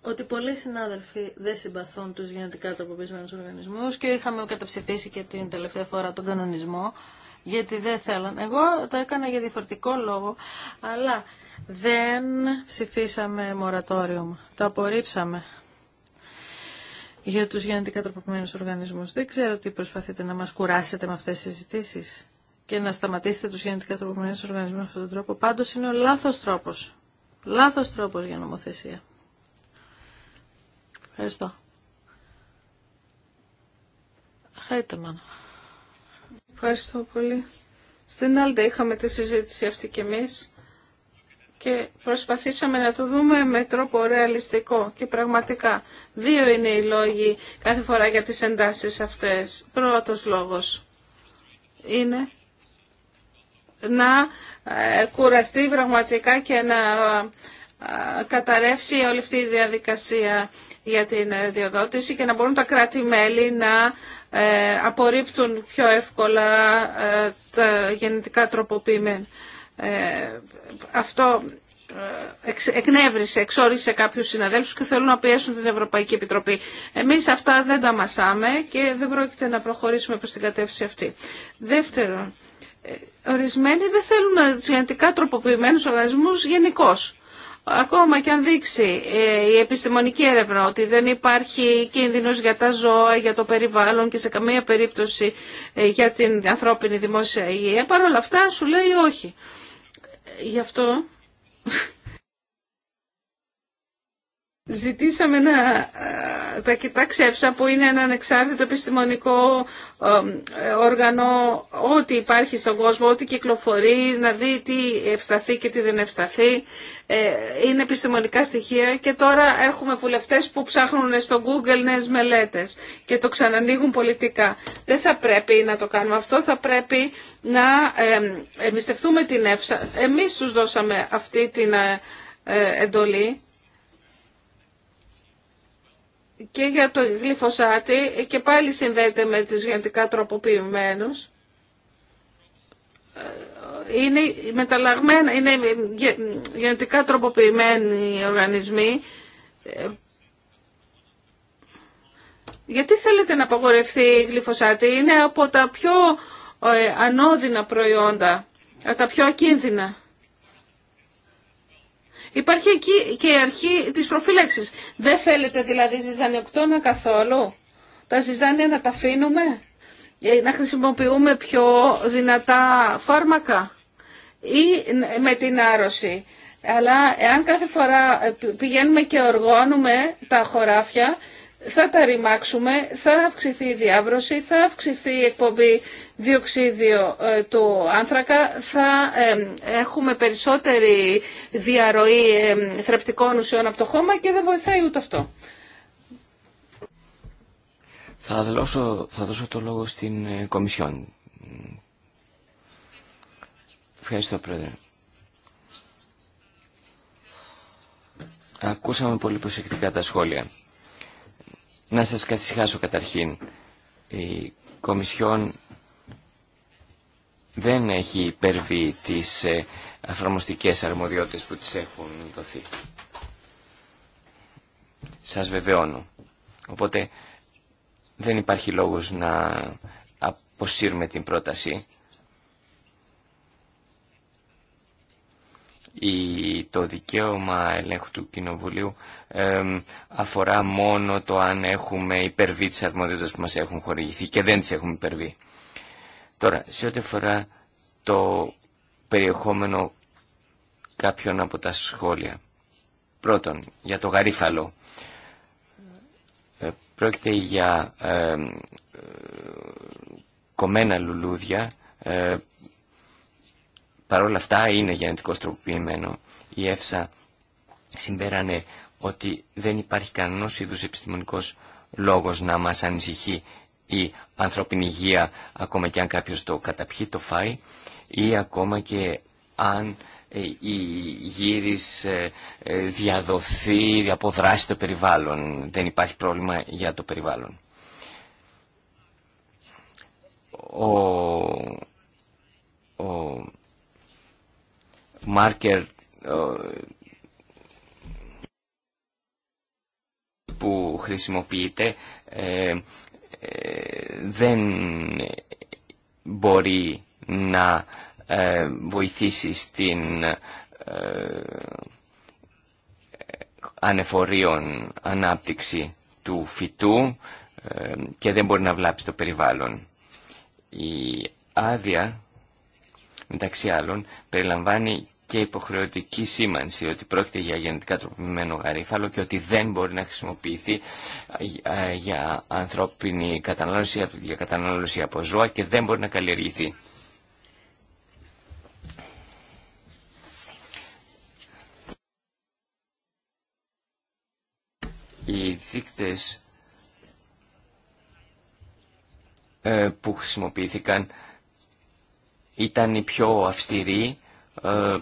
ότι πολλοί συνάδελφοι δεν συμπαθούν τους γενετικά τροποποιημένους οργανισμούς και είχαμε καταψηφίσει και την τελευταία φορά τον κανονισμό γιατί δεν θέλαν. Εγώ το έκανα για διαφορετικό λόγο, αλλά δεν ψηφίσαμε μορατόριο. Το απορρίψαμε για τους γενετικά τροποποιημένους οργανισμούς. Δεν ξέρω τι προσπαθείτε να μας κουράσετε με αυτές τις συζητήσεις και να σταματήσετε τους γενετικά τροποποιημένους οργανισμούς με αυτόν τον τρόπο. Πάντως είναι ο λάθος τρόπος. Λάθος τρόπος για νομοθεσία. Ευχαριστώ. μάνα. Ευχαριστώ πολύ. Στην Άλντα είχαμε τη συζήτηση αυτή κι εμείς και προσπαθήσαμε να το δούμε με τρόπο ρεαλιστικό και πραγματικά. Δύο είναι οι λόγοι κάθε φορά για τις εντάσεις αυτές. Πρώτος λόγος είναι να ε, κουραστεί πραγματικά και να ε, καταρρεύσει όλη αυτή η διαδικασία για την ε, διοδότηση και να μπορούν τα κράτη-μέλη να ε, απορρίπτουν πιο εύκολα ε, τα γενετικά τροποποιημένα. Αυτό εκνεύρισε, εξόρισε κάποιους συναδέλφους και θέλουν να πιέσουν την Ευρωπαϊκή Επιτροπή. Εμείς αυτά δεν τα μασάμε και δεν πρόκειται να προχωρήσουμε προς την κατεύθυνση αυτή. Δεύτερον, ορισμένοι δεν θέλουν τους γενετικά τροποποιημένους οργανισμούς γενικώς. Ακόμα και αν δείξει ε, η επιστημονική έρευνα ότι δεν υπάρχει κίνδυνος για τα ζώα, για το περιβάλλον και σε καμία περίπτωση ε, για την ανθρώπινη δημόσια υγεία, παρόλα αυτά σου λέει όχι. Γι' αυτό ζητήσαμε να ε, τα κοιτάξει που είναι ένα ανεξάρτητο επιστημονικό όργανο, ό,τι υπάρχει στον κόσμο, ό,τι κυκλοφορεί, να δει τι ευσταθεί και τι δεν ευσταθεί. Ε, είναι επιστημονικά στοιχεία και τώρα έχουμε βουλευτές που ψάχνουν στο Google νέες μελέτες και το ξανανοίγουν πολιτικά. Δεν θα πρέπει να το κάνουμε αυτό, θα πρέπει να εμπιστευτούμε την ΕΦΣΑ. Εμείς τους δώσαμε αυτή την ε, ε, εντολή και για το γλυφοσάτι και πάλι συνδέεται με τις γενετικά τροποποιημένους. Ε, είναι μεταλλαγμένα, είναι γενετικά τροποποιημένοι οργανισμοί. Ε, γιατί θέλετε να απαγορευτεί η γλυφοσάτη, είναι από τα πιο ε, ανώδυνα προϊόντα, από τα πιο ακίνδυνα. Υπάρχει εκεί και η αρχή της προφύλαξης. Δεν θέλετε δηλαδή ζυζανιοκτώνα καθόλου. Τα ζυζάνια να τα αφήνουμε, ε, να χρησιμοποιούμε πιο δυνατά φάρμακα ή με την άρρωση. Αλλά εάν κάθε φορά ε, πηγαίνουμε και οργώνουμε τα χωράφια, θα τα ρημάξουμε, θα αυξηθεί η διάβρωση, θα αυξηθεί η εκπομπή διοξίδιο ε, του άνθρακα, θα έχουμε περισσότερη διαρροή θρεπτικών ουσιών από το χώμα και δεν βοηθάει ούτε αυτό. Θα δώσω, θα δώσω το λόγο στην ε, Κομισιόν. Ευχαριστώ, Πρόεδρε. Ακούσαμε πολύ προσεκτικά τα σχόλια. Να σας καθυσυχάσω καταρχήν. Η Κομισιόν δεν έχει υπερβεί τις ε, αφραμοστικές αρμοδιότητες που τις έχουν δοθεί. Σας βεβαιώνω. Οπότε δεν υπάρχει λόγος να αποσύρουμε την πρόταση. το δικαίωμα ελέγχου του Κοινοβουλίου αφορά μόνο το αν έχουμε υπερβεί τις αρμοδιότητες που μας έχουν χορηγηθεί και δεν τις έχουμε υπερβεί. Τώρα, σε ό,τι αφορά το περιεχόμενο κάποιων από τα σχόλια. Πρώτον, για το γαρίφαλο. Ε, πρόκειται για ε, ε, κομμένα λουλούδια παρόλα αυτά είναι γενετικό τροποποιημένο. Η ΕΦΣΑ συμπέρανε ότι δεν υπάρχει κανένα είδου επιστημονικό λόγος να μα ανησυχεί η ανθρώπινη υγεία ακόμα και αν κάποιο το καταπιεί, το φάει ή ακόμα και αν ε, η γύρι ε, ε, διαδοθεί, αποδράσει το περιβάλλον. Δεν υπάρχει πρόβλημα για το περιβάλλον. Ο, ο μάρκερ που χρησιμοποιείται ε, ε, δεν μπορεί να ε, βοηθήσει στην ανεφορίων ανάπτυξη του φυτού και δεν μπορεί να βλάψει το περιβάλλον. Η άδεια, μεταξύ άλλων, περιλαμβάνει και υποχρεωτική σήμανση ότι πρόκειται για γενετικά τροποποιημένο γαρίφαλο και ότι δεν μπορεί να χρησιμοποιηθεί ε, για ανθρώπινη κατανάλωση, για κατανάλωση από ζώα και δεν μπορεί να καλλιεργηθεί. Οι δείκτες ε, που χρησιμοποιήθηκαν ήταν οι πιο αυστηροί ε,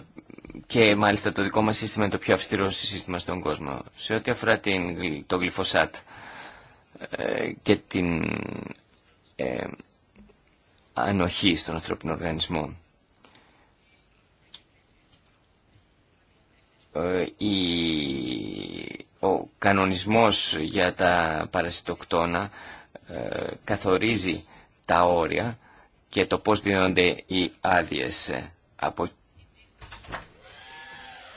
και μάλιστα το δικό μας σύστημα είναι το πιο αυστηρό σύστημα στον κόσμο. Σε ό,τι αφορά την, το γλυφοσάτ ε, και την ε, ανοχή στον ανθρώπινο οργανισμό. η, ο κανονισμός για τα παρασιτοκτόνα καθορίζει τα όρια και το πώς δίνονται οι άδειες. Από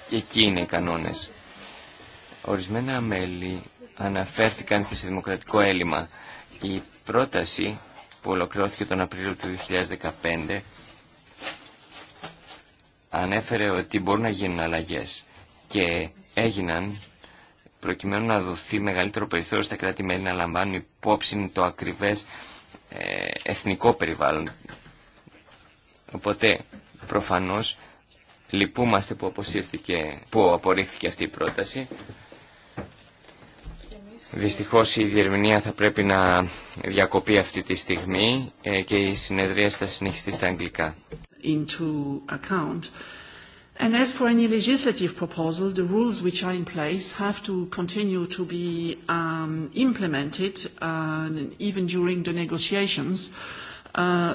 και εκεί είναι οι κανόνες. Ορισμένα μέλη αναφέρθηκαν και σε δημοκρατικό έλλειμμα. Η πρόταση που ολοκληρώθηκε τον Απρίλιο του 2015 ανέφερε ότι μπορούν να γίνουν αλλαγές και έγιναν προκειμένου να δοθεί μεγαλύτερο περιθώριο στα κράτη-μέλη να λαμβάνουν υπόψη το ακριβές ε, εθνικό περιβάλλον. Οπότε προφανώς Λυπούμαστε που, αποσύρθηκε, που απορρίφθηκε αυτή η πρόταση. Δυστυχώς η διερμηνία θα πρέπει να διακοπεί αυτή τη στιγμή ε, και η συνεδρία θα συνεχιστεί στα αγγλικά. Into account. And as for any legislative proposal, the rules which are in place have to continue to be um, implemented uh, even during the negotiations.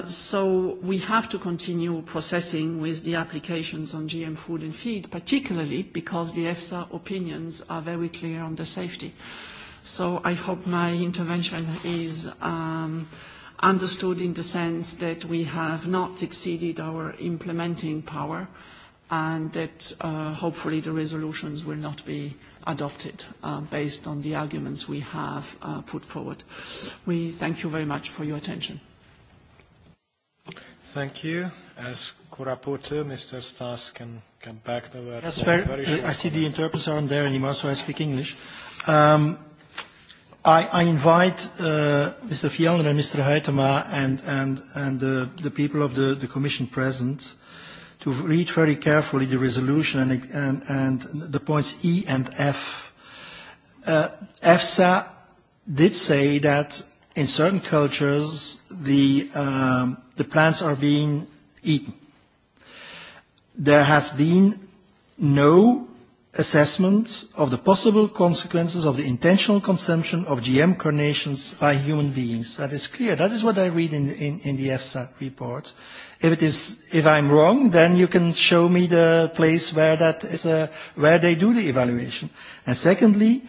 So we have to continue processing with the applications on GM food and feed, particularly because the EFSA opinions are very clear on the safety. So I hope my intervention is understood in the sense that we have not exceeded our implementing power and that hopefully the resolutions will not be adopted based on the arguments we have put forward. We thank you very much for your attention. Thank you. As co-rapporteur, Mr. Stas can come back to yes, very short. I see the interpreters aren't there anymore, so I speak English. I, invite Mr. Fjellner and Mr. Huytema and, and, the, people of the, Commission present to read very carefully the resolution and, and, the points E and F. EFSA did say that in certain cultures the the plants are being eaten. There has been no assessment of the possible consequences of the intentional consumption of GM carnations by human beings. That is clear. That is what I read in in the EFSA report. If it is if I'm wrong, then you can show me the place where that is where they do the evaluation. And secondly,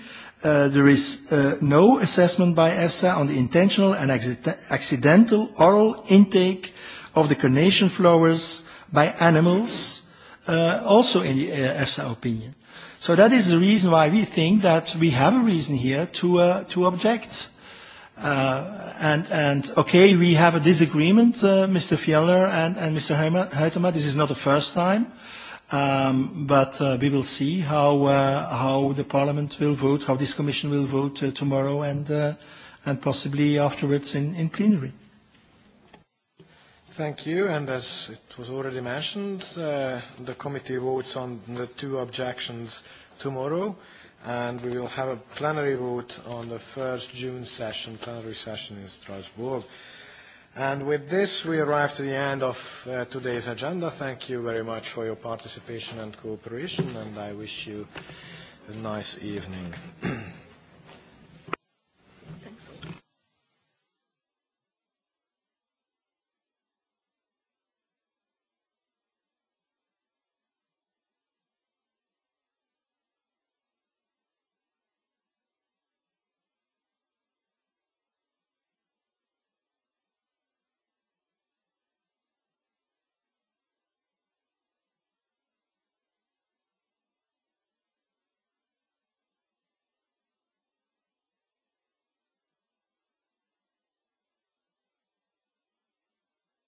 There is no assessment by EFSA on the intentional and accidental oral intake of the carnation flowers by animals, also in the EFSA opinion. So that is the reason why we think that we have a reason here to to object. And okay, we have a disagreement, Mr. Fjellner and Mr. Heitema. This is not the first time. But we will see how how the Parliament will vote, how this Commission will vote tomorrow and and possibly afterwards in in plenary. Thank you. And as it was already mentioned, the committee votes on the two objections tomorrow, and we will have a plenary vote on the first June session, plenary session in Strasbourg with this, we arrive to the end of today's agenda. Thank you very much for your participation and cooperation, and I wish you a nice evening.